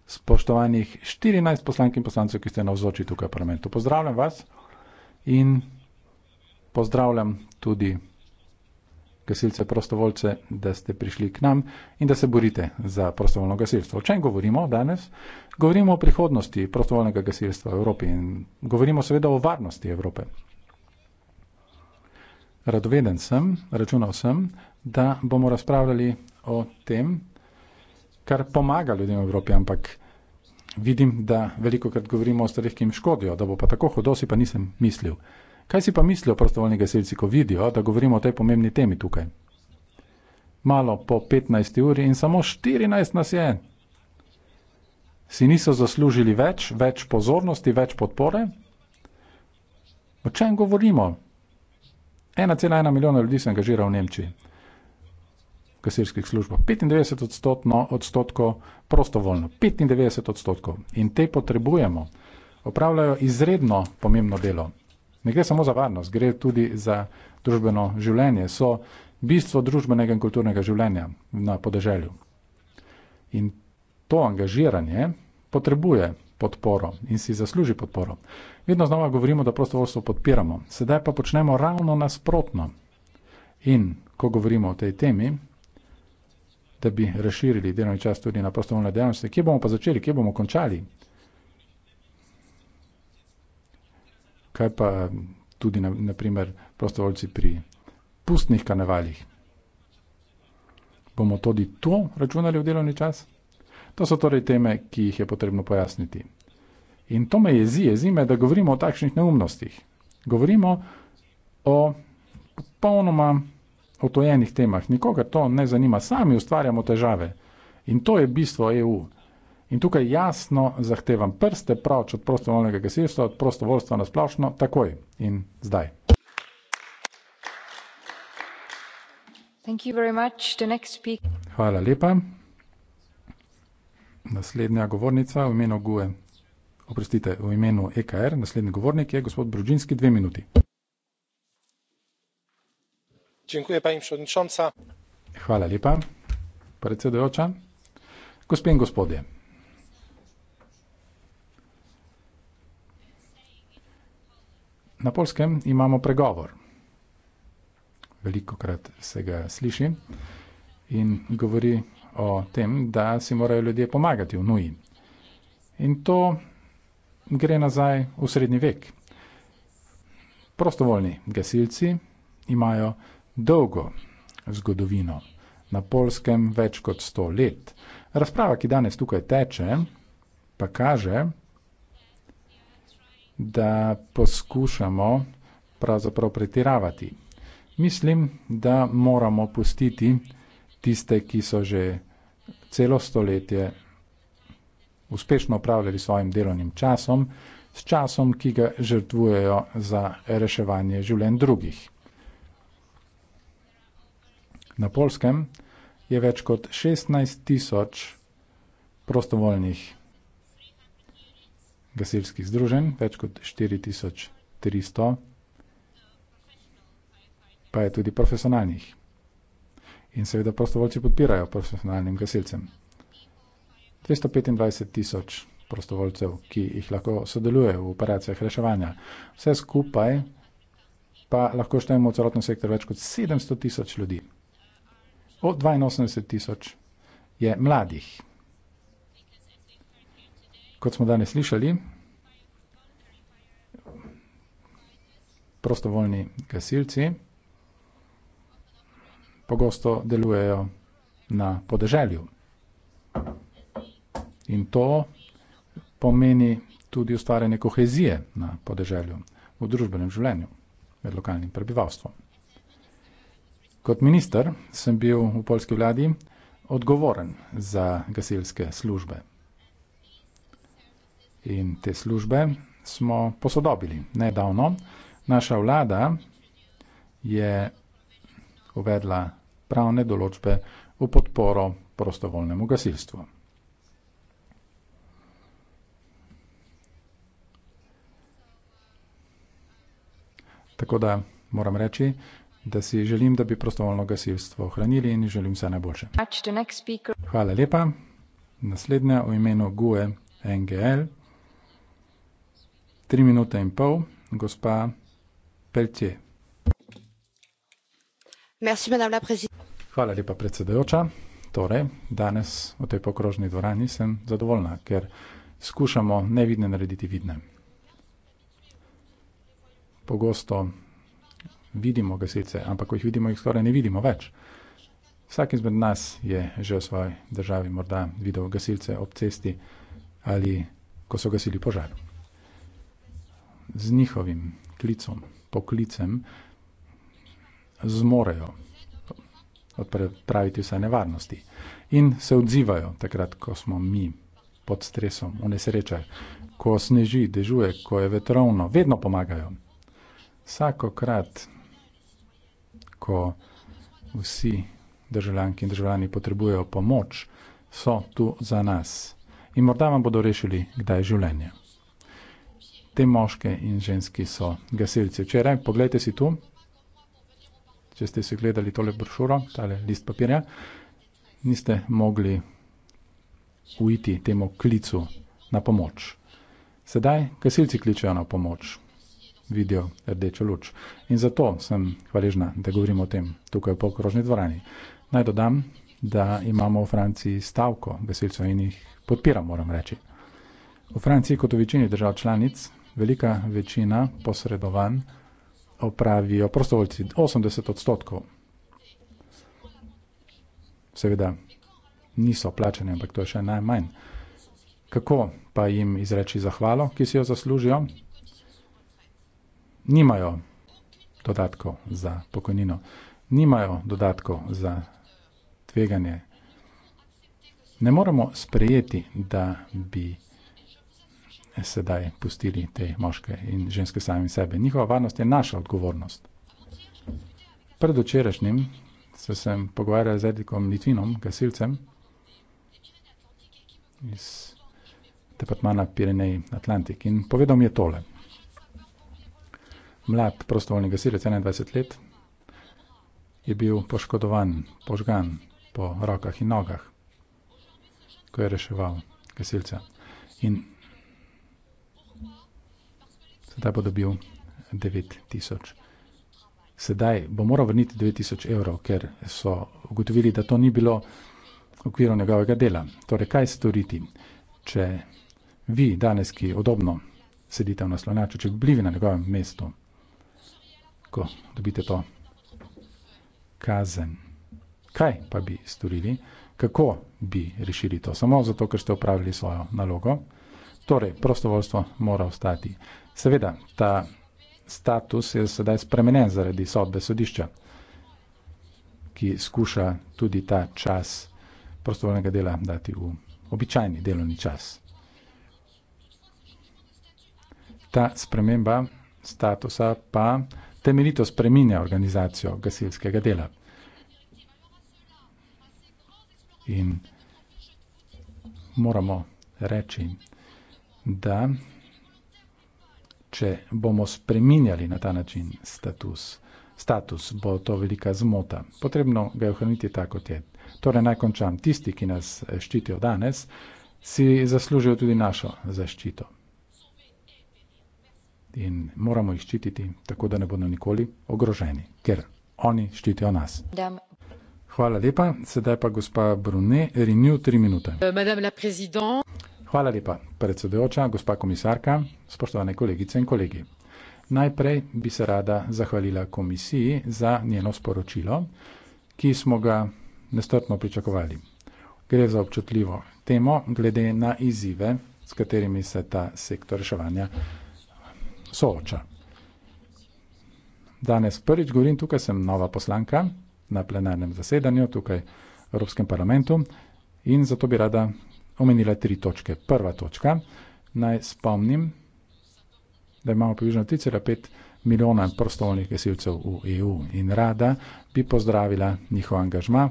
spoštovanih 14 poslank in poslancev, ki ste navzoči tukaj v parlamentu. Pozdravljam vas in pozdravljam tudi gasilce, prostovoljce, da ste prišli k nam in da se borite za prostovoljno gasilstvo. O čem govorimo danes? Govorimo o prihodnosti prostovoljnega gasilstva v Evropi in govorimo seveda o varnosti Evrope. Radoveden sem, računal sem, da bomo razpravljali o tem, kar pomaga ljudem v Evropi, ampak vidim, da veliko krat govorimo o stvarih, ki jim škodijo, da bo pa tako hodosi, pa nisem mislil. Kaj si pa mislijo prostovoljni gasilci, ko vidijo, da govorimo o tej pomembni temi tukaj? Malo po 15. uri in samo 14 nas je. Si niso zaslužili več, več pozornosti, več podpore? O čem govorimo? 1,1 milijona ljudi se angažira v Nemčiji, v gasilskih službah. 95 odstotno, odstotkov prostovoljno. 95 odstotkov. In te potrebujemo. Opravljajo izredno pomembno delo. Ne gre samo za varnost, gre tudi za družbeno življenje, so bistvo družbenega in kulturnega življenja na podeželju. In to angažiranje potrebuje podporo in si zasluži podporo. Vedno znova govorimo, da prostovoljstvo podpiramo, sedaj pa počnemo ravno nasprotno. In ko govorimo o tej temi, da bi razširili delovni čas tudi na prostovoljne dejavnosti, kje bomo pa začeli, kje bomo končali, kaj pa tudi na, naprimer prostovoljci pri pustnih kanevalih? Bomo tudi to računali v delovni čas? To so torej teme, ki jih je potrebno pojasniti. In to me jezi, jezi me, da govorimo o takšnih neumnostih. Govorimo o popolnoma otojenih temah. Nikoga to ne zanima, sami ustvarjamo težave. In to je bistvo EU. In tukaj jasno zahtevam prste pravč od prostovoljnega gasilstva, od prostovoljstva na splošno, takoj in zdaj. Thank you very much. The next speak... Hvala lepa. Naslednja govornica v imenu GUE, oprostite, v imenu EKR, naslednji govornik je gospod Brudžinski, dve minuti. Dziękuję, pani przewodnicząca. Hvala lepa, predsedujoča. Gospe in gospodje, Na polskem imamo pregovor. Veliko krat se ga sliši in govori o tem, da si morajo ljudje pomagati v nuji. In to gre nazaj v srednji vek. Prostovoljni gasilci imajo dolgo zgodovino, na polskem več kot sto let. Razprava, ki danes tukaj teče, pa kaže, da poskušamo pravzaprav pretiravati. Mislim, da moramo pustiti tiste, ki so že celo stoletje uspešno upravljali svojim delovnim časom, s časom, ki ga žrtvujejo za reševanje življenj drugih. Na Polskem je več kot 16 tisoč prostovoljnih gasilskih združenj, več kot 4300, pa je tudi profesionalnih. In seveda prostovoljci podpirajo profesionalnim gasilcem. 225 tisoč prostovoljcev, ki jih lahko sodeluje v operacijah reševanja. Vse skupaj pa lahko štejemo v celotno sektor več kot 700 tisoč ljudi. O 82 tisoč je mladih kot smo danes slišali, prostovoljni gasilci pogosto delujejo na podeželju. In to pomeni tudi ustvarjanje kohezije na podeželju, v družbenem življenju, med lokalnim prebivalstvom. Kot minister sem bil v polski vladi odgovoren za gasilske službe in te službe smo posodobili nedavno. Naša vlada je uvedla pravne določbe v podporo prostovoljnemu gasilstvu. Tako da moram reči, da si želim, da bi prostovoljno gasilstvo ohranili in želim vse najboljše. Hvala lepa. Naslednja v imenu GUE NGL tri minute in pol gospa peltier hvala lepa predsedujoča torej danes v tej pokrožni dvorani sem zadovoljna ker skušamo nevidne narediti vidne pogosto vidimo gasilce ampak ko jih vidimo jih skoraj ne vidimo več vsak izmed nas je že v svoji državi morda videl gasilce ob cesti ali ko so gasili požar z njihovim klicom, poklicem, zmorejo odpraviti vse nevarnosti in se odzivajo takrat, ko smo mi pod stresom, v nesreče, ko sneži, dežuje, ko je vetrovno, vedno pomagajo. Vsakokrat, ko vsi državljanki in državljani potrebujejo pomoč, so tu za nas in morda vam bodo rešili, kdaj je življenje te moške in ženski so gasilci. Včeraj, poglejte si tu, če ste si gledali tole brošuro, tale list papirja, niste mogli uiti temu klicu na pomoč. Sedaj gasilci kličejo na pomoč, vidijo rdečo luč. In zato sem hvaležna, da govorimo o tem tukaj v polkrožni dvorani. Naj dodam, da imamo v Franciji stavko gasilcev in jih podpira, moram reči. V Franciji, kot v večini držav članic, velika večina posredovanj opravijo prostovoljci, 80 odstotkov. Seveda niso plačeni, ampak to je še najmanj. Kako pa jim izreči zahvalo, ki si jo zaslužijo? Nimajo dodatkov za pokojnino, nimajo dodatkov za tveganje. Ne moremo sprejeti, da bi sedaj pustili te moške in ženske sami sebe. Njihova varnost je naša odgovornost. Pred včerajšnjim se sem pogovarjal z Edikom Litvinom, gasilcem iz Departmana Pirenej Atlantik in povedal mi je tole. Mlad prostovoljni gasilec, 21 let, je bil poškodovan, požgan po rokah in nogah, ko je reševal gasilca. In sedaj bo dobil 9000. Sedaj bo moral vrniti 9000 evrov, ker so ugotovili, da to ni bilo v okviru njegovega dela. Torej, kaj storiti, če vi danes, ki odobno sedite v naslonjaču, če bi bili na njegovem mestu, ko dobite to kazen, kaj pa bi storili, kako bi rešili to? Samo zato, ker ste upravili svojo nalogo. Torej, prostovoljstvo mora ostati. Seveda, ta status je sedaj spremenjen zaradi sodbe sodišča, ki skuša tudi ta čas prostovoljnega dela dati v običajni delovni čas. Ta sprememba statusa pa temeljito spreminja organizacijo gasilskega dela. In moramo reči, da če bomo spreminjali na ta način status, status bo to velika zmota. Potrebno ga je ohraniti tako, kot je. Torej, naj končam. Tisti, ki nas eh, ščitijo danes, si zaslužijo tudi našo zaščito. In moramo jih ščititi, tako da ne bodo nikoli ogroženi, ker oni ščitijo nas. Dam. Hvala lepa. Sedaj pa gospa Brune, Renew, tri minute. Uh, Hvala lepa, predsedujoča, gospa komisarka, spoštovane kolegice in kolegi. Najprej bi se rada zahvalila komisiji za njeno sporočilo, ki smo ga nestrpno pričakovali. Gre za občutljivo temo glede na izzive, s katerimi se ta sektor reševanja sooča. Danes prvič govorim tukaj, sem nova poslanka na plenarnem zasedanju tukaj v Evropskem parlamentu in zato bi rada omenila tri točke. Prva točka, naj spomnim, da imamo približno 3,5 milijona prostovoljnih gasilcev v EU in rada bi pozdravila njihov angažma,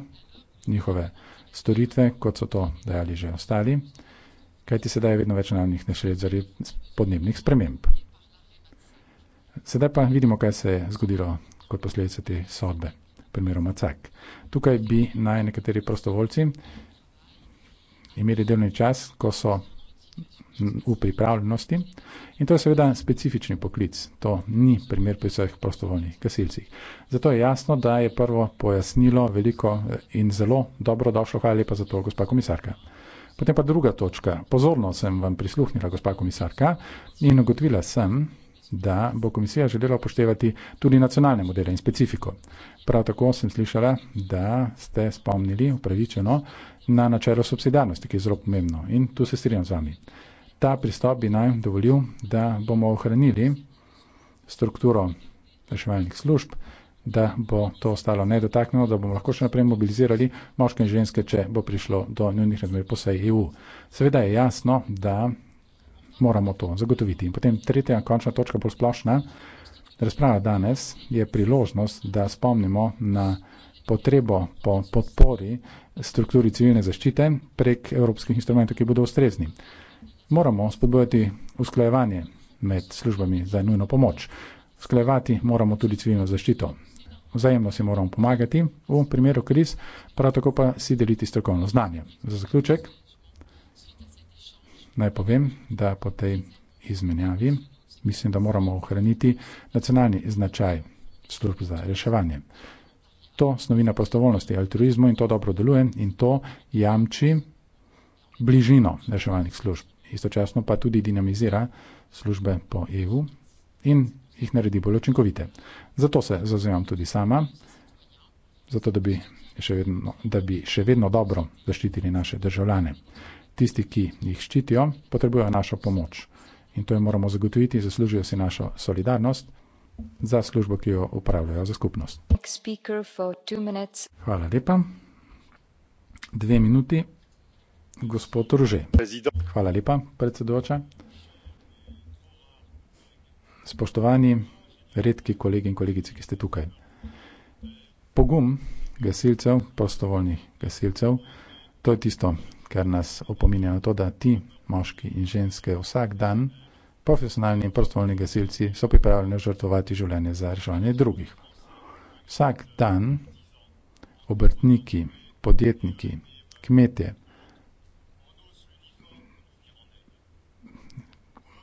njihove storitve, kot so to dajali že ostali, kajti sedaj je vedno več naravnih nešred zaradi podnebnih sprememb. Sedaj pa vidimo, kaj se je zgodilo kot posledica te sodbe, primeru Macak. Tukaj bi naj nekateri prostovoljci imeli delovni čas, ko so v pripravljenosti. In to je seveda specifični poklic, to ni primer pri vseh prostovoljnih gasilcih. Zato je jasno, da je prvo pojasnilo veliko eh, in zelo dobro došlo. Hvala lepa za to, gospa komisarka. Potem pa druga točka. Pozorno sem vam prisluhnila, gospa komisarka, in ugotovila sem, da bo komisija želela upoštevati tudi nacionalne modele in specifiko. Prav tako sem slišala, da ste spomnili upravičeno na načelo subsidarnosti, ki je zelo pomembno in tu se strinjam z vami. Ta pristop bi naj dovolil, da bomo ohranili strukturo reševalnih služb, da bo to ostalo nedotaknjeno, da bomo lahko še naprej mobilizirali moške in ženske, če bo prišlo do njunih razmer po vsej EU. Seveda je jasno, da moramo to zagotoviti. In potem tretja končna točka, bolj splošna. Razprava danes je priložnost, da spomnimo na potrebo po podpori strukturi civilne zaščite prek evropskih instrumentov, ki bodo ustrezni. Moramo spodbojati usklajevanje med službami za nujno pomoč. Usklajevati moramo tudi civilno zaščito. Vzajemno si moramo pomagati v primeru kriz, prav tako pa si deliti strokovno znanje. Za zaključek, Naj povem, da po tej izmenjavi mislim, da moramo ohraniti nacionalni značaj služb za reševanje. To snovi na prostovoljnosti altruizmu in to dobro deluje in to jamči bližino reševalnih služb. Istočasno pa tudi dinamizira službe po EU in jih naredi bolj učinkovite. Zato se zazemam tudi sama, zato da bi še vedno, da bi še vedno dobro zaščitili naše državljane tisti, ki jih ščitijo, potrebujejo našo pomoč. In to jim moramo zagotoviti, zaslužijo si našo solidarnost za službo, ki jo upravljajo za skupnost. Hvala lepa. Dve minuti, gospod Ruže. Hvala lepa, predsedujoča. Spoštovani redki kolegi in kolegici, ki ste tukaj. Pogum gasilcev, prostovoljnih gasilcev, to je tisto, ker nas opominja na to, da ti moški in ženske vsak dan, profesionalni in prostovoljni gasilci, so pripravljeni žrtvovati življenje za reševanje drugih. Vsak dan obrtniki, podjetniki, kmetje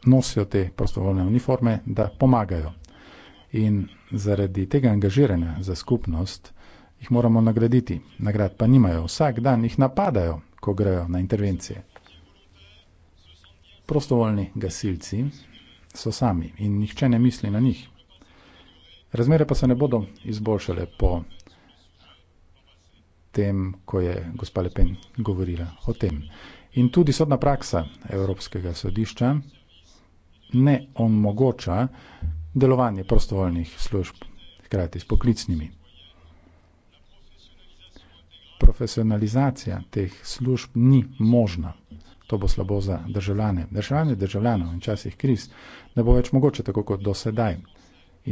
nosijo te prostovoljne uniforme, da pomagajo. In zaradi tega angažiranja za skupnost jih moramo nagraditi. Nagrad pa nimajo. Vsak dan jih napadajo, ko grejo na intervencije. Prostovoljni gasilci so sami in nihče ne misli na njih. Razmere pa se ne bodo izboljšale po tem, ko je gospa Lepen govorila o tem. In tudi sodna praksa Evropskega sodišča ne omogoča delovanje prostovoljnih služb, hkrati s poklicnimi profesionalizacija teh služb ni možna, to bo slabo za državljane, državljane državljanov in časih kriz, ne bo več mogoče tako kot do sedaj.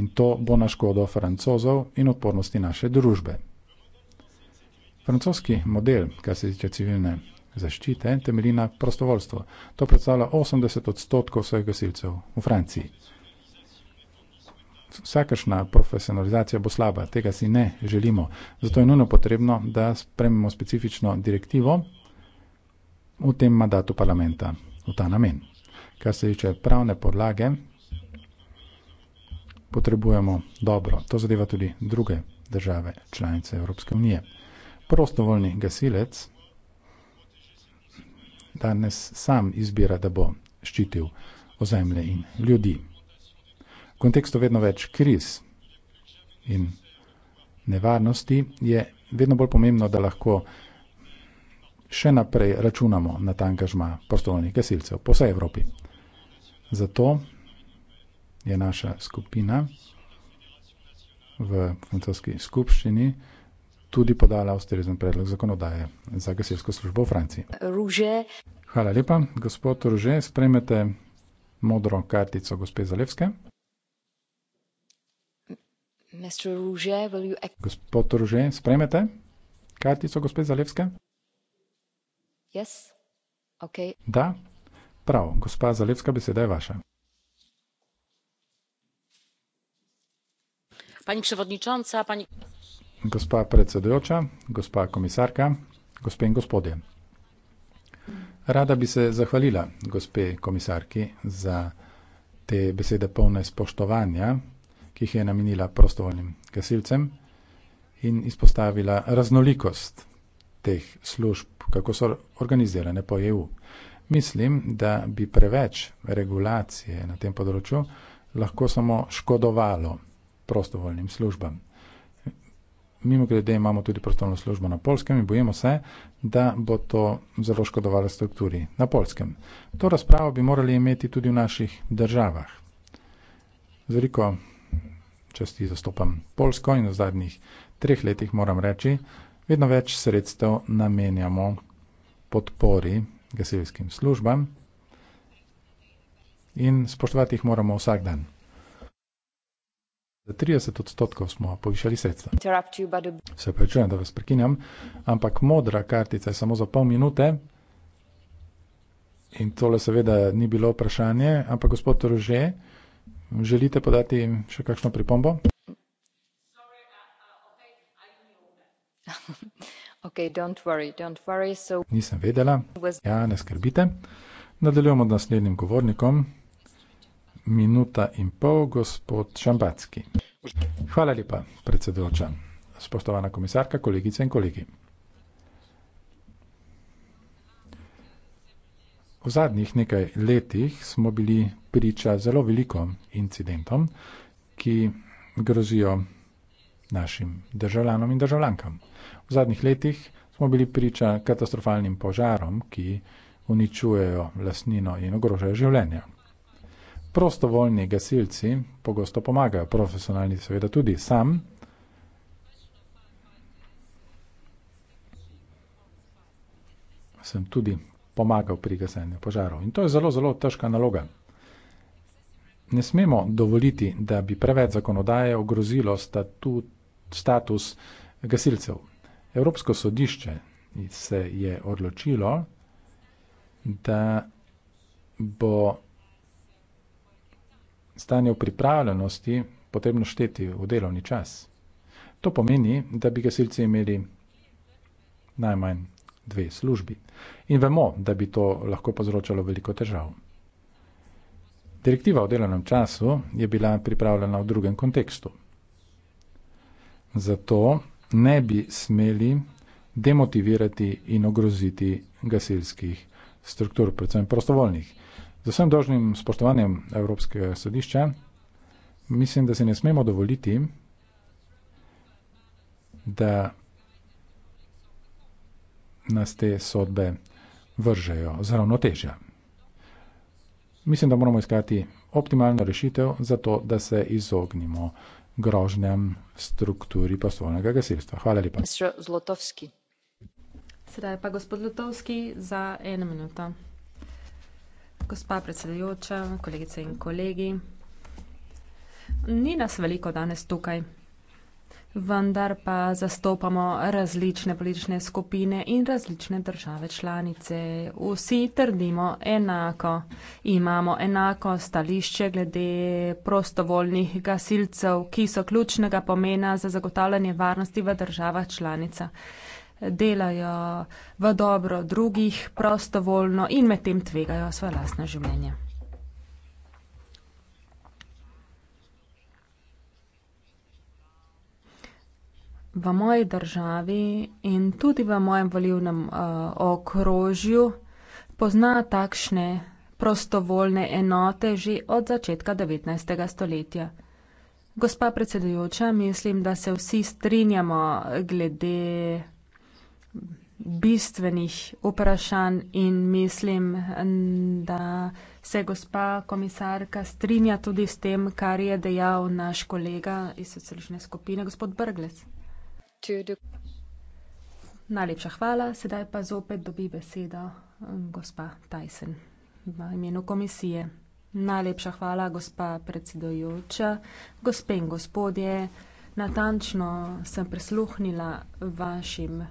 In to bo na škodo francozov in odpornosti naše družbe. Francoski model, kar se tiče civilne zaščite, temelji na prostovoljstvo. To predstavlja 80 odstotkov vseh gasilcev v Franciji vsakršna profesionalizacija bo slaba, tega si ne želimo. Zato je nujno potrebno, da sprememo specifično direktivo v tem mandatu parlamenta v ta namen. Kar se tiče pravne podlage, potrebujemo dobro. To zadeva tudi druge države, članice Evropske unije. Prostovoljni gasilec danes sam izbira, da bo ščitil ozemlje in ljudi kontekstu vedno več kriz in nevarnosti je vedno bolj pomembno, da lahko še naprej računamo na ta angažma prostovoljnih gasilcev po vsej Evropi. Zato je naša skupina v francoski skupščini tudi podala ustrezen predlog zakonodaje za gasilsko službo v Franciji. Ruže. Hvala lepa, gospod Ruže, spremete modro kartico gospe Zalevske. Gospod Ruže, sprejmete kartico gospe Zalevske? Yes. Okay. Da, prav, gospa Zalevska, beseda je vaša. Pani predsedujoča, pani... Gospa predsedujoča, gospa komisarka, gospe in gospodje. Rada bi se zahvalila gospe komisarki za te besede polne spoštovanja, ki jih je namenila prostovoljnim gasilcem in izpostavila raznolikost teh služb, kako so organizirane po EU. Mislim, da bi preveč regulacije na tem področju lahko samo škodovalo prostovoljnim službam. Mimo grede imamo tudi prostovoljno službo na Polskem in bojimo se, da bo to zelo škodovalo strukturi na Polskem. To razpravo bi morali imeti tudi v naših državah. Z veliko časti zastopam Polsko in v zadnjih treh letih moram reči, vedno več sredstev namenjamo podpori gasilskim službam in spoštovati jih moramo vsak dan. Za 30 odstotkov smo povišali sredstva. Se prečujem, da vas prekinjam, ampak modra kartica je samo za pol minute. In tole seveda ni bilo vprašanje, ampak gospod Rože, Želite podati še kakšno pripombo? Okay, don't worry, don't worry, so... Nisem vedela. Ja, ne skrbite. Nadaljujemo z naslednjim govornikom. Minuta in pol, gospod Šambacki. Hvala lepa, predsedujoča. Spoštovana komisarka, kolegice in kolegi. V zadnjih nekaj letih smo bili priča zelo velikom incidentom, ki grozijo našim državljanom in državljankam. V zadnjih letih smo bili priča katastrofalnim požarom, ki uničujejo lasnino in ogrožajo življenja. Prostovoljni gasilci pogosto pomagajo, profesionalni seveda tudi sam. Sem tudi pomagal pri gasenju požarov. In to je zelo, zelo težka naloga. Ne smemo dovoliti, da bi preveč zakonodaje ogrozilo statut, status gasilcev. Evropsko sodišče se je odločilo, da bo stanje v pripravljenosti potrebno šteti v delovni čas. To pomeni, da bi gasilci imeli najmanj dve službi. In vemo, da bi to lahko povzročalo veliko težav. Direktiva o delovnem času je bila pripravljena v drugem kontekstu. Zato ne bi smeli demotivirati in ogroziti gasilskih struktur, predvsem prostovoljnih. Z vsem dožnim spoštovanjem Evropskega sodišča, mislim, da se ne smemo dovoliti, da nas te sodbe vržejo z ravnotežja. Mislim, da moramo iskati optimalno rešitev za to, da se izognimo grožnjam strukturi poslovnega gasilstva. Hvala lepa. Sedaj pa gospod Lutovski za eno minuto. Gospa predsedujoča, kolegice in kolegi. Ni nas veliko danes tukaj, vendar pa zastopamo različne politične skupine in različne države članice. Vsi trdimo enako. Imamo enako stališče glede prostovoljnih gasilcev, ki so ključnega pomena za zagotavljanje varnosti v državah članica. Delajo v dobro drugih prostovoljno in medtem tvegajo svoje lastne življenje. v moji državi in tudi v mojem volivnem uh, eh, okrožju pozna takšne prostovoljne enote že od začetka 19. stoletja. Gospa predsedujoča, mislim, da se vsi strinjamo glede bistvenih vprašanj in mislim, da se gospa komisarka strinja tudi s tem, kar je dejal naš kolega iz socialne skupine, gospod Brgles. Najlepša hvala. Sedaj pa zopet dobi besedo um, gospa Tyson v imenu komisije. Najlepša hvala, gospa predsedojoča, gospe in gospodje. Natančno sem prisluhnila vašim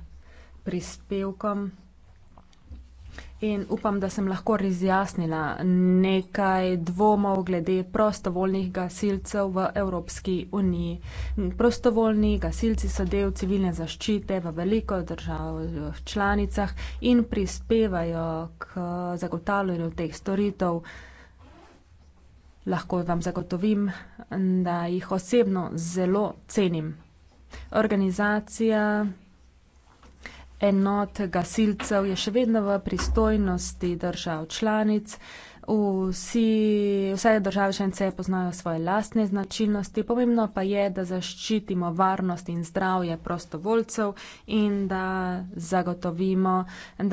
prispevkom. In upam, da sem lahko razjasnila nekaj dvomov glede prostovoljnih gasilcev v Evropski uniji. Prostovoljni gasilci so del civilne zaščite v veliko držav članicah in prispevajo k zagotavljanju teh storitev. Lahko vam zagotovim, da jih osebno zelo cenim. Organizacija enot gasilcev je še vedno v pristojnosti držav članic. Vsi, vse države članice poznajo svoje lastne značilnosti. Pomembno pa je, da zaščitimo varnost in zdravje prostovoljcev in da zagotovimo,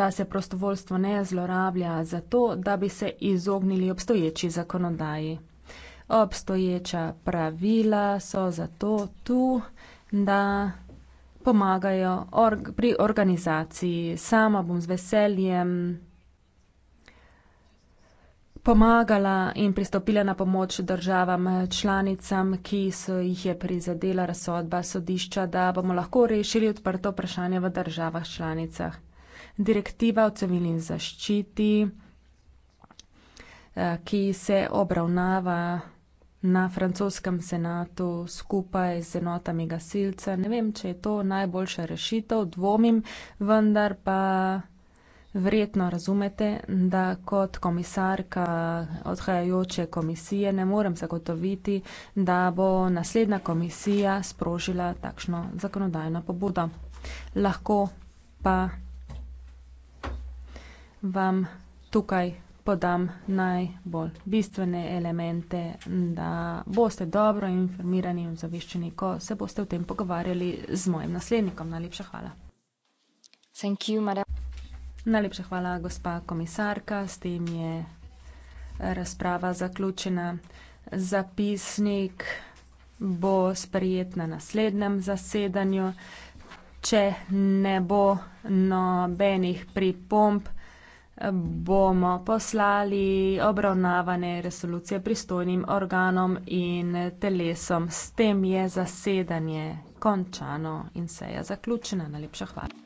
da se prostovoljstvo ne zlorablja za to, da bi se izognili obstoječi zakonodaji. Obstoječa pravila so zato tu, da pomagajo or pri organizaciji. Sama bom z veseljem pomagala in pristopila na pomoč državam članicam, ki so jih je prizadela razsodba sodišča, da bomo lahko rešili odprto vprašanje v državah članicah. Direktiva o civilni zaščiti, eh, ki se obravnava na francoskem senatu skupaj z enotami gasilca. Ne vem, če je to najboljša rešitev, dvomim, vendar pa verjetno razumete, da kot komisarka odhajajoče komisije ne morem zagotoviti, da bo naslednja komisija sprožila takšno zakonodajno pobudo. Lahko pa vam tukaj podam najbolj bistvene elemente, da boste dobro informirani in zaveščeni, ko se boste o tem pogovarjali z mojim naslednikom. Najlepša hvala. Thank you, Najlepša hvala, gospa komisarka. S tem je razprava zaključena. Zapisnik bo sprejet na naslednjem zasedanju. Če ne bo nobenih pripomp, bomo poslali obravnavane resolucije pristojnim organom in telesom. S tem je zasedanje končano in seja zaključena. Najlepša hvala.